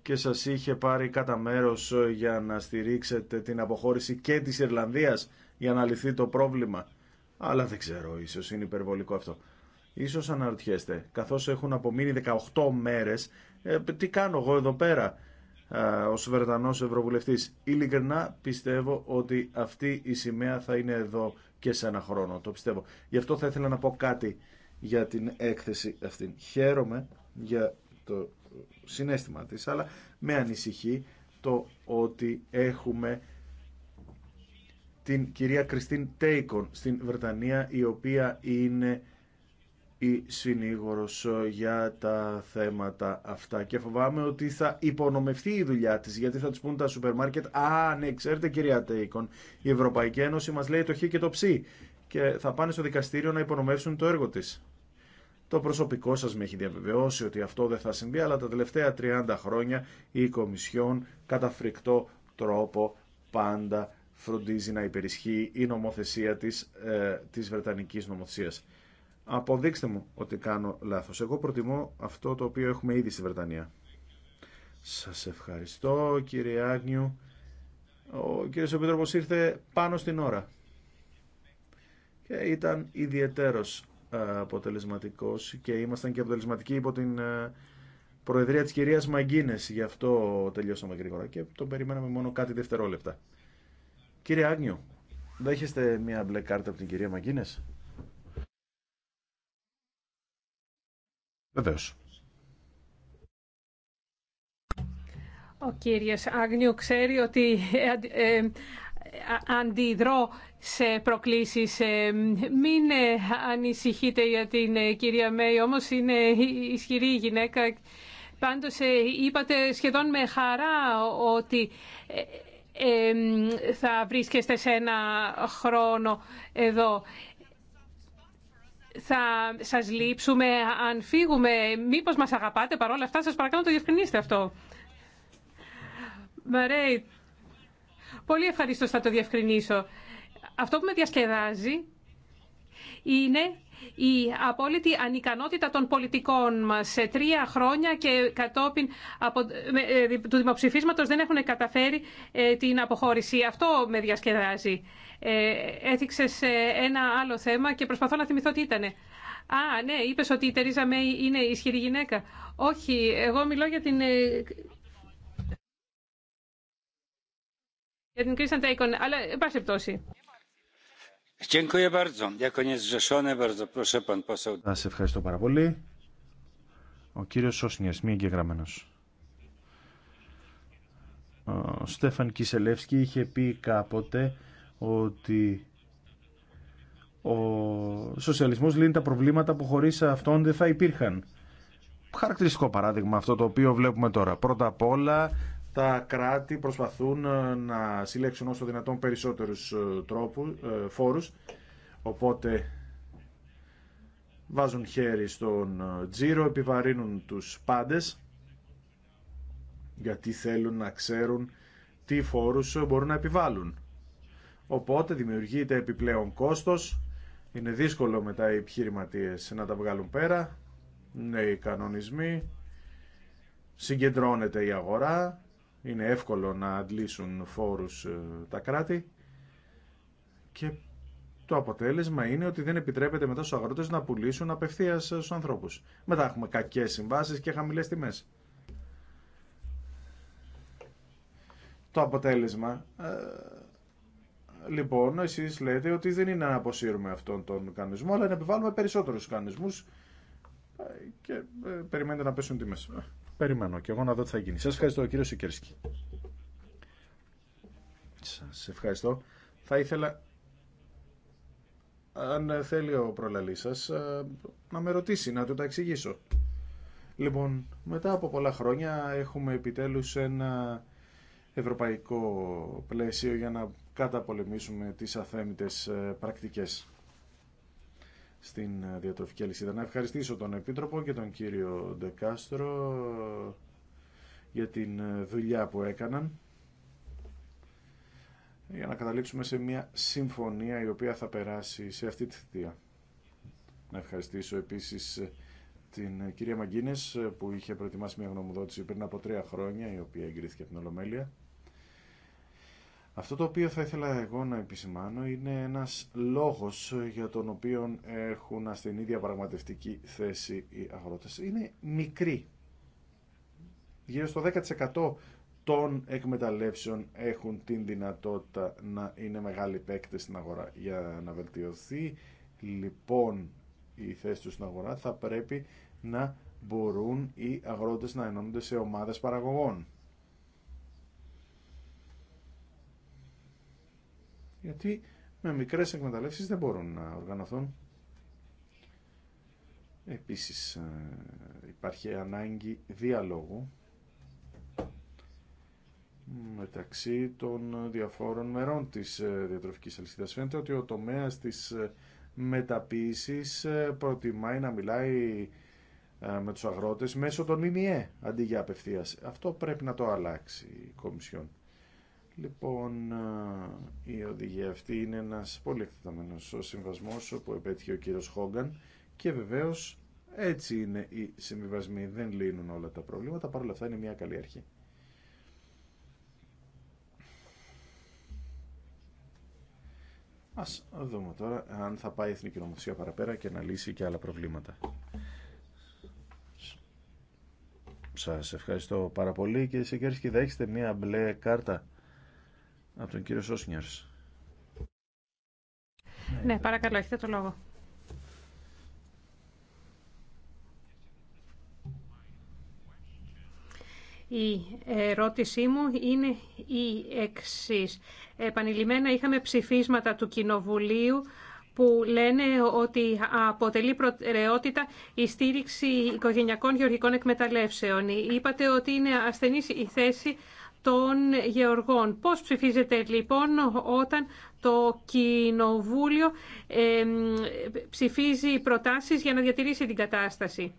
[SPEAKER 9] και σας είχε πάρει κατά μέρο ε, για να στηρίξετε την αποχώρηση και της Ιρλανδίας για να λυθεί το πρόβλημα. Αλλά δεν ξέρω, ίσως είναι υπερβολικό αυτό. Ίσως αναρωτιέστε, καθώς έχουν απομείνει 18 μέρες, ε, τι κάνω εγώ εδώ πέρα ε, ως Βρετανός Ευρωβουλευτής. Ειλικρινά πιστεύω ότι αυτή η σημαία θα είναι εδώ και σε ένα χρόνο, το πιστεύω. Γι' αυτό θα ήθελα να πω κάτι για την έκθεση αυτή. Χαίρομαι για το συνέστημα της, αλλά με ανησυχεί το ότι έχουμε την κυρία Κριστίν Τέικον στην Βρετανία, η οποία είναι η συνήγορος ε, για τα θέματα αυτά και φοβάμαι ότι θα υπονομευτεί η δουλειά της γιατί θα τους πούν τα σούπερ μάρκετ «Α, ναι, ξέρετε κυρία Τέικον, η Ευρωπαϊκή Ένωση μας λέει το χ και το ψ» και θα πάνε στο δικαστήριο να υπονομεύσουν το έργο της. Το προσωπικό σας με έχει διαβεβαιώσει ότι αυτό δεν θα συμβεί, αλλά τα τελευταία 30 χρόνια η Κομισιόν κατά φρικτό τρόπο πάντα φροντίζει να υπερισχύει η νομοθεσία της, ε, της Βρετανικής νομοθεσίας. Αποδείξτε μου ότι κάνω λάθος. Εγώ προτιμώ αυτό το οποίο έχουμε ήδη στη Βρετανία. Σας ευχαριστώ κύριε Άγνιου. Ο κύριος Επίτροπος ήρθε πάνω στην ώρα και ήταν ιδιαίτερος ε, αποτελεσματικό και ήμασταν και αποτελεσματικοί υπό την ε, προεδρία της κυρίας Μαγκίνε. Γι' αυτό τελειώσαμε γρήγορα και τον περιμέναμε μόνο κάτι δευτερόλεπτα. Κύριε Άγνιο, δέχεστε μια μπλε κάρτα από την κυρία Μαγκίνε. Βεβαίω.
[SPEAKER 2] Ο κύριος Άγνιο ξέρει ότι ε, αντιδρώ σε προκλήσεις. Ε, μην ε, ανησυχείτε για την ε, κυρία Μέη, όμως είναι ισχυρή η γυναίκα. Πάντως είπατε σχεδόν με χαρά ότι θα βρίσκεστε σε ένα χρόνο εδώ. Θα σας λείψουμε αν φύγουμε. Μήπως μας αγαπάτε παρόλα αυτά. Σας παρακαλώ το διευκρινίστε αυτό. Μαρέι, Πολύ ευχαριστώ θα το διευκρινίσω. Αυτό που με διασκεδάζει είναι η απόλυτη ανικανότητα των πολιτικών μας σε τρία χρόνια και κατόπιν από, ε, του δημοψηφίσματος δεν έχουν καταφέρει ε, την αποχώρηση. Αυτό με διασκεδάζει. Ε, έθιξε σε ένα άλλο θέμα και προσπαθώ να θυμηθώ τι ήταν. Α, ναι, είπες ότι η Τερίζα Μέη είναι ισχυρή γυναίκα. Όχι, εγώ μιλώ για την ε, για την κρίση Αλλά, εν πτώση.
[SPEAKER 9] Σα ευχαριστώ πάρα πολύ. Ο κύριος Σόσνιας, μη εγγεγραμμένος. Ο Στέφαν Κισελεύσκη είχε πει κάποτε ότι ο σοσιαλισμός λύνει τα προβλήματα που χωρίς αυτόν δεν θα υπήρχαν. Χαρακτηριστικό παράδειγμα αυτό το οποίο βλέπουμε τώρα. Πρώτα απ' όλα τα κράτη προσπαθούν ε, να συλλέξουν όσο δυνατόν περισσότερους ε, τρόπους, ε, φόρους, οπότε βάζουν χέρι στον τζίρο, επιβαρύνουν τους πάντες, γιατί θέλουν να ξέρουν τι φόρους μπορούν να επιβάλλουν. Οπότε δημιουργείται επιπλέον κόστος, είναι δύσκολο μετά οι επιχειρηματίες να τα βγάλουν πέρα, νέοι κανονισμοί, συγκεντρώνεται η αγορά είναι εύκολο να αντλήσουν φόρους ε, τα κράτη και το αποτέλεσμα είναι ότι δεν επιτρέπεται μετά στους αγρότες να πουλήσουν απευθείας στους ανθρώπους. Μετά έχουμε κακές συμβάσεις και χαμηλές τιμές. Το αποτέλεσμα, ε, λοιπόν, εσείς λέτε ότι δεν είναι να αποσύρουμε αυτόν τον κανονισμό, αλλά να επιβάλλουμε περισσότερους κανονισμούς ε, και ε, περιμένετε να πέσουν τιμές περιμένω και εγώ να δω τι θα γίνει. Σας ευχαριστώ κύριο Σικερσκή. Σας ευχαριστώ. Θα ήθελα, αν θέλει ο προλαλή σα ε, να με ρωτήσει, να του τα εξηγήσω. Λοιπόν, μετά από πολλά χρόνια έχουμε επιτέλους ένα ευρωπαϊκό πλαίσιο για να καταπολεμήσουμε τις αθέμητες ε, πρακτικές στην ε, διατροφική αλυσίδα. Να ευχαριστήσω τον Επίτροπο και τον κύριο Ντεκάστρο για την ε, δουλειά που έκαναν για να καταλήξουμε σε μια συμφωνία η οποία θα περάσει σε αυτή τη θητεία. Να ευχαριστήσω επίσης ε, την κυρία Μαγκίνες που είχε προετοιμάσει μια γνωμοδότηση πριν από τρία χρόνια η οποία εγκρίθηκε από την Ολομέλεια αυτό το οποίο θα ήθελα εγώ να επισημάνω είναι ένας λόγος για τον οποίο έχουν ίδια διαπραγματευτική θέση οι αγρότες. Είναι μικρή. Γύρω στο 10% των εκμεταλλεύσεων έχουν την δυνατότητα να είναι μεγάλοι παίκτες στην αγορά. Για να βελτιωθεί λοιπόν η θέση τους στην αγορά θα πρέπει να μπορούν οι αγρότες να ενώνονται σε ομάδες παραγωγών. γιατί με μικρές εκμεταλλεύσεις δεν μπορούν να οργανωθούν. Επίσης ε, υπάρχει ανάγκη διαλόγου μεταξύ των διαφόρων μερών της ε, διατροφικής αλυσίδας. Φαίνεται ότι ο τομέας της ε, μεταποίησης προτιμάει να μιλάει με τους αγρότες μέσω των ΙΝΙΕ αντί για απευθείας. Αυτό πρέπει να το αλλάξει η Κομισιόν. Λοιπόν, η οδηγία αυτή είναι ένας πολύ εκτεταμένος συμβασμό που επέτυχε ο κύριος Χόγκαν και βεβαίως έτσι είναι οι συμβιβασμοί, δεν λύνουν όλα τα προβλήματα, παρόλα αυτά είναι μια καλή αρχή. Ας δούμε τώρα αν θα πάει η Εθνική Νομοθεσία παραπέρα και να λύσει και άλλα προβλήματα. Σας ευχαριστώ πάρα πολύ και σε Κέρσκι μια μπλε κάρτα από τον κύριο Σόσνιαρς.
[SPEAKER 2] Ναι, παρακαλώ, έχετε το λόγο. Η ερώτησή μου είναι η εξής. Επανειλημμένα είχαμε ψηφίσματα του Κοινοβουλίου που λένε ότι αποτελεί προτεραιότητα η στήριξη οικογενειακών γεωργικών εκμεταλλεύσεων. Είπατε ότι είναι ασθενής η θέση των γεωργών. Πώς ψηφίζεται λοιπόν όταν το Κοινοβούλιο ε, ψηφίζει προτάσεις για να διατηρήσει την κατάσταση.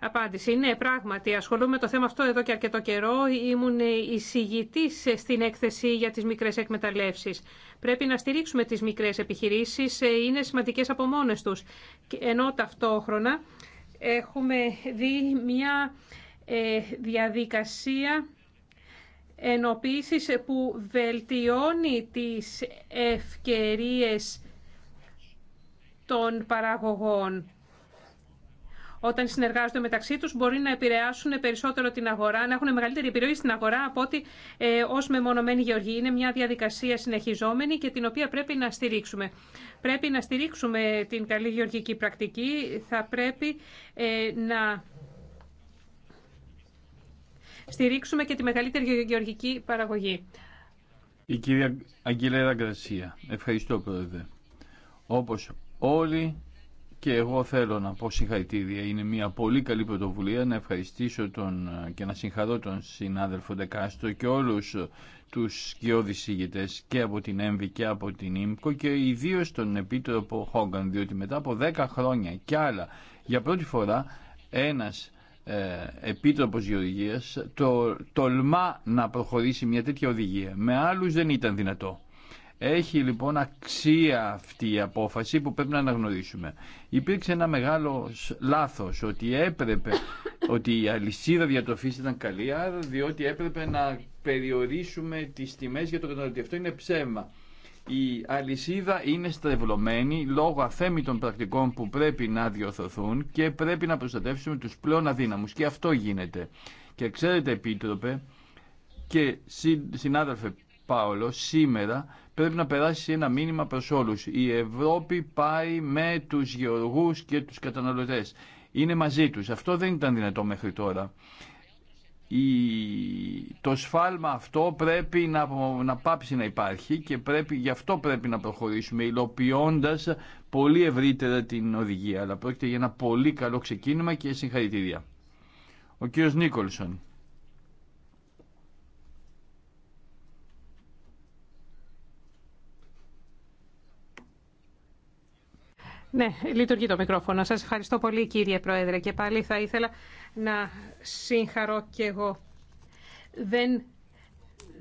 [SPEAKER 2] Απάντηση. Ναι, πράγματι. Ασχολούμαι με το θέμα αυτό εδώ και αρκετό καιρό. Ήμουν εισηγητή στην έκθεση για τι μικρέ εκμεταλλεύσει. Πρέπει να στηρίξουμε τι μικρέ επιχειρήσει. Είναι σημαντικέ από μόνε του. Ενώ ταυτόχρονα έχουμε δει μια ε, διαδικασία ενοποίησης που βελτιώνει τις ευκαιρίες των παραγωγών. Όταν συνεργάζονται μεταξύ τους μπορεί να επηρεάσουν περισσότερο την αγορά, να έχουν μεγαλύτερη επιρροή στην αγορά από ότι ε, ως μεμονωμένη γεωργοί. Είναι μια διαδικασία συνεχιζόμενη και την οποία πρέπει να στηρίξουμε. Πρέπει να στηρίξουμε την καλή γεωργική πρακτική, θα πρέπει ε, να στηρίξουμε και τη μεγαλύτερη γεωργική παραγωγή.
[SPEAKER 15] Η κυρία Αγγελέρα Γκρασία. Ευχαριστώ, Πρόεδρε. Όπως όλοι και εγώ θέλω να πω συγχαρητήρια. Είναι μια πολύ καλή πρωτοβουλία να ευχαριστήσω τον και να συγχαρώ τον συνάδελφο Ντεκάστρο και όλους τους σκιώδης ηγητές και από την ΕΜΒΙ και από την ΙΜΚΟ και ιδίω τον Επίτροπο Χόγκαν διότι μετά από 10 χρόνια και άλλα για πρώτη φορά ένας ε, Επίτροπος Γεωργίας το, τολμά να προχωρήσει μια τέτοια οδηγία. Με άλλους δεν ήταν δυνατό. Έχει λοιπόν αξία αυτή η απόφαση που πρέπει να αναγνωρίσουμε. Υπήρξε ένα μεγάλο λάθος ότι έπρεπε, ότι η αλυσίδα διατροφής ήταν καλή, άρα διότι έπρεπε να περιορίσουμε τις τιμές για το καταναλωτή. Αυτό είναι ψέμα η αλυσίδα είναι στρεβλωμένη λόγω αθέμητων πρακτικών που πρέπει να διορθωθούν και πρέπει να προστατεύσουμε τους πλέον αδύναμους. Και αυτό γίνεται. Και ξέρετε, Επίτροπε και συνάδελφε Πάολο, σήμερα πρέπει να περάσει ένα μήνυμα προς όλους. Η Ευρώπη πάει με τους γεωργούς και τους καταναλωτές. Είναι μαζί τους. Αυτό δεν ήταν δυνατό μέχρι τώρα η, το σφάλμα αυτό πρέπει να, να πάψει να υπάρχει και πρέπει, γι' αυτό πρέπει να προχωρήσουμε υλοποιώντα πολύ ευρύτερα την οδηγία. Αλλά πρόκειται για ένα πολύ καλό ξεκίνημα και συγχαρητήρια. Ο κύριος Νίκολσον.
[SPEAKER 2] Ναι, λειτουργεί το μικρόφωνο. Σας ευχαριστώ πολύ κύριε Πρόεδρε και πάλι θα ήθελα να συγχαρώ κι εγώ. Δεν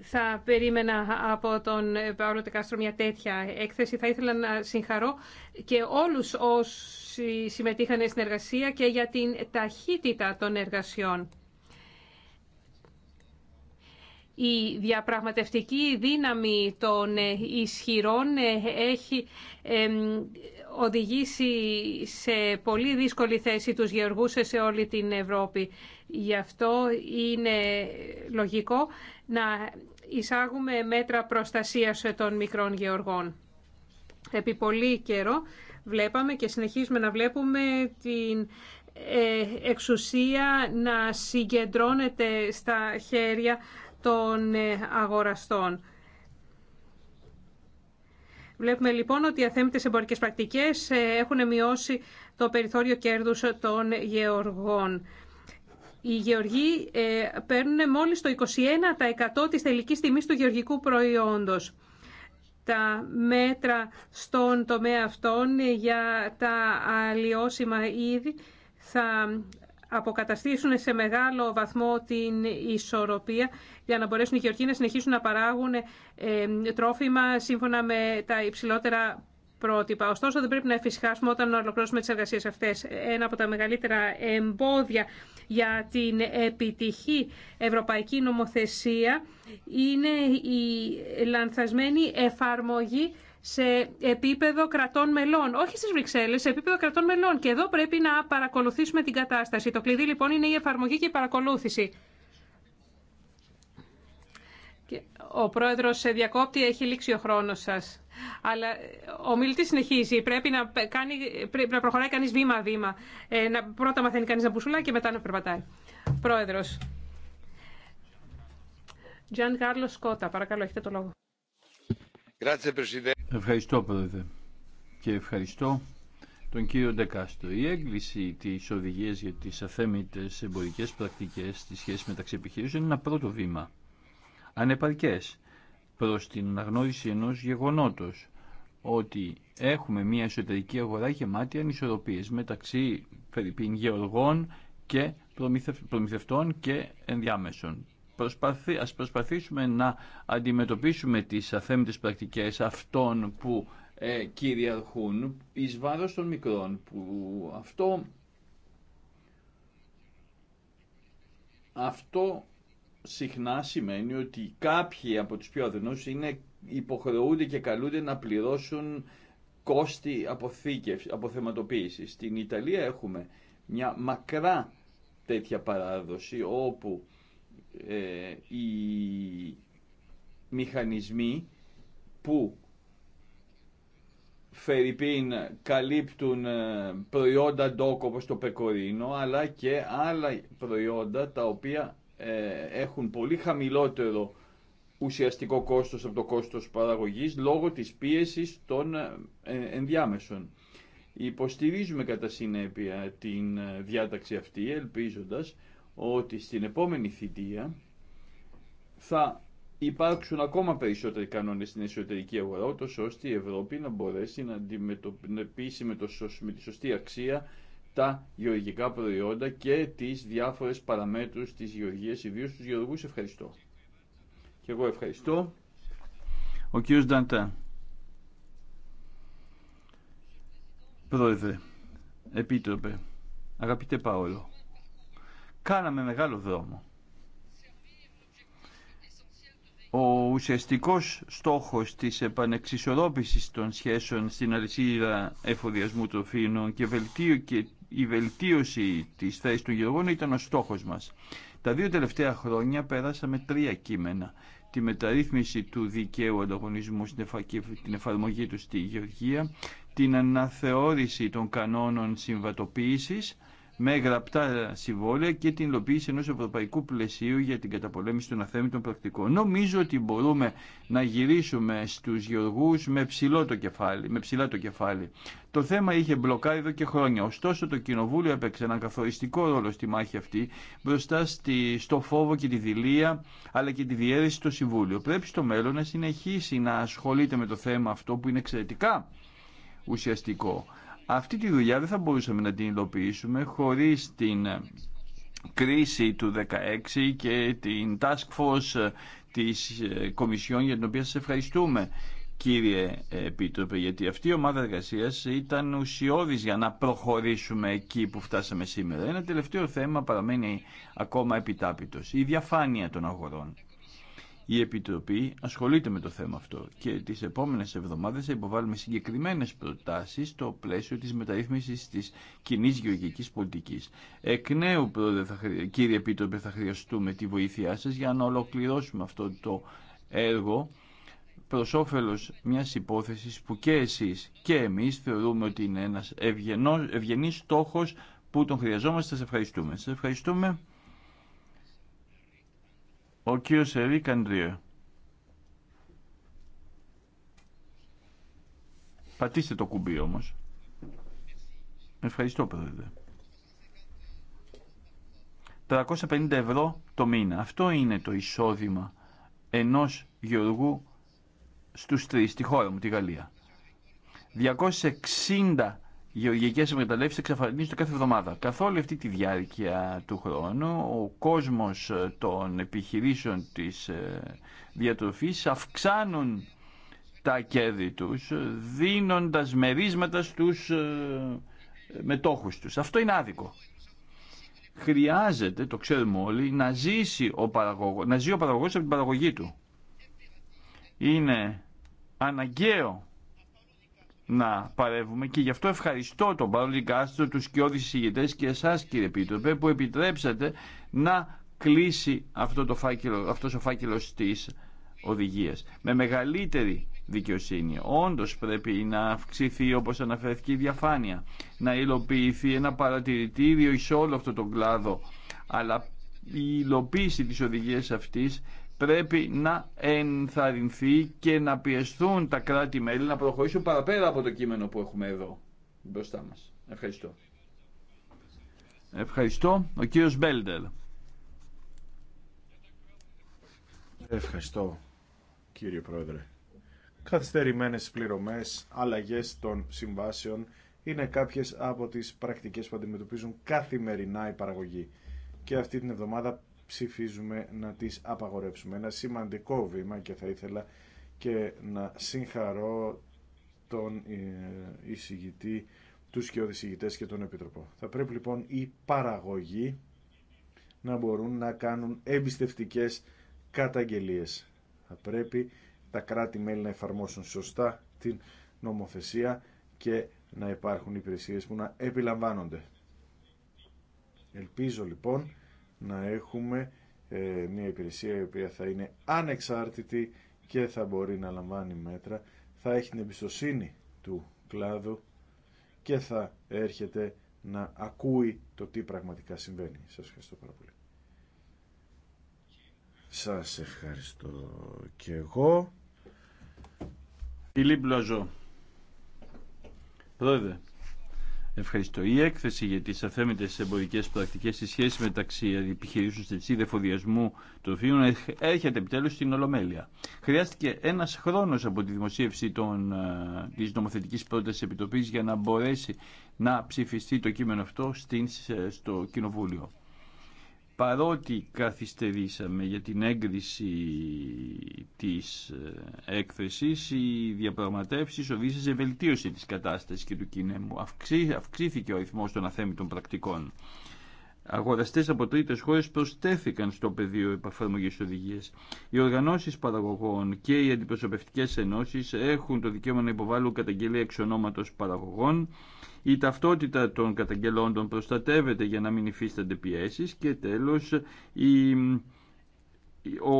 [SPEAKER 2] θα περίμενα από τον Παύλο Τεκάστρο μια τέτοια έκθεση. Θα ήθελα να συγχαρώ και όλους όσοι συμμετείχαν στην εργασία και για την ταχύτητα των εργασιών. Η διαπραγματευτική δύναμη των ισχυρών ε, έχει ε, οδηγήσει σε πολύ δύσκολη θέση τους γεωργούς σε όλη την Ευρώπη. Γι' αυτό είναι λογικό να εισάγουμε μέτρα προστασίας των μικρών γεωργών. Επί πολύ καιρό βλέπαμε και συνεχίζουμε να βλέπουμε την ε, εξουσία να συγκεντρώνεται στα χέρια των ε, αγοραστών. Βλέπουμε λοιπόν ότι οι αθέμητες εμπορικές πρακτικές ε, έχουν μειώσει το περιθώριο κέρδους των γεωργών. Οι γεωργοί ε, παίρνουν μόλις το 21% της τελικής τιμής του γεωργικού προϊόντος. Τα μέτρα στον τομέα αυτών ε, για τα αλλοιώσιμα είδη θα αποκαταστήσουν σε μεγάλο βαθμό την ισορροπία για να μπορέσουν οι γεωργοί να συνεχίσουν να παράγουν ε, τρόφιμα σύμφωνα με τα υψηλότερα πρότυπα. Ωστόσο, δεν πρέπει να εφησυχάσουμε όταν ολοκληρώσουμε τι εργασίε αυτέ. Ένα από τα μεγαλύτερα εμπόδια για την επιτυχή ευρωπαϊκή νομοθεσία είναι η λανθασμένη εφαρμογή σε επίπεδο κρατών μελών, όχι στις Βρυξέλλες, σε επίπεδο κρατών μελών. Και εδώ πρέπει να παρακολουθήσουμε την κατάσταση. Το κλειδί λοιπόν είναι η εφαρμογή και η παρακολούθηση. Ο πρόεδρο σε διακόπτη έχει λήξει ο χρόνο σα. Αλλά ε, ο μιλητή συνεχίζει. Πρέπει να, κάνει, να προχωράει κανεί βήμα-βήμα. Ε, να, πρώτα μαθαίνει κανεί να μπουσουλάει και μετά να περπατάει. Πρόεδρο. Τζαν Κάρλο Σκότα, παρακαλώ, έχετε το λόγο.
[SPEAKER 15] Ευχαριστώ πρόεδρε και ευχαριστώ τον κύριο Ντεκάστρο. Η έγκληση τη οδηγία για τι αθέμητε εμπορικέ πρακτικέ στη σχέση μεταξύ επιχειρήσεων είναι ένα πρώτο βήμα. Ανεπαρκέ προ την αναγνώριση ενό γεγονότο ότι έχουμε μια εσωτερική αγορά γεμάτη ανισορροπίε μεταξύ περιπίν γεωργών και προμηθευτών και ενδιάμεσων. Α ας προσπαθήσουμε να αντιμετωπίσουμε τις αθέμητες πρακτικές αυτών που ε, κυριαρχούν εις βάρος των μικρών που αυτό αυτό συχνά σημαίνει ότι κάποιοι από τους πιο αδενούς είναι υποχρεούνται και καλούνται να πληρώσουν κόστη αποθήκευση, αποθεματοποίησης. Στην Ιταλία έχουμε μια μακρά τέτοια παράδοση όπου ε, οι μηχανισμοί που φερρυπίν καλύπτουν ε, προϊόντα ντόκ όπως το πεκορίνο αλλά και άλλα προϊόντα τα οποία ε, έχουν πολύ χαμηλότερο ουσιαστικό κόστος από το κόστος παραγωγής λόγω της πίεσης των ενδιάμεσων. Υποστηρίζουμε κατά συνέπεια την διάταξη αυτή ελπίζοντας ότι στην επόμενη θητεία θα υπάρξουν ακόμα περισσότεροι κανόνες στην εσωτερική αγορά, ούτως ώστε η Ευρώπη να μπορέσει να αντιμετωπίσει με, το, τη σωστή αξία τα γεωργικά προϊόντα και τις διάφορες παραμέτρους της γεωργίας, ιδίως τους γεωργούς. Ευχαριστώ. Και εγώ ευχαριστώ. Ο κύριος Νταντά. Πρόεδρε, Επίτροπε, αγαπητέ Παόλο, Κάναμε μεγάλο δρόμο. Ο ουσιαστικός στόχος της επανεξισορρόπησης των σχέσεων στην αλυσίδα εφοδιασμού τροφίνων και, και η βελτίωση της θέσης των γεωργών ήταν ο στόχος μας. Τα δύο τελευταία χρόνια περάσαμε τρία κείμενα. Τη μεταρρύθμιση του δικαίου ανταγωνισμού στην εφαρμογή του στη Γεωργία, την αναθεώρηση των κανόνων συμβατοποίησης με γραπτά συμβόλαια και την υλοποίηση ενός ευρωπαϊκού πλαισίου για την καταπολέμηση των αθέμητων πρακτικών. Νομίζω ότι μπορούμε να γυρίσουμε στους γεωργούς με, ψηλό κεφάλι, με ψηλά το κεφάλι. Το θέμα είχε μπλοκάρει εδώ και χρόνια. Ωστόσο το Κοινοβούλιο έπαιξε έναν καθοριστικό ρόλο στη μάχη αυτή μπροστά στη, στο φόβο και τη δηλία αλλά και τη διέρεση στο Συμβούλιο. Πρέπει στο μέλλον να συνεχίσει να ασχολείται με το θέμα αυτό που είναι εξαιρετικά ουσιαστικό αυτή τη δουλειά δεν θα μπορούσαμε να την υλοποιήσουμε χωρίς την ε, κρίση του 16 και την task force ε, της ε, Κομισιόν για την οποία σας ευχαριστούμε κύριε Επίτροπε, γιατί αυτή η ομάδα εργασία ήταν ουσιώδης για να προχωρήσουμε εκεί που φτάσαμε σήμερα. Ένα τελευταίο θέμα παραμένει ακόμα επιτάπητος, η διαφάνεια των αγορών. Η Επιτροπή ασχολείται με το θέμα αυτό και τις επόμενες εβδομάδες θα υποβάλουμε συγκεκριμένες προτάσεις στο πλαίσιο της μεταρρύθμισης της κοινή γεωργικής πολιτικής. Εκ νέου, κύριε Επίτροπε, θα χρειαστούμε τη βοήθειά σας για να ολοκληρώσουμε αυτό το έργο προς όφελος μιας υπόθεσης που και εσείς και εμείς θεωρούμε ότι είναι ένας ευγενό, ευγενής στόχος που τον χρειαζόμαστε. Σας ευχαριστούμε. Σας ευχαριστούμε. Ο κύριος Ερίκ Ανδρία. Πατήστε το κουμπί όμως. Ευχαριστώ πρόεδρε. 350 ευρώ το μήνα. Αυτό είναι το εισόδημα ενός γεωργού στους τρεις, στη χώρα μου, τη Γαλλία. 260 γεωργικέ εκμεταλλεύσει εξαφανίζονται κάθε εβδομάδα. Καθ' όλη αυτή τη διάρκεια του χρόνου ο κόσμος των επιχειρήσεων της ε, διατροφή αυξάνουν τα κέρδη τους δίνοντας μερίσματα στους ε, μετόχους τους. Αυτό είναι άδικο. Χρειάζεται, το ξέρουμε όλοι, να, ζήσει ο να ζει ο παραγωγός από την παραγωγή του. Είναι αναγκαίο να παρεύουμε και γι' αυτό ευχαριστώ τον Παρόλη Κάστρο, τους σκιώδη συγγητέ και εσάς κύριε Πίτροπε που επιτρέψατε να κλείσει αυτό το φάκελο, αυτός ο φάκελος της οδηγίας. Με μεγαλύτερη δικαιοσύνη. Όντως πρέπει να αυξηθεί όπως αναφέρθηκε η διαφάνεια, να υλοποιηθεί ένα παρατηρητήριο σε όλο αυτό τον κλάδο. Αλλά η υλοποίηση της οδηγίας αυτής πρέπει να ενθαρρυνθεί και να πιεστούν τα κράτη-μέλη να προχωρήσουν παραπέρα από το κείμενο που έχουμε εδώ μπροστά μας. Ευχαριστώ. Ευχαριστώ. Ο κύριος Μπέλντερ. Ευχαριστώ κύριε Πρόεδρε.
[SPEAKER 9] Καθυστερημένες πληρωμές, αλλαγές των συμβάσεων είναι κάποιες από τις πρακτικές που αντιμετωπίζουν καθημερινά η παραγωγή. Και αυτή την εβδομάδα ψηφίζουμε να τις απαγορεύσουμε. Ένα σημαντικό βήμα και θα ήθελα και να συγχαρώ τον ε, εισηγητή, τους και οδησηγητές και τον Επιτροπό. Θα πρέπει λοιπόν οι παραγωγοί να μπορούν να κάνουν εμπιστευτικές καταγγελίες. Θα πρέπει τα κράτη-μέλη να εφαρμόσουν σωστά την νομοθεσία και να υπάρχουν υπηρεσίες που να επιλαμβάνονται. Ελπίζω λοιπόν να έχουμε ε, μια υπηρεσία η οποία θα είναι ανεξάρτητη και θα μπορεί να λαμβάνει μέτρα, θα έχει την εμπιστοσύνη του κλάδου και θα έρχεται να ακούει το τι πραγματικά συμβαίνει. Σας ευχαριστώ πάρα πολύ. Σας ευχαριστώ και εγώ.
[SPEAKER 15] Φιλίπ Λαζό. Ευχαριστώ. Η έκθεση για τι αφέμετε εμπορικέ πρακτικέ στη σχέση μεταξύ επιχειρήσεων στετσίδε φοδιασμού τροφίων έρχεται επιτέλου στην Ολομέλεια. Χρειάστηκε ένα χρόνο από τη δημοσίευση ε, τη νομοθετική πρόταση επιτροπή για να μπορέσει να ψηφιστεί το κείμενο αυτό στο Κοινοβούλιο παρότι καθυστερήσαμε για την έγκριση της ε, έκθεσης, οι διαπραγματεύσεις οδήγησαν σε βελτίωση της κατάστασης και του κινέμου. Αυξήθηκε ο αριθμός των αθέμητων πρακτικών. Αγοραστέ από τρίτε χώρε προστέθηκαν στο πεδίο επαφαρμογή οδηγία. Οι οργανώσεις παραγωγών και οι αντιπροσωπευτικέ ενώσει έχουν το δικαίωμα να υποβάλουν καταγγελία εξ ονόματο παραγωγών. Η ταυτότητα των καταγγελόντων προστατεύεται για να μην υφίστανται πιέσεις και τέλος η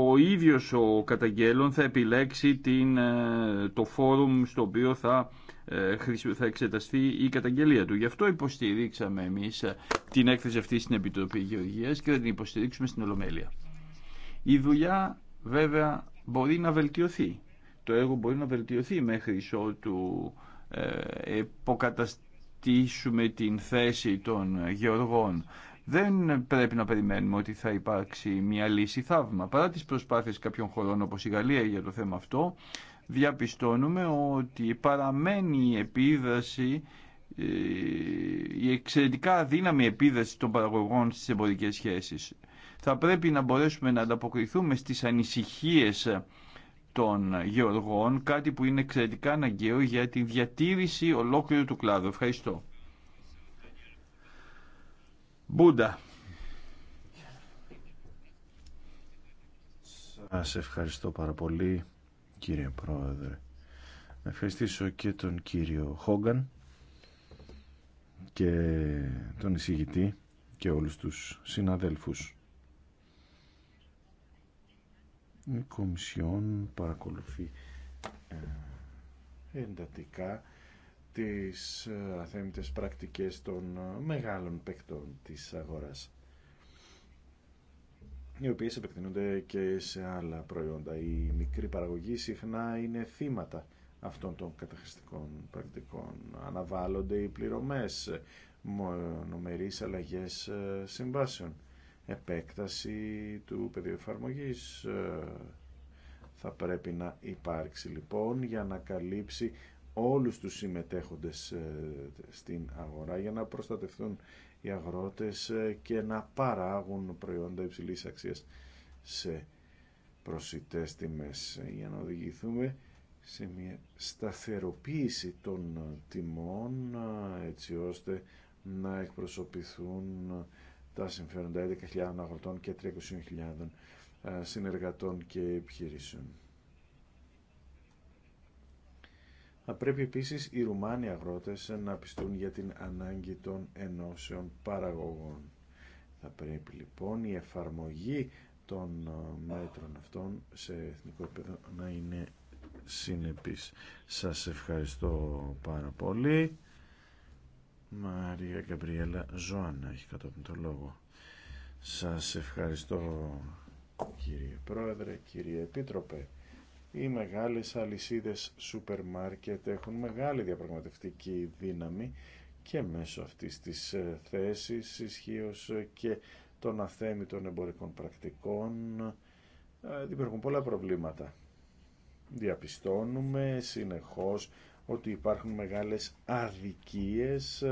[SPEAKER 15] ο ίδιος ο καταγγέλων θα επιλέξει την, ε, το φόρουμ στο οποίο θα ε, θα εξεταστεί η καταγγελία του. Γι' αυτό υποστηρίξαμε εμείς ε, την έκθεση αυτή στην Επιτροπή Γεωργία και θα την υποστηρίξουμε στην Ολομέλεια. Η δουλειά βέβαια μπορεί να βελτιωθεί. Το έργο μπορεί να βελτιωθεί μέχρι ότου ε, υποκαταστήσουμε την θέση των γεωργών. Δεν πρέπει να περιμένουμε ότι θα υπάρξει μια λύση θαύμα. Παρά τις προσπάθειες κάποιων χωρών όπως η Γαλλία για το θέμα αυτό, διαπιστώνουμε ότι παραμένει η επίδραση ε, η εξαιρετικά αδύναμη επίδραση των παραγωγών στις εμπορικές σχέσεις. Θα πρέπει να μπορέσουμε να ανταποκριθούμε στις ανησυχίες των γεωργών, κάτι που είναι εξαιρετικά αναγκαίο για τη διατήρηση ολόκληρου του κλάδου. Ευχαριστώ. Μπούντα.
[SPEAKER 9] Σας ευχαριστώ πάρα πολύ κύριε Πρόεδρε. Να ευχαριστήσω και τον κύριο Χόγκαν και τον εισηγητή και όλους τους συναδέλφους. Η Κομισιόν παρακολουθεί ε, εντατικά τις ε, αθέμητες πρακτικές των ε, μεγάλων παικτών της αγοράς οι οποίες επεκτείνονται και σε άλλα προϊόντα. Η μικρή παραγωγή συχνά είναι θύματα αυτών των καταχρηστικών πρακτικών. Αναβάλλονται οι πληρωμές, μονομερείς αλλαγές ε, συμβάσεων, επέκταση του πεδίου ε, θα πρέπει να υπάρξει λοιπόν για να καλύψει όλους τους συμμετέχοντες ε, στην αγορά για να προστατευτούν οι αγρότες ε, και να παράγουν προϊόντα υψηλής αξίας σε προσιτές τιμές για να οδηγηθούμε σε μια σταθεροποίηση των τιμών ε, έτσι ώστε να εκπροσωπηθούν ε, τα συμφέροντα 11.000 αγροτών και 300.000 συνεργατών και επιχειρήσεων. Θα πρέπει επίσης οι Ρουμάνοι αγρότες να πιστούν για την ανάγκη των ενώσεων παραγωγών. Θα πρέπει λοιπόν η εφαρμογή των ε, μέτρων αυτών σε εθνικό επίπεδο να είναι συνεπής. Σας ευχαριστώ πάρα πολύ. Μαρία Γκαμπριέλα Ζωάννα έχει κατόπιν το λόγο. Σας ευχαριστώ κύριε Πρόεδρε, κύριε Επίτροπε οι μεγάλες αλυσίδες σούπερ μάρκετ έχουν μεγάλη διαπραγματευτική δύναμη και μέσω αυτής της ε, θέσης ισχύω ε, και των αθέμητων εμπορικών πρακτικών ε, δημιουργούν πολλά προβλήματα. Διαπιστώνουμε συνεχώς ότι υπάρχουν μεγάλες αδικίες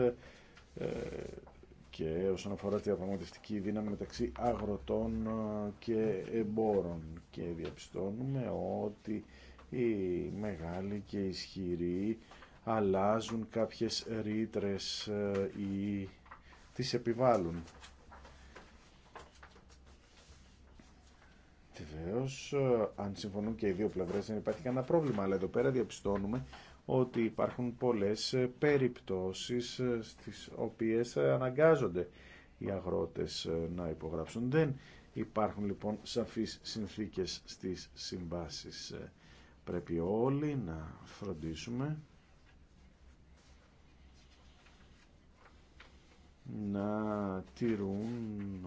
[SPEAKER 9] και όσον αφορά τη διαπραγματευτική δύναμη μεταξύ αγροτών ε, και εμπόρων και διαπιστώνουμε ότι οι μεγάλοι και ισχυροί αλλάζουν κάποιες ρήτρε ε, ή τις επιβάλλουν. Βεβαίω, ε, αν συμφωνούν και οι δύο πλευρές δεν υπάρχει κανένα πρόβλημα, αλλά εδώ πέρα διαπιστώνουμε ότι υπάρχουν πολλές ε, περιπτώσεις ε, στις οποίες ε, αναγκάζονται οι αγρότες να υπογράψουν. Δεν υπάρχουν λοιπόν σαφείς συνθήκες στις συμβάσεις. Πρέπει όλοι να φροντίσουμε να τηρούν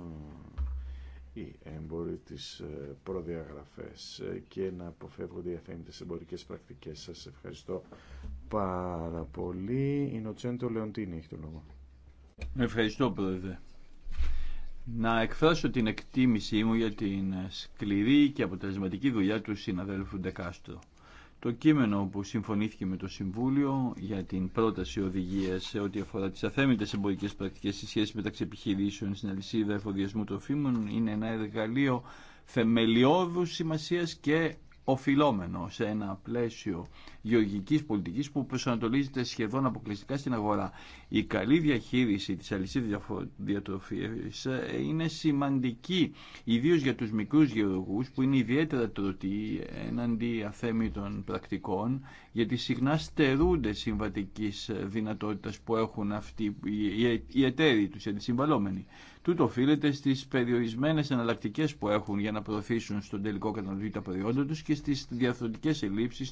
[SPEAKER 9] οι έμποροι τις ε, προδιαγραφές ε, και να αποφεύγονται οι αθέμητες εμπορικές πρακτικές. Σας ευχαριστώ πάρα πολύ. Η Νοτσέντο Λεοντίνη έχει το
[SPEAKER 15] λόγο. Ευχαριστώ πρόεδρε. Να εκφράσω την εκτίμησή μου για την σκληρή και αποτελεσματική δουλειά του συναδέλφου Ντεκάστρο. Το κείμενο που συμφωνήθηκε με το Συμβούλιο για την πρόταση οδηγία σε ό,τι αφορά τι αθέμητε εμπορικέ πρακτικέ στη σχέση μεταξύ επιχειρήσεων στην αλυσίδα εφοδιασμού τροφίμων είναι ένα εργαλείο θεμελιώδου σημασία και οφειλόμενο σε ένα πλαίσιο γεωργικής πολιτικής που προσανατολίζεται σχεδόν αποκλειστικά στην αγορά. Η καλή διαχείριση της αλυσίδας διατροφής ε, είναι σημαντική, ιδίως για τους μικρούς γεωργούς που είναι ιδιαίτερα τροτοί έναντι αθέμητων πρακτικών, γιατί συχνά στερούνται συμβατικής δυνατότητας που έχουν αυτοί οι εταίροι τους, οι αντισυμβαλόμενοι. Τούτο οφείλεται στι περιορισμένε εναλλακτικέ που έχουν για να προωθήσουν στον τελικό καταναλωτή τα προϊόντα του και στι διαφορετικέ ελλείψει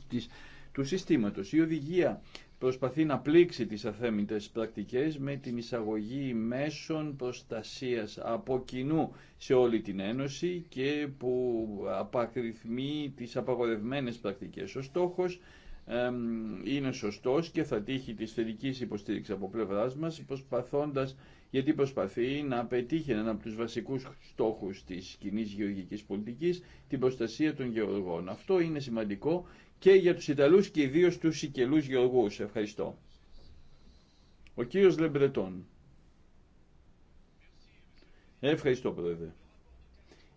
[SPEAKER 15] του συστήματο. Η οδηγία προσπαθεί να πλήξει τις αθέμητες πρακτικές με την εισαγωγή μέσων προστασία από κοινού σε όλη την Ένωση και που απαριθμεί τι απαγορευμένε πρακτικέ. Ο στόχος είναι σωστός και θα τύχει της θετικής υποστήριξης από πλευράς μας προσπαθώντας γιατί προσπαθεί να πετύχει έναν από τους βασικούς στόχους της κοινή γεωργικής πολιτικής, την προστασία των γεωργών. Αυτό είναι σημαντικό και για τους Ιταλούς και ιδίω τους Σικελούς γεωργούς. Ευχαριστώ. Ο κύριος Λεμπρετών. Ευχαριστώ πρόεδρε.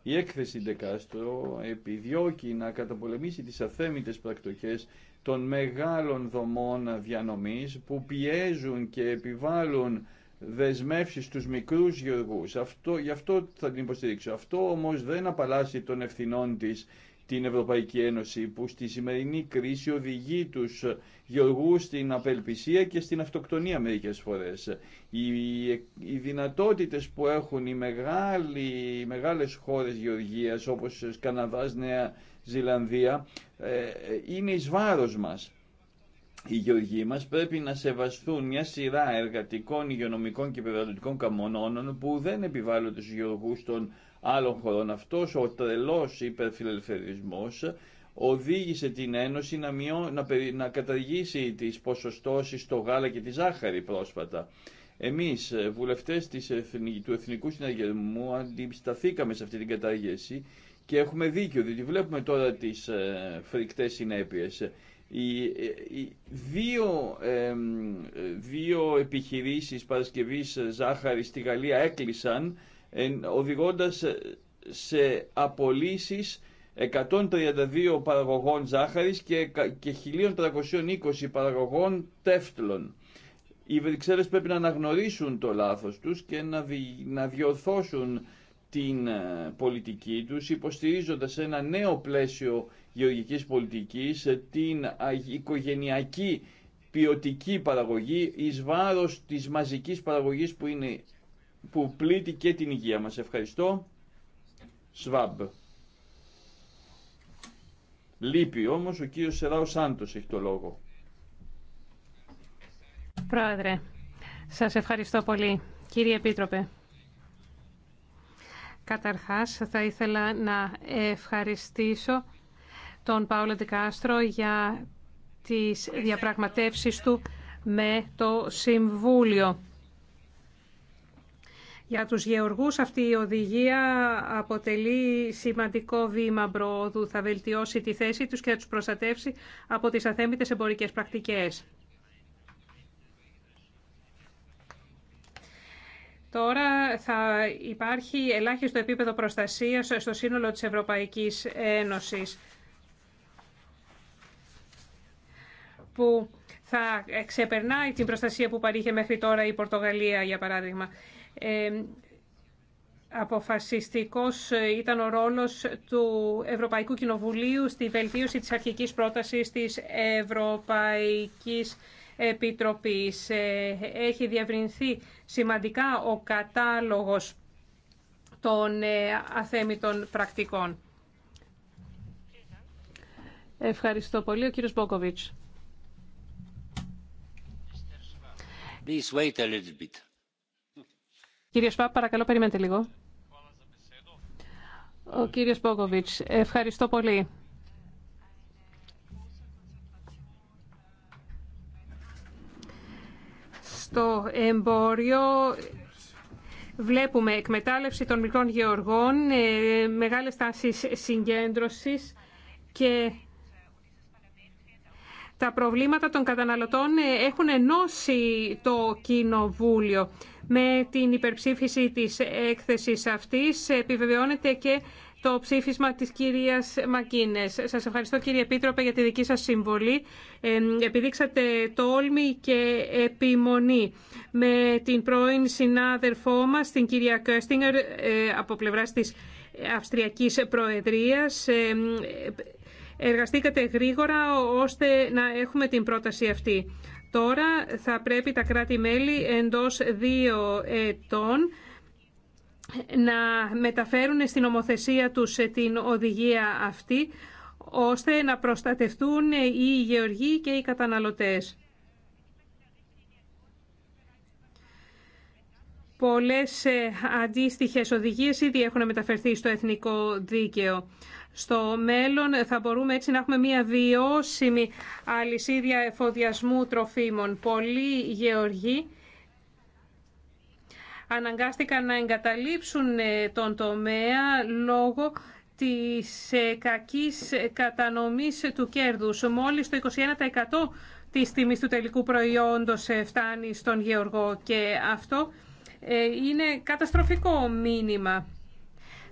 [SPEAKER 15] Η έκθεση Ντεκάστρο επιδιώκει να καταπολεμήσει τις αθέμητες πρακτοχέ των μεγάλων δομών διανομής που πιέζουν και επιβάλλουν δεσμεύσει στους μικρούς γεωργούς. Αυτό, γι' αυτό θα την υποστηρίξω. Αυτό όμως δεν απαλλάσσει των ευθυνών της την Ευρωπαϊκή Ένωση που στη σημερινή κρίση οδηγεί τους γεωργούς στην απελπισία και στην αυτοκτονία μερικές φορές. Οι, οι δυνατότητες που έχουν οι, μεγάλοι, οι μεγάλες χώρες γεωργίας όπως Καναδάς, Νέα Ζηλανδία ε, ε, είναι εις βάρος μας οι γεωργοί μας πρέπει να σεβαστούν μια σειρά εργατικών, υγειονομικών και περιβαλλοντικών καμονών που δεν επιβάλλονται στους γεωργούς των άλλων χωρών. Αυτός ο τρελός υπερφιλελευθερισμός οδήγησε την Ένωση να, μειώ, να, να καταργήσει τις ποσοστώσεις στο γάλα και τη ζάχαρη πρόσφατα. Εμείς, ε, βουλευτές του Εθνικού Συναγερμού, αντισταθήκαμε σε αυτή την κατάργηση και έχουμε δίκιο, διότι βλέπουμε τώρα τις φρικτέ ε, φρικτές συνέπειες οι, ε, δύο, ε, δύο επιχειρήσεις παρασκευής ε, ζάχαρης στη Γαλλία έκλεισαν ε, οδηγώντας σε απολύσεις 132 παραγωγών ζάχαρης και, και 1320 παραγωγών τεύτλων. Οι Βρυξέλλες πρέπει να αναγνωρίσουν το λάθος τους και να, διορθώσουν την ε, πολιτική τους υποστηρίζοντας ένα νέο πλαίσιο γεωργικής πολιτικής, ε, την οικογενειακή ποιοτική παραγωγή εις βάρος της μαζικής παραγωγής που, είναι, που πλήττει και την υγεία μας. Ευχαριστώ. Σβάμπ. Λείπει όμως ο κύριος Σεράου Σάντος έχει το λόγο.
[SPEAKER 2] Πρόεδρε, σας ευχαριστώ πολύ. Κύριε Επίτροπε. Καταρχάς θα ήθελα να ευχαριστήσω τον Πάολο Δικάστρο για τις διαπραγματεύσεις του με το Συμβούλιο. Για τους γεωργούς αυτή η οδηγία αποτελεί σημαντικό βήμα προόδου. Θα βελτιώσει τη θέση τους και θα τους προστατεύσει από τις αθέμητες εμπορικές πρακτικές. Τώρα θα υπάρχει ελάχιστο επίπεδο προστασίας στο σύνολο της Ευρωπαϊκής Ένωσης. που θα ξεπερνάει την προστασία που παρήχε μέχρι τώρα η Πορτογαλία, για παράδειγμα. Ε, αποφασιστικός ήταν ο ρόλος του Ευρωπαϊκού Κοινοβουλίου στη βελτίωση της αρχικής πρότασης της Ευρωπαϊκής Επιτροπής. Ε, έχει διευρυνθεί σημαντικά ο κατάλογος των ε, αθέμητων πρακτικών. Ευχαριστώ πολύ. Ο κύριος Μπόκοβιτς.
[SPEAKER 4] Please wait
[SPEAKER 2] Κύριε Σπάπ, παρακαλώ περιμένετε λίγο. Ο κύριος Μπόγκοβιτς, ευχαριστώ πολύ. Στο εμπόριο βλέπουμε εκμετάλλευση των μικρών γεωργών, ε, μεγάλες τάσεις συγκέντρωσης και τα προβλήματα των καταναλωτών ε, έχουν ενώσει το Κοινοβούλιο. Με την υπερψήφιση της έκθεσης αυτής επιβεβαιώνεται και το ψήφισμα της κυρίας Μακίνες. Σας ευχαριστώ κύριε Επίτροπε για τη δική σας συμβολή. επιδείξατε τόλμη και επιμονή. Με την πρώην συνάδελφό μας, την κυρία Κέστιγκερ, ε, από πλευράς της Αυστριακής Προεδρίας, Εργαστήκατε γρήγορα ώστε να έχουμε την πρόταση αυτή. Τώρα θα πρέπει τα κράτη-μέλη εντός δύο ετών να μεταφέρουν στην ομοθεσία τους την οδηγία αυτή, ώστε να προστατευτούν οι γεωργοί και οι καταναλωτές. Πολλές ε, αντίστοιχες οδηγίες ήδη έχουν μεταφερθεί στο εθνικό δίκαιο. Στο μέλλον θα μπορούμε έτσι να έχουμε μια βιώσιμη αλυσίδια εφοδιασμού τροφίμων. Πολλοί γεωργοί αναγκάστηκαν να εγκαταλείψουν ε, τον τομέα λόγω της ε, κακής κατανομής του κέρδους. Μόλις το 21% της τιμής του τελικού προϊόντος ε, φτάνει στον γεωργό και αυτό είναι καταστροφικό μήνυμα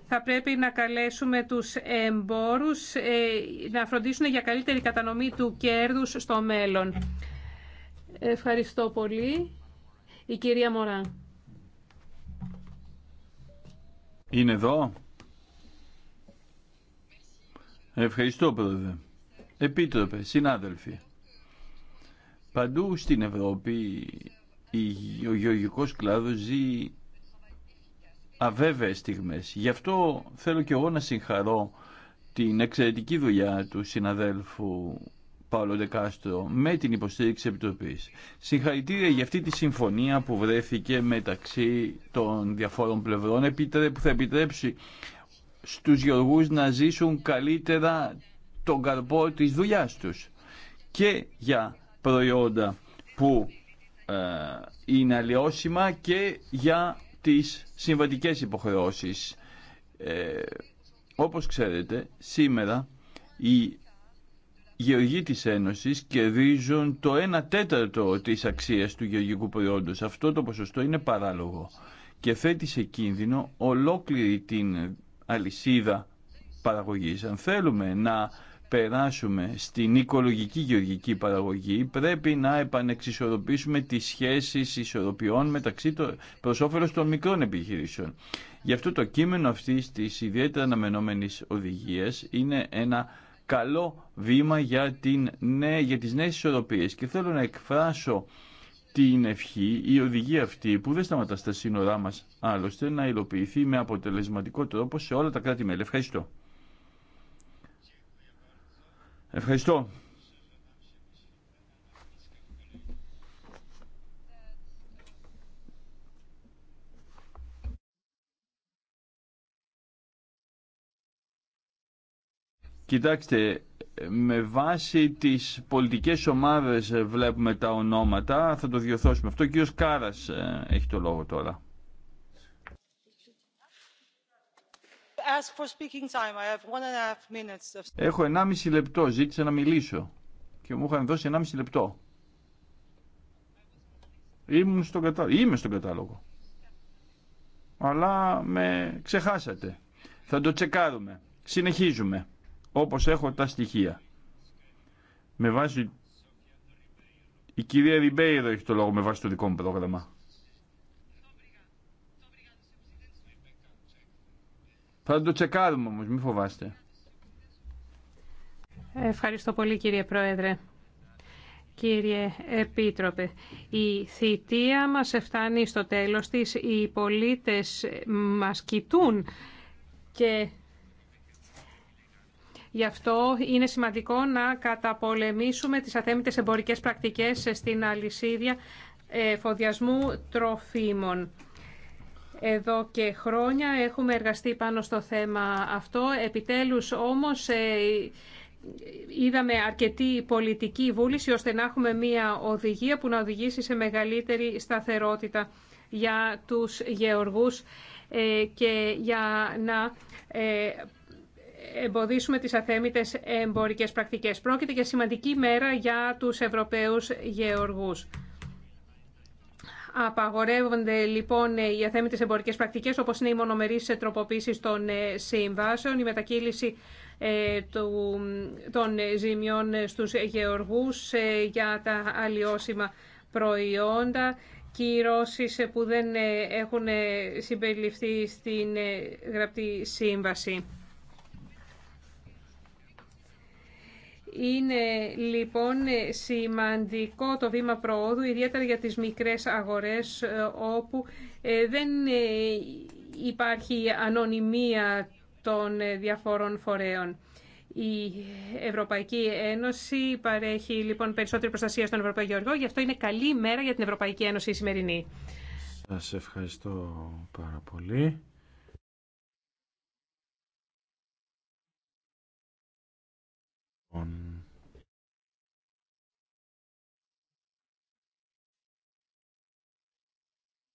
[SPEAKER 2] θα πρέπει να καλέσουμε τους εμπόρους ε, να φροντίσουν για καλύτερη κατανομή του κέρδους στο μέλλον. Ευχαριστώ πολύ. Η κυρία Μωρά.
[SPEAKER 15] Είναι εδώ. Ευχαριστώ, Πρόεδρε. Επίτροπε, συνάδελφοι. Παντού στην Ευρώπη ο γεωργικός κλάδος ζει αβέβαιες στιγμές. Γι' αυτό θέλω και εγώ να συγχαρώ την εξαιρετική δουλειά του συναδέλφου Παύλο Ντεκάστρο με την υποστήριξη Επιτροπής. Συγχαρητήρια για αυτή τη συμφωνία που βρέθηκε μεταξύ των διαφόρων πλευρών που θα επιτρέψει στους γεωργούς να ζήσουν καλύτερα τον καρπό της δουλειάς τους και για προϊόντα που ε, είναι αλλοιώσιμα και για τις συμβατικές υποχρεώσεις. Ε, όπως ξέρετε, σήμερα οι γεωργοί της Ένωσης κερδίζουν το 1 τέταρτο της αξίας του γεωργικού προϊόντος. Αυτό το ποσοστό είναι παράλογο και θέτει σε κίνδυνο ολόκληρη την αλυσίδα παραγωγής. Αν θέλουμε να περάσουμε στην οικολογική γεωργική παραγωγή πρέπει να επανεξισορροπήσουμε τις σχέσεις ισορροπιών μεταξύ των προς όφελος των μικρών επιχειρήσεων. Γι' αυτό το κείμενο αυτή τη ιδιαίτερα αναμενόμενης οδηγίας είναι ένα καλό βήμα για, την, ναι, για τις νέες ισορροπίες και θέλω να εκφράσω την ευχή η οδηγία αυτή που δεν σταματά στα σύνορά μας άλλωστε να υλοποιηθεί με αποτελεσματικό τρόπο σε όλα τα κράτη-μέλη. Ευχαριστώ. Ευχαριστώ. Κοιτάξτε, με βάση τις πολιτικές ομάδες βλέπουμε τα ονόματα, θα το διορθώσουμε. Αυτό ο κύριος Κάρας ε, έχει το λόγο τώρα. Έχω 1,5 λεπτό, ζήτησα να μιλήσω και μου είχαν δώσει 1,5 λεπτό. Ήμουν στον κατάλογο. Είμαι στον κατάλογο. Αλλά με ξεχάσατε. Θα το τσεκάρουμε. Συνεχίζουμε. Όπως έχω τα στοιχεία. Με βάση... Η κυρία Ριμπέιρο έχει το λόγο με βάση το δικό μου πρόγραμμα. Θα το τσεκάρουμε όμως, μην φοβάστε.
[SPEAKER 2] Ευχαριστώ πολύ κύριε Πρόεδρε. Κύριε Επίτροπε, η θητεία μας φτάνει στο τέλος της. Οι πολίτες μας κοιτούν και Γι' αυτό είναι σημαντικό να καταπολεμήσουμε τις αθέμητες εμπορικές πρακτικές στην αλυσίδια ε, φοδιασμού τροφίμων. Εδώ και χρόνια έχουμε εργαστεί πάνω στο θέμα αυτό. Επιτέλους όμως ε, είδαμε αρκετή πολιτική βούληση ώστε να έχουμε μια οδηγία που να οδηγήσει σε μεγαλύτερη σταθερότητα για τους γεωργούς ε, και για να ε, εμποδίσουμε τις αθέμητες εμπορικές πρακτικές. Πρόκειται για σημαντική μέρα για τους Ευρωπαίους γεωργούς. Απαγορεύονται λοιπόν ε, οι αθέμητες εμπορικές πρακτικές όπως είναι οι σε τροποποίηση των ε, συμβάσεων, η μετακύληση ε, των ζημιών στους γεωργούς για τα αλλοιώσιμα προϊόντα, κυρώσεις που δεν έχουν συμπεριληφθεί στην γραπτή σύμβαση. Είναι λοιπόν σημαντικό το βήμα προόδου, ιδιαίτερα για τις μικρές αγορές ε, όπου ε, δεν ε, υπάρχει ανωνυμία των διαφόρων φορέων. Η Ευρωπαϊκή Ένωση παρέχει λοιπόν περισσότερη προστασία στον Ευρωπαϊκό Γεωργό, γι' αυτό είναι καλή μέρα για την Ευρωπαϊκή Ένωση η σημερινή.
[SPEAKER 9] Σας ευχαριστώ πάρα πολύ. Λοιπόν,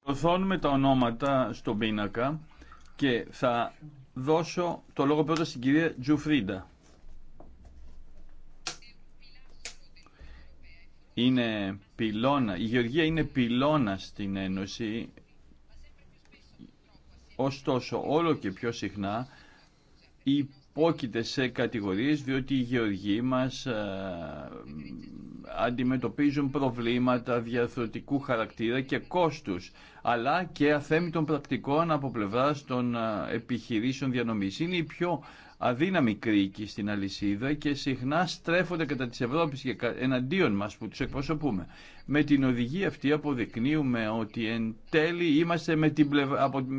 [SPEAKER 15] Οθώνουμε τα ονόματα στον πίνακα και θα δώσω το λόγο πρώτα στην κυρία Τζουφρίντα. Είναι πυλώνα, η Γεωργία είναι πυλώνα στην Ένωση, ωστόσο όλο και πιο συχνά υπόκειται σε κατηγορίες διότι οι γεωργοί μας ε, αντιμετωπίζουν προβλήματα διαρθρωτικού χαρακτήρα και κόστους αλλά και αθέμητων πρακτικών από πλευράς των ε, επιχειρήσεων διανομής. Είναι η πιο αδύναμη κρίκη στην αλυσίδα και συχνά στρέφονται κατά της Ευρώπης και εναντίον μας που τους εκπροσωπούμε. Με την οδηγία αυτή αποδεικνύουμε ότι εν τέλει είμαστε με την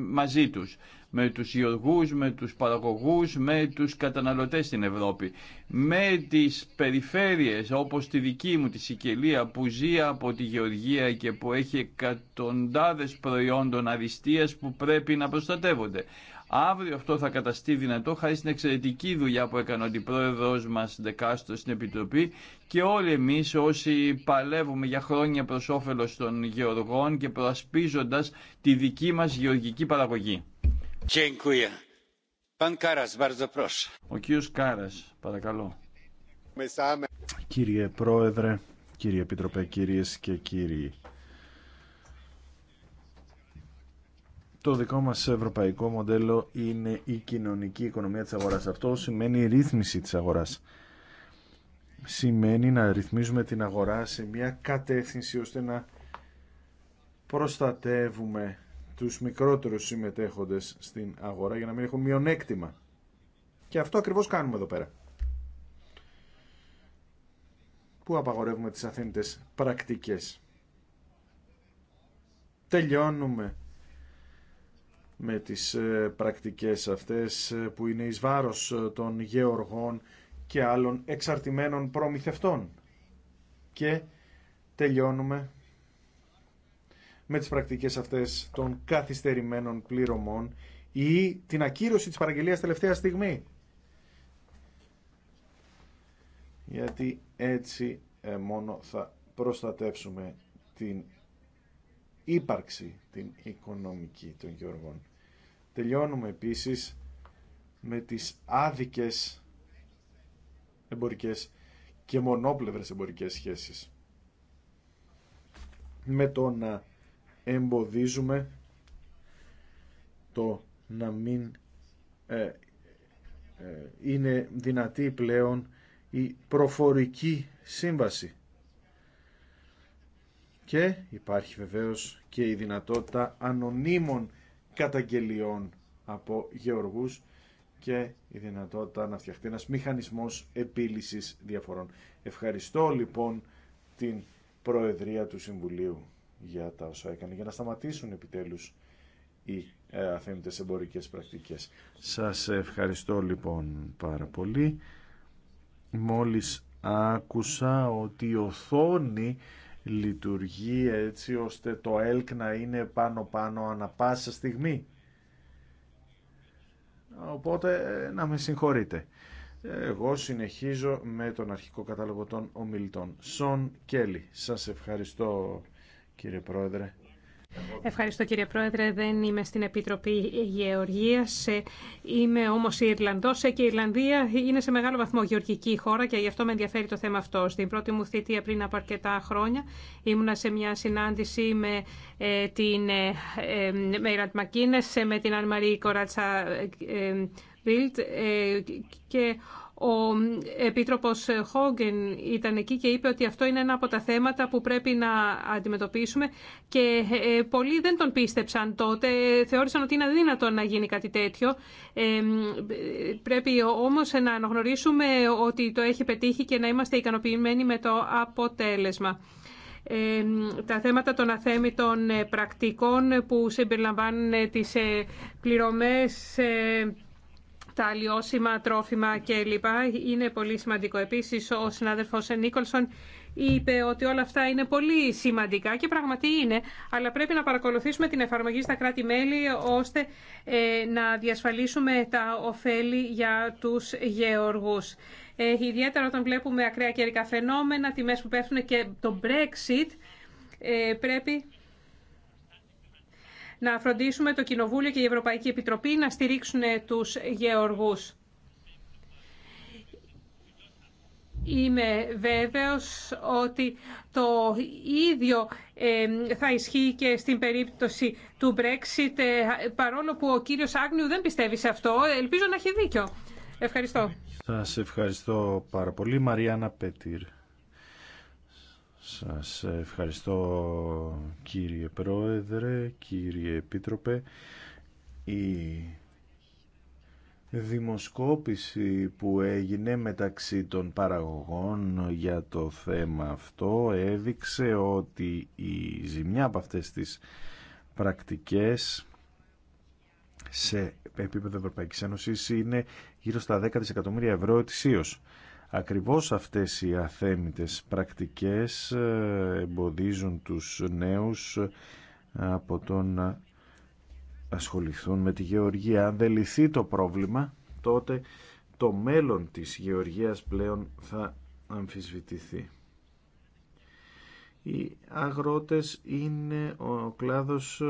[SPEAKER 15] μαζί τους με τους γεωργούς, με τους παραγωγούς, με τους καταναλωτές στην Ευρώπη. Με τις περιφέρειες όπως τη δική μου, τη Σικελία που ζει από τη γεωργία και που έχει εκατοντάδες προϊόντων αριστείας που πρέπει να προστατεύονται. Αύριο αυτό θα καταστεί δυνατό χάρη στην εξαιρετική δουλειά που έκανε ο αντιπρόεδρο μα Ντεκάστρο στην Επιτροπή και όλοι εμεί όσοι παλεύουμε για χρόνια προ όφελο των γεωργών και προασπίζοντα τη δική μα γεωργική παραγωγή. Ο κύριος Κάρας, παρακαλώ. Κύριε
[SPEAKER 9] Πρόεδρε, κύριε Επιτροπέ, κύριε και κύριοι. Το δικό μας ευρωπαϊκό μοντέλο είναι η κοινωνική οικονομία της αγοράς. Αυτό σημαίνει η ρύθμιση της αγοράς. Σημαίνει να ρυθμίζουμε την αγορά σε μια κατεύθυνση ώστε να προστατεύουμε τους μικρότερους συμμετέχοντες στην αγορά για να μην έχουν μειονέκτημα. Και αυτό ακριβώς κάνουμε εδώ πέρα. Πού απαγορεύουμε τις αθήνητες πρακτικές. Τελειώνουμε με τις ε, πρακτικές αυτές ε, που είναι εις βάρος ε, των γεωργών και άλλων εξαρτημένων προμηθευτών. Και τελειώνουμε με τις πρακτικές αυτές των καθυστερημένων πληρωμών ή την ακύρωση της παραγγελίας τελευταία στιγμή. Γιατί έτσι ε, μόνο θα προστατεύσουμε την ύπαρξη την οικονομική των Γεωργών. Τελειώνουμε επίσης με τις άδικες εμπορικές και μονόπλευρες εμπορικές σχέσεις. Με τον εμποδίζουμε το να μην ε, ε, είναι δυνατή πλέον η προφορική σύμβαση. Και υπάρχει βεβαίως και η δυνατότητα ανωνύμων καταγγελιών από γεωργούς και η δυνατότητα να φτιαχτεί ένας μηχανισμός επίλυσης διαφορών. Ευχαριστώ λοιπόν την Προεδρία του Συμβουλίου για τα όσα έκανε για να σταματήσουν επιτέλους οι ε, αθέμητες εμπορικές πρακτικές. Σας ευχαριστώ λοιπόν πάρα πολύ. Μόλις άκουσα ότι η οθόνη λειτουργεί έτσι ώστε το ΕΛΚ να είναι πάνω-πάνω ανα πάσα στιγμή. Οπότε να με συγχωρείτε. Εγώ συνεχίζω με τον αρχικό κατάλογο των ομιλητών. Σον Κέλλη, σας ευχαριστώ κύριε Πρόεδρε.
[SPEAKER 2] Ευχαριστώ κύριε Πρόεδρε. Δεν είμαι στην Επιτροπή Γεωργίας. Είμαι όμως Ιρλανδός και η Ιρλανδία είναι σε μεγάλο βαθμό γεωργική χώρα και γι' αυτό με ενδιαφέρει το θέμα αυτό. Στην πρώτη μου θητεία πριν από αρκετά χρόνια ήμουνα σε μια συνάντηση με ε, την ε, ε, Μέιραντ Μακίνες, με την Αν Μαρή Κοράτσα Βίλτ και ο Επίτροπος Χόγκεν ήταν εκεί και είπε ότι αυτό είναι ένα από τα θέματα που πρέπει να αντιμετωπίσουμε και ε, πολλοί δεν τον πίστεψαν τότε, θεώρησαν ότι είναι αδύνατο να γίνει κάτι τέτοιο. Ε, πρέπει όμως να αναγνωρίσουμε ότι το έχει πετύχει και να είμαστε ικανοποιημένοι με το αποτέλεσμα ε, τα θέματα των αθέμητων πρακτικών που συμπεριλαμβάνουν τις πληρωμές τα αλλοιώσιμα τρόφιμα κλπ. Είναι πολύ σημαντικό. Επίσης, ο συνάδελφος Νίκολσον είπε ότι όλα αυτά είναι πολύ σημαντικά και πραγματι είναι, αλλά πρέπει να παρακολουθήσουμε την εφαρμογή στα κράτη-μέλη ώστε ε, να διασφαλίσουμε τα ωφέλη για τους γεωργούς. Ε, ιδιαίτερα όταν βλέπουμε ακραία καιρικά φαινόμενα, τιμές που πέφτουν και το Brexit, ε, πρέπει να φροντίσουμε το Κοινοβούλιο και η Ευρωπαϊκή Επιτροπή να στηρίξουν τους γεωργούς. Είμαι βέβαιος ότι το ίδιο ε, θα ισχύει και στην περίπτωση του Brexit, ε, παρόλο που ο κύριος Άγνιου δεν πιστεύει σε αυτό. Ελπίζω να έχει δίκιο. Ευχαριστώ.
[SPEAKER 9] Σας ευχαριστώ πάρα πολύ. Μαριάννα Πέτυρ. Σας ευχαριστώ κύριε Πρόεδρε, κύριε Επίτροπε. Η δημοσκόπηση που έγινε μεταξύ των παραγωγών για το θέμα αυτό έδειξε ότι η ζημιά από αυτές τις πρακτικές σε επίπεδο Ευρωπαϊκής Ένωσης είναι γύρω στα 10 δισεκατομμύρια ευρώ ετησίως. Ακριβώς αυτές οι αθέμητες πρακτικές ε, εμποδίζουν τους νέους ε, από το να ασχοληθούν με τη γεωργία. Αν δεν λυθεί το πρόβλημα, τότε το μέλλον της γεωργίας πλέον θα αμφισβητηθεί. Οι αγρότες είναι ο κλάδος ε,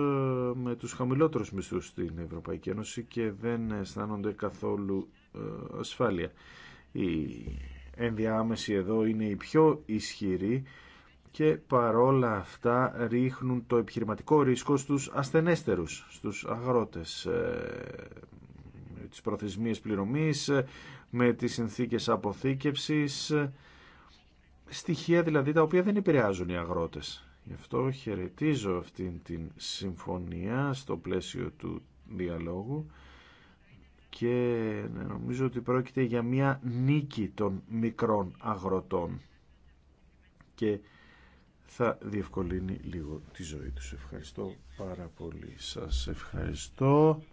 [SPEAKER 9] με τους χαμηλότερους μισθούς στην Ευρωπαϊκή Ένωση και δεν αισθάνονται καθόλου ασφάλεια. Οι ενδιάμεση εδώ είναι η πιο ισχυρή και παρόλα αυτά ρίχνουν το επιχειρηματικό ρίσκο στους ασθενέστερους, στους αγρότες ε, με τις προθεσμίες πληρωμής, με τις συνθήκες αποθήκευσης, στοιχεία δηλαδή τα οποία δεν επηρεάζουν οι αγρότες. Γι' αυτό χαιρετίζω αυτήν την συμφωνία στο πλαίσιο του διαλόγου και ναι, νομίζω ότι πρόκειται για μια νίκη των μικρών αγροτών και θα διευκολύνει λίγο τη ζωή τους. Ευχαριστώ πάρα πολύ. Σας ευχαριστώ.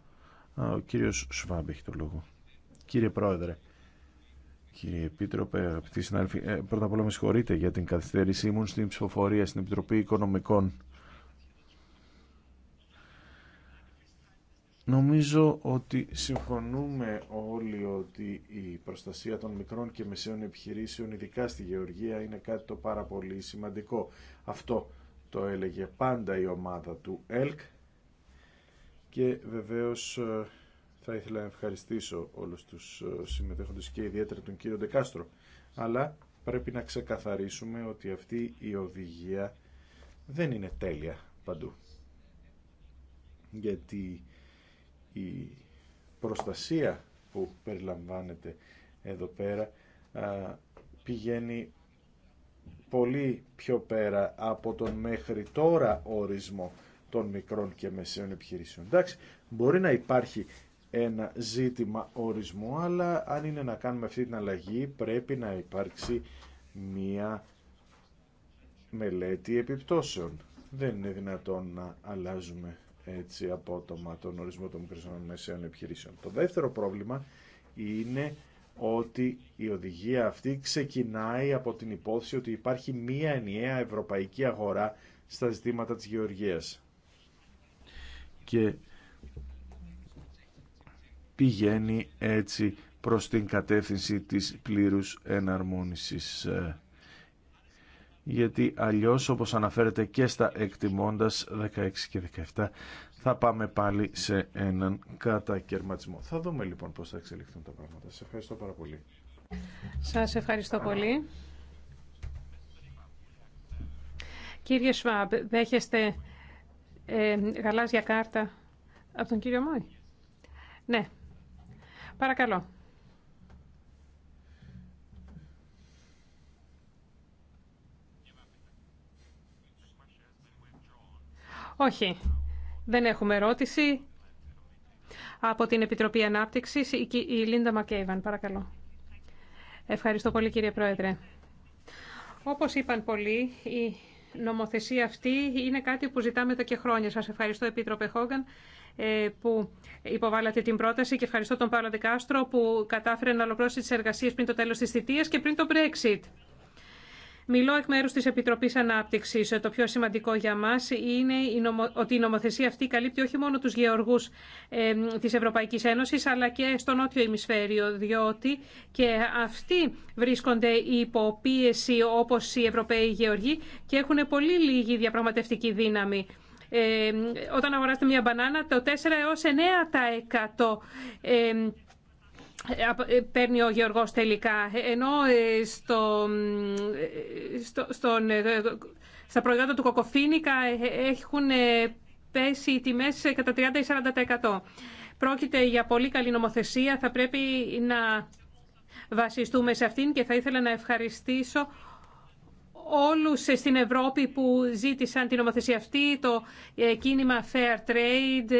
[SPEAKER 9] Ο κύριος Σβάμπ έχει το λόγο. Κύριε Πρόεδρε, κύριε Επίτροπε, αγαπητοί συνάδελφοι, ε, πρώτα απ' όλα με συγχωρείτε για την καθυστέρησή μου στην ψηφοφορία στην Επιτροπή Οικονομικών Νομίζω ότι συμφωνούμε όλοι ότι η προστασία των μικρών και μεσαίων επιχειρήσεων, ειδικά στη Γεωργία, είναι κάτι το πάρα πολύ σημαντικό. Αυτό το έλεγε πάντα η ομάδα του ΕΛΚ και βεβαίως ε, θα ήθελα να ευχαριστήσω όλους τους ε, συμμετέχοντες και ιδιαίτερα τον κύριο Ντεκάστρο. Αλλά πρέπει να ξεκαθαρίσουμε ότι αυτή η οδηγία δεν είναι τέλεια παντού. Γιατί η προστασία που περιλαμβάνεται εδώ πέρα πηγαίνει πολύ πιο πέρα από τον μέχρι τώρα ορισμό των μικρών και μεσαίων επιχειρήσεων. Εντάξει, μπορεί να υπάρχει ένα ζήτημα ορισμού, αλλά αν είναι να κάνουμε αυτή την αλλαγή πρέπει να υπάρξει μία μελέτη επιπτώσεων. Δεν είναι δυνατόν να αλλάζουμε έτσι απότομα τον ορισμό των μικρών μεσαίων επιχειρήσεων. Το δεύτερο πρόβλημα είναι ότι η οδηγία αυτή ξεκινάει από την υπόθεση ότι υπάρχει μία ενιαία ευρωπαϊκή αγορά στα ζητήματα της γεωργίας. Και πηγαίνει έτσι προς την κατεύθυνση της πλήρους εναρμόνισης ε, γιατί αλλιώς όπως αναφέρεται και στα εκτιμώντας 16 και 17 θα πάμε πάλι σε έναν κατακαιρματισμό. Θα δούμε λοιπόν πώς θα εξελιχθούν τα πράγματα. Σας ευχαριστώ πάρα πολύ.
[SPEAKER 2] Σας ευχαριστώ πολύ. Κύριε Σβάμπ, δέχεστε ε, γαλάζια κάρτα από τον κύριο Μόη. Ναι. Παρακαλώ. Όχι. Δεν έχουμε ερώτηση. Από την Επιτροπή Ανάπτυξης, η Λίντα Μακέιβαν, παρακαλώ. Ευχαριστώ πολύ κύριε Πρόεδρε. Όπως είπαν πολλοί, η νομοθεσία αυτή είναι κάτι που ζητάμε εδώ και χρόνια. Σας ευχαριστώ Επίτροπε Χόγκαν ε, που υποβάλλατε την πρόταση και ευχαριστώ τον Παύλο Δικάστρο που κατάφερε να ολοκληρώσει τις εργασίες πριν το τέλος της θητείας και πριν το Brexit. Μιλώ εκ μέρου τη Επιτροπής ανάπτυξη. Το πιο σημαντικό για μας είναι ότι η νομοθεσία αυτή καλύπτει όχι μόνο τους γεωργούς της Ευρωπαϊκής Ένωσης, αλλά και στο νότιο ημισφαίριο, διότι και αυτοί βρίσκονται υπό πίεση όπω οι Ευρωπαίοι γεωργοί και έχουν πολύ λίγη διαπραγματευτική δύναμη. Ε, όταν αγοράσετε μια μπανάνα, το 4 έως 9% ε, παίρνει ο Γεωργός τελικά. Ε, ενώ ε, στο, στο, στον, στα προϊόντα του κοκοφίνικα έχουν πέσει οι τιμές κατά 30-40%. Πρόκειται για πολύ καλή νομοθεσία. Θα πρέπει να βασιστούμε σε αυτήν και θα ήθελα να ευχαριστήσω όλους στην Ευρώπη που ζήτησαν την νομοθεσία αυτή, το ε, κίνημα Fair Trade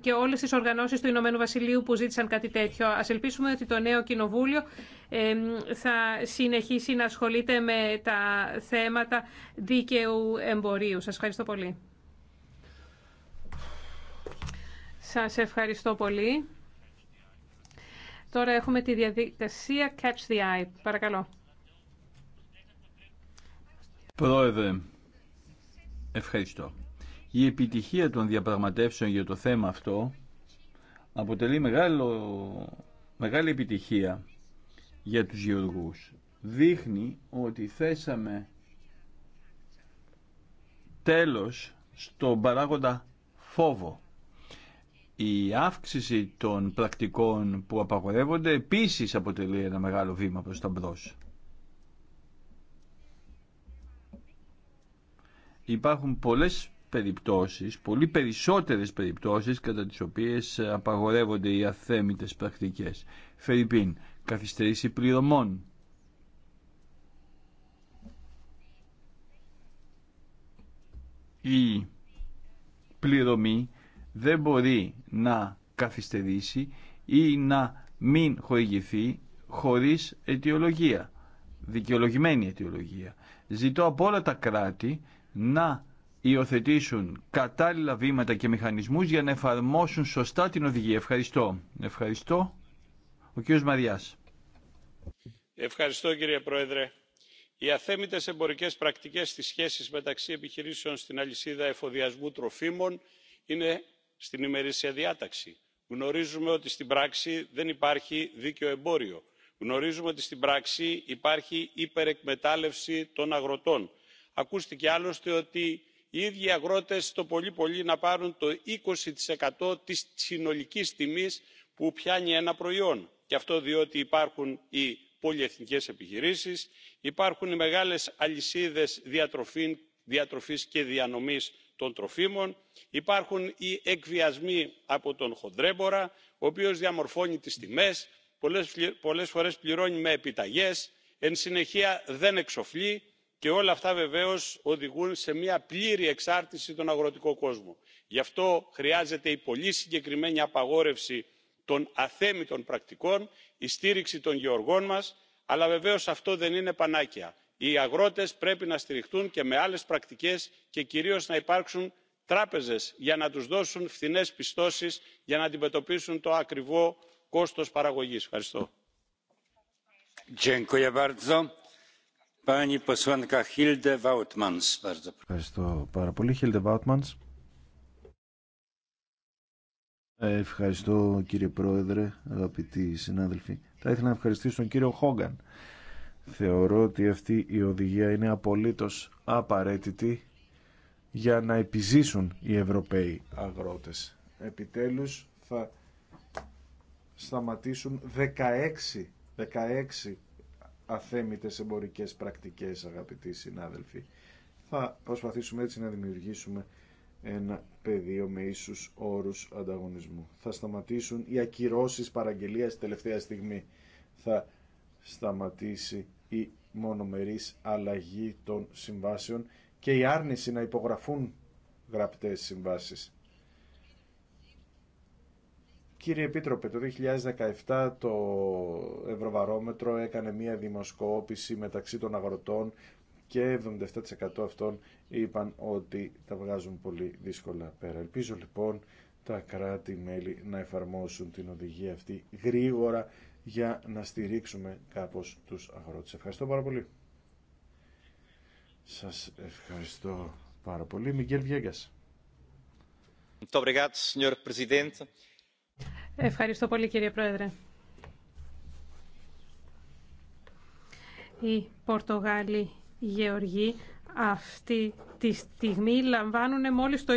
[SPEAKER 2] και όλες τις οργανώσεις του Ηνωμένου Βασιλείου που ζήτησαν κάτι τέτοιο. Ας ελπίσουμε ότι το νέο κοινοβούλιο θα συνεχίσει να ασχολείται με τα θέματα δίκαιου εμπορίου. Σας ευχαριστώ πολύ. Σας ευχαριστώ πολύ. Τώρα έχουμε τη διαδικασία Catch the Eye. Παρακαλώ.
[SPEAKER 15] Πρόεδρε, ευχαριστώ. Η επιτυχία των διαπραγματεύσεων για το θέμα αυτό αποτελεί μεγάλο, μεγάλη επιτυχία για τους γεωργούς. Δείχνει ότι θέσαμε τέλος στον παράγοντα φόβο. Η αύξηση των πρακτικών που απαγορεύονται επίσης αποτελεί ένα μεγάλο βήμα προς τα μπρος. υπάρχουν πολλές περιπτώσεις, πολύ περισσότερες περιπτώσεις κατά τις οποίες ε, απαγορεύονται οι αθέμητες πρακτικές. Φερρυπίν, καθυστερήσει πληρωμών. Η πληρωμή δεν μπορεί να καθυστερήσει ή να μην χορηγηθεί χωρίς αιτιολογία, δικαιολογημένη αιτιολογία. Ζητώ από όλα τα κράτη να υιοθετήσουν κατάλληλα βήματα και μηχανισμούς για να εφαρμόσουν σωστά την οδηγία. Ευχαριστώ. Ευχαριστώ. Ο Μαριάς.
[SPEAKER 6] Ευχαριστώ κύριε Πρόεδρε. Οι αθέμητες εμπορικές πρακτικές στις σχέσεις μεταξύ επιχειρήσεων στην αλυσίδα εφοδιασμού τροφίμων είναι στην ημερήσια διάταξη. Γνωρίζουμε ότι στην πράξη δεν υπάρχει δίκαιο εμπόριο. Γνωρίζουμε ότι στην πράξη υπάρχει υπερεκμετάλλευση των αγροτών ακούστηκε άλλωστε ότι οι ίδιοι αγρότες το πολύ πολύ να πάρουν το 20% της συνολικής τιμής που πιάνει ένα προϊόν και αυτό διότι υπάρχουν οι πολυεθνικές επιχειρήσεις υπάρχουν οι μεγάλες αλυσίδες διατροφής και διανομής των τροφίμων υπάρχουν οι εκβιασμοί από τον χοντρέμπορα, ο οποίος διαμορφώνει τις τιμές πολλές φορές πληρώνει με επιταγές εν συνεχεία δεν εξοφλεί και όλα αυτά βεβαίως οδηγούν σε μια πλήρη εξάρτηση των αγροτικό κόσμων. γι' αυτό χρειάζεται η πολύ συγκεκριμένη απαγόρευση των αθέμητων πρακτικών η στήριξη των γεωργών μας αλλά βεβαίως αυτό δεν είναι πανάκια. οι αγρότες πρέπει να στηριχτούν και με άλλες πρακτικές και κυρίως να υπάρξουν τράπεζες για να τους δώσουν φθηνές πιστώσεις για να αντιμετωπίσουν το ακριβό κόστος παραγωγής. ευχαριστώ.
[SPEAKER 9] Ευχαριστώ πάρα πολύ. Χίλτε Βάουτμανς. Ευχαριστώ κύριε Πρόεδρε, αγαπητοί συνάδελφοι. Θα ήθελα να ευχαριστήσω τον κύριο Χόγκαν. Θεωρώ ότι αυτή η οδηγία είναι απολύτως απαραίτητη για να επιζήσουν οι Ευρωπαίοι αγρότες. Επιτέλους θα σταματήσουν 16, 16 αθέμητες εμπορικές πρακτικές αγαπητοί συνάδελφοι. Θα προσπαθήσουμε έτσι να δημιουργήσουμε ένα πεδίο με ίσους όρους ανταγωνισμού. Θα σταματήσουν οι ακυρώσεις παραγγελίας τελευταία στιγμή. Θα σταματήσει η μονομερής αλλαγή των συμβάσεων και η άρνηση να υπογραφούν γραπτές συμβάσεις. Κύριε Επίτροπε, το 2017 το Ευρωβαρόμετρο έκανε μία δημοσκόπηση μεταξύ των αγροτών και 77% αυτών είπαν ότι τα βγάζουν πολύ δύσκολα πέρα. Ελπίζω λοιπόν τα κράτη-μέλη να εφαρμόσουν την οδηγία αυτή γρήγορα για να στηρίξουμε κάπως τους αγρότες. Ευχαριστώ πάρα πολύ. Σας ευχαριστώ πάρα πολύ. Μιγγέλ Βιέγκας.
[SPEAKER 2] Ευχαριστώ πολύ κύριε Πρόεδρε. Οι Πορτογάλοι γεωργοί αυτή τη στιγμή λαμβάνουν μόλις το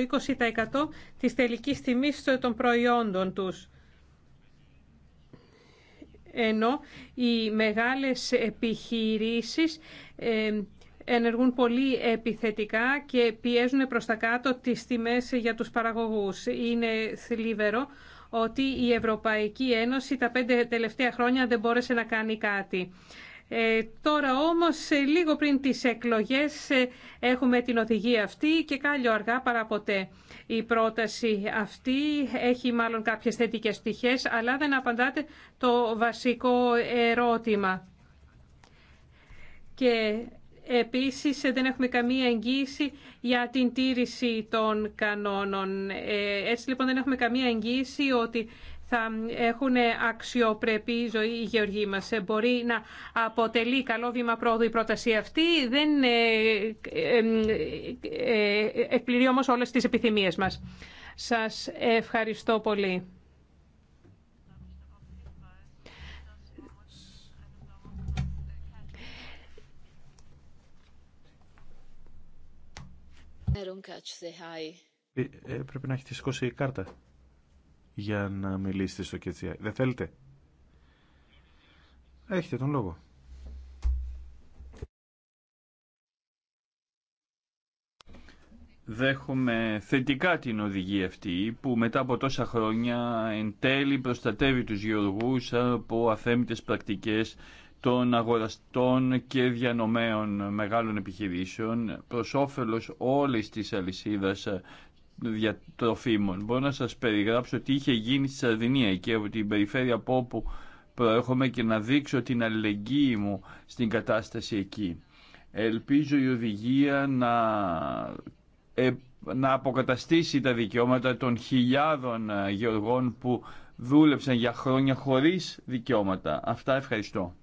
[SPEAKER 2] 20% της τελικής τιμής των προϊόντων τους. Ενώ οι μεγάλες επιχειρήσεις ε, ενεργούν πολύ επιθετικά και πιέζουν προς τα κάτω τις τιμές για τους παραγωγούς. Είναι θλιβερό ότι η Ευρωπαϊκή Ένωση τα πέντε τελευταία χρόνια δεν μπόρεσε να κάνει κάτι. Ε, τώρα όμως, ε, λίγο πριν τις εκλογές, ε, έχουμε την οδηγία αυτή και κάλιο αργά παρά ποτέ. Η πρόταση αυτή έχει μάλλον κάποιες θετικές πτυχές αλλά δεν απαντάτε το βασικό ερώτημα. Και Επίσης δεν έχουμε καμία εγγύηση για την τήρηση των κανόνων. Ε, έτσι λοιπόν δεν έχουμε καμία εγγύηση ότι θα έχουν αξιοπρεπή ζωή οι γεωργοί μας. Ε, μπορεί να αποτελεί καλό βήμα πρόοδου η πρόταση αυτή, δεν εκπληρεί ε, όμως όλες τις επιθυμίες μας. Σας ευχαριστώ πολύ.
[SPEAKER 9] Ε, ε, πρέπει να έχετε σηκώσει η κάρτα για να μιλήσετε στο KTI. Δεν θέλετε.
[SPEAKER 15] Έχετε τον λόγο. Δέχομαι θετικά την οδηγία αυτή που μετά από τόσα χρόνια εν τέλει προστατεύει τους γεωργούς από αθέμητες πρακτικές των αγοραστών και διανομέων μεγάλων επιχειρήσεων προς όφελος όλης της αλυσίδας διατροφίμων. Μπορώ να σας περιγράψω τι είχε γίνει στη Σαρδινία και από την περιφέρεια από όπου προέρχομαι και να δείξω την αλληλεγγύη μου στην κατάσταση εκεί. Ελπίζω η οδηγία να, ε, να αποκαταστήσει τα δικαιώματα των χιλιάδων ε, γεωργών που δούλεψαν για χρόνια χωρίς δικαιώματα. Αυτά ευχαριστώ.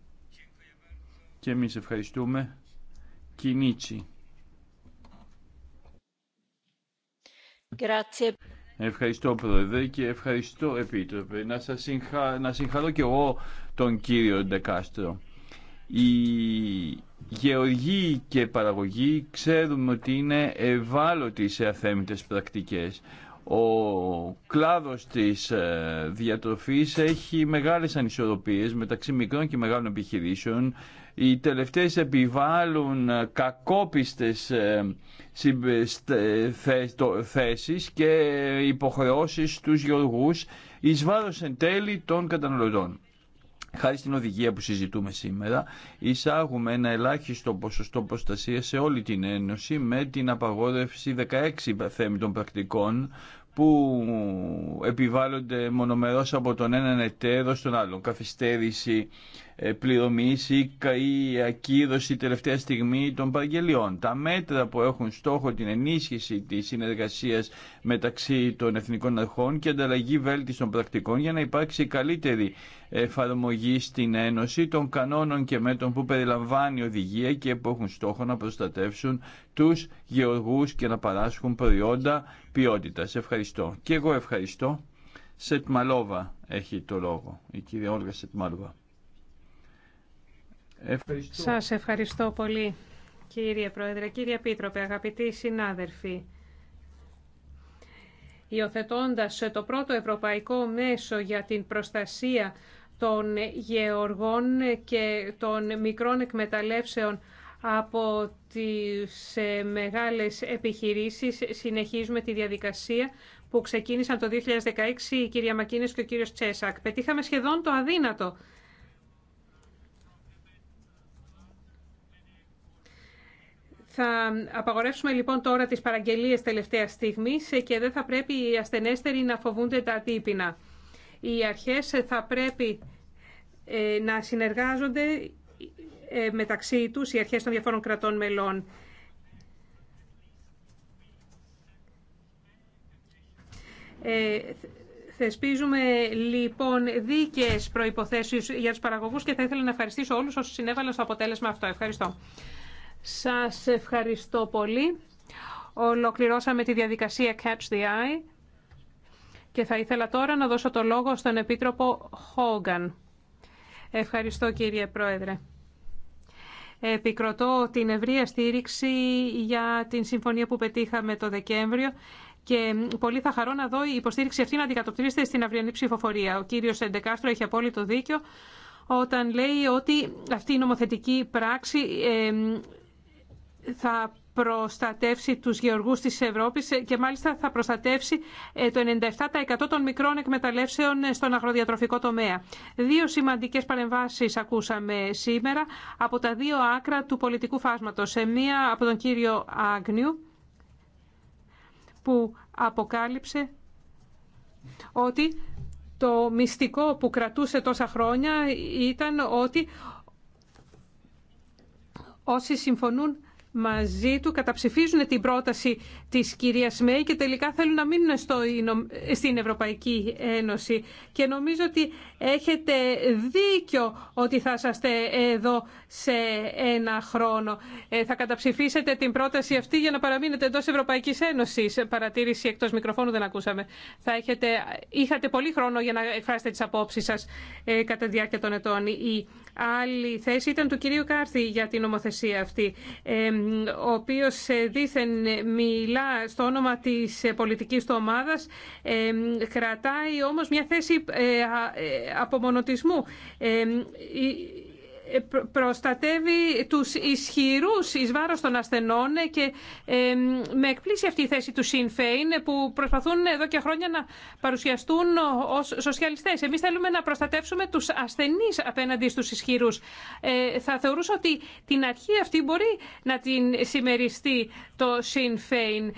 [SPEAKER 15] Και εμείς ευχαριστούμε. Κινίτσι. Ευχαριστώ Πρόεδρε και ευχαριστώ Επίτροπε. Να, σας να συγχαρώ και εγώ τον κύριο Ντεκάστρο. Η γεωργή και παραγωγή ξέρουμε ότι είναι ευάλωτοι σε αθέμητες πρακτικές. Ο κλάδος της ε, διατροφής έχει μεγάλες ανισορροπίες μεταξύ μικρών και μεγάλων επιχειρήσεων οι τελευταίες επιβάλλουν ε, κακόπιστες ε, θέσεις και υποχρεώσεις στους γεωργούς εις βάρος εν τέλει των καταναλωτών. Χάρη στην οδηγία που συζητούμε σήμερα, εισάγουμε ένα ελάχιστο ποσοστό προστασία σε όλη την Ένωση με την απαγόρευση 16 θέμητων πρακτικών που επιβάλλονται μονομερώς από τον έναν εταίρο στον άλλον. Καθυστέρηση ε, Πληρωμήσει ή ακύρωση τελευταία στιγμή των παραγγελιών. Τα μέτρα που έχουν στόχο την ενίσχυση τη συνεργασία μεταξύ των εθνικών αρχών και ανταλλαγή βέλτιστων πρακτικών για να υπάρξει καλύτερη εφαρμογή στην Ένωση των κανόνων και μέτρων που περιλαμβάνει η οδηγία και που έχουν στόχο να προστατεύσουν του γεωργού και να παράσχουν προϊόντα ποιότητα. Ευχαριστώ. Και εγώ ευχαριστώ. Σετμαλόβα έχει το λόγο, η κυρία Όλγα Σετμαλόβα. Ευχαριστώ. Σας
[SPEAKER 2] ευχαριστώ πολύ κύριε Πρόεδρε, κύριε Πίτροπε, αγαπητοί συνάδελφοι. Υιοθετώντα το πρώτο ευρωπαϊκό μέσο για την προστασία των γεωργών και των μικρών εκμεταλλεύσεων από τις ε, μεγάλες επιχειρήσεις συνεχίζουμε τη διαδικασία που ξεκίνησαν το 2016 η κυρία Μακίνες και ο κύριος Τσέσακ. Πετύχαμε σχεδόν το αδύνατο Θα απαγορεύσουμε λοιπόν τώρα τις παραγγελίες τελευταία στιγμής και δεν θα πρέπει οι ασθενέστεροι να φοβούνται τα τύπινα. Οι αρχές θα πρέπει ε, να συνεργάζονται ε, μεταξύ τους, οι αρχές των διαφόρων κρατών μελών. Ε, θεσπίζουμε λοιπόν δίκες προϋποθέσεις για τους παραγωγούς και θα ήθελα να ευχαριστήσω όλους όσους συνέβαλαν στο αποτέλεσμα αυτό. Ευχαριστώ. Σας ευχαριστώ πολύ. Ολοκληρώσαμε τη διαδικασία Catch the Eye και θα ήθελα τώρα να δώσω το λόγο στον Επίτροπο Hogan. Ευχαριστώ κύριε Πρόεδρε. Επικροτώ την ευρεία στήριξη για την συμφωνία που πετύχαμε το Δεκέμβριο και πολύ θα χαρώ να δω η υποστήριξη αυτή να αντικατοπτρίζεται στην αυριανή ψηφοφορία. Ο κύριος Εντεκάστρο έχει απόλυτο δίκιο όταν λέει ότι αυτή η νομοθετική πράξη ε, θα προστατεύσει τους γεωργούς της Ευρώπης και μάλιστα θα προστατεύσει ε, το 97% των μικρών εκμεταλλεύσεων ε, στον αγροδιατροφικό τομέα. Δύο σημαντικές παρεμβάσεις ακούσαμε σήμερα από τα δύο άκρα του πολιτικού φάσματος. Μία από τον κύριο Άγνιου που αποκάλυψε ότι το μυστικό που κρατούσε τόσα χρόνια ήταν ότι όσοι συμφωνούν μαζί του καταψηφίζουν την πρόταση της κυρίας Μέη και τελικά θέλουν να μείνουν στο, στην Ευρωπαϊκή Ένωση. Και νομίζω ότι έχετε δίκιο ότι θα είσαστε εδώ σε ένα χρόνο. Ε, θα καταψηφίσετε την πρόταση αυτή για να παραμείνετε εντός Ευρωπαϊκής Ένωσης. Παρατήρηση εκτός μικροφώνου δεν ακούσαμε. Θα έχετε, είχατε πολύ χρόνο για να εκφράσετε τις απόψεις σας ε, κατά τη διάρκεια των ετών. Η άλλη θέση ήταν του κυρίου Κάρθη για την νομοθεσία αυτή. Ε, ο οποίος ε, δήθεν μιλά στο όνομα της ε, πολιτικής του ομάδας, ε, κρατάει όμως μια θέση απομονωτισμού. Ε, προστατεύει τους ισχυρούς εις βάρος των ασθενών και ε, με εκπλήσει αυτή η θέση του Sinn Féin ε, που προσπαθούν εδώ και χρόνια να παρουσιαστούν ως σοσιαλιστές. Εμείς θέλουμε να προστατεύσουμε τους ασθενείς απέναντι στους ισχυρούς. θα θεωρούσα ότι την αρχή αυτή μπορεί να την συμμεριστεί το Sinn Féin.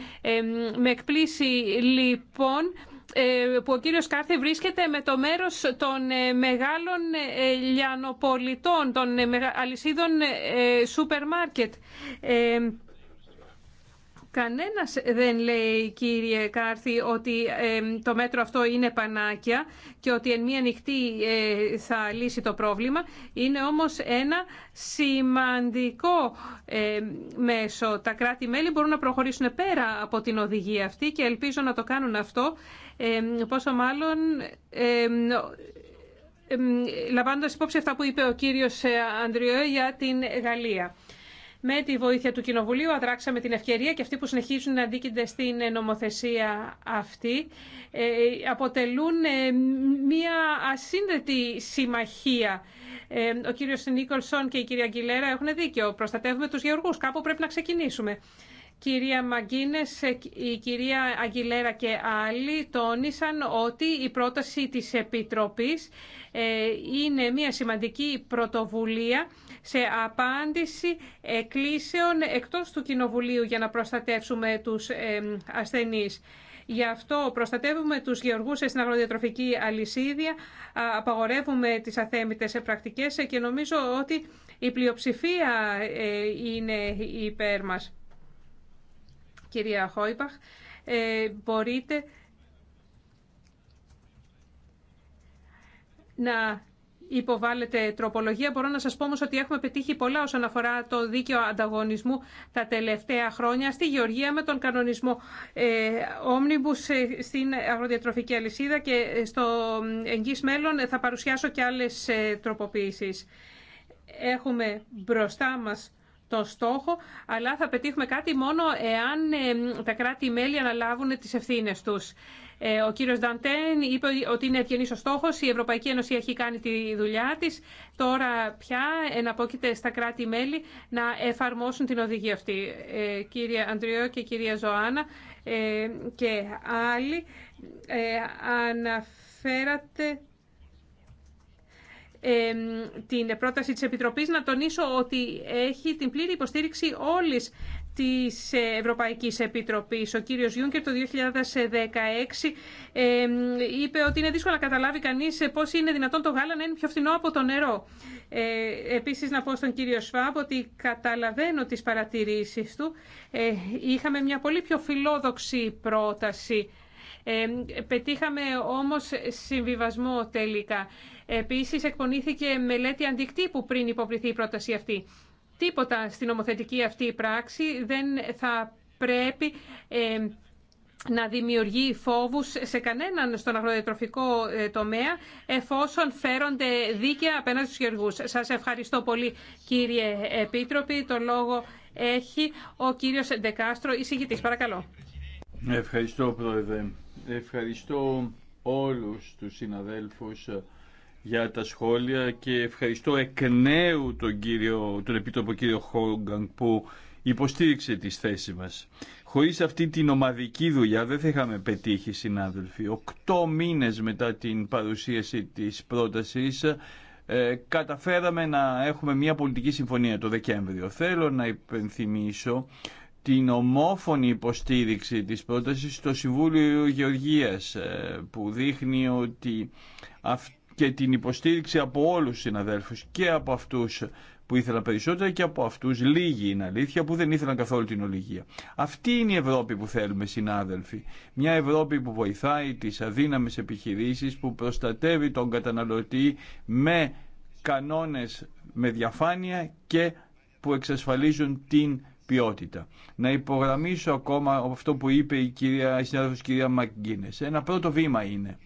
[SPEAKER 2] με εκπλήσει λοιπόν ε, που ο κύριος Κάρθη βρίσκεται με το μέρος των ε, μεγάλων ε, λιανοπολιτών, των αλυσίδων σούπερ μάρκετ. Κανένας δεν λέει, κύριε Κάρθη, ότι το μέτρο αυτό είναι πανάκια και ότι εν μία νυχτή θα λύσει το πρόβλημα. Είναι όμως ένα σημαντικό μέσο. Τα κράτη-μέλη μπορούν να προχωρήσουν πέρα από την οδηγία αυτή και ελπίζω να το κάνουν αυτό πόσο μάλλον λαμβάνοντας υπόψη αυτά που είπε ο κύριος ε, Ανδριώ για την Γαλλία. Με τη βοήθεια του Κοινοβουλίου αδράξαμε την ευκαιρία και αυτοί που συνεχίζουν να αντίκενται στην ε, νομοθεσία αυτή ε, αποτελούν μία ασύνδετη συμμαχία. Ο κύριος Νίκολσον και η κυρία Γκιλέρα έχουν δίκιο. Προστατεύουμε τους γεωργούς. Κάπου πρέπει να ξεκινήσουμε κυρία Μαγκίνες, η κυρία Αγγιλέρα και άλλοι τόνισαν ότι η πρόταση της Επιτροπής ε, είναι μια σημαντική πρωτοβουλία σε απάντηση εκκλήσεων εκτός του Κοινοβουλίου για να προστατεύσουμε τους ε, ασθενείς. Γι' αυτό προστατεύουμε τους γεωργούς στην αγροδιατροφική αλυσίδια, απαγορεύουμε τις αθέμητες πρακτικές και νομίζω ότι η πλειοψηφία ε, είναι υπέρ μας κυρία Χόιπαχ, ε, μπορείτε να υποβάλλετε τροπολογία. Μπορώ να σας πω όμως ότι έχουμε πετύχει πολλά όσον αφορά το δίκαιο ανταγωνισμού τα τελευταία χρόνια στη Γεωργία με τον κανονισμό ε, όμνιμπους ε, στην αγροδιατροφική αλυσίδα και στο εγγύς μέλλον ε, θα παρουσιάσω και άλλες ε, τροποποίησεις. Έχουμε μπροστά μας το στόχο, αλλά θα πετύχουμε κάτι μόνο εάν ε, τα κράτη-μέλη αναλάβουν τις ευθύνες τους. Ε, ο κύριος Νταντέν είπε ότι είναι ευγενής ο στόχος, η Ευρωπαϊκή Ένωση έχει κάνει τη δουλειά της. Τώρα πια εναπόκειται στα κράτη-μέλη να εφαρμόσουν την οδηγία αυτή. Ε, κύριε Αντριό και κυρία Ζωάνα και άλλοι, αναφέρατε την πρόταση της Επιτροπής να τονίσω ότι έχει την πλήρη υποστήριξη όλης της Ευρωπαϊκής Επιτροπής. Ο κύριος Γιούνκερ το 2016 είπε ότι είναι δύσκολο να καταλάβει κανείς πώς είναι δυνατόν το γάλα να είναι πιο φθηνό από το νερό. Ε, επίσης να πω στον κύριο Σφάμπ ότι καταλαβαίνω τις παρατηρήσεις του. Ε, είχαμε μια πολύ πιο φιλόδοξη πρόταση. Ε, πετύχαμε όμως συμβιβασμό τελικά. Επίσης εκπονήθηκε μελέτη αντικτύπου πριν υποβληθεί η πρόταση αυτή. Τίποτα στην ομοθετική αυτή πράξη δεν θα πρέπει ε, να δημιουργεί φόβους σε κανέναν στον αγροδιατροφικό ε, τομέα εφόσον φέρονται δίκαια απέναντι στους γεωργούς. Σας ευχαριστώ πολύ κύριε Επίτροπη. Το λόγο έχει ο κύριος Ντεκάστρο, εισηγητής. Παρακαλώ.
[SPEAKER 15] Ευχαριστώ πρόεδρε. Ευχαριστώ όλους τους συναδέλφους για τα σχόλια και ευχαριστώ εκ νέου τον, κύριο, τον επίτροπο κύριο Χόγκανγκ που υποστήριξε τις θέσεις μας. Χωρίς αυτή την ομαδική δουλειά δεν θα είχαμε πετύχει συνάδελφοι. Οκτώ μήνες μετά την παρουσίαση της πρότασης ε, καταφέραμε να έχουμε μια πολιτική συμφωνία το Δεκέμβριο. Θέλω να υπενθυμίσω την ομόφωνη υποστήριξη της πρότασης στο Συμβούλιο Γεωργίας ε, που δείχνει ότι αυτή και την υποστήριξη από όλους τους συναδέλφους και από αυτούς που ήθελαν περισσότερα και από αυτούς λίγοι είναι αλήθεια που δεν ήθελαν καθόλου την ολιγία. Αυτή είναι η Ευρώπη που θέλουμε συνάδελφοι. Μια Ευρώπη που βοηθάει τις αδύναμες επιχειρήσεις, που προστατεύει τον καταναλωτή με κανόνες με διαφάνεια και που εξασφαλίζουν την ποιότητα. Να υπογραμμίσω ακόμα αυτό που είπε η, κυρία, η συνάδελφος κυρία Μαγκίνες. Ένα πρώτο βήμα είναι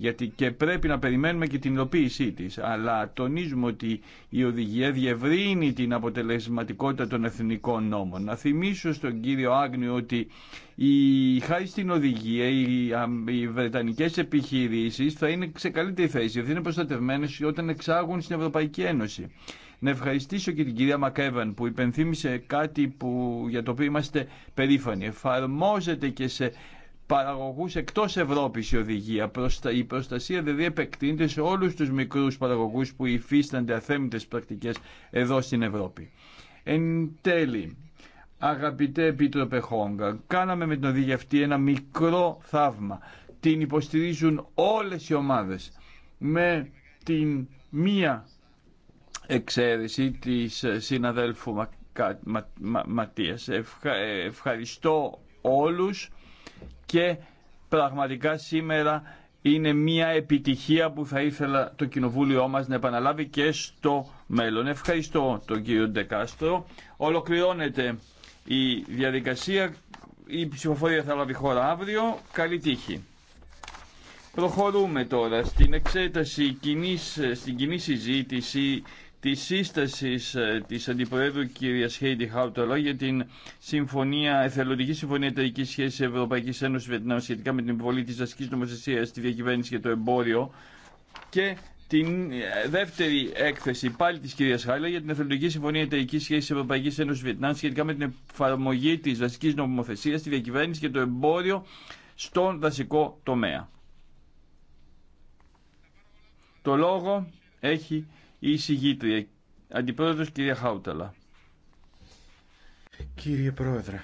[SPEAKER 15] γιατί και πρέπει να περιμένουμε και την υλοποίησή της. Αλλά τονίζουμε ότι η οδηγία διευρύνει την αποτελεσματικότητα των εθνικών νόμων. Να θυμίσω στον κύριο Άγνιο ότι η, χάρη στην οδηγία οι, οι βρετανικές επιχειρήσεις θα είναι σε καλύτερη θέση, θα είναι προστατευμένες όταν εξάγουν στην Ευρωπαϊκή Ένωση. Να ευχαριστήσω και την κυρία Μακέβαν που υπενθύμησε κάτι που, για το οποίο είμαστε περήφανοι. Εφαρμόζεται και σε παραγωγούς εκτός Ευρώπης η οδηγία. Η προστασία δηλαδή επεκτείνεται σε όλους τους μικρούς παραγωγούς που υφίστανται αθέμητες πρακτικές εδώ στην Ευρώπη. Εν τέλει, αγαπητέ Επίτροπε Χόγκα, κάναμε με την οδηγία αυτή ένα μικρό θαύμα. Την υποστηρίζουν όλες οι ομάδες με την μία εξαίρεση της συναδέλφου Ματίας. ευχαριστώ όλους και πραγματικά σήμερα είναι μια επιτυχία που θα ήθελα το κοινοβούλιο μας να επαναλάβει και στο μέλλον. Ευχαριστώ τον κύριο Ντεκάστρο. Ολοκληρώνεται η διαδικασία. Η ψηφοφορία θα λάβει χώρα αύριο. Καλή τύχη. Προχωρούμε τώρα στην εξέταση κοινής, στην κοινή συζήτηση τη σύσταση ε, τη Αντιπροέδρου κ. Χέιντι Χάουταλα για την συμφωνία, εθελοντική συμφωνία εταιρική σχέση Ευρωπαϊκή Ένωση Βιετνάμ σχετικά με την επιβολή τη δασική νομοθεσία στη διακυβέρνηση και το εμπόριο και την ε, δεύτερη έκθεση πάλι τη κυρία Χάλα για την εθελοντική συμφωνία εταιρική σχέση Ευρωπαϊκή Ένωση Βιετνάμ σχετικά με την εφαρμογή τη δασική νομοθεσία στη διακυβέρνηση και το εμπόριο στον δασικό τομέα. Το λόγο έχει η εισηγήτρια, αντιπρόεδρος κυρία Χάουταλα.
[SPEAKER 9] Κύριε Πρόεδρε,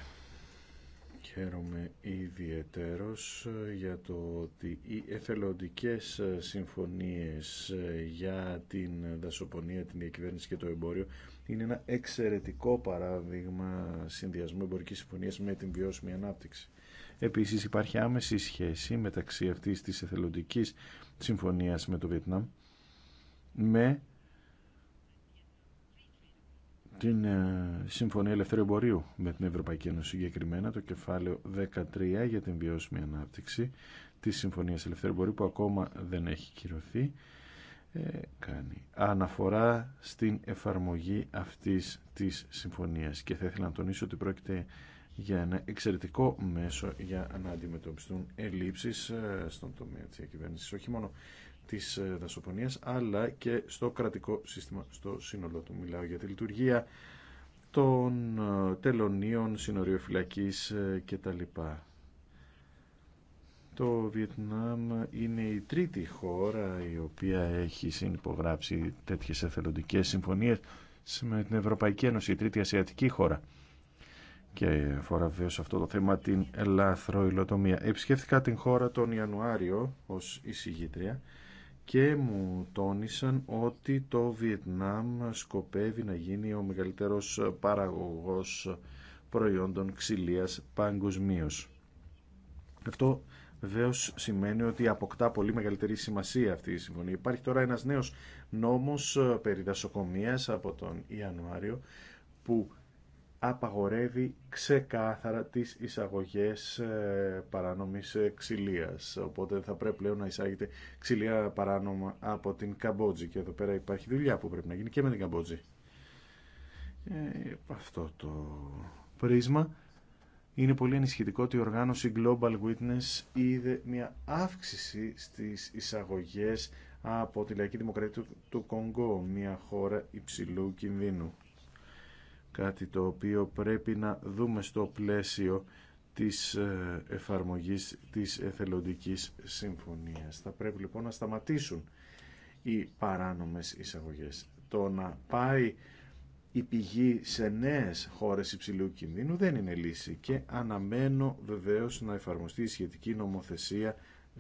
[SPEAKER 9] χαίρομαι ιδιαιτέρως για το ότι οι εθελοντικές συμφωνίες για την δασοπονία, την διακυβέρνηση και το εμπόριο είναι ένα εξαιρετικό παράδειγμα συνδυασμού εμπορικής συμφωνίας με την βιώσιμη ανάπτυξη. Επίσης υπάρχει άμεση σχέση μεταξύ αυτής της εθελοντικής συμφωνίας με το Βιετνάμ με την ε, Συμφωνία Ελευθερίου Εμπορίου με την Ευρωπαϊκή Ένωση συγκεκριμένα το κεφάλαιο 13 για την βιώσιμη ανάπτυξη της Συμφωνίας Ελευθερίου Εμπορίου που ακόμα δεν έχει κυρωθεί ε, κάνει αναφορά στην εφαρμογή αυτής της συμφωνίας και θα ήθελα να τονίσω ότι πρόκειται για ένα εξαιρετικό μέσο για να αντιμετωπιστούν ελλείψεις ε, στον τομέα της διακυβέρνησης όχι μόνο της ε, δασοπονίας αλλά και στο κρατικό σύστημα στο σύνολό του. Μιλάω για τη λειτουργία των ε, τελωνίων, ε, τα κτλ. Το Βιετνάμ είναι η τρίτη χώρα η οποία έχει συνυπογράψει τέτοιες εθελοντικές συμφωνίες με την Ευρωπαϊκή Ένωση, η τρίτη ασιατική χώρα. Και αφορά σε αυτό το θέμα την ελάθρο Επισκέφθηκα την χώρα τον Ιανουάριο ως εισηγήτρια και μου τόνισαν ότι το Βιετνάμ σκοπεύει να γίνει ο μεγαλύτερος παραγωγός προϊόντων ξυλίας παγκοσμίω. Αυτό βεβαίω σημαίνει ότι αποκτά πολύ μεγαλύτερη σημασία αυτή η συμφωνία. Υπάρχει τώρα ένας νέος νόμος περί δασοκομείας από τον Ιανουάριο που απαγορεύει ξεκάθαρα τις εισαγωγές ε, παράνομης ξυλίας. Οπότε θα πρέπει πλέον να εισάγεται ξυλία παράνομα από την Καμπότζη. Και εδώ πέρα υπάρχει δουλειά που πρέπει να γίνει και με την Καμπότζη. Ε, αυτό το πρίσμα είναι πολύ ανησυχητικό ότι η οργάνωση Global Witness είδε μια αύξηση στις εισαγωγές από τη Λαϊκή Δημοκρατία του Κονγκό, μια χώρα υψηλού κινδύνου κάτι το οποίο πρέπει να δούμε στο πλαίσιο της ε, εφαρμογής της εθελοντικής συμφωνίας. Θα πρέπει λοιπόν να σταματήσουν οι παράνομες εισαγωγές. Το να πάει η πηγή σε νέες χώρες υψηλού κινδύνου δεν είναι λύση και αναμένω βεβαίως να εφαρμοστεί η σχετική νομοθεσία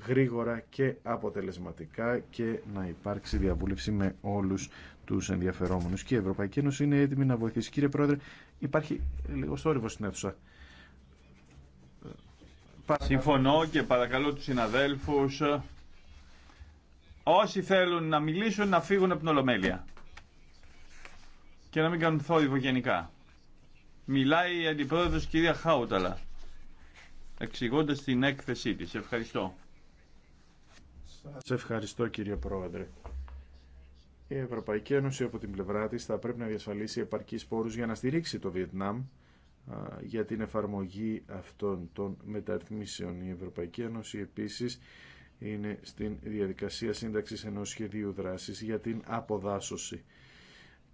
[SPEAKER 9] γρήγορα και αποτελεσματικά και να υπάρξει διαβούλευση με όλους του ενδιαφερόμενου και η Ευρωπαϊκή Ένωση είναι έτοιμη να βοηθήσει. Κύριε Πρόεδρε, υπάρχει λίγο θόρυβο στην αίθουσα.
[SPEAKER 15] Συμφωνώ και παρακαλώ του συναδέλφου. Όσοι θέλουν να μιλήσουν να φύγουν από την Ολομέλεια και να μην κάνουν θόρυβο γενικά. Μιλάει η Αντιπρόεδρος κυρία Χάουταλα εξηγώντα την έκθεσή της. Ευχαριστώ. Σας
[SPEAKER 9] ευχαριστώ κύριε Πρόεδρε. Η Ευρωπαϊκή Ένωση από την πλευρά της θα πρέπει να διασφαλίσει επαρκείς πόρους για να στηρίξει το Βιετνάμ για την εφαρμογή αυτών των μεταρρυθμίσεων. Η Ευρωπαϊκή Ένωση επίσης είναι στην διαδικασία σύνταξης ενός σχεδίου δράσης για την αποδάσωση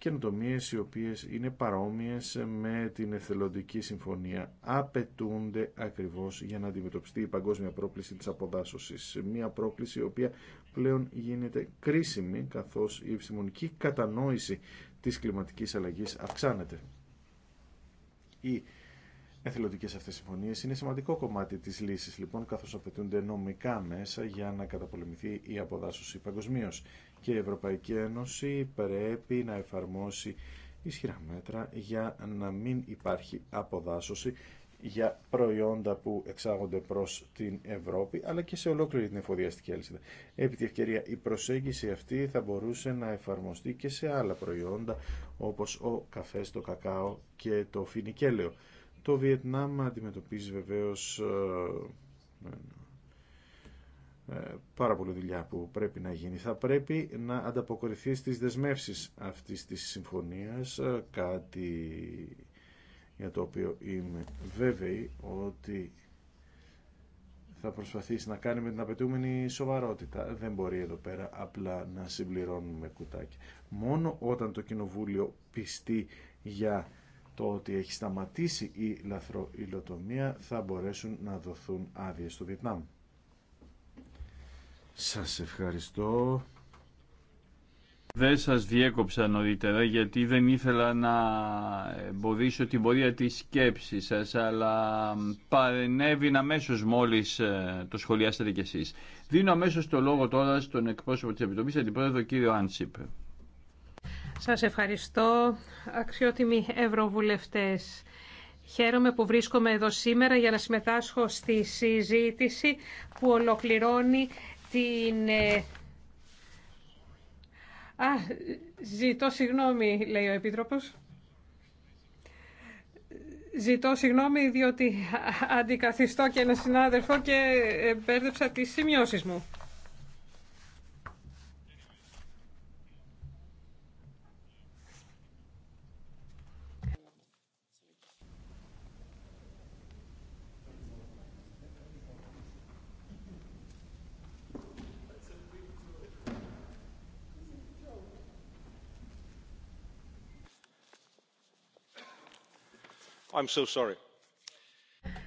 [SPEAKER 9] καινοτομίε οι οποίες είναι παρόμοιες με την εθελοντική συμφωνία απαιτούνται ακριβώ για να αντιμετωπιστεί η παγκόσμια πρόκληση της αποδάσωσης. Μια πρόκληση η οποία πλέον γίνεται κρίσιμη καθώς η επιστημονική κατανόηση της κλιματικής αλλαγής αυξάνεται. Εθελοντικέ αυτέ συμφωνίε είναι σημαντικό κομμάτι τη λύση, λοιπόν καθώ απαιτούνται νομικά μέσα για να καταπολεμηθεί η αποδάσωση παγκοσμίω. και η Ευρωπαϊκή Ένωση πρέπει να εφαρμόσει ισχυρά μέτρα για να μην υπάρχει αποδάσωση για προϊόντα που εξάγονται προ την Ευρώπη αλλά και σε ολόκληρη την εφοδιαστική αλυσίδα. Επί τη ευκαιρία η προσέγγιση αυτή θα μπορούσε να εφαρμοστεί και σε άλλα προϊόντα όπω ο καφέ, το κακάο και το φινικέλαιο το Βιετνάμ αντιμετωπίζει βεβαίως ε, ε, πάρα πολλή δουλειά που πρέπει να γίνει. Θα πρέπει να ανταποκριθεί στις δεσμεύσεις αυτής της συμφωνίας, ε, κάτι για το οποίο είμαι βέβαιη ότι θα προσπαθήσει να κάνει με την απαιτούμενη σοβαρότητα. Δεν μπορεί εδώ πέρα απλά να συμπληρώνουμε κουτάκι. Μόνο όταν το Κοινοβούλιο πιστεί για το ότι έχει σταματήσει η λαθροϊλοτομία θα μπορέσουν να δοθούν άδειε στο Βιετνάμ.
[SPEAKER 15] Σας ευχαριστώ. Δεν σας διέκοψα νωρίτερα γιατί δεν ήθελα να εμποδίσω την πορεία της σκέψης σας αλλά να αμέσω μόλις ε, το σχολιάσατε κι εσείς. Δίνω αμέσω το λόγο τώρα στον εκπρόσωπο της Επιτροπής, αντιπρόεδρο κύριο Άντσιπ.
[SPEAKER 2] Σας ευχαριστώ, αξιότιμοι ευρωβουλευτές. Χαίρομαι που βρίσκομαι εδώ σήμερα για να συμμετάσχω στη συζήτηση που ολοκληρώνει την... Ε, Α, ζητώ συγγνώμη, λέει ο Επίτροπος. Ζητώ συγγνώμη διότι αντικαθιστώ και ένα συνάδελφο και ε, μπέρδεψα τις σημειώσεις μου.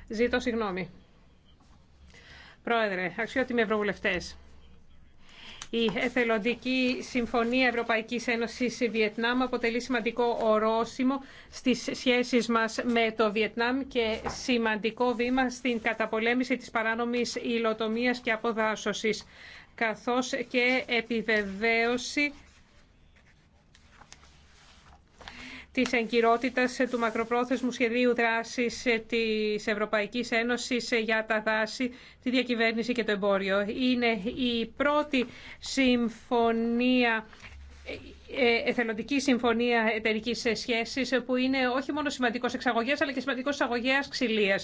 [SPEAKER 2] Ζήτω συγγνώμη. Πρόεδρε, αξιότιμοι ευρωβουλευτέ. η εθελοντική συμφωνία Ευρωπαϊκής Ένωση Βιετνάμ αποτελεί σημαντικό ορόσημο στι σχέσει μα με το Βιετνάμ και σημαντικό βήμα στην καταπολέμηση της παράνομη υλοτομία και αποδάσωση. καθώς και επιβεβαίωση Τη εγκυρότητα του μακροπρόθεσμου σχεδίου δράσης ε, της Ευρωπαϊκής Ένωσης ε, για τα δάση, τη διακυβέρνηση και το εμπόριο. Είναι η πρώτη συμφωνία ε, εθελοντική συμφωνία εταιρική σχέση, που είναι όχι μόνο σημαντικό εξαγωγέ, αλλά και σημαντικό εξαγωγέα ξυλία.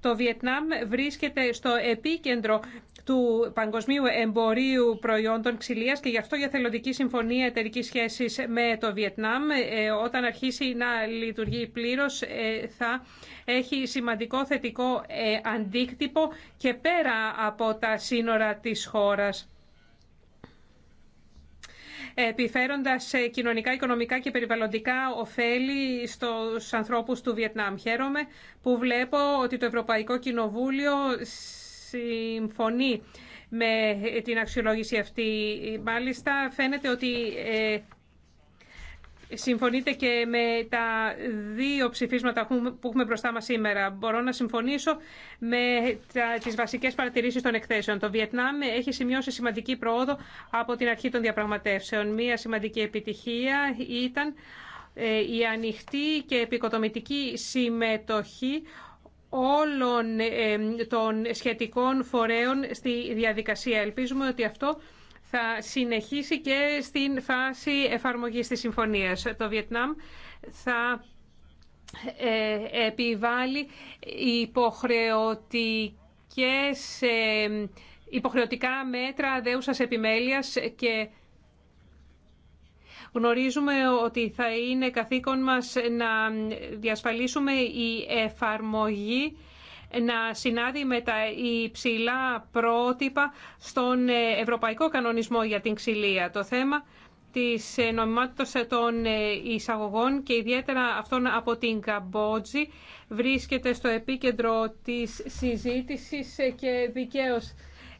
[SPEAKER 2] Το Βιετνάμ βρίσκεται στο επίκεντρο του Παγκοσμίου Εμπορίου Προϊόντων Ξυλίας και γι' αυτό η θελοντική Συμφωνία εταιρική Σχέσης με το Βιετνάμ ε, όταν αρχίσει να λειτουργεί πλήρως ε, θα έχει σημαντικό θετικό ε, αντίκτυπο και πέρα από τα σύνορα της χώρας επιφέροντας κοινωνικά, οικονομικά και περιβαλλοντικά ωφέλη στους ανθρώπους του Βιετνάμ. Χαίρομαι που βλέπω ότι το Ευρωπαϊκό Κοινοβούλιο συμφωνεί με την αξιολόγηση αυτή. Μάλιστα φαίνεται ότι ε, συμφωνείτε και με τα δύο ψηφίσματα που έχουμε μπροστά μας σήμερα. Μπορώ να συμφωνήσω με τα, τις βασικές παρατηρήσεις των εκθέσεων. Το Βιετνάμ έχει σημειώσει σημαντική πρόοδο από την αρχή των διαπραγματεύσεων. Μία σημαντική επιτυχία ήταν ε, η ανοιχτή και επικοτομητική συμμετοχή όλων των σχετικών φορέων στη διαδικασία. Ελπίζουμε ότι αυτό θα συνεχίσει και στην φάση εφαρμογής της συμφωνίας. Το Βιετνάμ θα ε, επιβάλλει υποχρεωτικές, υποχρεωτικά μέτρα δέουσας επιμέλειας και Γνωρίζουμε ότι θα είναι καθήκον μας να διασφαλίσουμε η εφαρμογή να συνάδει με τα υψηλά πρότυπα στον Ευρωπαϊκό Κανονισμό για την Ξυλία. Το θέμα της νομιμότητας των εισαγωγών και ιδιαίτερα αυτών από την Καμπότζη βρίσκεται στο επίκεντρο της συζήτησης και δικαίως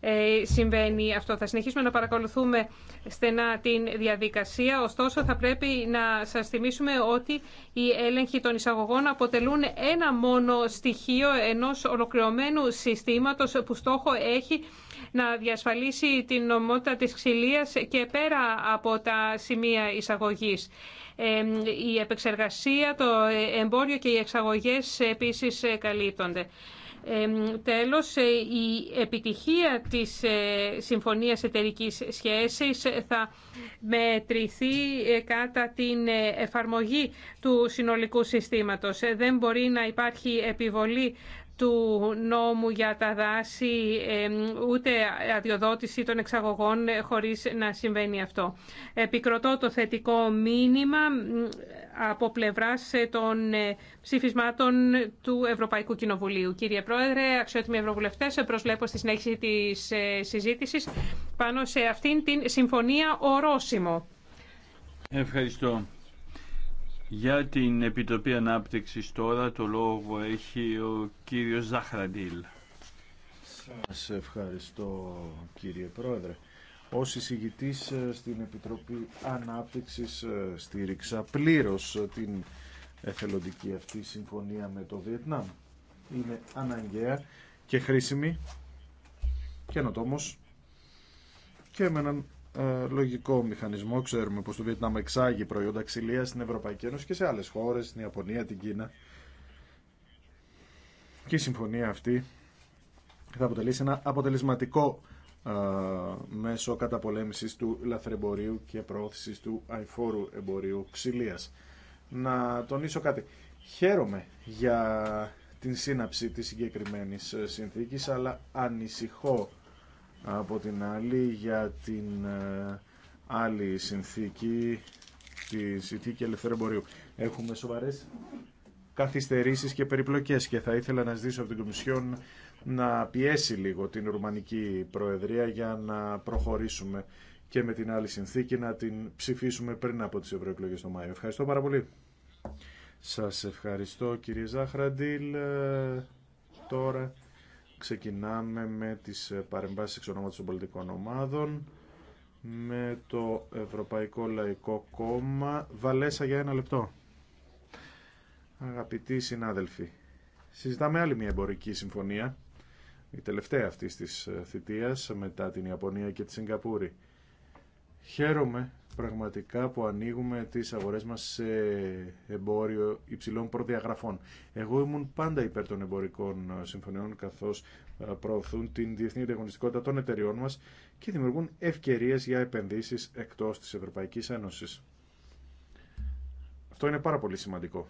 [SPEAKER 2] ε, συμβαίνει αυτό. Θα συνεχίσουμε να παρακολουθούμε στενά την διαδικασία. Ωστόσο, θα πρέπει να σα θυμίσουμε ότι οι έλεγχοι των εισαγωγών αποτελούν ένα μόνο στοιχείο ενός ολοκληρωμένου συστήματος που στόχο έχει να διασφαλίσει την νομότητα της ξυλίας και πέρα από τα σημεία εισαγωγής. Ε, η επεξεργασία, το εμπόριο και οι εξαγωγές επίσης καλύπτονται. Τέλος, ε, η επιτυχία της ε, Συμφωνίας Εταιρικής Σχέσης ε, θα μετρηθεί κατά την εφαρμογή του συνολικού συστήματος. Δεν μπορεί να υπάρχει επιβολή του νόμου για τα δάση, ούτε αδειοδότηση των εξαγωγών χωρίς να συμβαίνει αυτό. Επικροτώ το θετικό μήνυμα από πλευράς των ε, ψηφισμάτων του Ευρωπαϊκού Κοινοβουλίου. Κύριε Πρόεδρε, αξιότιμοι Ευρωβουλευτές, προσβλέπω στη συνέχιση της ε, συζήτησης πάνω σε αυτήν την συμφωνία ορόσημο.
[SPEAKER 15] Ευχαριστώ. Για την Επιτροπή Ανάπτυξης τώρα το λόγο έχει ο κύριος Ζαχραντήλ.
[SPEAKER 9] Σας ευχαριστώ κύριε Πρόεδρε. Ως εισηγητής ε, στην Επιτροπή Ανάπτυξης ε, στήριξα πλήρως ε, την εθελοντική αυτή συμφωνία με το Βιετνάμ. Είναι αναγκαία και χρήσιμη, καινοτόμος και με ε, λογικό μηχανισμό. Ξέρουμε πω το Βιετνάμ εξάγει προϊόντα ξυλία στην Ευρωπαϊκή Ένωση και σε άλλε χώρε στην Ιαπωνία, την Κίνα. Και η συμφωνία αυτή θα αποτελεί ένα αποτελεσματικό ε, μέσο καταπολέμησης του λαθρεμπορίου και προώθησης του αϊφόρου εμπορίου ξυλία. Να τονίσω κάτι. Χαίρομαι για την σύναψη της συγκεκριμένης συνθήκης, αλλά ανησυχώ από την άλλη για την ε, άλλη συνθήκη τη συνθήκη ελευθερία εμπορίου. Έχουμε σοβαρέ καθυστερήσεις και περιπλοκές και θα ήθελα να ζητήσω από την Κομισιόν να πιέσει λίγο την Ρουμανική Προεδρία για να προχωρήσουμε και με την άλλη συνθήκη να την ψηφίσουμε πριν από τις ευρωεκλογές το Μάιο. Ευχαριστώ πάρα πολύ. Σας ευχαριστώ κύριε Ζάχραντιλ. Ε, τώρα Ξεκινάμε με τις ε, παρεμβάσεις εξ ονόματος των πολιτικών ομάδων, με το Ευρωπαϊκό Λαϊκό Κόμμα. Βαλέσα για ένα λεπτό. Αγαπητοί συνάδελφοι, συζητάμε άλλη μια εμπορική συμφωνία, η τελευταία αυτή της ε, θητείας μετά την Ιαπωνία και τη Σιγκαπούρη. Χαίρομαι πραγματικά που ανοίγουμε τις αγορές μας σε εμπόριο υψηλών προδιαγραφών. Εγώ ήμουν πάντα υπέρ των εμπορικών ε, συμφωνιών καθώς ε, προωθούν την διεθνή διαγωνιστικότητα των εταιριών μας και δημιουργούν ευκαιρίες για επενδύσεις εκτός της Ευρωπαϊκής Ένωσης. Αυτό είναι πάρα πολύ σημαντικό.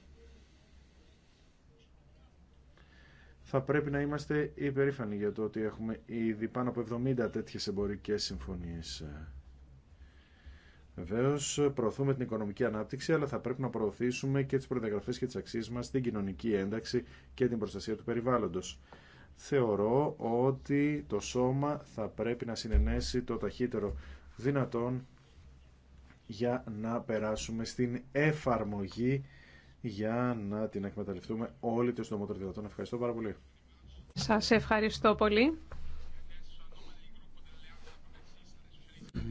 [SPEAKER 9] θα πρέπει να είμαστε υπερήφανοι για το ότι έχουμε ήδη πάνω από 70 τέτοιες εμπορικές συμφωνίες ε, Βεβαίω, προωθούμε την οικονομική ανάπτυξη, αλλά θα πρέπει να προωθήσουμε και τι προδιαγραφέ και τι αξίε μα, την κοινωνική ένταξη και την προστασία του περιβάλλοντο. Θεωρώ ότι το σώμα θα πρέπει να συνενέσει το ταχύτερο δυνατόν για να περάσουμε στην εφαρμογή για να την εκμεταλλευτούμε όλοι το στομότερο Ευχαριστώ πάρα
[SPEAKER 15] πολύ.
[SPEAKER 2] Σας ευχαριστώ πολύ.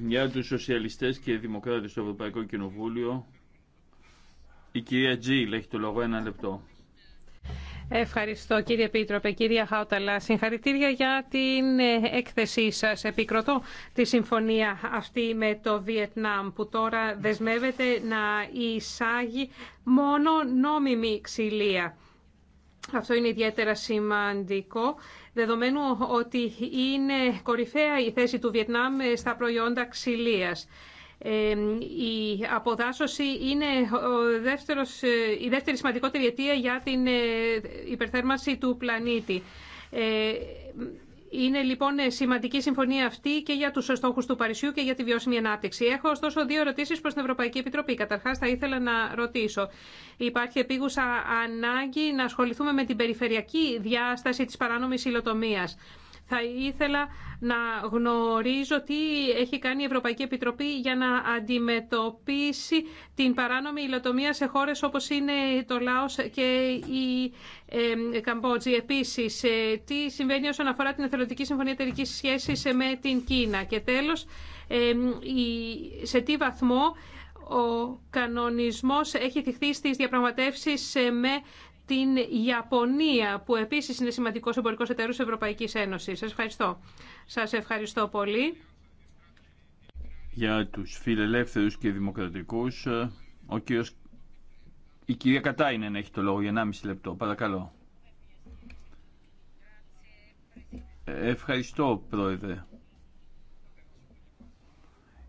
[SPEAKER 15] Για τους σοσιαλιστές και δημοκράτες στο Ευρωπαϊκό Κοινοβούλιο, η κυρία Τζιλ έχει το λόγο ένα λεπτό.
[SPEAKER 2] Ευχαριστώ κύριε πίτροπε, Κυρία Χάουταλα, συγχαρητήρια για την ε, έκθεσή σας. Επικροτώ τη συμφωνία αυτή με το Βιετνάμ που τώρα δεσμεύεται να εισάγει μόνο νόμιμη ξυλία. Αυτό είναι ιδιαίτερα σημαντικό, δεδομένου ότι είναι κορυφαία η θέση του Βιετνάμ στα προϊόντα ξυλίας. Ε, η αποδάσωση είναι δεύτερος, η δεύτερη σημαντικότερη αιτία για την ε, υπερθέρμανση του πλανήτη. Ε, είναι λοιπόν σημαντική συμφωνία αυτή και για τους στόχου του Παρισιού και για τη βιώσιμη ανάπτυξη. Έχω ωστόσο δύο ερωτήσει προ την Ευρωπαϊκή Επιτροπή. Καταρχά θα ήθελα να ρωτήσω. Υπάρχει επίγουσα ανάγκη να ασχοληθούμε με την περιφερειακή διάσταση της παράνομη υλοτομία. Θα ήθελα να γνωρίζω τι έχει κάνει η Ευρωπαϊκή Επιτροπή για να αντιμετωπίσει την παράνομη υλοτομία σε χώρες όπως είναι το Λάος και η Καμπότζη. Επίσης, ε, τι συμβαίνει όσον αφορά την Εθελοντική Συμφωνία Εταιρικής Σχέσης ε, με την Κίνα. Και τέλος, σε τι βαθμό ο κανονισμός έχει θυχθεί στις διαπραγματεύσεις ε, με την Ιαπωνία, που επίσης είναι σημαντικός εμπορικός εταίρος Ευρωπαϊκής Ένωσης. Σας ευχαριστώ. Σας ευχαριστώ πολύ.
[SPEAKER 15] Για τους φιλελεύθερους και δημοκρατικούς, ε, ο η κυρία να έχει το λόγο για 1,5 λεπτό. Παρακαλώ. Ευχαριστώ, Πρόεδρε.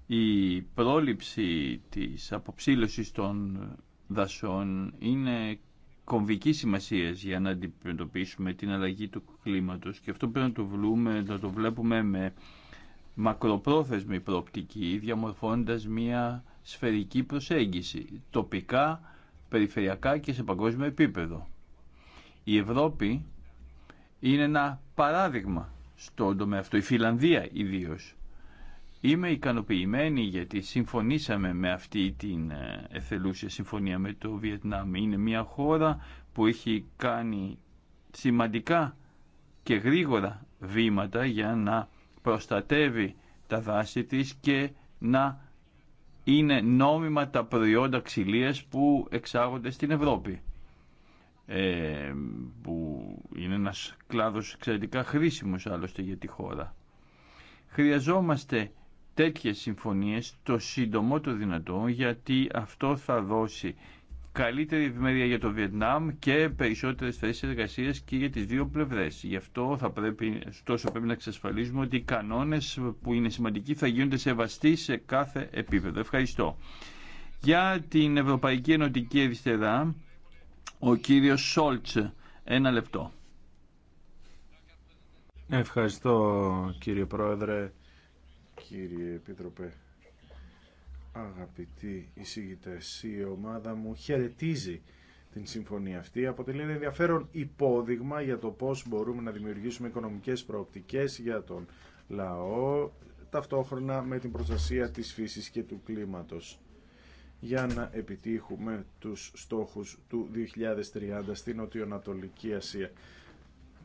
[SPEAKER 15] Η πρόληψη της αποψήλωσης των δασών είναι κομβική σημασία για να αντιμετωπίσουμε την αλλαγή του κλίματος και αυτό πρέπει να το, να το βλέπουμε με μακροπρόθεσμη προοπτική διαμορφώνοντας μια σφαιρική προσέγγιση τοπικά, περιφερειακά και σε παγκόσμιο επίπεδο. Η Ευρώπη είναι ένα παράδειγμα στον τομέα αυτό, η Φιλανδία ιδίω. Είμαι ικανοποιημένη γιατί συμφωνήσαμε με αυτή την ε, εθελούσια συμφωνία με το Βιετνάμ. Είναι μια χώρα που έχει κάνει σημαντικά και γρήγορα βήματα για να προστατεύει τα δάση της και να είναι νόμιμα τα προϊόντα ξυλίας που εξάγονται στην Ευρώπη ε, που είναι ένας κλάδος εξαιρετικά χρήσιμος άλλωστε για τη χώρα. Χρειαζόμαστε τέτοιες συμφωνίες το σύντομο το δυνατό γιατί αυτό θα δώσει καλύτερη ευημερία για το Βιετνάμ και περισσότερες θέσεις εργασία και για τις δύο πλευρές. Γι' αυτό θα πρέπει, τόσο πρέπει να εξασφαλίσουμε ότι οι κανόνες που είναι σημαντικοί θα γίνονται σεβαστοί σε κάθε επίπεδο. Ευχαριστώ. Για την Ευρωπαϊκή Ενωτική Αριστερά, ο κύριος Σόλτς, ένα λεπτό.
[SPEAKER 9] Ευχαριστώ κύριε Πρόεδρε κύριε Επίτροπε. Αγαπητοί εισηγητές, η ομάδα μου χαιρετίζει την συμφωνία αυτή. Αποτελεί ένα ενδιαφέρον υπόδειγμα για το πώς μπορούμε να δημιουργήσουμε οικονομικές προοπτικές για τον λαό, ταυτόχρονα με την προστασία της φύσης και του κλίματος για να επιτύχουμε τους στόχους του 2030 στην Νοτιοανατολική Ασία.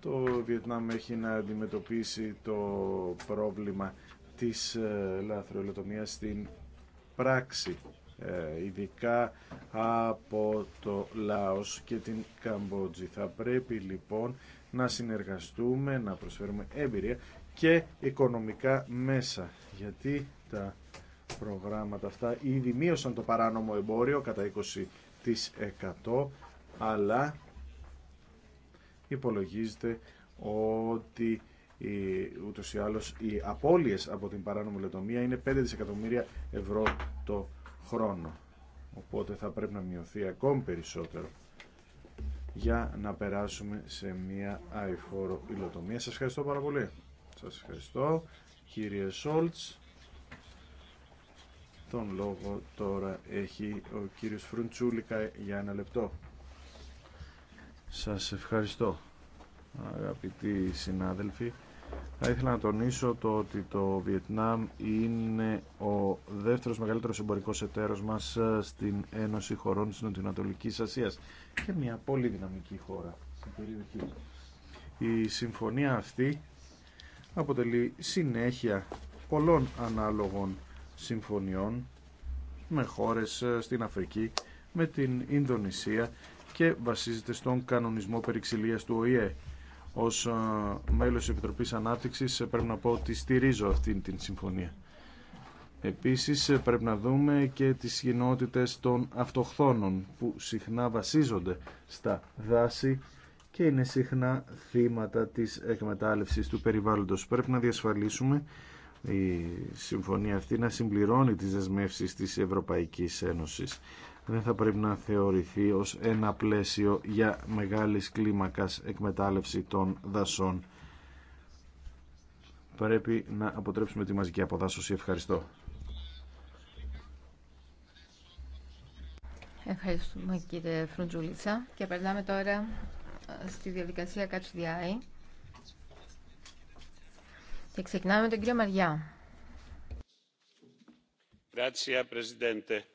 [SPEAKER 9] Το Βιετνάμ έχει να αντιμετωπίσει το πρόβλημα της ε, λαθρολοτομίας στην πράξη ε, ειδικά από το Λάος και την Καμπότζη. Θα πρέπει λοιπόν να συνεργαστούμε, να προσφέρουμε έμπειρια και οικονομικά μέσα, γιατί τα προγράμματα αυτά ήδη μείωσαν το παράνομο εμπόριο κατά 20% αλλά υπολογίζεται ότι ούτως ή άλλως οι απώλειες από την παράνομη λετομία είναι 5 δισεκατομμύρια ευρώ το χρόνο. Οπότε θα πρέπει να μειωθεί ακόμη περισσότερο για να περάσουμε σε μια αηφόρο υλοτομία. Σας ευχαριστώ πάρα πολύ. Σας ευχαριστώ κύριε Σόλτς. Τον λόγο τώρα έχει ο κύριος Φρουντσούλικα για ένα λεπτό. Σας ευχαριστώ αγαπητοί συνάδελφοι. Θα ήθελα να τονίσω το ότι το Βιετνάμ είναι ο δεύτερος μεγαλύτερος εμπορικός εταίρος μας ε, στην Ένωση Χωρών της Νοτιοανατολικής Ασίας και μια πολύ δυναμική χώρα στην περιοχή. Η συμφωνία αυτή αποτελεί συνέχεια πολλών ανάλογων συμφωνιών με χώρες ε, στην Αφρική, με την Ινδονησία και βασίζεται στον κανονισμό περιξηλίας του ΟΗΕ. Ω μέλο τη επιτροπή ανάπτυξη ε, πρέπει να πω ότι στηρίζω αυτή την συμφωνία. Επίση, ε, πρέπει να δούμε και τι κοινότητε των αυτοχθόνων που συχνά βασίζονται στα δάση και είναι συχνά θύματα της εκμετάλλευσης του περιβάλλοντος. Πρέπει να διασφαλίσουμε η συμφωνία αυτή να συμπληρώνει τις δεσμεύσεις της Ευρωπαϊκής Ένωσης δεν θα πρέπει να θεωρηθεί ως ένα πλαίσιο για μεγάλης κλίμακας εκμετάλλευση των δασών. Πρέπει να αποτρέψουμε τη μαζική αποδάσωση. Ευχαριστώ.
[SPEAKER 16] Ευχαριστούμε κύριε Φρουντζουλίτσα και περνάμε τώρα ε, στη διαδικασία ΚΑΤΣΔΙ και ξεκινάμε με τον κύριο Μαριά.
[SPEAKER 6] Grazie,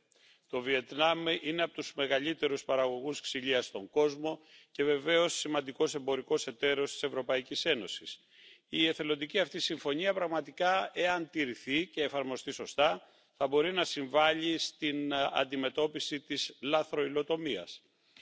[SPEAKER 6] το βιετνάμ είναι από τους μεγαλύτερους παραγωγούς ξυλίας στον κόσμο και βεβαίως σημαντικός εμπορικός εταίρος της ευρωπαϊκής ένωσης. η εθελοντική αυτή συμφωνία πραγματικά εάν τηρηθεί και εφαρμοστεί σωστά θα μπορεί να συμβάλλει στην ε, αντιμετώπιση της λαθροϊλοτομίας.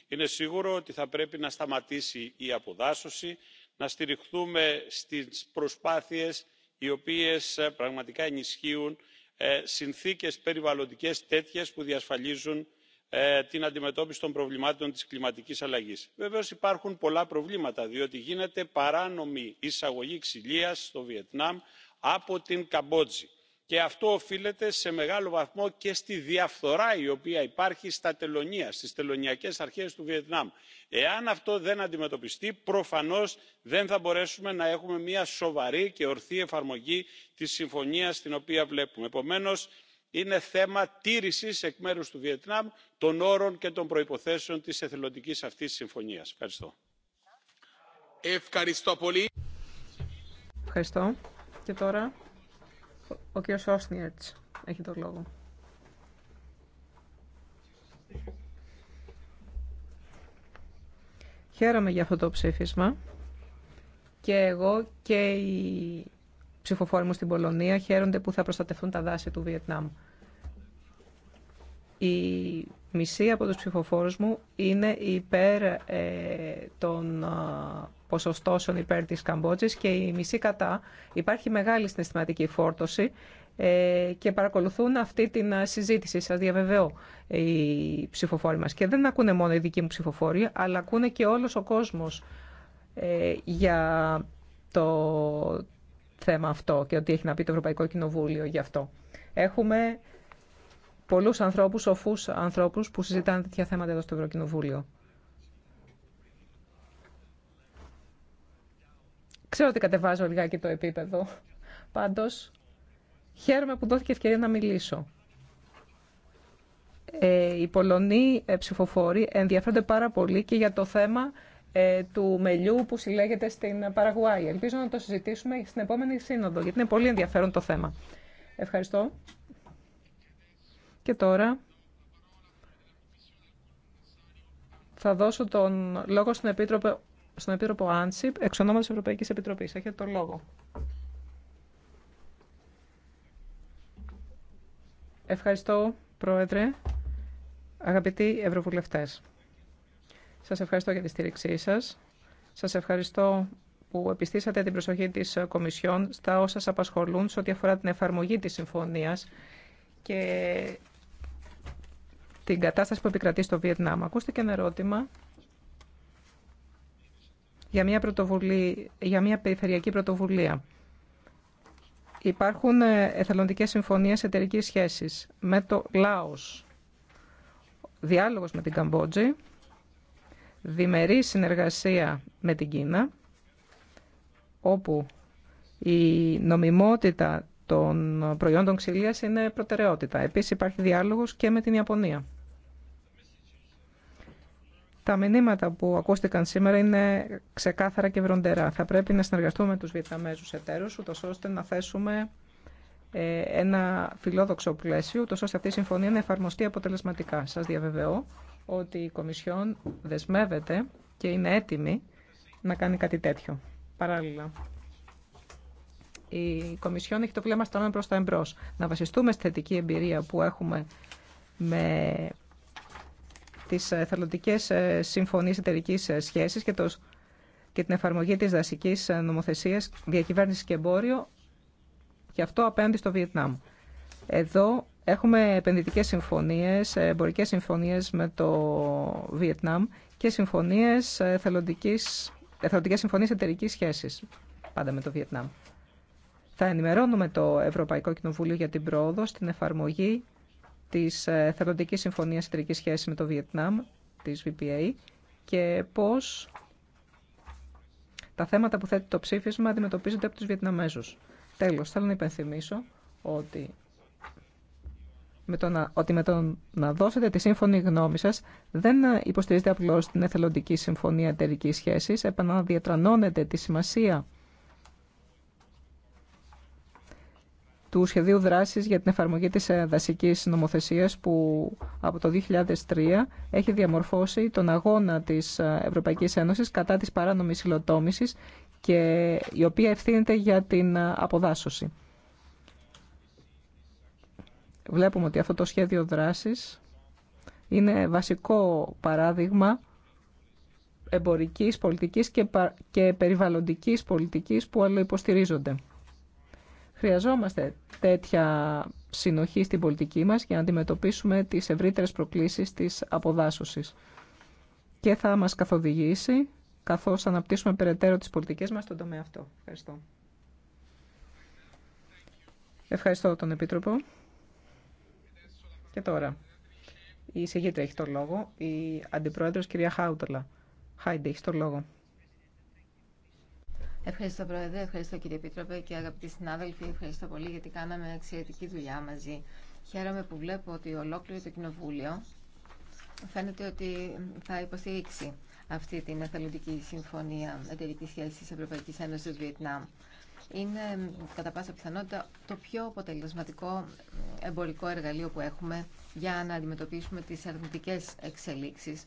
[SPEAKER 6] είναι σίγουρο ότι θα πρέπει να σταματήσει η αποδάσωση να στηριχθούμε στις προσπάθειες οι οποίες ε, πραγματικά ενισχύουν ε, συνθήκες περιβαλλοντικές τέτοιες που διασφαλίζουν ε, την αντιμετώπιση των προβλημάτων της κλιματικής αλλαγής. βεβαίως υπάρχουν πολλά προβλήματα διότι γίνεται παράνομη εισαγωγή ξυλίας στο βιετνάμ από την καμπότζη και αυτό οφείλεται σε μεγάλο βαθμό και στη διαφθορά η οποία υπάρχει στα τελωνεία στις τελωνειακές αρχές του βιετνάμ. εάν αυτό δεν αντιμετωπιστεί προφανώς δεν θα μπορέσουμε να έχουμε μια σοβαρή και ορθή εφαρμογή της συμφωνίας την οποία βλέπουμε. επομένως είναι θέμα τήρησης εκ μέρους του βιετνάμ των όρων και των προϋποθέσεων της εθελοντικής αυτής συμφωνίας. ευχαριστώ.
[SPEAKER 14] Ο κ. Σόσνιερτς έχει το λόγο. Χαίρομαι για αυτό το ψήφισμα και εγώ και οι ψηφοφόροι μου στην Πολωνία χαίρονται που θα προστατευτούν τα δάση του Βιετνάμ. Η μισή από τους ψηφοφόρους μου είναι υπέρ ε, των ποσοστώσεων υπέρ της Καμπότζης και η μισή κατά. Υπάρχει μεγάλη συναισθηματική φόρτωση ε, και παρακολουθούν αυτή την ε, συζήτηση. Σας διαβεβαιώ ε, οι ψηφοφόροι μας. Και δεν ακούνε μόνο οι δικοί μου ψηφοφόροι, αλλά ακούνε και όλος ο κόσμος για το θέμα αυτό και ότι έχει να πει το Ευρωπαϊκό Κοινοβούλιο γι' αυτό. Έχουμε πολλούς ανθρώπους, σοφούς ανθρώπους που συζητάνε τέτοια θέματα εδώ στο Ευρωκοινοβούλιο. Ξέρω ότι κατεβάζω λιγάκι το επίπεδο. Πάντως, χαίρομαι που δόθηκε ευκαιρία να μιλήσω. Ε, οι Πολωνοί ε, ψηφοφόροι ενδιαφέρονται πάρα πολύ και για το θέμα ε, του μελιού που συλλέγεται στην Παραγουάη. Ελπίζω να το συζητήσουμε στην επόμενη σύνοδο, γιατί είναι πολύ ενδιαφέρον το θέμα. Ευχαριστώ. Και τώρα θα δώσω τον λόγο στην Επίτροπο στον Επίτροπο Άντσιπ, εξ ονόματος Ευρωπαϊκής Επιτροπής. Έχετε το λόγο. Ευχαριστώ, Πρόεδρε, αγαπητοί Ευρωβουλευτές. Σας ευχαριστώ για τη στήριξή σας. Σας ευχαριστώ που επιστήσατε την προσοχή της Κομισιόν στα όσα σας απασχολούν σε ό,τι αφορά την εφαρμογή της συμφωνίας και την κατάσταση που επικρατεί στο Βιετνάμ. Ακούστε και ένα ερώτημα για μια, για μια περιφερειακή πρωτοβουλία. Υπάρχουν ε, εθελοντικές συμφωνίες εταιρικής σχέσης με το Λάος, διάλογος με την Καμπότζη, διμερή συνεργασία με την Κίνα, όπου η νομιμότητα των προϊόντων ξυλίας είναι προτεραιότητα. Επίσης υπάρχει διάλογος και με την Ιαπωνία. Τα μηνύματα που ακούστηκαν σήμερα είναι ξεκάθαρα και βροντερά. Θα πρέπει να συνεργαστούμε με τους Βιετναμέζους εταίρους, ούτως ώστε να θέσουμε ε, ένα φιλόδοξο πλαίσιο, ούτως ώστε αυτή η συμφωνία να εφαρμοστεί αποτελεσματικά. Σας διαβεβαιώ ότι η Κομισιόν δεσμεύεται και είναι έτοιμη να κάνει κάτι τέτοιο. Παράλληλα, η Κομισιόν έχει το βλέμμα στραμμένο προς τα εμπρός. Να βασιστούμε στη θετική εμπειρία που έχουμε με τις εθελοντικές ε, συμφωνίες εταιρική ε, σχέσης και, και την εφαρμογή της δασικής ε, νομοθεσίας διακυβέρνηση και εμπόριο και αυτό απέναντι στο Βιετνάμ. Εδώ έχουμε επενδυτικές συμφωνίες, εμπορικές συμφωνίες με το Βιετνάμ και συμφωνίες εθελοντικής, εθελοντικές συμφωνίες εταιρική σχέσης πάντα με το Βιετνάμ. Θα ενημερώνουμε το Ευρωπαϊκό Κοινοβούλιο για την πρόοδο στην εφαρμογή της ε, Θελοντικής Συμφωνίας Εταιρικής Σχέσης με το Βιετνάμ, της VPA, και πώς τα θέματα που θέτει το ψήφισμα αντιμετωπίζονται από τους Βιετναμέζους. Τέλος, θέλω να υπενθυμίσω ότι με το να, ότι με το να δώσετε τη σύμφωνη γνώμη σας δεν υποστηρίζετε απλώς την εθελοντική συμφωνία εταιρική σχέσης, επαναδιατρανώνετε τη σημασία του σχεδίου δράσης για την εφαρμογή της ε, δασικής νομοθεσίας που από το 2003 έχει διαμορφώσει τον αγώνα της ε, Ευρωπαϊκής Ένωσης κατά της παράνομης υλοτόμησης και η οποία ευθύνεται για την ε, αποδάσωση. Βλέπουμε ότι αυτό το σχέδιο δράσης είναι βασικό παράδειγμα εμπορικής πολιτικής και περιβαλλοντικής πολιτικής που άλλο υποστηρίζονται. Χρειαζόμαστε τέτοια συνοχή στην πολιτική μας για να αντιμετωπίσουμε τις ευρύτερες προκλήσεις της αποδάσωσης. Και θα μας καθοδηγήσει καθώς αναπτύσσουμε περαιτέρω τις πολιτικές μας στον τομέα αυτό. Ευχαριστώ. Ευχαριστώ τον Επίτροπο. Και τώρα, η εισηγήτρια έχει το λόγο, η Αντιπρόεδρος κυρία Χάουτολα. Χάιντε, έχει το λόγο.
[SPEAKER 16] Ευχαριστώ Πρόεδρε, ευχαριστώ κύριε Επίτροπε και αγαπητοί συνάδελφοι, ευχαριστώ πολύ γιατί κάναμε εξαιρετική δουλειά μαζί. Χαίρομαι που βλέπω ότι ολόκληρο το Κοινοβούλιο φαίνεται ότι θα υποστηρίξει αυτή την εθελοντική συμφωνία εταιρική σχέση Ευρωπαϊκή Ένωση Βιετνάμ. Είναι κατά πάσα πιθανότητα το πιο αποτελεσματικό εμπορικό εργαλείο που έχουμε για να αντιμετωπίσουμε τι αρνητικέ εξελίξει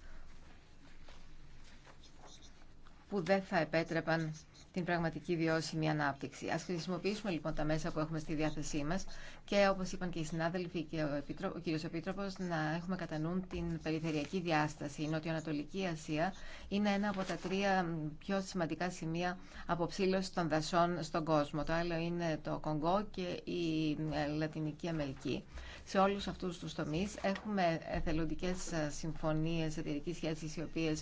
[SPEAKER 16] που δεν θα επέτρεπαν την πραγματική βιώσιμη ανάπτυξη. Α χρησιμοποιήσουμε λοιπόν τα μέσα που έχουμε στη διάθεσή μα και όπω είπαν και οι συνάδελφοι και ο, Επίτρο, ο κύριος Επίτροπος να έχουμε κατά νου την περιφερειακή διάσταση. Η Νοτιοανατολική Ασία είναι ένα από τα τρία πιο σημαντικά σημεία αποψήλωση των δασών στον κόσμο. Το άλλο είναι το Κονγκό και η ε, Λατινική Αμερική. Σε όλου αυτού του τομεί έχουμε εθελοντικέ ε, συμφωνίε εταιρική σχέση οι οποίε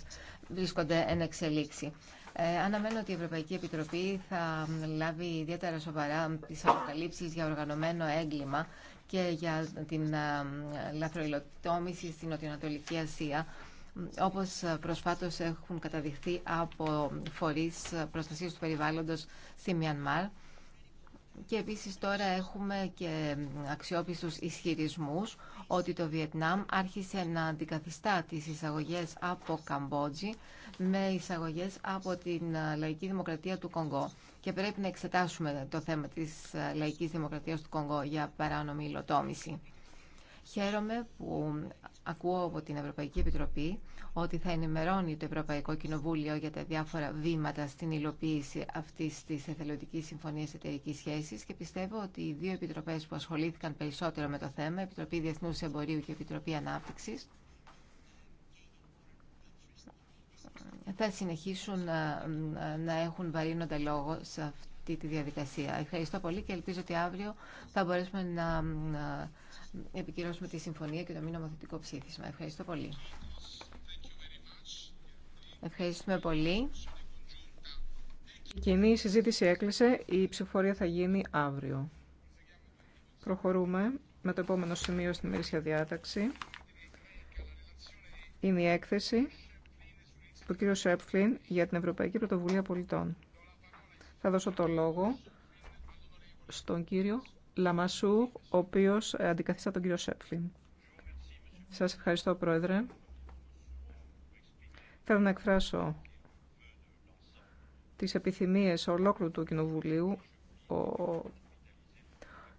[SPEAKER 16] βρίσκονται εν εξελίξη. Ε, αναμένω ότι η Ευρωπαϊκή Επιτροπή θα λάβει ιδιαίτερα σοβαρά τις αποκαλύψεις για οργανωμένο έγκλημα και για την ε, λαθροϊλοτόμηση στην Νοτιοανατολική Ασία όπως προσφάτως έχουν καταδειχθεί από φορείς προστασίας του περιβάλλοντος στη Μιανμάρ. Και επίσης τώρα έχουμε και αξιόπιστους ισχυρισμούς ότι το Βιετνάμ άρχισε να αντικαθιστά τις εισαγωγές από Καμπότζη με εισαγωγές από την ε, λαϊκή δημοκρατία του Κονγκό. Και πρέπει να εξετάσουμε το θέμα της ε, λαϊκής δημοκρατίας του Κονγκό για παράνομη υλοτόμηση. Χαίρομαι που ακούω από την Ευρωπαϊκή Επιτροπή ότι θα ενημερώνει το Ευρωπαϊκό Κοινοβούλιο για τα διάφορα βήματα στην υλοποίηση αυτή τη εθελοντική συμφωνία εταιρική σχέση και πιστεύω ότι οι δύο επιτροπέ που ασχολήθηκαν περισσότερο με το θέμα, Επιτροπή Διεθνού Εμπορίου και Επιτροπή Ανάπτυξη, θα συνεχίσουν να, να έχουν βαρύνοντα λόγο σε αυτή τη διαδικασία. Ευχαριστώ πολύ και ελπίζω ότι αύριο θα μπορέσουμε να, να επικυρώσουμε τη συμφωνία και το μη νομοθετικό ψήφισμα. Ευχαριστώ πολύ. Ευχαριστούμε πολύ.
[SPEAKER 14] Η κοινή συζήτηση έκλεισε. Η ψηφορία θα γίνει αύριο. Προχωρούμε με το επόμενο σημείο στην ημερήσια διάταξη. Είναι η έκθεση το κύριο Σέπφλιν για την Ευρωπαϊκή Πρωτοβουλία Πολιτών. Θα δώσω το λόγο στον κύριο Λαμασού, ο οποίος αντικαθιστά τον κύριο Σέπφλιν. Σας ευχαριστώ, Πρόεδρε. Θέλω να εκφράσω τις επιθυμίες ολόκληρου του Κοινοβουλίου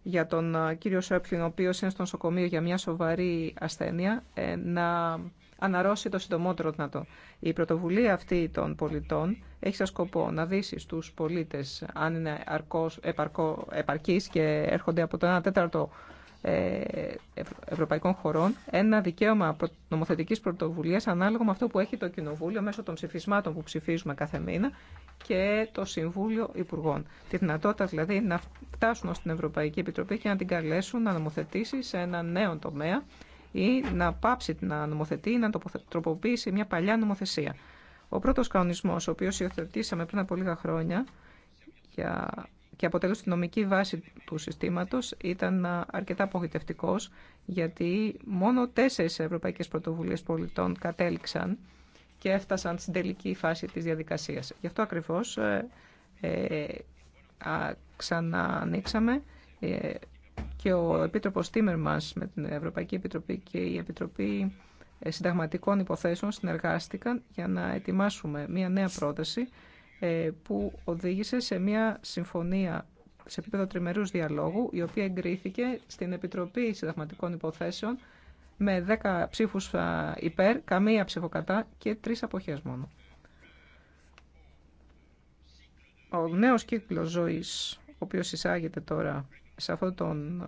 [SPEAKER 14] για τον κύριο Σέπφλιν, ο οποίος είναι στο νοσοκομείο για μια σοβαρή ασθένεια, ε, να αναρρώσει το συντομότερο δυνατό. Η πρωτοβουλία αυτή των πολιτών έχει σαν σκοπό να δείσει στου πολίτε αν είναι επαρκή και έρχονται από το 1 τέταρτο ε, ευρωπαϊκών χωρών ένα δικαίωμα νομοθετικής πρωτοβουλίας ανάλογο με αυτό που έχει το Κοινοβούλιο μέσω των ψηφισμάτων που ψηφίζουμε κάθε μήνα και το Συμβούλιο Υπουργών. Τη δυνατότητα δηλαδή να φτάσουν στην Ευρωπαϊκή Επιτροπή και να την καλέσουν να νομοθετήσει σε ένα νέο τομέα ή να πάψει να νομοθετεί ή να τροποποιήσει μια παλιά νομοθεσία. Ο πρώτο κανονισμό, ο οποίος υιοθετήσαμε πριν από λίγα χρόνια για και αποτελούσε τη νομική βάση του συστήματος ήταν αρκετά απογοητευτικό γιατί μόνο τέσσερι ευρωπαϊκές πρωτοβουλίες πολιτών κατέληξαν και έφτασαν στην τελική φάση της διαδικασίας. Γι' αυτό ακριβώ ε, ε, ε και ο Επίτροπος Τίμερμας με την Ευρωπαϊκή Επιτροπή και η Επιτροπή ε, Συνταγματικών Υποθέσεων συνεργάστηκαν για να ετοιμάσουμε μια νέα πρόταση ε, που οδήγησε σε μια συμφωνία σε επίπεδο τριμερούς διαλόγου, η οποία εγκρίθηκε στην Επιτροπή Συνταγματικών Υποθέσεων με 10 ψήφους υπέρ, καμία ψηφοκατά και τρει αποχές μόνο. Ο νέος κύκλος ζωής, ο οποίος εισάγεται τώρα σε αυτόν τον ε,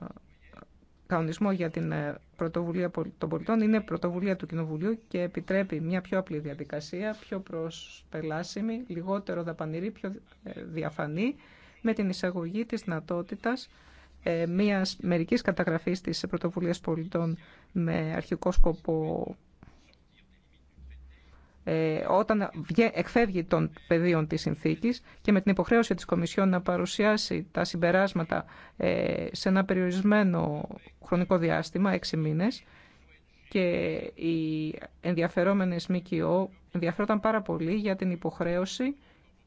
[SPEAKER 14] κανονισμό για την ε, πρωτοβουλία των πολιτών είναι πρωτοβουλία του Κοινοβουλίου και επιτρέπει μια πιο απλή διαδικασία, πιο προσπελάσιμη, λιγότερο δαπανηρή, πιο ε, διαφανή, με την εισαγωγή της δυνατότητα μιας μερικής καταγραφής της πρωτοβουλίας πολιτών με αρχικό σκοπό ε, όταν εκφεύγει των πεδίων της συνθήκης και με την υποχρέωση της Κομισιόν να παρουσιάσει τα συμπεράσματα ε, σε ένα περιορισμένο χρονικό διάστημα, έξι μήνες, και οι ενδιαφερόμενες ΜΚΟ ενδιαφέρονταν πάρα πολύ για την υποχρέωση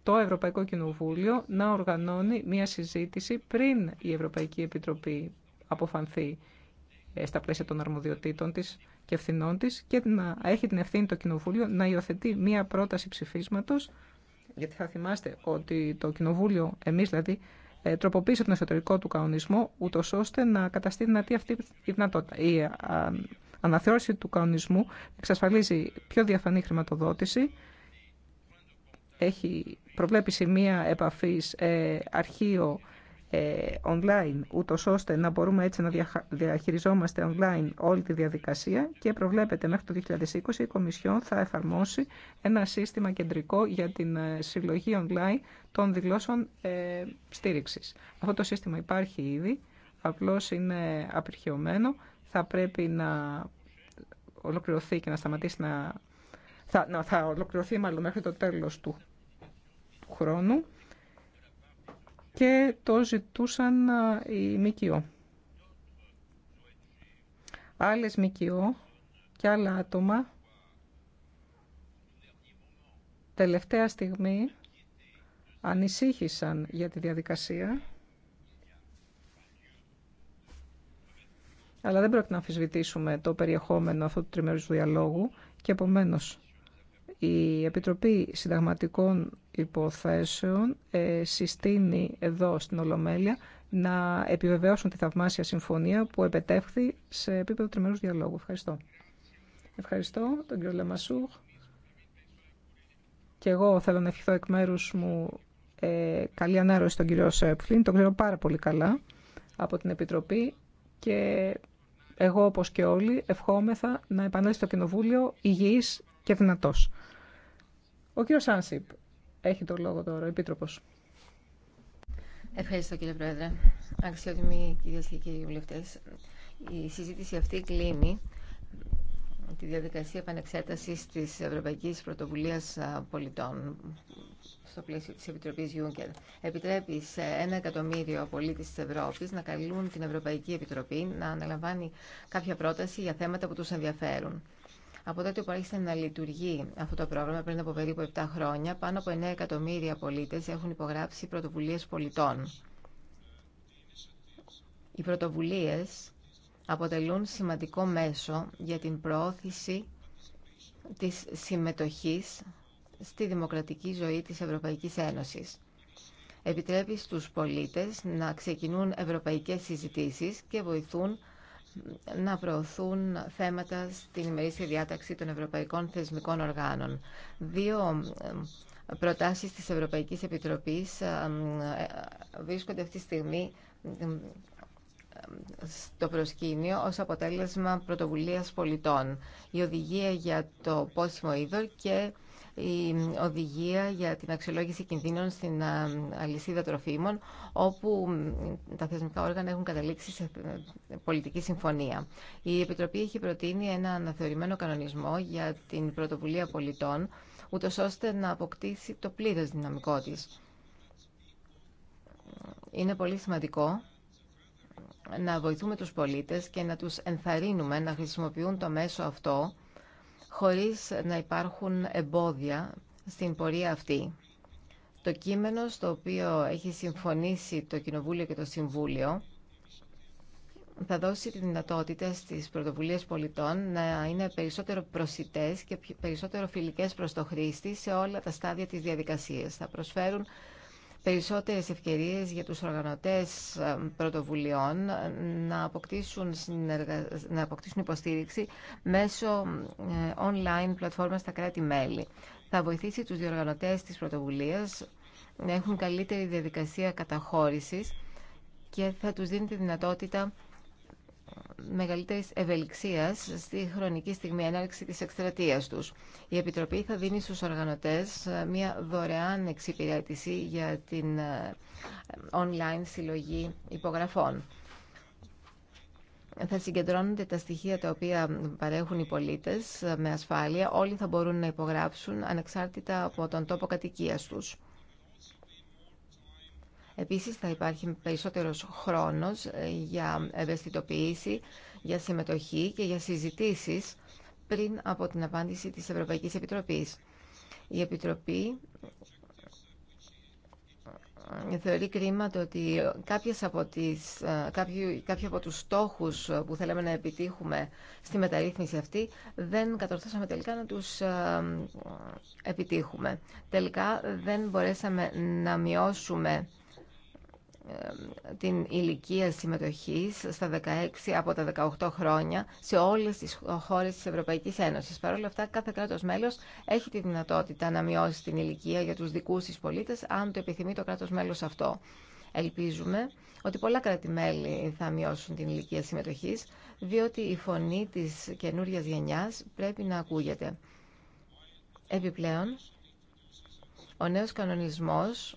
[SPEAKER 14] το Ευρωπαϊκό Κοινοβούλιο να οργανώνει μία συζήτηση πριν η Ευρωπαϊκή Επιτροπή αποφανθεί ε, στα πλαίσια των αρμοδιοτήτων της και και να έχει την ευθύνη το Κοινοβούλιο να υιοθετεί μία πρόταση ψηφίσματος γιατί θα θυμάστε ότι το Κοινοβούλιο, εμείς δηλαδή, ε, τροποποίησε τον εσωτερικό του κανονισμό ούτω ώστε να καταστεί δυνατή αυτή η δυνατότητα. Η ε, αναθεώρηση του κανονισμού εξασφαλίζει πιο διαφανή χρηματοδότηση, έχει προβλέπει σημεία επαφής, ε, αρχείο ε, online, ούτω ώστε να μπορούμε έτσι να διαχειριζόμαστε online όλη τη διαδικασία και προβλέπεται μέχρι το 2020 η Κομισιόν θα εφαρμόσει ένα σύστημα κεντρικό για την ε, συλλογή online των δηλώσεων ε, στήριξης. Αυτό το σύστημα υπάρχει ήδη, απλώς είναι απερχαιωμένο, θα πρέπει να ολοκληρωθεί και να σταματήσει να... Θα, να, θα ολοκληρωθεί μάλλον μέχρι το τέλος του χρόνου και το ζητούσαν οι ΜΚΟ. Άλλες ΜΚΟ και άλλα άτομα τελευταία στιγμή ανησύχησαν για τη διαδικασία αλλά δεν πρέπει να αμφισβητήσουμε το περιεχόμενο αυτού του τριμερούς διαλόγου και επομένως η Επιτροπή Συνταγματικών Υποθέσεων ε, συστήνει εδώ στην Ολομέλεια να επιβεβαιώσουν τη θαυμάσια συμφωνία που επετεύχθη σε επίπεδο τριμερούς διαλόγου. Ευχαριστώ. Ευχαριστώ τον κύριο Λεμασούχ. Και εγώ θέλω να ευχηθώ εκ μέρου μου ε, καλή ανάρρωση στον κύριο Σέπφλιν. Τον ξέρω πάρα πολύ καλά από την Επιτροπή και εγώ όπως και όλοι ευχόμεθα να επανέλθει στο Κοινοβούλιο υγιής και δυνατός. Ο κύριος Σάνσιπ έχει το λόγο τώρα, επίτροπος.
[SPEAKER 16] Ευχαριστώ κύριε Πρόεδρε. Αξιότιμοι κυρίες και κύριοι βουλευτές. Η συζήτηση αυτή κλείνει τη διαδικασία επανεξέτασης της Ευρωπαϊκής Πρωτοβουλίας Πολιτών στο πλαίσιο της Επιτροπής Juncker. Επιτρέπει σε ένα εκατομμύριο πολίτες της Ευρώπης να καλούν την Ευρωπαϊκή Επιτροπή να αναλαμβάνει κάποια πρόταση για θέματα που τους ενδιαφέρουν. Από τότε που άρχισε να λειτουργεί αυτό το πρόγραμμα πριν από περίπου 7 χρόνια, πάνω από 9 εκατομμύρια πολίτε έχουν υπογράψει πρωτοβουλίες πολιτών. Οι πρωτοβουλίες αποτελούν σημαντικό μέσο για την προώθηση της συμμετοχής στη δημοκρατική ζωή της Ευρωπαϊκής Ένωσης. Επιτρέπει στους πολίτες να ξεκινούν ευρωπαϊκές συζητήσεις και βοηθούν να προωθούν θέματα στην ημερήσια διάταξη των ευρωπαϊκών θεσμικών οργάνων. Δύο ε, προτάσεις της Ευρωπαϊκής Επιτροπής ε, ε, βρίσκονται αυτή τη στιγμή στο προσκήνιο ως αποτέλεσμα πρωτοβουλίας πολιτών. Η οδηγία για το πόσιμο είδωρ και η οδηγία για την αξιολόγηση κινδύνων στην αλυσίδα τροφίμων, όπου τα θεσμικά όργανα έχουν καταλήξει σε ε, πολιτική συμφωνία. Η Επιτροπή έχει προτείνει ένα αναθεωρημένο κανονισμό για την πρωτοβουλία πολιτών, ούτω ώστε να αποκτήσει το πλήρες δυναμικό της. Είναι πολύ σημαντικό να βοηθούμε τους πολίτες και να τους ενθαρρύνουμε να χρησιμοποιούν το μέσο αυτό χωρίς να υπάρχουν εμπόδια στην πορεία αυτή. Το κείμενο στο οποίο έχει συμφωνήσει το Κοινοβούλιο και το Συμβούλιο θα δώσει τη δυνατότητα στις πρωτοβουλίες πολιτών να είναι περισσότερο προσιτές και περισσότερο φιλικές προς το χρήστη σε όλα τα στάδια της διαδικασίας. Θα προσφέρουν περισσότερες ευκαιρίες για τους οργανωτές ε, πρωτοβουλειών να αποκτήσουν, να αποκτήσουν υποστήριξη μέσω ε, online πλατφόρμα στα κράτη-μέλη. Θα βοηθήσει τους διοργανωτές της πρωτοβουλίας να έχουν καλύτερη διαδικασία καταχώρησης και θα τους δίνει τη δυνατότητα μεγαλύτερη ευελιξία στη χρονική στιγμή έναρξη τη εκστρατεία τους. Η Επιτροπή θα δίνει στους οργανωτές ε, μια δωρεάν εξυπηρέτηση για την ε, online συλλογή υπογραφών. Θα συγκεντρώνονται τα στοιχεία τα οποία παρέχουν οι πολίτες ε, με ασφάλεια. Όλοι θα μπορούν να υπογράψουν ανεξάρτητα από τον τόπο κατοικίας τους. Επίσης θα υπάρχει περισσότερος χρόνος ε, για ευαισθητοποίηση, για συμμετοχή και για συζητήσεις πριν από την απάντηση της Ευρωπαϊκής Επιτροπής. Η Επιτροπή ε, θεωρεί κρίμα το ότι κάποιες από τις, ε, κάποιοι, κάποιοι από τους στόχους που θέλαμε να επιτύχουμε στη μεταρρύθμιση αυτή δεν κατορθώσαμε τελικά να τους επιτύχουμε. Τελικά δεν μπορέσαμε να μειώσουμε ε, την ηλικία συμμετοχής στα 16 από τα 18 χρόνια σε όλες τις χώρες της Ευρωπαϊκής Ένωσης. Παρ' όλα αυτά, κάθε κράτος μέλος έχει τη δυνατότητα να μειώσει την ηλικία για τους δικούς της πολίτες, αν το επιθυμεί το κράτος μέλος αυτό. Ελπίζουμε ότι πολλά κράτη-μέλη θα μειώσουν την ηλικία συμμετοχής, διότι η φωνή της καινούριας γενιάς πρέπει να ακούγεται. Επιπλέον, ο νέος κανονισμός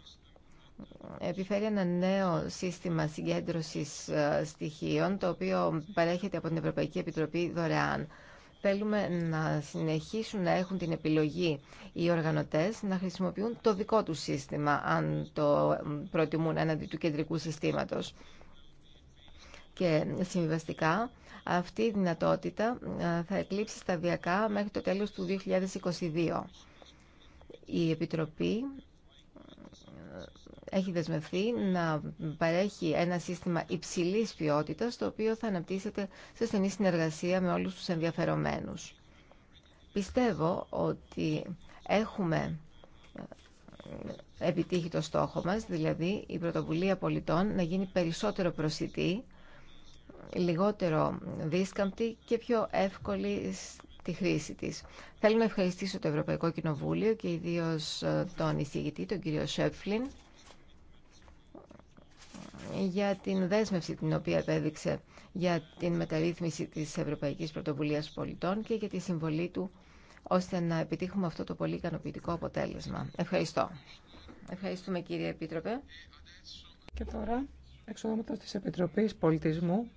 [SPEAKER 16] επιφέρει ένα νέο σύστημα συγκέντρωσης ε, στοιχείων, το οποίο παρέχεται από την Ευρωπαϊκή Επιτροπή δωρεάν. Θέλουμε να συνεχίσουν να έχουν την επιλογή οι οργανωτές να χρησιμοποιούν το δικό του σύστημα, αν το προτιμούν έναντι του κεντρικού συστήματος. Και συμβιβαστικά, αυτή η δυνατότητα ε, θα εκλείψει σταδιακά μέχρι το τέλος του 2022. Η Επιτροπή έχει δεσμευθεί να παρέχει ένα σύστημα υψηλής ποιότητας το οποίο θα αναπτύσσεται σε στενή συνεργασία με όλους τους ενδιαφερομένους. Πιστεύω ότι έχουμε ε, επιτύχει το στόχο μας, δηλαδή η πρωτοβουλία πολιτών να γίνει περισσότερο προσιτή, λιγότερο δίσκαμπτη και πιο εύκολη στη χρήση της. Θέλω να ευχαριστήσω το Ευρωπαϊκό Κοινοβούλιο και ιδίως ε, τον εισηγητή, τον κύριο Σέφλιν, για την δέσμευση την οποία επέδειξε για την μεταρρύθμιση της Ευρωπαϊκής Πρωτοβουλίας Πολιτών και για τη συμβολή του ώστε να επιτύχουμε αυτό το πολύ ικανοποιητικό αποτέλεσμα. Ευχαριστώ. Ευχαριστούμε κύριε Επίτροπε. Και τώρα, εξ ονόματος της Επιτροπής Πολιτισμού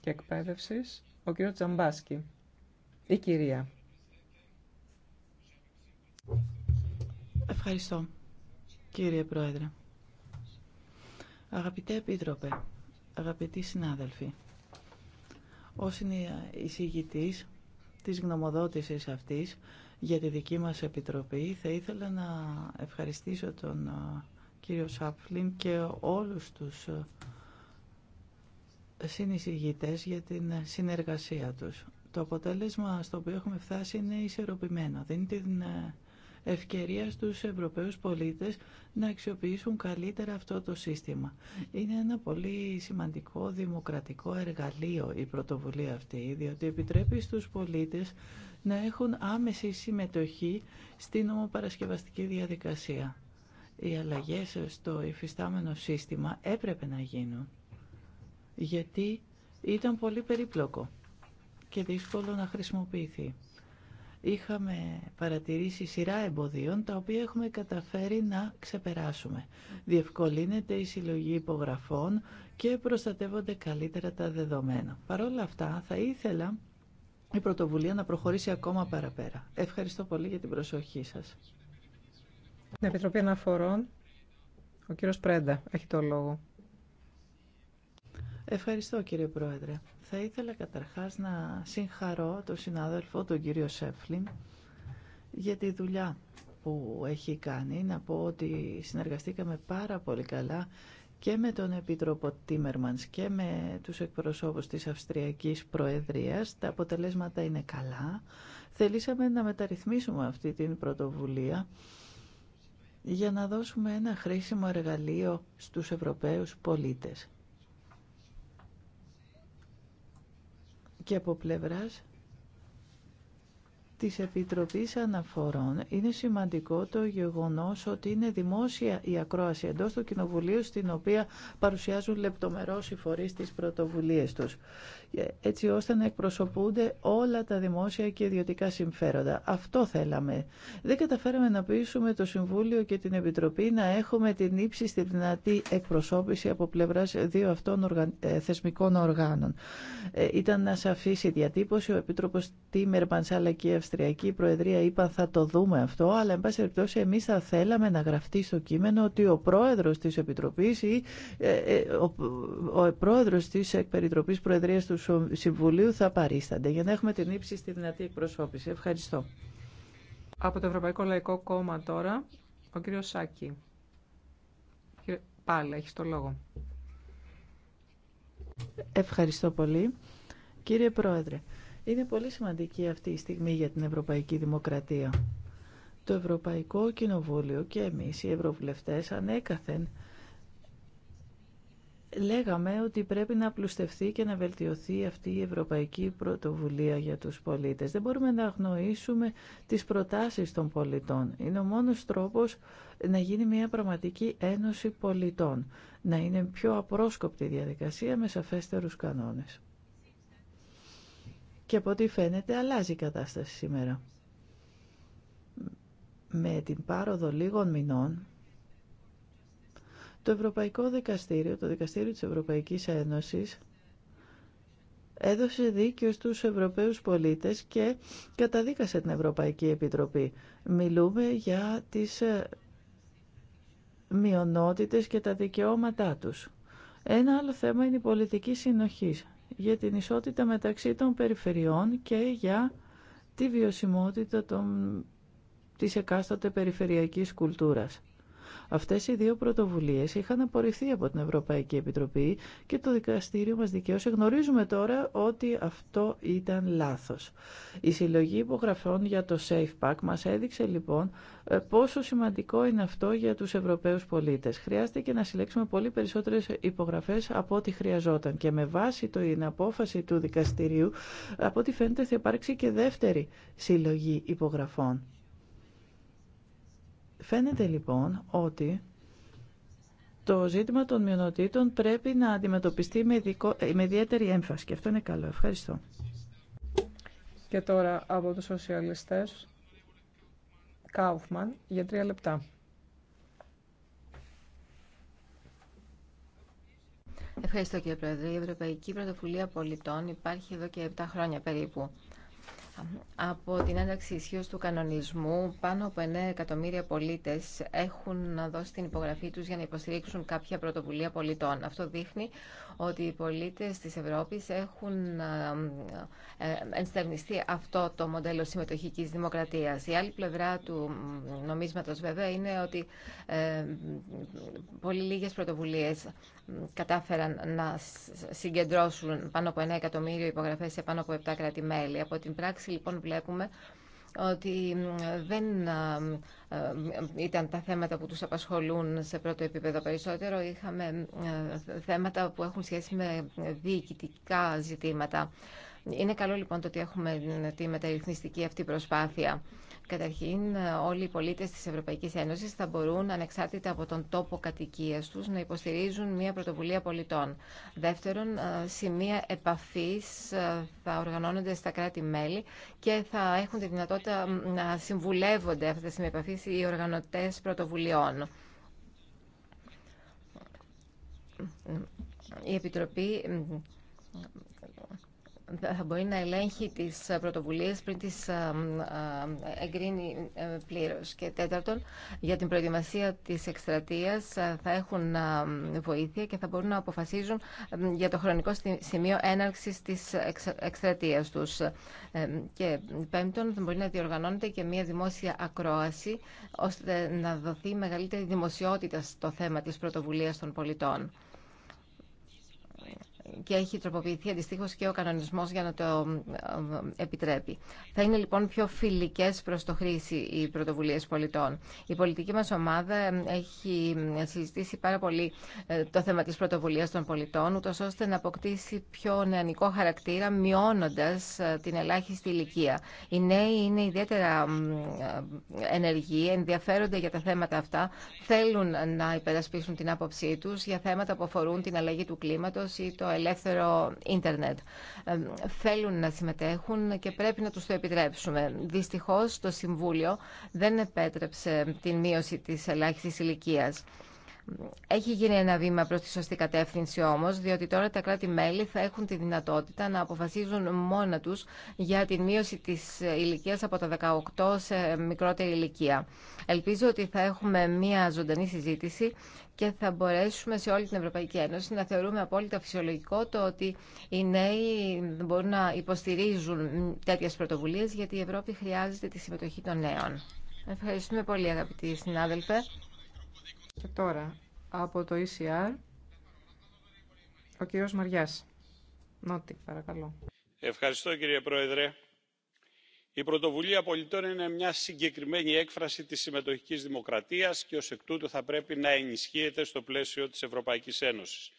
[SPEAKER 14] και Εκπαίδευσης, ο κύριο Τζαμπάσκι. Η κυρία.
[SPEAKER 11] Ευχαριστώ, κύριε Πρόεδρε. Αγαπητέ Επίτροπε, αγαπητοί συνάδελφοι, ως είναι εισηγητής της γνωμοδότησης αυτής για τη δική μας Επιτροπή, θα ήθελα να ευχαριστήσω τον κύριο Σάπφλιν και όλους τους συνεισηγητές για την συνεργασία τους. Το αποτέλεσμα στο οποίο έχουμε φτάσει είναι ισορροπημένο. Δίνει την ε, ευκαιρία στους Ευρωπαίους πολίτες να αξιοποιήσουν καλύτερα αυτό το σύστημα. Είναι ένα πολύ σημαντικό δημοκρατικό εργαλείο η πρωτοβουλία αυτή, διότι επιτρέπει στους πολίτες να έχουν άμεση συμμετοχή στην νομοπαρασκευαστική διαδικασία. Οι αλλαγές στο υφιστάμενο σύστημα έπρεπε να γίνουν, γιατί ήταν πολύ περίπλοκο και δύσκολο να χρησιμοποιηθεί είχαμε παρατηρήσει σειρά εμποδίων τα οποία έχουμε καταφέρει να ξεπεράσουμε. Διευκολύνεται η συλλογή υπογραφών και προστατεύονται καλύτερα τα δεδομένα. Παρ' όλα αυτά θα ήθελα η πρωτοβουλία να προχωρήσει ακόμα παραπέρα. Ευχαριστώ πολύ για την προσοχή σας. Στην Επιτροπή Αναφορών, ο κύριος Πρέντα έχει το λόγο. Ευχαριστώ κύριε Πρόεδρε. Θα ήθελα καταρχάς να συγχαρώ τον συνάδελφο, τον κύριο Σέφλιν, για τη δουλειά που έχει κάνει. Να πω ότι συνεργαστήκαμε πάρα πολύ καλά και με τον Επίτροπο Τίμερμανς και με τους εκπροσώπους της Αυστριακής Προεδρίας. Τα αποτελέσματα είναι καλά. Θελήσαμε να μεταρρυθμίσουμε αυτή την πρωτοβουλία για να δώσουμε ένα χρήσιμο εργαλείο στους Ευρωπαίους πολίτες. και από πλευράς της Επιτροπής Αναφορών είναι σημαντικό το γεγονός ότι είναι δημόσια η ακρόαση εντός του Κοινοβουλίου στην οποία παρουσιάζουν λεπτομερώς οι φορείς τις πρωτοβουλίες τους έτσι ώστε να εκπροσωπούνται όλα τα δημόσια και ιδιωτικά συμφέροντα. Αυτό θέλαμε. Δεν καταφέραμε να πείσουμε το Συμβούλιο και την Επιτροπή να έχουμε την ύψιστη δυνατή εκπροσώπηση από πλευρά δύο αυτών ε, θεσμικών οργάνων. Ε, ήταν σα η διατύπωση. Ο Επίτροπος Τίμερμαν, αλλά και η Αυστριακή Προεδρία είπαν θα το δούμε αυτό, αλλά εν πάση περιπτώσει εμεί θα θέλαμε να γραφτεί στο κείμενο ότι ο πρόεδρο τη Επιτροπή ή ε, ε, ο, ο πρόεδρος της προεδρία Προεδρίας του Συμβουλίου θα παρίστανται για να έχουμε την ύψη στη δυνατή εκπροσώπηση. Ευχαριστώ.
[SPEAKER 14] Από το Ευρωπαϊκό Λαϊκό Κόμμα τώρα, ο κύριος Σάκη. Πάλι, έχει το λόγο.
[SPEAKER 11] Ευχαριστώ πολύ. Κύριε Πρόεδρε, είναι πολύ σημαντική αυτή η στιγμή για την Ευρωπαϊκή Δημοκρατία. Το Ευρωπαϊκό Κοινοβούλιο και εμείς οι Ευρωβουλευτές ανέκαθεν Λέγαμε ότι πρέπει να απλουστευτεί και να βελτιωθεί αυτή η ευρωπαϊκή πρωτοβουλία για τους πολίτες. Δεν μπορούμε να αγνοήσουμε τις προτάσεις των πολιτών. Είναι ο μόνος τρόπος να γίνει μια πραγματική ένωση πολιτών. Να είναι πιο απρόσκοπτη διαδικασία με σαφέστερους κανόνες. Και από ό,τι φαίνεται αλλάζει η κατάσταση σήμερα. Με την πάροδο λίγων μηνών το Ευρωπαϊκό Δικαστήριο, το Δικαστήριο της Ευρωπαϊκής Ένωσης, έδωσε δίκιο στους Ευρωπαίους πολίτες και καταδίκασε την Ευρωπαϊκή Επιτροπή. Μιλούμε για τις ε, μειονότητες και τα δικαιώματά τους. Ένα άλλο θέμα είναι η πολιτική συνοχή για την ισότητα μεταξύ των περιφερειών και για τη βιωσιμότητα των... της εκάστοτε περιφερειακής κουλτούρας. Αυτές οι δύο πρωτοβουλίες είχαν απορριφθεί από την Ευρωπαϊκή Επιτροπή και το δικαστήριο μας δικαίωσε. Γνωρίζουμε τώρα ότι αυτό ήταν λάθος. Η συλλογή υπογραφών για το Safe Pack μας έδειξε λοιπόν ε, πόσο σημαντικό είναι αυτό για τους Ευρωπαίους πολίτες. Χρειάστηκε να συλλέξουμε πολύ περισσότερες υπογραφές από ό,τι χρειαζόταν και με βάση την απόφαση του δικαστηρίου από ό,τι φαίνεται θα υπάρξει και δεύτερη συλλογή υπογραφών. Φαίνεται λοιπόν ότι το ζήτημα των μειονοτήτων πρέπει να αντιμετωπιστεί με, ε, με ιδιαίτερη έμφαση και αυτό είναι καλό. Ευχαριστώ.
[SPEAKER 14] Και τώρα από τους σοσιαλιστές,
[SPEAKER 16] Κάουφμαν για τρία λεπτά. Ευχαριστώ κύριε Πρόεδρε. Η Ευρωπαϊκή Πρωτοβουλία Πολιτών υπάρχει εδώ και 7 χρόνια περίπου. Από την ένταξη ισχύω του κανονισμού, πάνω από 9 εκατομμύρια πολίτε έχουν δώσει την υπογραφή του για να υποστηρίξουν κάποια πρωτοβουλία πολιτών. Αυτό δείχνει ότι οι πολίτες της Ευρώπης έχουν ε, ε, ενστερνιστεί αυτό το μοντέλο συμμετοχικής δημοκρατίας. Η άλλη πλευρά του νομίσματος βέβαια είναι ότι ε, πολύ λίγες πρωτοβουλίες κατάφεραν να συγκεντρώσουν πάνω από ένα εκατομμύριο υπογραφές σε πάνω από 7 κράτη-μέλη. Από την πράξη λοιπόν βλέπουμε ότι δεν ε, ήταν τα θέματα που τους απασχολούν σε πρώτο επίπεδο περισσότερο. Είχαμε ε, θέματα που έχουν σχέση με διοικητικά ζητήματα. Είναι καλό λοιπόν το ότι έχουμε τη μεταρρυθμιστική αυτή προσπάθεια. Καταρχήν, όλοι οι πολίτες της Ευρωπαϊκής Ένωσης θα μπορούν, ανεξάρτητα από τον τόπο κατοικίας τους, να υποστηρίζουν μια πρωτοβουλία πολιτών. Δεύτερον, ε, σημεία επαφής ε, θα οργανώνονται στα κράτη-μέλη και θα έχουν τη δυνατότητα να συμβουλεύονται αυτά τα σημεία οι οργανωτές πρωτοβουλειών. Η Επιτροπή θα μπορεί να ελέγχει τις ε, πρωτοβουλίες πριν τις ε, ε, εγκρίνει πλήρως. Και τέταρτον, για την προετοιμασία της εκστρατεία, θα έχουν βοήθεια και θα μπορούν να αποφασίζουν για το χρονικό σημείο έναρξης της εκστρατεία τους. Και πέμπτον, θα μπορεί να διοργανώνεται και μια δημόσια ακρόαση ώστε να δοθεί μεγαλύτερη δημοσιότητα στο θέμα της πρωτοβουλίας των πολιτών και έχει τροποποιηθεί αντιστοίχω και ο κανονισμό για να το ε, επιτρέπει. Θα είναι λοιπόν πιο φιλικέ προ το χρήση οι πρωτοβουλίε πολιτών. Η πολιτική μα ομάδα έχει συζητήσει πάρα πολύ ε, το θέμα τη πρωτοβουλία των πολιτών, ούτω ώστε να αποκτήσει πιο νεανικό χαρακτήρα, μειώνοντα ε, την ελάχιστη ηλικία. Οι νέοι είναι ιδιαίτερα ενεργοί, ενδιαφέρονται για τα θέματα αυτά, θέλουν να υπερασπίσουν την άποψή του για θέματα που αφορούν την αλλαγή του κλίματο ή το ελεύθερο ίντερνετ. Θέλουν να συμμετέχουν και πρέπει να τους το επιτρέψουμε. Δυστυχώς το Συμβούλιο δεν επέτρεψε την μείωση της ελάχιστης ηλικίας. Έχει γίνει ένα βήμα προς τη σωστή κατεύθυνση όμως, διότι τώρα τα κράτη-μέλη θα έχουν τη δυνατότητα να αποφασίζουν μόνα τους για την μείωση της ηλικίας από τα 18 σε μικρότερη ηλικία. Ελπίζω ότι θα έχουμε μια ζωντανή συζήτηση και θα μπορέσουμε σε όλη την Ευρωπαϊκή Ένωση να θεωρούμε απόλυτα φυσιολογικό το ότι οι νέοι μπορούν να υποστηρίζουν τέτοιες πρωτοβουλίες γιατί η Ευρώπη χρειάζεται τη συμμετοχή των νέων. Ευχαριστούμε πολύ αγαπητοί συνάδελφε. Και τώρα, από το ECR, ο κύριος Μαριάς. Νότι,
[SPEAKER 14] παρακαλώ.
[SPEAKER 6] Ευχαριστώ κύριε Πρόεδρε. Η πρωτοβουλία πολιτών είναι μια συγκεκριμένη έκφραση της συμμετοχικής δημοκρατίας και ως εκ τούτου θα πρέπει να ενισχύεται στο πλαίσιο της Ευρωπαϊκής Ένωσης.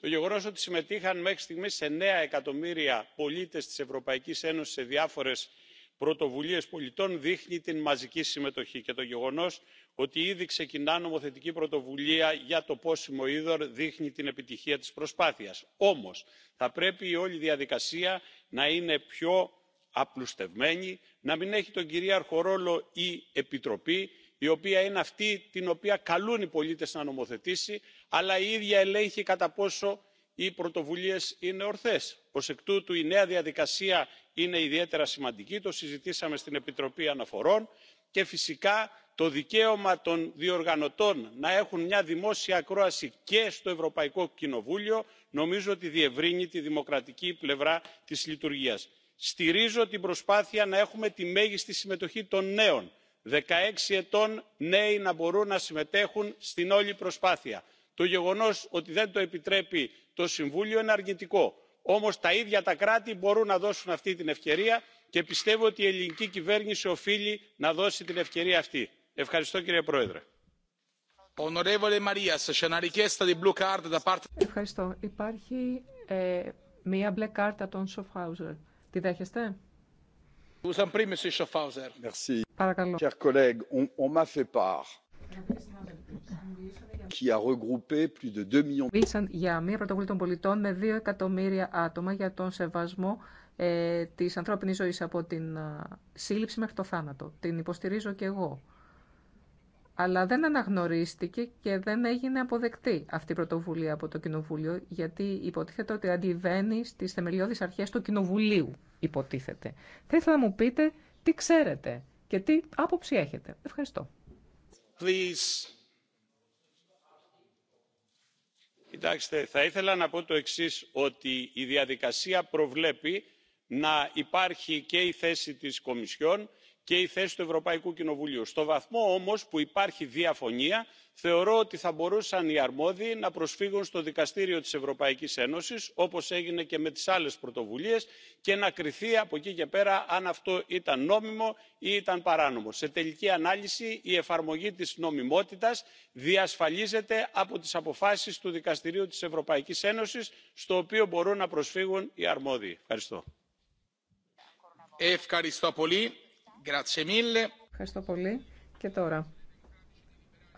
[SPEAKER 6] Το γεγονός ότι συμμετείχαν μέχρι στιγμής 9 εκατομμύρια πολίτες της Ευρωπαϊκής Ένωσης σε διάφορες Πρωτοβουλίε πολιτών δείχνει την μαζική συμμετοχή και το γεγονός ότι ήδη ξεκινά νομοθετική πρωτοβουλία για το πόσιμο είδωρ δείχνει την επιτυχία της προσπάθειας. όμως θα πρέπει η όλη διαδικασία να είναι πιο απλουστευμένη να μην έχει τον κυρίαρχο ρόλο η επιτροπή η οποία είναι αυτή την οποία καλούν οι πρωτοβουλίε να νομοθετήσει αλλά η ίδια ελέγχει κατά πόσο οι πρωτοβουλιε είναι ορθε ω εκ τούτου η νέα διαδικασία είναι ιδιαίτερα σημαντική το συζητήσαμε στην επιτροπή αναφορών και φυσικά το δικαίωμα των διοργανωτών να έχουν μια δημόσια ακρόαση και στο ευρωπαϊκό κοινοβούλιο νομίζω ότι διευρύνει τη δημοκρατική πλευρά της λειτουργίας. στηρίζω την προσπάθεια να έχουμε τη μέγιστη συμμετοχή των νέων 16 ετών νέοι να μπορούν να συμμετέχουν στην όλη προσπάθεια. το γεγονό ότι δεν το επιτρέπει το συμβούλιο είναι αρνητικό όμως τα ίδια τα κράτη μπορούν να δώσουν αυτή την ευκαιρία και πιστεύω ότι η ελληνική κυβέρνηση οφείλει να δώσει την ευκαιρία αυτή. ευχαριστώ κύριε πρόεδρε.
[SPEAKER 14] Ευχαριστώ. Υπάρχει ε, μία μπλε κάρτα των Σοφάουζερ. Τη δέχεστε? Παρακαλώ. Μίλησαν για μια πρωτοβουλία των πολιτών με 2 εκατομμύρια άτομα για τον σεβασμό ε, της ανθρώπινης ζωής από την ε, σύλληψη μέχρι το θάνατο. Την υποστηρίζω και εγώ. Αλλά δεν αναγνωρίστηκε και δεν έγινε αποδεκτή αυτή η πρωτοβουλία από το Κοινοβούλιο, γιατί υποτίθεται ότι αντιβαίνει στις θεμελιώδεις αρχές του Κοινοβουλίου, υποτίθεται. Θα ήθελα να μου πείτε τι ξέρετε και τι άποψη έχετε. Ευχαριστώ.
[SPEAKER 6] Please. κοιτάξτε θα ήθελα να πω το εξής ότι η διαδικασία προβλέπει να υπάρχει και η θέση της κομισιόν και η θέση του ευρωπαϊκού κοινοβουλίου. στο βαθμό όμως που υπάρχει διαφωνία θεωρώ ότι θα μπορούσαν οι αρμόδιοι να προσφύγουν στο δικαστήριο της ευρωπαϊκής ένωσης όπως έγινε και με τις άλλες πρωτοβουλίες και να κριθεί από εκεί και πέρα αν αυτό ήταν νόμιμο ή ήταν παράνομο. σε τελική ανάλυση η εφαρμογή της νομιμότητας διασφαλίζεται από τις αποφάσεις του δικαστηρίου της ευρωπαϊκής ένωσης στο οποίο μπορούν να προσφύγουν οι αρμόδιοι. ευχαριστώ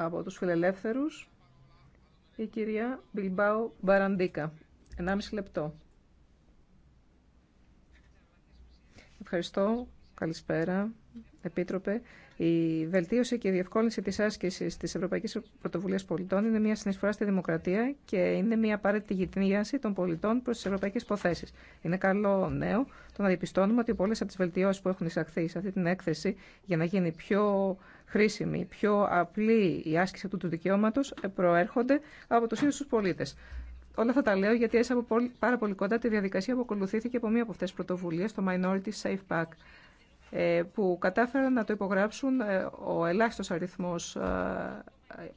[SPEAKER 14] από τους φιλελεύθερους η κυρία Μπιλμπάου Μπαραντίκα. 1,5 λεπτό. Ευχαριστώ. Καλησπέρα, Επίτροπε. Η βελτίωση και η διευκόλυνση τη άσκηση τη Ευρωπαϊκή Πρωτοβουλία Πολιτών είναι μια συνεισφορά στη δημοκρατία και είναι μια απαραίτητη γυτνίαση των πολιτών προ τι ευρωπαϊκέ υποθέσει. Είναι καλό νέο το να διαπιστώνουμε ότι πολλέ από τι βελτιώσει που έχουν εισαχθεί σε αυτή την έκθεση για να γίνει πιο χρήσιμη, πιο απλή η άσκηση αυτού του δικαιώματο ε, προέρχονται από του ίδιου του πολίτε. Όλα αυτά τα λέω γιατί έσα από πάρα πολύ κοντά τη διαδικασία που ακολουθήθηκε από μία από αυτέ τι πρωτοβουλίε, το Minority Safe Pack, ε, που κατάφεραν να το υπογράψουν ε, ο ελάχιστο αριθμό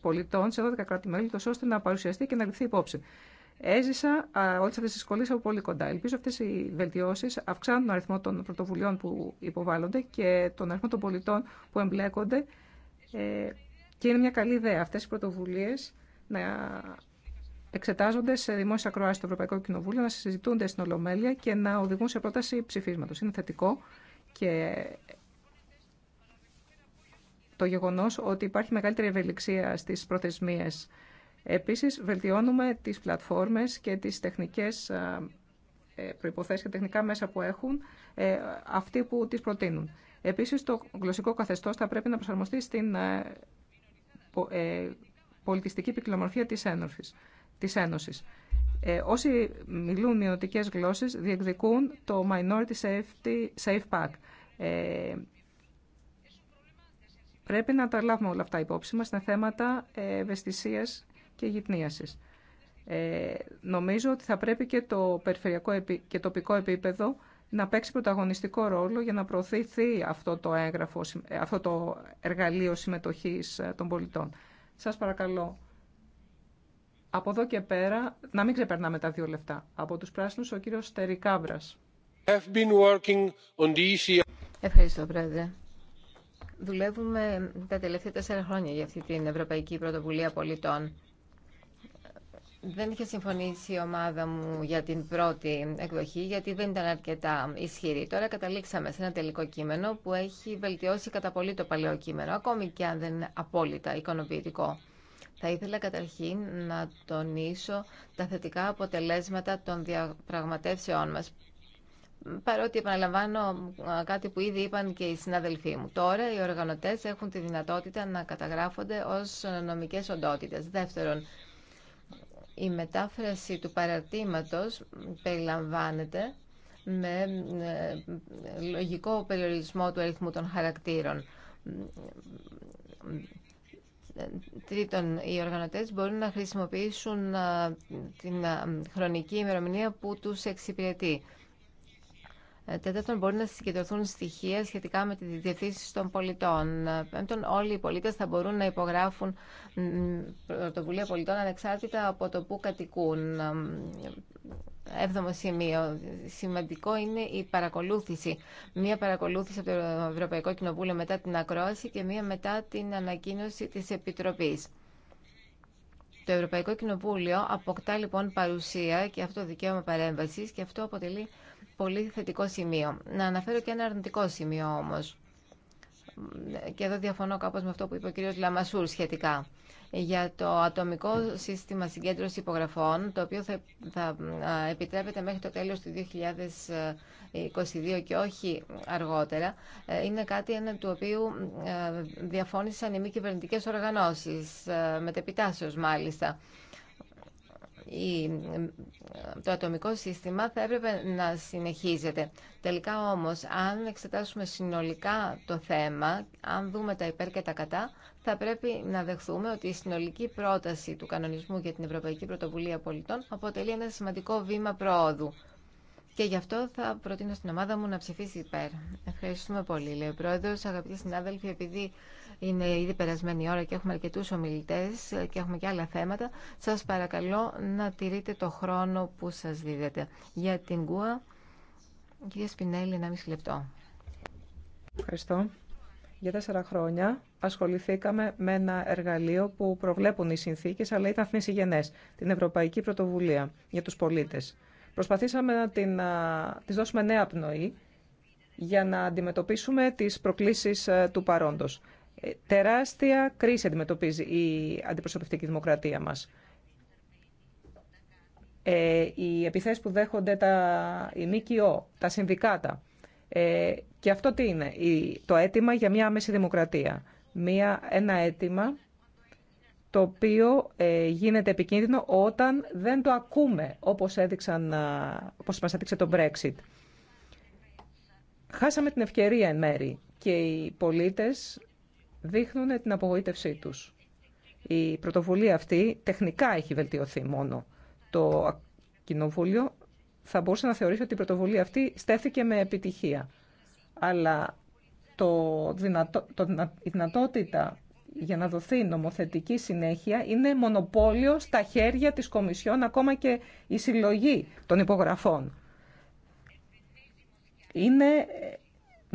[SPEAKER 14] πολιτών σε 12 κράτη-μέλη, ώστε να παρουσιαστεί και να ληφθεί υπόψη. Έζησα όλε αυτέ τι δυσκολίε από πολύ κοντά. Ελπίζω αυτέ οι βελτιώσει αυξάνουν τον αριθμό των πρωτοβουλειών που υποβάλλονται και τον αριθμό των πολιτών που εμπλέκονται ε, και είναι μια καλή ιδέα αυτές οι πρωτοβουλίες να εξετάζονται σε δημόσια ακροάση στο Ευρωπαϊκό Κοινοβούλιο, να συζητούνται στην Ολομέλεια και να οδηγούν σε πρόταση ψηφίσματος. Είναι θετικό και το γεγονός ότι υπάρχει μεγαλύτερη ευελιξία στις προθεσμίες. Επίσης, βελτιώνουμε τις πλατφόρμες και τις τεχνικές ε, προϋποθέσεις και τεχνικά μέσα που έχουν ε, αυτοί που τις προτείνουν. Επίσης, το γλωσσικό καθεστώς θα πρέπει να προσαρμοστεί στην ε, ε, πολιτιστική ποικιλομορφία της Ένωσης. Της ε, Ένωσης. όσοι μιλούν μειωτικέ γλώσσε, διεκδικούν το Minority Safety Safe Pack. πρέπει να τα λάβουμε όλα αυτά υπόψη μας, είναι θέματα ευαισθησία και γυπνίαση. νομίζω ότι θα πρέπει και το περιφερειακό και τοπικό επίπεδο να παίξει πρωταγωνιστικό ρόλο για να προωθηθεί αυτό το, έγγραφο, αυτό το εργαλείο συμμετοχής ε, των πολιτών. Σας παρακαλώ, από εδώ και πέρα, να μην ξεπερνάμε τα δύο λεπτά. Από τους πράσινους, ο κύριος Στερικάβρας.
[SPEAKER 16] Ευχαριστώ, Πρόεδρε. Δουλεύουμε τα τελευταία τέσσερα χρόνια για αυτή την Ευρωπαϊκή Πρωτοβουλία Πολιτών. Δεν είχε συμφωνήσει η ομάδα μου για την πρώτη εκδοχή, γιατί δεν ήταν αρκετά ισχυρή. Τώρα καταλήξαμε σε ένα τελικό κείμενο που έχει βελτιώσει κατά πολύ το παλαιό κείμενο, ακόμη και αν δεν είναι απόλυτα ικανοποιητικό. Θα ήθελα καταρχήν να τονίσω τα θετικά αποτελέσματα των διαπραγματεύσεών μας, παρότι επαναλαμβάνω κάτι που ήδη είπαν και οι συνάδελφοί μου. Τώρα οι οργανωτές έχουν τη δυνατότητα να καταγράφονται ως νομικές οντότητες. Δεύτερον, η μετάφραση του παρατήματος περιλαμβάνεται με ε, λογικό περιορισμό του αριθμού των χαρακτήρων. Τρίτον, οι οργανωτές μπορούν να χρησιμοποιήσουν ε, την ε, χρονική ημερομηνία που τους εξυπηρετεί. Ε, τέταρτον, μπορεί να συγκεντρωθούν στοιχεία σχετικά με τι διευθύνσει των πολιτών. Ε, πέμπτον, όλοι οι πολίτε θα μπορούν να υπογράφουν πρωτοβουλία πολιτών ανεξάρτητα από το που κατοικούν. Ε, έβδομο σημείο. Σημαντικό είναι η παρακολούθηση. Μία παρακολούθηση από το Ευρωπαϊκό Κοινοβούλιο μετά την ακρόαση και μία μετά την ανακοίνωση της Επιτροπής. Το Ευρωπαϊκό Κοινοβούλιο αποκτά λοιπόν παρουσία και αυτό το δικαίωμα παρέμβαση και αυτό αποτελεί πολύ θετικό σημείο. Να αναφέρω και ένα αρνητικό σημείο όμως. Και εδώ διαφωνώ κάπως με αυτό που είπε ο κύριος Λαμασούρ σχετικά για το ατομικό σύστημα συγκέντρωση υπογραφών, το οποίο θα, θα επιτρέπεται μέχρι το τέλος του 2022 και όχι αργότερα, ε, είναι κάτι ένα του οποίου ε, διαφώνησαν οι μη κυβερνητικέ οργανώσεις, ε, μετεπιτάσεως μάλιστα το ατομικό σύστημα θα έπρεπε να συνεχίζεται. Τελικά όμως, αν εξετάσουμε συνολικά το θέμα, αν δούμε τα υπέρ και τα κατά, θα πρέπει να δεχθούμε ότι η συνολική πρόταση του κανονισμού για την Ευρωπαϊκή Πρωτοβουλία Πολιτών αποτελεί ένα σημαντικό βήμα προόδου. Και γι' αυτό θα προτείνω στην ομάδα μου να ψηφίσει υπέρ. Ευχαριστούμε πολύ, λέει ο Πρόεδρος. Αγαπητοί συνάδελφοι, επειδή είναι ήδη περασμένη η ώρα και έχουμε αρκετούς ομιλητές και έχουμε και άλλα θέματα. Σας παρακαλώ να τηρείτε το χρόνο που σας δίδεται. Για την ΚΟΑ, κυρία Σπινέλη, ένα μισή λεπτό. Ευχαριστώ. Για τέσσερα
[SPEAKER 14] χρόνια ασχοληθήκαμε με ένα εργαλείο που προβλέπουν οι συνθήκες, αλλά ήταν θνησιγενές, την Ευρωπαϊκή Πρωτοβουλία για τους πολίτες. Προσπαθήσαμε να, την, της δώσουμε νέα πνοή για να αντιμετωπίσουμε τις προκλήσεις του παρόντος. Ε, τεράστια κρίση αντιμετωπίζει η αντιπροσωπευτική δημοκρατία μας. Ε, οι επιθέσεις που δέχονται τα, η ΜΚΟ, τα συνδικάτα. Ε, και αυτό τι είναι, το αίτημα για μια άμεση δημοκρατία. Μια, ένα αίτημα το οποίο ε, γίνεται επικίνδυνο όταν δεν το ακούμε, όπως, έδειξαν, όπως μας έδειξε το Brexit. Χάσαμε την ευκαιρία εν μέρη και οι πολίτες δείχνουν την απογοήτευσή τους. Η πρωτοβουλία αυτή τεχνικά έχει βελτιωθεί μόνο. Το Κοινοβούλιο θα μπορούσε να θεωρήσει ότι η πρωτοβουλία αυτή στέθηκε με επιτυχία. Αλλά το η δυνατότητα για να δοθεί νομοθετική συνέχεια είναι μονοπόλιο στα χέρια της Κομισιόν, ακόμα και η συλλογή των υπογραφών. Είναι, ε,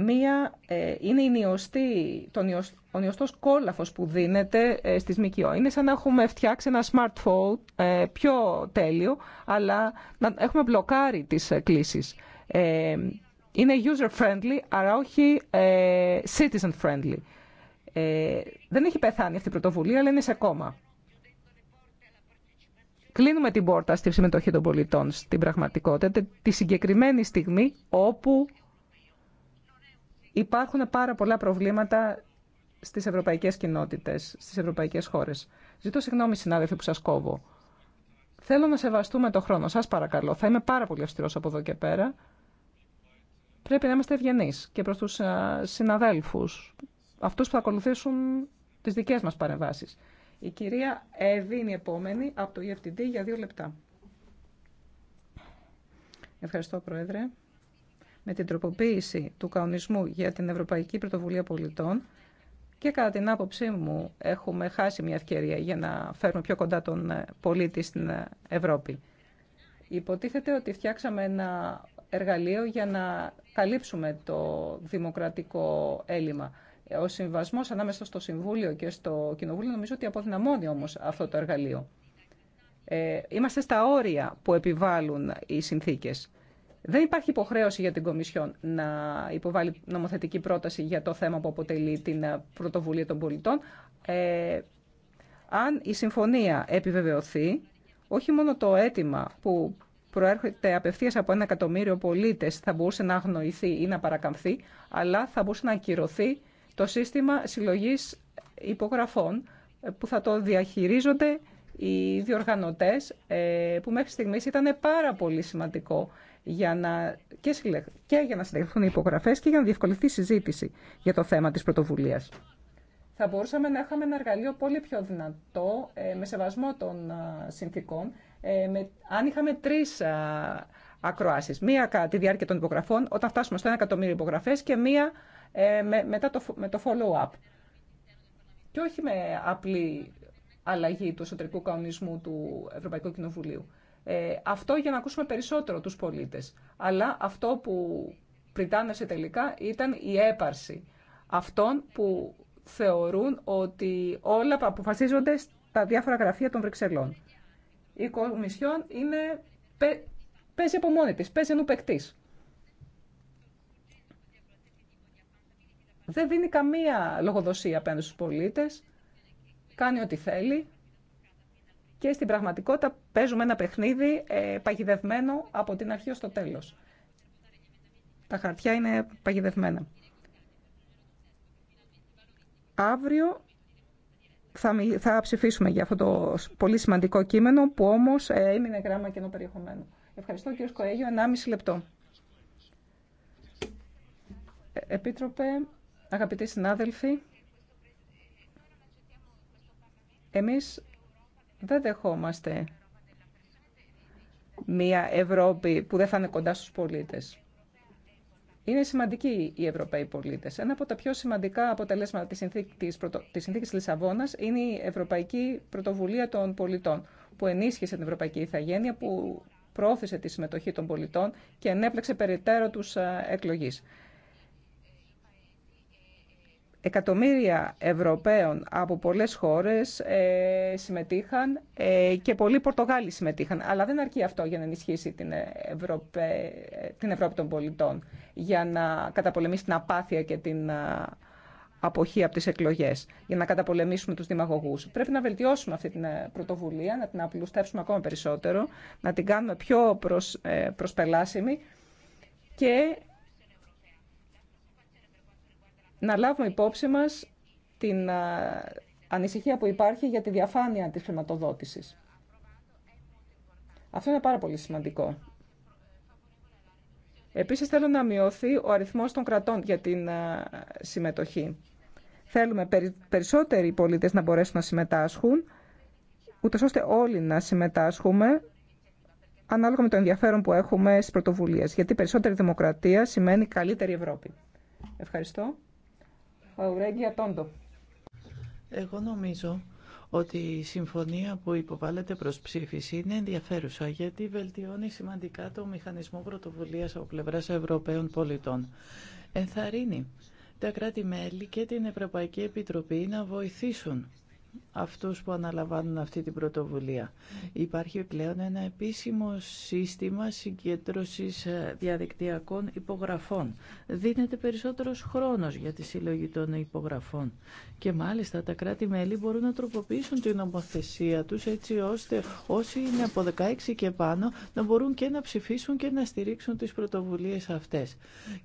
[SPEAKER 14] μία, ε, είναι η νιωστή, νιωστή, ο νιωστός κόλαφο που δίνεται ε, στις ΜΚΟ. Είναι σαν να έχουμε φτιάξει ένα smartphone ε, πιο τέλειο, αλλά να έχουμε μπλοκάρει τις ε, κλήσεις. Είναι user-friendly, αλλά όχι citizen-friendly. Δεν έχει πεθάνει αυτή η πρωτοβουλία, αλλά είναι σε κόμμα. Κλείνουμε την πόρτα στη συμμετοχή των πολιτών στην πραγματικότητα, τη συγκεκριμένη στιγμή όπου υπάρχουν πάρα πολλά προβλήματα Στι ευρωπαϊκέ κοινότητε, στι Ευρωπαϊκέ χώρε. Ζητώ συγγνώμη, συνάδελφοι, που σα κόβω. Θέλω να σεβαστούμε το χρόνο. Σά παρακαλώ. Θα είμαι πάρα πολύ αυστηρό από εδώ και πέρα. Πρέπει να είμαστε ευγενεί και προ του συναδέλφου. Αυτού που θα ακολουθήσουν τι δικέ μα παρεμβάσει. Η κυρία Εύη είναι η επόμενη από το EFTD για δύο λεπτά. Ευχαριστώ, Πρόεδρε. Με την τροποποίηση του κανονισμού για την Ευρωπαϊκή Πρωτοβουλία Πολιτών, και κατά την άποψή μου έχουμε χάσει μια ευκαιρία για να φέρουμε πιο κοντά τον ε, πολίτη στην ε, Ευρώπη. Υποτίθεται ότι φτιάξαμε ένα εργαλείο για να καλύψουμε το δημοκρατικό έλλειμμα. Ο συμβασμό ανάμεσα στο Συμβούλιο και στο Κοινοβούλιο νομίζω ότι αποδυναμώνει όμως αυτό το εργαλείο. Ε, είμαστε στα όρια που επιβάλλουν οι συνθήκες. Δεν υπάρχει υποχρέωση για την Κομισιόν να υποβάλει νομοθετική πρόταση για το θέμα που αποτελεί την ε, πρωτοβουλία των πολιτών. Ε, αν η συμφωνία επιβεβαιωθεί, όχι μόνο το αίτημα που προέρχεται απευθεία από ένα εκατομμύριο πολίτε θα μπορούσε να αγνοηθεί ή να παρακαμφθεί, αλλά θα μπορούσε να ακυρωθεί το σύστημα συλλογή υπογραφών ε, που θα το διαχειρίζονται οι διοργανωτές ε, που μέχρι στιγμής ήταν πάρα πολύ σημαντικό για να, και, για να συλλεγχθούν οι υπογραφές και για να διευκολυνθεί η συζήτηση για το θέμα της πρωτοβουλίας. Θα μπορούσαμε να είχαμε ένα εργαλείο πολύ πιο δυνατό, ε, με σεβασμό των ε, συνθήκων, ε, με, αν είχαμε τρεις ακροάσεις. Μία κατά τη διάρκεια των υπογραφών, όταν φτάσουμε στο ένα εκατομμύριο υπογραφές και μία με, μετά το, με το follow-up. Και όχι με απλή αλλαγή του εσωτερικού κανονισμού του Ευρωπαϊκού Κοινοβουλίου. Ε, αυτό για να ακούσουμε περισσότερο τους πολίτες. Αλλά αυτό που πριτάνεσε τελικά ήταν η έπαρση αυτών που θεωρούν ότι όλα αποφασίζονται στα διάφορα γραφεία των Βρυξελών. Η Κομισιόν είναι, παίζει από μόνη της, παίζει ενού Δεν δίνει καμία λογοδοσία απέναντι στους πολίτες, κάνει ό,τι θέλει και στην πραγματικότητα παίζουμε ένα παιχνίδι ε, παγιδευμένο από την αρχή ως το τέλος. Τα χαρτιά είναι παγιδευμένα. Αύριο θα ψηφίσουμε για αυτό το πολύ σημαντικό κείμενο που όμως ε, έμεινε γράμμα κενό περιεχομένο. Ευχαριστώ κύριο Σκοέγιο. 1,5 λεπτό. Ε, Επίτροπε, αγαπητοί συνάδελφοι, εμείς δεν δεχόμαστε μια Ευρώπη που δεν θα είναι κοντά στους πολίτες. Είναι σημαντικοί οι Ευρωπαίοι πολίτε. Ένα από τα πιο σημαντικά αποτελέσματα της συνθήκης Λισαβόνα είναι η Ευρωπαϊκή Πρωτοβουλία των Πολιτών, που ενίσχυσε την Ευρωπαϊκή Ιθαγένεια, που πρόθεσε τη συμμετοχή των πολιτών και ενέπλεξε περιττέρω τους ε, εκλογεί. Εκατομμύρια Ευρωπαίων από πολλές χώρες ε, συμμετείχαν ε, και πολλοί Πορτογάλοι συμμετείχαν. Αλλά δεν αρκεί αυτό για να ενισχύσει την, ε, την Ευρώπη των πολιτών, για να καταπολεμήσει την απάθεια και την αποχή από τις εκλογές, για να καταπολεμήσουμε τους δημαγωγούς. Πρέπει να βελτιώσουμε αυτή την πρωτοβουλία, να την απλουστεύσουμε ακόμα περισσότερο, να την κάνουμε πιο προσπελάσιμη και να λάβουμε υπόψη μας την ανησυχία που υπάρχει για τη διαφάνεια της χρηματοδότησης. Αυτό είναι πάρα πολύ σημαντικό. Επίσης θέλω να μειωθεί ο αριθμός των κρατών για την συμμετοχή. Θέλουμε περισσότεροι πολίτες να μπορέσουν να συμμετάσχουν, ούτως ώστε όλοι να συμμετάσχουμε ανάλογα με το ενδιαφέρον που έχουμε στις πρωτοβουλίες. Γιατί περισσότερη
[SPEAKER 11] δημοκρατία
[SPEAKER 14] σημαίνει καλύτερη Ευρώπη. Ευχαριστώ.
[SPEAKER 11] Εγώ νομίζω ότι η συμφωνία που υποβάλλεται προς ψήφιση είναι ενδιαφέρουσα γιατί βελτιώνει σημαντικά το μηχανισμό πρωτοβουλίας από πλευράς Ευρωπαίων πολιτών. Ενθαρρύνει τα κράτη-μέλη και την Ευρωπαϊκή Επιτροπή να βοηθήσουν αυτούς που αναλαμβάνουν αυτή την πρωτοβουλία. Υπάρχει πλέον ένα επίσημο σύστημα συγκέντρωσης ε, διαδικτυακών υπογραφών. Δίνεται περισσότερος χρόνος για τη συλλογή των υπογραφών. Και μάλιστα τα κράτη-μέλη μπορούν να τροποποιήσουν την νομοθεσία τους έτσι ώστε όσοι είναι από 16 και πάνω να μπορούν και να ψηφίσουν και να στηρίξουν τις πρωτοβουλίες αυτές.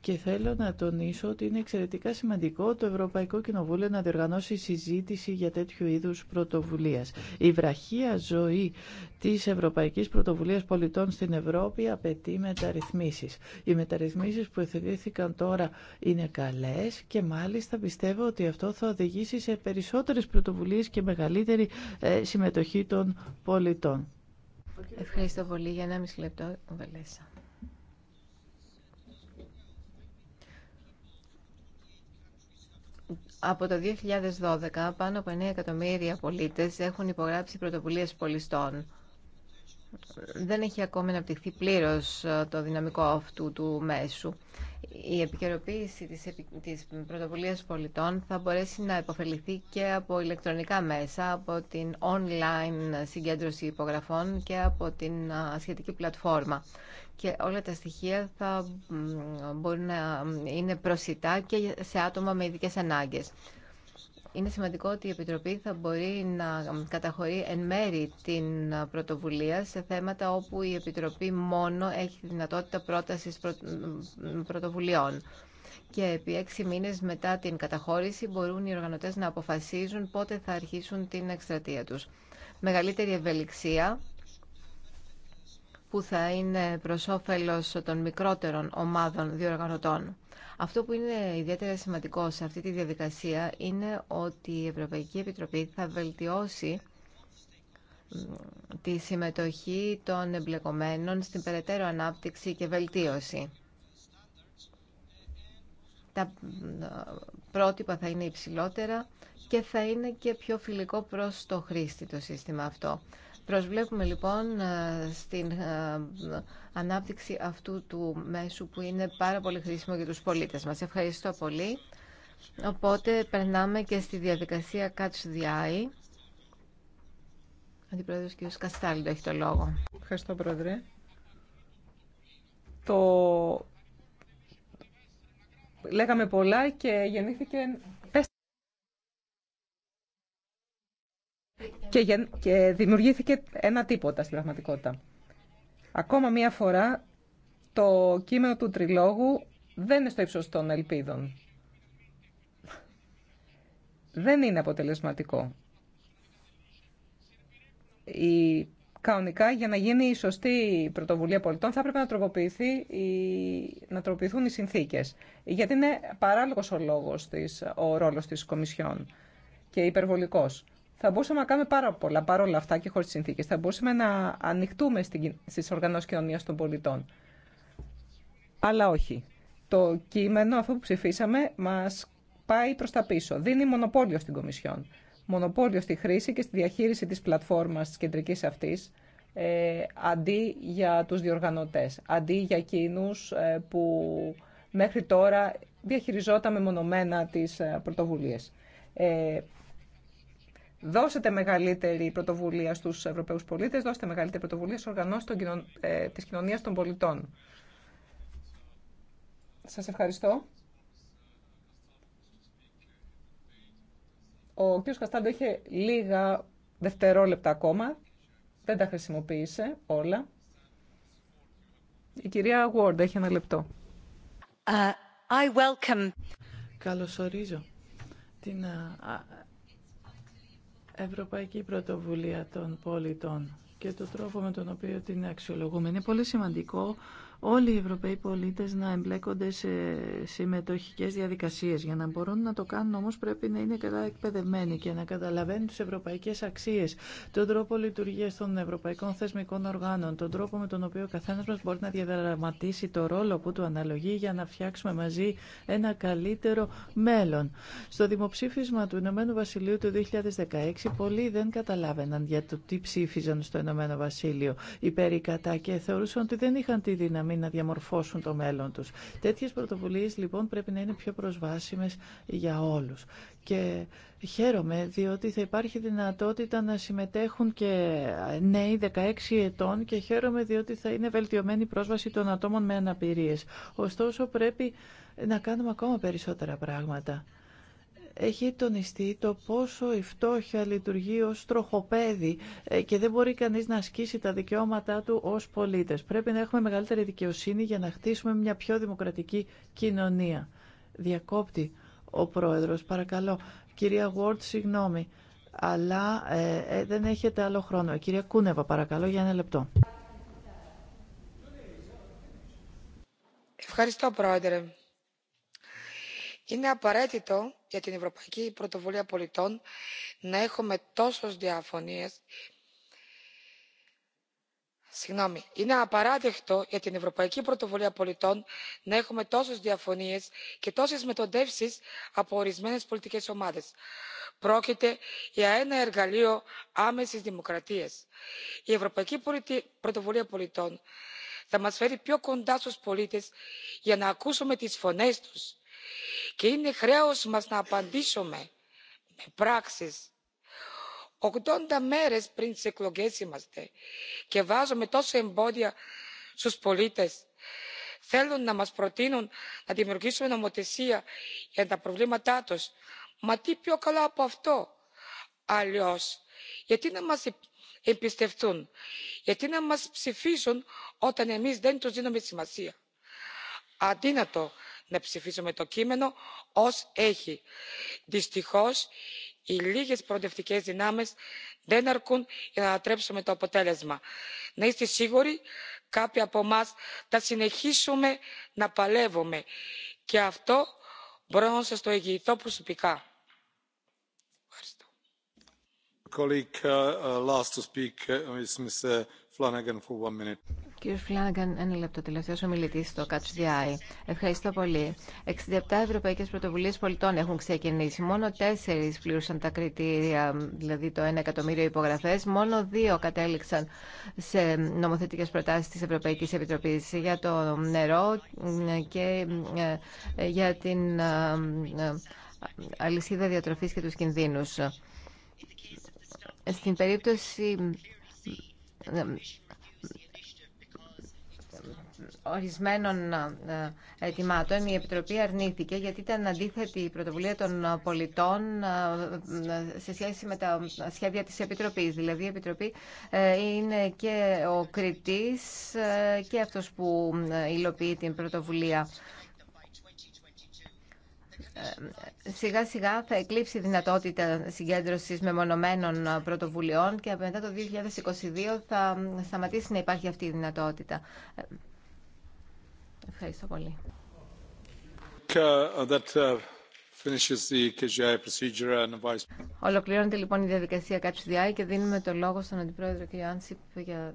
[SPEAKER 11] Και θέλω να τονίσω ότι είναι εξαιρετικά σημαντικό το Ευρωπαϊκό Κοινοβούλιο να διοργανώσει συζήτηση για τέτοιου είδου πρωτοβουλίας. Η βραχία ζωή της Ευρωπαϊκής Πρωτοβουλίας Πολιτών στην Ευρώπη απαιτεί μεταρρυθμίσεις. Οι μεταρρυθμίσεις που εθελήθηκαν τώρα είναι καλές και μάλιστα πιστεύω ότι αυτό θα οδηγήσει σε περισσότερες πρωτοβουλίες και μεγαλύτερη ε, συμμετοχή των πολιτών.
[SPEAKER 16] Ευχαριστώ πολύ για ένα μισή λεπτό, Βελέσσα. Από το 2012, πάνω από 9 εκατομμύρια πολίτες έχουν υπογράψει πρωτοβουλίες πολιστών δεν έχει ακόμη αναπτυχθεί πλήρως ε, το δυναμικό αυτού του μέσου. Η επικαιροποίηση της, της πρωτοβουλίας πολιτών θα μπορέσει να υποφεληθεί και από ηλεκτρονικά μέσα, από την online συγκέντρωση υπογραφών και από την σχετική πλατφόρμα. Και όλα τα στοιχεία θα μπορούν να είναι προσιτά και σε άτομα με ειδικές ανάγκες. Είναι σημαντικό ότι η Επιτροπή θα μπορεί να καταχωρεί εν μέρη την πρωτοβουλία σε θέματα όπου η Επιτροπή μόνο έχει δυνατότητα πρότασης πρωτοβουλειών. Και επί έξι μήνες μετά την καταχώρηση μπορούν οι οργανωτές να αποφασίζουν πότε θα αρχίσουν την εκστρατεία τους. Μεγαλύτερη ευελιξία που θα είναι προς όφελος των μικρότερων ομάδων διοργανωτών. Αυτό που είναι ιδιαίτερα σημαντικό σε αυτή τη διαδικασία είναι ότι η Ευρωπαϊκή Επιτροπή θα βελτιώσει τη συμμετοχή των εμπλεκομένων στην περαιτέρω ανάπτυξη και βελτίωση. Τα πρότυπα θα είναι υψηλότερα και θα είναι και πιο φιλικό προς το χρήστη το σύστημα αυτό. Προσβλέπουμε λοιπόν ε, στην ε, ανάπτυξη αυτού του μέσου που είναι πάρα πολύ χρήσιμο για τους πολίτες μας. Ευχαριστώ πολύ. Οπότε περνάμε και στη διαδικασία Catch the Eye. Αντιπρόεδρος κ. Καστάλιντο έχει το λόγο. Ευχαριστώ, Πρόεδρε. Το...
[SPEAKER 14] Λέγαμε πολλά και γεννήθηκε και, και δημιουργήθηκε ένα τίποτα στην πραγματικότητα. Ακόμα μία φορά το κείμενο του τριλόγου δεν είναι στο ύψος των ελπίδων. Δεν είναι αποτελεσματικό. Η, κανονικά για να γίνει η σωστή πρωτοβουλία πολιτών θα έπρεπε να, τροποποιηθεί η, να τροποποιηθούν οι συνθήκες. Γιατί είναι παράλογος ο λόγος της, ο ρόλος της Κομισιόν και υπερβολικός. Θα μπορούσαμε να κάνουμε πάρα πολλά παρόλα αυτά και χωρί συνθήκε. Θα μπορούσαμε να ανοιχτούμε στι οργανώσει κοινωνία των πολιτών. Αλλά όχι. Το κείμενο, αυτό που ψηφίσαμε, μα πάει προ τα πίσω. Δίνει μονοπόλιο στην Κομισιόν. Μονοπόλιο στη χρήση και στη διαχείριση τη πλατφόρμα τη κεντρική αυτή, ε, αντί για τους διοργανωτές, αντί για εκείνους ε, που μέχρι τώρα διαχειριζόταν μεμονωμένα τις ε, πρωτοβουλίες. Ε, Δώσετε μεγαλύτερη πρωτοβουλία στους Ευρωπαίους πολίτες, δώστε μεγαλύτερη πρωτοβουλία στου οργανώσει ε, των πολιτών. Σας ευχαριστώ. Ο κ. Καστάντο είχε λίγα δευτερόλεπτα ακόμα. Δεν τα χρησιμοποίησε όλα. Η κυρία Ward έχει ένα λεπτό.
[SPEAKER 11] Uh, I welcome. Καλωσορίζω την ε, Ευρωπαϊκή Πρωτοβουλία των Πολιτών και το τρόπο με τον οποίο την αξιολογούμε. Είναι πολύ σημαντικό όλοι οι Ευρωπαίοι πολίτες να εμπλέκονται σε συμμετοχικές διαδικασίες. Για να μπορούν να το κάνουν όμως πρέπει να είναι καλά εκπαιδευμένοι και να καταλαβαίνουν τις ευρωπαϊκές αξίες, τον τρόπο λειτουργίας των ευρωπαϊκών θεσμικών οργάνων, τον τρόπο με τον οποίο ο καθένας μας μπορεί να διαδραματίσει το ρόλο που του αναλογεί για να φτιάξουμε μαζί ένα καλύτερο μέλλον. Στο δημοψήφισμα του Ηνωμένου Βασιλείου του 2016 πολλοί δεν καταλάβαιναν για το τι ψήφιζαν στο Ηνωμένο Βασίλειο υπέρ και θεωρούσαν ότι δεν είχαν τη δύναμη να διαμορφώσουν το μέλλον τους. Τέτοιες πρωτοβουλίες λοιπόν πρέπει να είναι πιο προσβάσιμες για όλους. Και χαίρομαι διότι θα υπάρχει δυνατότητα να συμμετέχουν και νέοι 16 ετών και χαίρομαι διότι θα είναι βελτιωμένη πρόσβαση των ατόμων με αναπηρίες. Ωστόσο πρέπει να κάνουμε ακόμα περισσότερα πράγματα έχει τονιστεί το πόσο η φτώχεια λειτουργεί ως τροχοπέδι ε, και δεν μπορεί κανείς να ασκήσει τα δικαιώματά του ως πολίτες. Πρέπει να έχουμε μεγαλύτερη δικαιοσύνη για να χτίσουμε μια πιο δημοκρατική κοινωνία. Διακόπτη ο Πρόεδρος, παρακαλώ. Κυρία Γουόρτ, συγγνώμη, αλλά ε, ε, δεν έχετε άλλο χρόνο. Κυρία Κούνεβα, παρακαλώ, για ένα λεπτό. Ευχαριστώ,
[SPEAKER 17] Πρόεδρε. Είναι απαραίτητο για την Ευρωπαϊκή Πρωτοβουλία Πολιτών να έχουμε τόσες διαφωνίες. Συγγνώμη, είναι απαράδεκτο για την Ευρωπαϊκή Πρωτοβουλία Πολιτών να έχουμε τόσες διαφωνίες και τόσες μετοντεύσεις από ορισμένες πολιτικές ομάδες. Πρόκειται για ένα εργαλείο άμεσης δημοκρατίας. Η Ευρωπαϊκή Πρωτοβουλία Πολιτών θα μας φέρει πιο κοντά στους πολίτες για να ακούσουμε τις φωνές τους και είναι χρέος μας να απαντήσουμε με πράξεις. 80 μέρες πριν τις εκλογές είμαστε και βάζουμε τόσα εμπόδια στους πολίτες. θέλουν να μας προτείνουν να δημιουργήσουμε νομοθεσία για τα προβλήματά τους. μα τι πιο καλά από αυτό. αλλιώς γιατί να μας εμπιστευτούν γιατί να μας ψηφίσουν όταν εμείς δεν τους δίνουμε σημασία. αδύνατο να ψηφίσουμε το κείμενο ως έχει. δυστυχώς οι λίγες προοδευτικές δυνάμεις δεν αρκούν για να ανατρέψουμε το αποτέλεσμα. να είστε σίγουροι κάποιοι από εμά θα συνεχίσουμε να παλεύουμε και αυτό μπορώ να σας το εγγυηθώ προσωπικά.
[SPEAKER 16] Κύριε Φλάνγκαν, ένα λεπτό. Τελευταίο ομιλητή στο ΚΑΤΣΔΙ. Ευχαριστώ πολύ. 67 ευρωπαϊκέ πρωτοβουλίε πολιτών έχουν ξεκινήσει. Μόνο τέσσερι πλήρωσαν τα κριτήρια, δηλαδή το 1 εκατομμύριο υπογραφέ. Μόνο δύο κατέληξαν σε νομοθετικέ προτάσει τη Ευρωπαϊκή Επιτροπή για το νερό και ε, ε, για την ε, αλυσίδα διατροφή και του κινδύνου. Στην περίπτωση ορισμένων ε, ετοιμάτων η Επιτροπή αρνήθηκε γιατί ήταν αντίθετη η πρωτοβουλία των πολιτών ε, σε σχέση με τα σχέδια της Επιτροπής. Δηλαδή η Επιτροπή ε, είναι και ο κριτής και αυτός που υλοποιεί την πρωτοβουλία. Ε, σιγά σιγά θα εκλείψει η δυνατότητα συγκέντρωσης μεμονωμένων πρωτοβουλειών και μετά το 2022 θα σταματήσει να υπάρχει αυτή η δυνατότητα. Ε, ευχαριστώ πολύ.
[SPEAKER 10] Uh, uh,
[SPEAKER 16] Ολοκληρώνεται λοιπόν η διαδικασία κάψη διάρκεια και δίνουμε το λόγο στον Αντιπρόεδρο κ. Άνσιπ για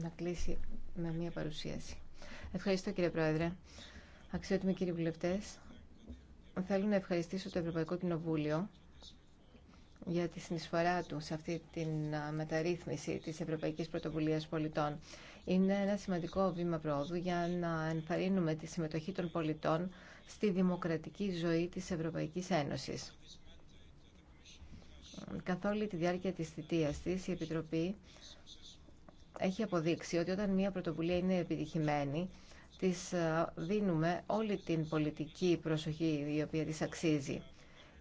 [SPEAKER 16] να κλείσει με μια παρουσίαση. Ευχαριστώ κύριε Πρόεδρε. Αξιότιμοι κύριοι βουλευτές. Θέλω να ευχαριστήσω το Ευρωπαϊκό Κοινοβούλιο για τη συνεισφορά του σε αυτή τη μεταρρύθμιση της Ευρωπαϊκής Πρωτοβουλίας Πολιτών. Είναι ένα σημαντικό βήμα πρόοδου για να ενθαρρύνουμε τη συμμετοχή των πολιτών στη δημοκρατική ζωή της Ευρωπαϊκής Ένωσης. Καθ' όλη τη διάρκεια της θητείας της, η Επιτροπή έχει αποδείξει ότι όταν μια πρωτοβουλία είναι επιτυχημένη, της ε, δίνουμε όλη την πολιτική προσοχή η οποία της αξίζει.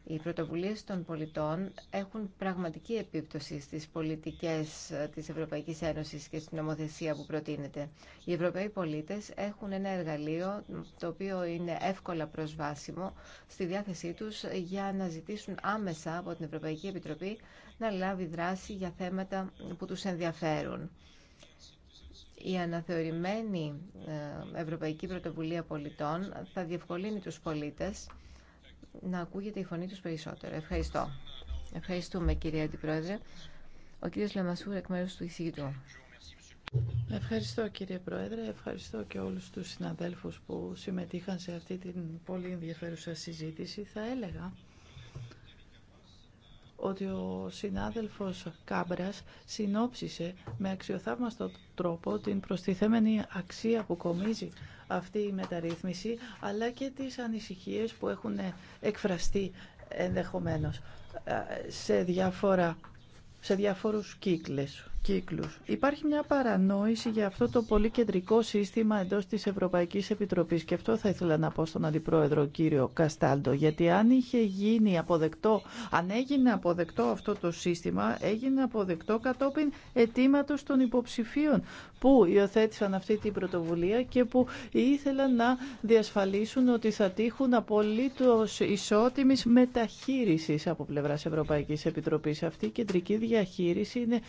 [SPEAKER 16] Οι πρωτοβουλίες των πολιτών έχουν πραγματική επίπτωση στις πολιτικές ε, της Ευρωπαϊκής Ένωσης και στην νομοθεσία που προτείνεται. Οι Ευρωπαίοι πολίτες έχουν ένα εργαλείο το οποίο είναι εύκολα προσβάσιμο στη διάθεσή τους για να ζητήσουν άμεσα από την Ευρωπαϊκή Επιτροπή να λάβει δράση για θέματα που τους ενδιαφέρουν. Η αναθεωρημένη ε, Ευρωπαϊκή Πρωτοβουλία Πολιτών θα διευκολύνει τους πολίτες να ακούγεται η φωνή τους περισσότερο. Ευχαριστώ. Ευχαριστούμε κυρία Αντιπρόεδρε. Ο κύριος Λαμασούρ εκ μέρους του εισηγητού. Ευχαριστώ κύριε Πρόεδρε, ευχαριστώ και όλους τους συναδέλφους που συμμετείχαν
[SPEAKER 11] σε αυτή την πολύ ενδιαφέρουσα συζήτηση. Θα έλεγα ότι ο συνάδελφος Κάμπρας συνόψισε με αξιοθαύμαστο τρόπο την προστιθέμενη αξία που κομίζει αυτή η μεταρρύθμιση, αλλά και τις ανησυχίες που έχουν εκφραστεί ενδεχομένως ε, σε, διάφορα, σε διάφορους κύκλες κύκλους. Υπάρχει μια παρανόηση για αυτό το πολύ κεντρικό σύστημα εντός της Ευρωπαϊκής Επιτροπής και αυτό θα ήθελα να πω στον Αντιπρόεδρο κύριο Καστάλτο γιατί αν είχε γίνει αποδεκτό, αν έγινε αποδεκτό αυτό το σύστημα έγινε αποδεκτό κατόπιν αιτήματο των υποψηφίων που υιοθέτησαν αυτή την πρωτοβουλία και που ήθελαν να διασφαλίσουν ότι θα τύχουν απολύτως ισότιμης μεταχείρισης από πλευράς Ευρωπαϊκής Επιτροπής. Αυτή η κεντρική διαχείριση είναι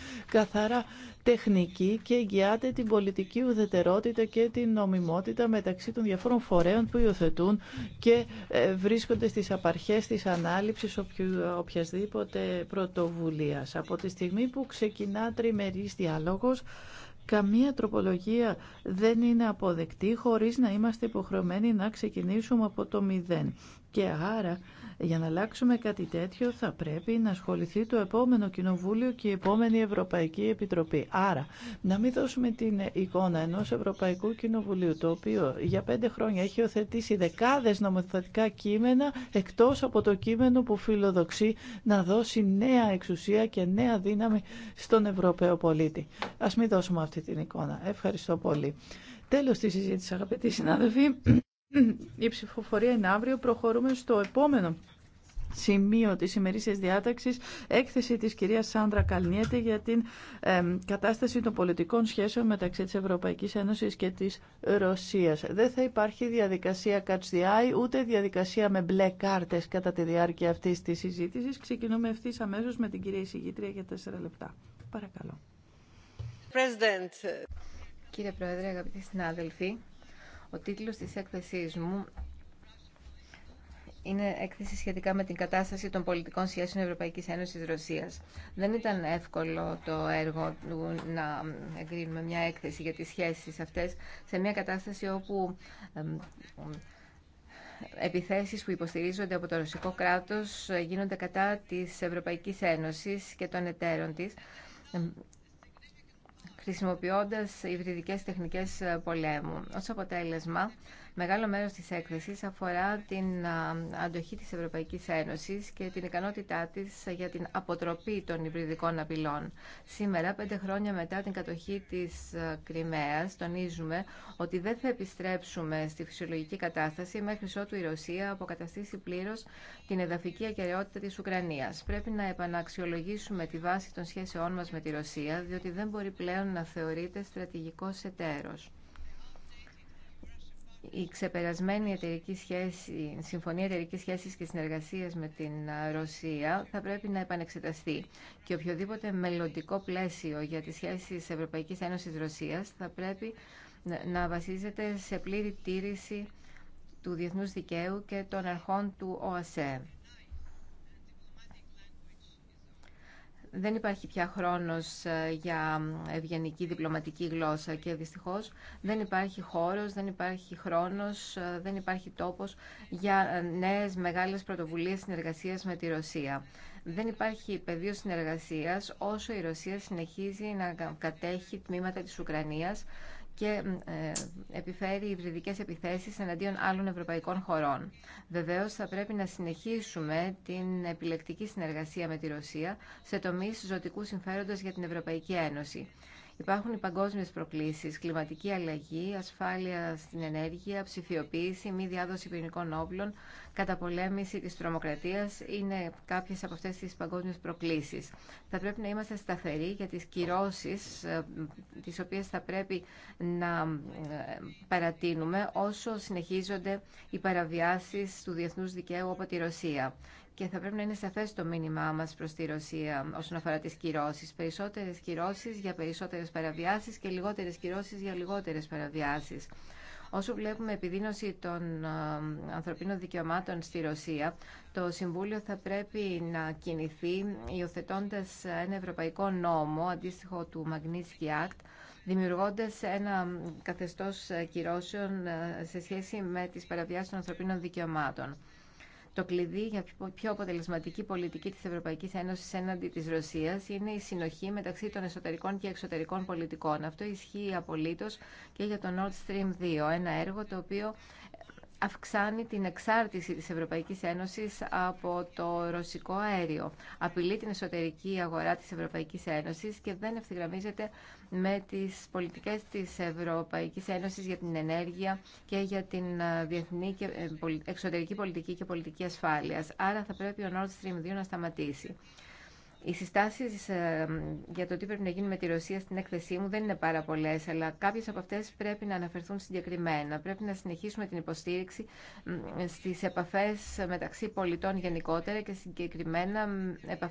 [SPEAKER 11] τεχνική και εγγυάται την πολιτική ουδετερότητα και την νομιμότητα μεταξύ των διαφόρων φορέων που υιοθετούν και ε, βρίσκονται στις απαρχές της ανάληψης οποιασδήποτε πρωτοβουλίας. Από τη στιγμή που ξεκινά τριμερής διάλογος, Καμία τροπολογία δεν είναι αποδεκτή χωρίς να είμαστε υποχρεωμένοι να ξεκινήσουμε από το μηδέν. Και άρα για να αλλάξουμε κάτι τέτοιο θα πρέπει να ασχοληθεί το επόμενο Κοινοβούλιο και η επόμενη Ευρωπαϊκή Επιτροπή. Άρα να μην δώσουμε την εικόνα ενός Ευρωπαϊκού Κοινοβουλίου το οποίο για πέντε χρόνια έχει οθετήσει δεκάδες νομοθετικά κείμενα εκτός από το κείμενο που φιλοδοξεί να δώσει νέα εξουσία και νέα δύναμη στον Ευρωπαίο πολίτη. Ας μην δώσουμε αυτή την εικόνα. Ευχαριστώ πολύ. Τέλος της συζήτησης αγαπητοί συνάδελφοι. Η ψηφοφορία είναι αύριο. Προχωρούμε στο επόμενο σημείο της ημερήσιας διάταξης έκθεση της κυρίας Σάντρα Καλνιέτη για την κατάσταση των πολιτικών σχέσεων μεταξύ της Ευρωπαϊκής Ένωσης και της Ρωσίας. Δεν θα υπάρχει διαδικασία catch the eye ούτε διαδικασία με μπλε κάρτες κατά τη διάρκεια αυτής της συζήτησης. Ξεκινούμε
[SPEAKER 16] ευθύ αμέσω με την
[SPEAKER 11] κυρία εισηγήτρια για τέσσερα λεπτά. Παρακαλώ.
[SPEAKER 16] President. Κύριε Πρόεδρε, αγαπητοί συνάδελφοι, ο τίτλος της έκθεσής μου είναι έκθεση σχετικά με την κατάσταση των πολιτικών σχέσεων Ευρωπαϊκής Ένωσης Ρωσίας. Δεν ήταν εύκολο το έργο να εγκρίνουμε μια έκθεση για τις σχέσεις αυτές σε μια κατάσταση όπου επιθέσεις που υποστηρίζονται από το ρωσικό κράτος γίνονται κατά της Ευρωπαϊκής Ένωσης και των εταίρων της χρησιμοποιώντας υβριδικές τεχνικές ε, πολέμου. Ως αποτέλεσμα, Μεγάλο μέρος της έκθεσης αφορά την αντοχή της Ευρωπαϊκής Ένωσης και την ικανότητά της για την αποτροπή των υβριδικών απειλών. Σήμερα, πέντε χρόνια μετά την κατοχή της Κρυμαίας, τονίζουμε ότι δεν θα επιστρέψουμε στη φυσιολογική κατάσταση μέχρι ότου η Ρωσία αποκαταστήσει πλήρω την εδαφική ακεραιότητα της Ουκρανίας. Πρέπει να επαναξιολογήσουμε τη βάση των σχέσεών μας με τη Ρωσία, διότι δεν μπορεί πλέον να θεωρείται στρατηγικός εταίρος η ξεπερασμένη εταιρική σχέση, συμφωνία εταιρική σχέση και συνεργασία με την Ρωσία θα πρέπει να επανεξεταστεί. Και οποιοδήποτε μελλοντικό πλαίσιο για τι σχέσει Ευρωπαϊκή Ένωση Ρωσία θα πρέπει να βασίζεται σε πλήρη τήρηση του διεθνούς δικαίου και των αρχών του ΟΑΣΕ. δεν υπάρχει πια χρόνος ε, για ευγενική διπλωματική γλώσσα και δυστυχώς δεν υπάρχει χώρος, δεν υπάρχει χρόνος, ε, δεν υπάρχει τόπος για ε, νέες μεγάλες πρωτοβουλίες συνεργασίας με τη Ρωσία. Δεν υπάρχει πεδίο συνεργασίας όσο η Ρωσία συνεχίζει να κατέχει τμήματα της Ουκρανίας και ε, επιφέρει υβριδικές επιθέσεις εναντίον άλλων ευρωπαϊκών χωρών. Βεβαίως, θα πρέπει να συνεχίσουμε την επιλεκτική συνεργασία με τη Ρωσία σε τομείς ζωτικού συμφέροντος για την Ευρωπαϊκή Ένωση. Υπάρχουν οι παγκόσμιες προκλήσεις, κλιματική αλλαγή, ασφάλεια στην ενέργεια, ψηφιοποίηση, μη διάδοση πυρηνικών όπλων, καταπολέμηση της τρομοκρατίας είναι κάποιες από αυτές τις παγκόσμιες προκλήσεις. Θα πρέπει να είμαστε σταθεροί για τις κυρώσεις ε, τις οποίες θα πρέπει να ε, παρατείνουμε όσο συνεχίζονται οι παραβιάσεις του διεθνούς δικαίου από τη Ρωσία και θα πρέπει να είναι σαφέ το μήνυμά μα προ τη Ρωσία όσον αφορά τι κυρώσει, περισσότερε κυρώσει για περισσότερε παραβιάσεις και λιγότερε κυρώσει για λιγότερε παραβιάσει. Όσο βλέπουμε επιδείνωση των ε, ανθρωπίνων δικαιωμάτων στη Ρωσία, το Συμβούλιο θα πρέπει να κινηθεί υιοθετώντα ένα ευρωπαϊκό νόμο, αντίστοιχο του Magnitsky Act, δημιουργώντας ένα καθεστώ κυρώσεων ε, σε σχέση με τι παραβιάσεις των ανθρωπίνων δικαιωμάτων. Το κλειδί για πιο αποτελεσματική πολιτική της Ευρωπαϊκής Ένωσης έναντι της Ρωσίας είναι η συνοχή μεταξύ των εσωτερικών και εξωτερικών πολιτικών. Αυτό ισχύει απολύτω και για το Nord Stream 2, ένα έργο το οποίο αυξάνει την εξάρτηση της Ευρωπαϊκής Ένωσης από το ρωσικό αέριο. Απειλεί την εσωτερική αγορά της Ευρωπαϊκής Ένωσης και δεν ευθυγραμμίζεται με τις πολιτικές της Ευρωπαϊκής Ένωσης για την ενέργεια και για την ε, διεθνή και ε, εξωτερική πολιτική και πολιτική ασφάλειας. Άρα θα πρέπει ο Nord Stream 2 να σταματήσει. Οι συστάσει ε, για το τι πρέπει να γίνει με τη Ρωσία στην έκθεσή μου δεν είναι πάρα πολλέ, αλλά κάποιε από αυτέ πρέπει να αναφερθούν συγκεκριμένα. Πρέπει να συνεχίσουμε την υποστήριξη στι επαφέ μεταξύ πολιτών γενικότερα και συγκεκριμένα επαφέ